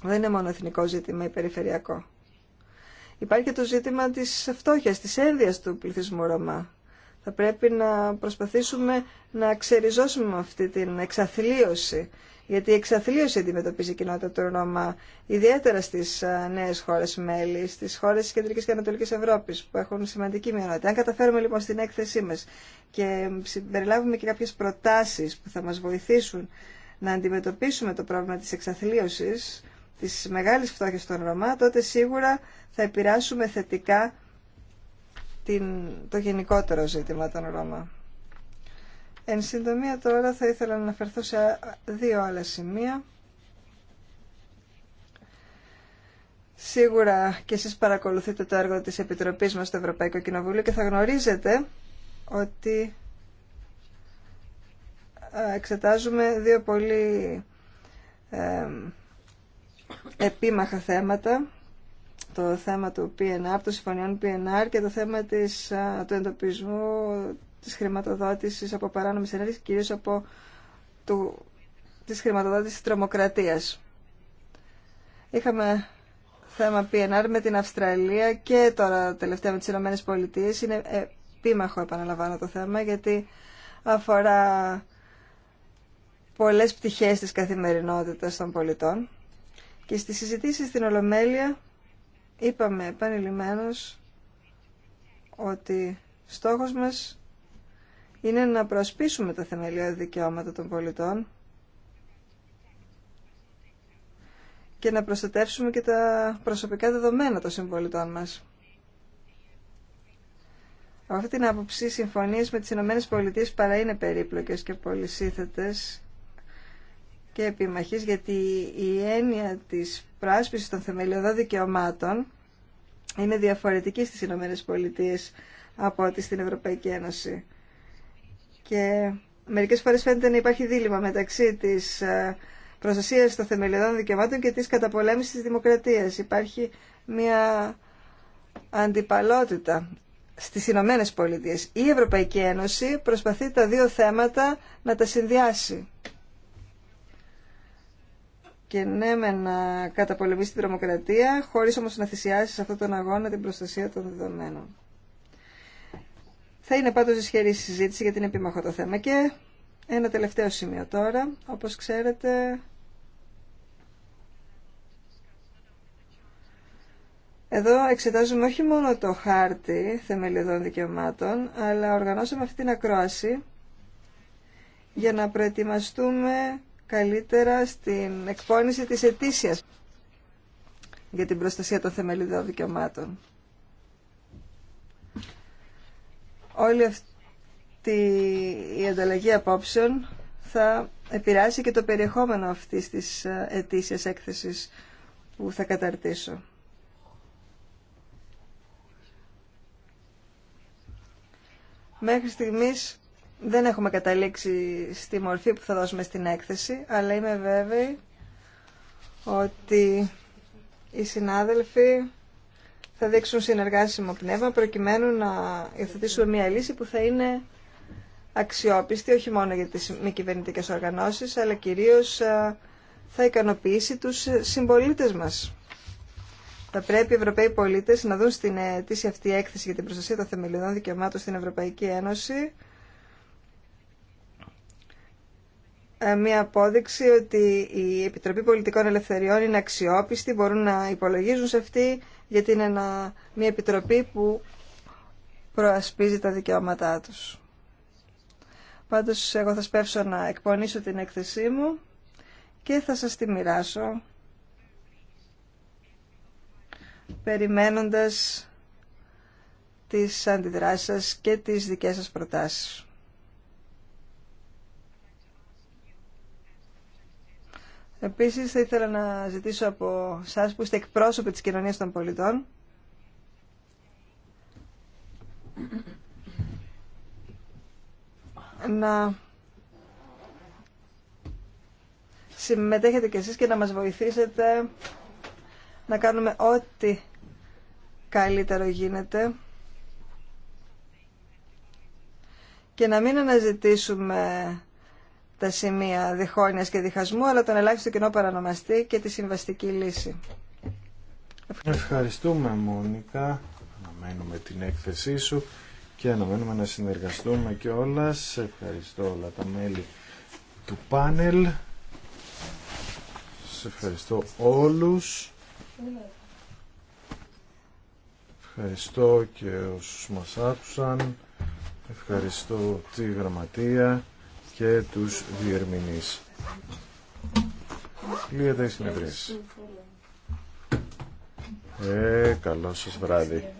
Δεν είναι μόνο εθνικό ζήτημα ή περιφερειακό. Υπάρχει και το ζήτημα της φτώχειας, της ένδυας του πληθυσμού Ρωμά. Θα πρέπει να προσπαθήσουμε να ξεριζώσουμε αυτή την εξαθλίωση γιατί η εξαθλίωση αντιμετωπίζει η κοινότητα του Ρώμα, ιδιαίτερα στις ε, νέες χώρες μέλη, στι χώρες της Κεντρικής και Ανατολικής Ευρώπης, που έχουν σημαντική μειονότητα. Αν καταφέρουμε λοιπόν στην έκθεσή μας και περιλάβουμε και κάποιες προτάσεις που θα μας βοηθήσουν να αντιμετωπίσουμε το πρόβλημα της εξαθλίωση, της μεγάλη φτώχεια των Ρωμά, τότε σίγουρα θα επηρεάσουμε θετικά την, το γενικότερο ζήτημα των Ρώμα. Εν συντομία τώρα θα ήθελα να αναφερθώ σε δύο άλλα σημεία. Σίγουρα και εσείς παρακολουθείτε το έργο της Επιτροπής μας στο Ευρωπαϊκό Κοινοβούλιο και θα γνωρίζετε ότι ε, εξετάζουμε δύο πολύ επίμαχα θέματα το θέμα του PNR, των συμφωνιών PNR και το θέμα της, ε, του εντοπισμού Τη χρηματοδότηση από παράνομες ενέργειες, κυρίω από του, της χρηματοδότησης τρομοκρατίας. Είχαμε θέμα PNR με την Αυστραλία και τώρα τελευταία με τι Ηνωμένε Πολιτείε, Είναι επίμαχο, επαναλαμβάνω το θέμα, γιατί αφορά πολλές πτυχές της καθημερινότητας των πολιτών. Και στη συζητήση στην Ολομέλεια είπαμε επανειλημμένως ότι στόχος μας είναι να προσπίσουμε τα θεμελιώδη δικαιώματα των πολιτών και να προστατεύσουμε και τα προσωπικά δεδομένα των συμπολιτών μας. Από αυτή την άποψη, οι με τις Ηνωμένες Πολιτείες παρά είναι περίπλοκες και πολυσύθετες και επιμαχής, γιατί η έννοια της πράσπισης των θεμελιωδών δικαιωμάτων είναι διαφορετική στις Ηνωμένες Πολιτείες από ό,τι στην Ευρωπαϊκή Ένωση. Και μερικές φορές φαίνεται να υπάρχει δίλημα μεταξύ της ε, προστασίας των θεμελιωδών δικαιωμάτων και της καταπολέμησης της δημοκρατίας. Υπάρχει μια αντιπαλότητα στις Ηνωμένε Πολιτείε. Η Ευρωπαϊκή Ένωση προσπαθεί τα δύο θέματα να τα συνδυάσει. Και ναι με να καταπολεμήσει την τρομοκρατία, χωρίς όμως να θυσιάσει σε αυτόν τον αγώνα την προστασία των δεδομένων. Θα είναι πάντως ισχυρή συζήτηση για την επίμαχο το θέμα. Και ένα τελευταίο σημείο τώρα, όπως ξέρετε... Εδώ εξετάζουμε όχι μόνο το χάρτη θεμελιωδών δικαιωμάτων, αλλά οργανώσαμε αυτή την ακρόαση για να προετοιμαστούμε καλύτερα στην εκπόνηση της ετήσιας για την προστασία των θεμελιωδών δικαιωμάτων. όλη αυτή η ανταλλαγή απόψεων θα επηρεάσει και το περιεχόμενο αυτής της ε, ετήσιας έκθεσης που θα καταρτήσω. Μέχρι στιγμής δεν έχουμε καταλήξει στη μορφή που θα δώσουμε στην έκθεση, αλλά είμαι βέβαιη ότι οι συνάδελφοι θα δείξουν συνεργάσιμο πνεύμα προκειμένου να υιοθετήσουμε μια λύση που θα είναι αξιόπιστη όχι μόνο για τις μη κυβερνητικέ οργανώσεις αλλά κυρίως ε, θα ικανοποιήσει τους συμπολίτες μας. Θα πρέπει οι Ευρωπαίοι πολίτες να δουν στην αιτήσια αυτή έκθεση για την προστασία των θεμελιωδών δικαιωμάτων στην Ευρωπαϊκή Ένωση ε, μια απόδειξη ότι η Επιτροπή Πολιτικών Ελευθεριών είναι αξιόπιστη, μπορούν να υπολογίζουν σε αυτή γιατί είναι μια επιτροπή που προασπίζει τα δικαιώματά τους. Πάντως εγώ θα σπεύσω να εκπονήσω την έκθεσή μου και θα σας τη μοιράσω περιμένοντας τις αντιδράσεις σας και τις δικές σας προτάσεις. Επίσης θα ήθελα να ζητήσω από σας που είστε εκπρόσωποι της κοινωνίας των πολιτών να συμμετέχετε κι εσείς και να μας βοηθήσετε να κάνουμε ό,τι καλύτερο γίνεται και να μην αναζητήσουμε τα σημεία διχόνοιας και διχασμού, αλλά τον ελάχιστο κοινό παρανομαστή και τη συμβαστική λύση. Ευχαριστούμε Μόνικα, αναμένουμε την έκθεσή σου και αναμένουμε να συνεργαστούμε και όλα. Σε ευχαριστώ όλα τα μέλη του πάνελ. Σε ευχαριστώ όλους. Ευχαριστώ και όσους μας άκουσαν. Ευχαριστώ τη γραμματεία και τους διερμηνείς. Κλείεται η συνεδρίαση. Ε, καλό σας βράδυ.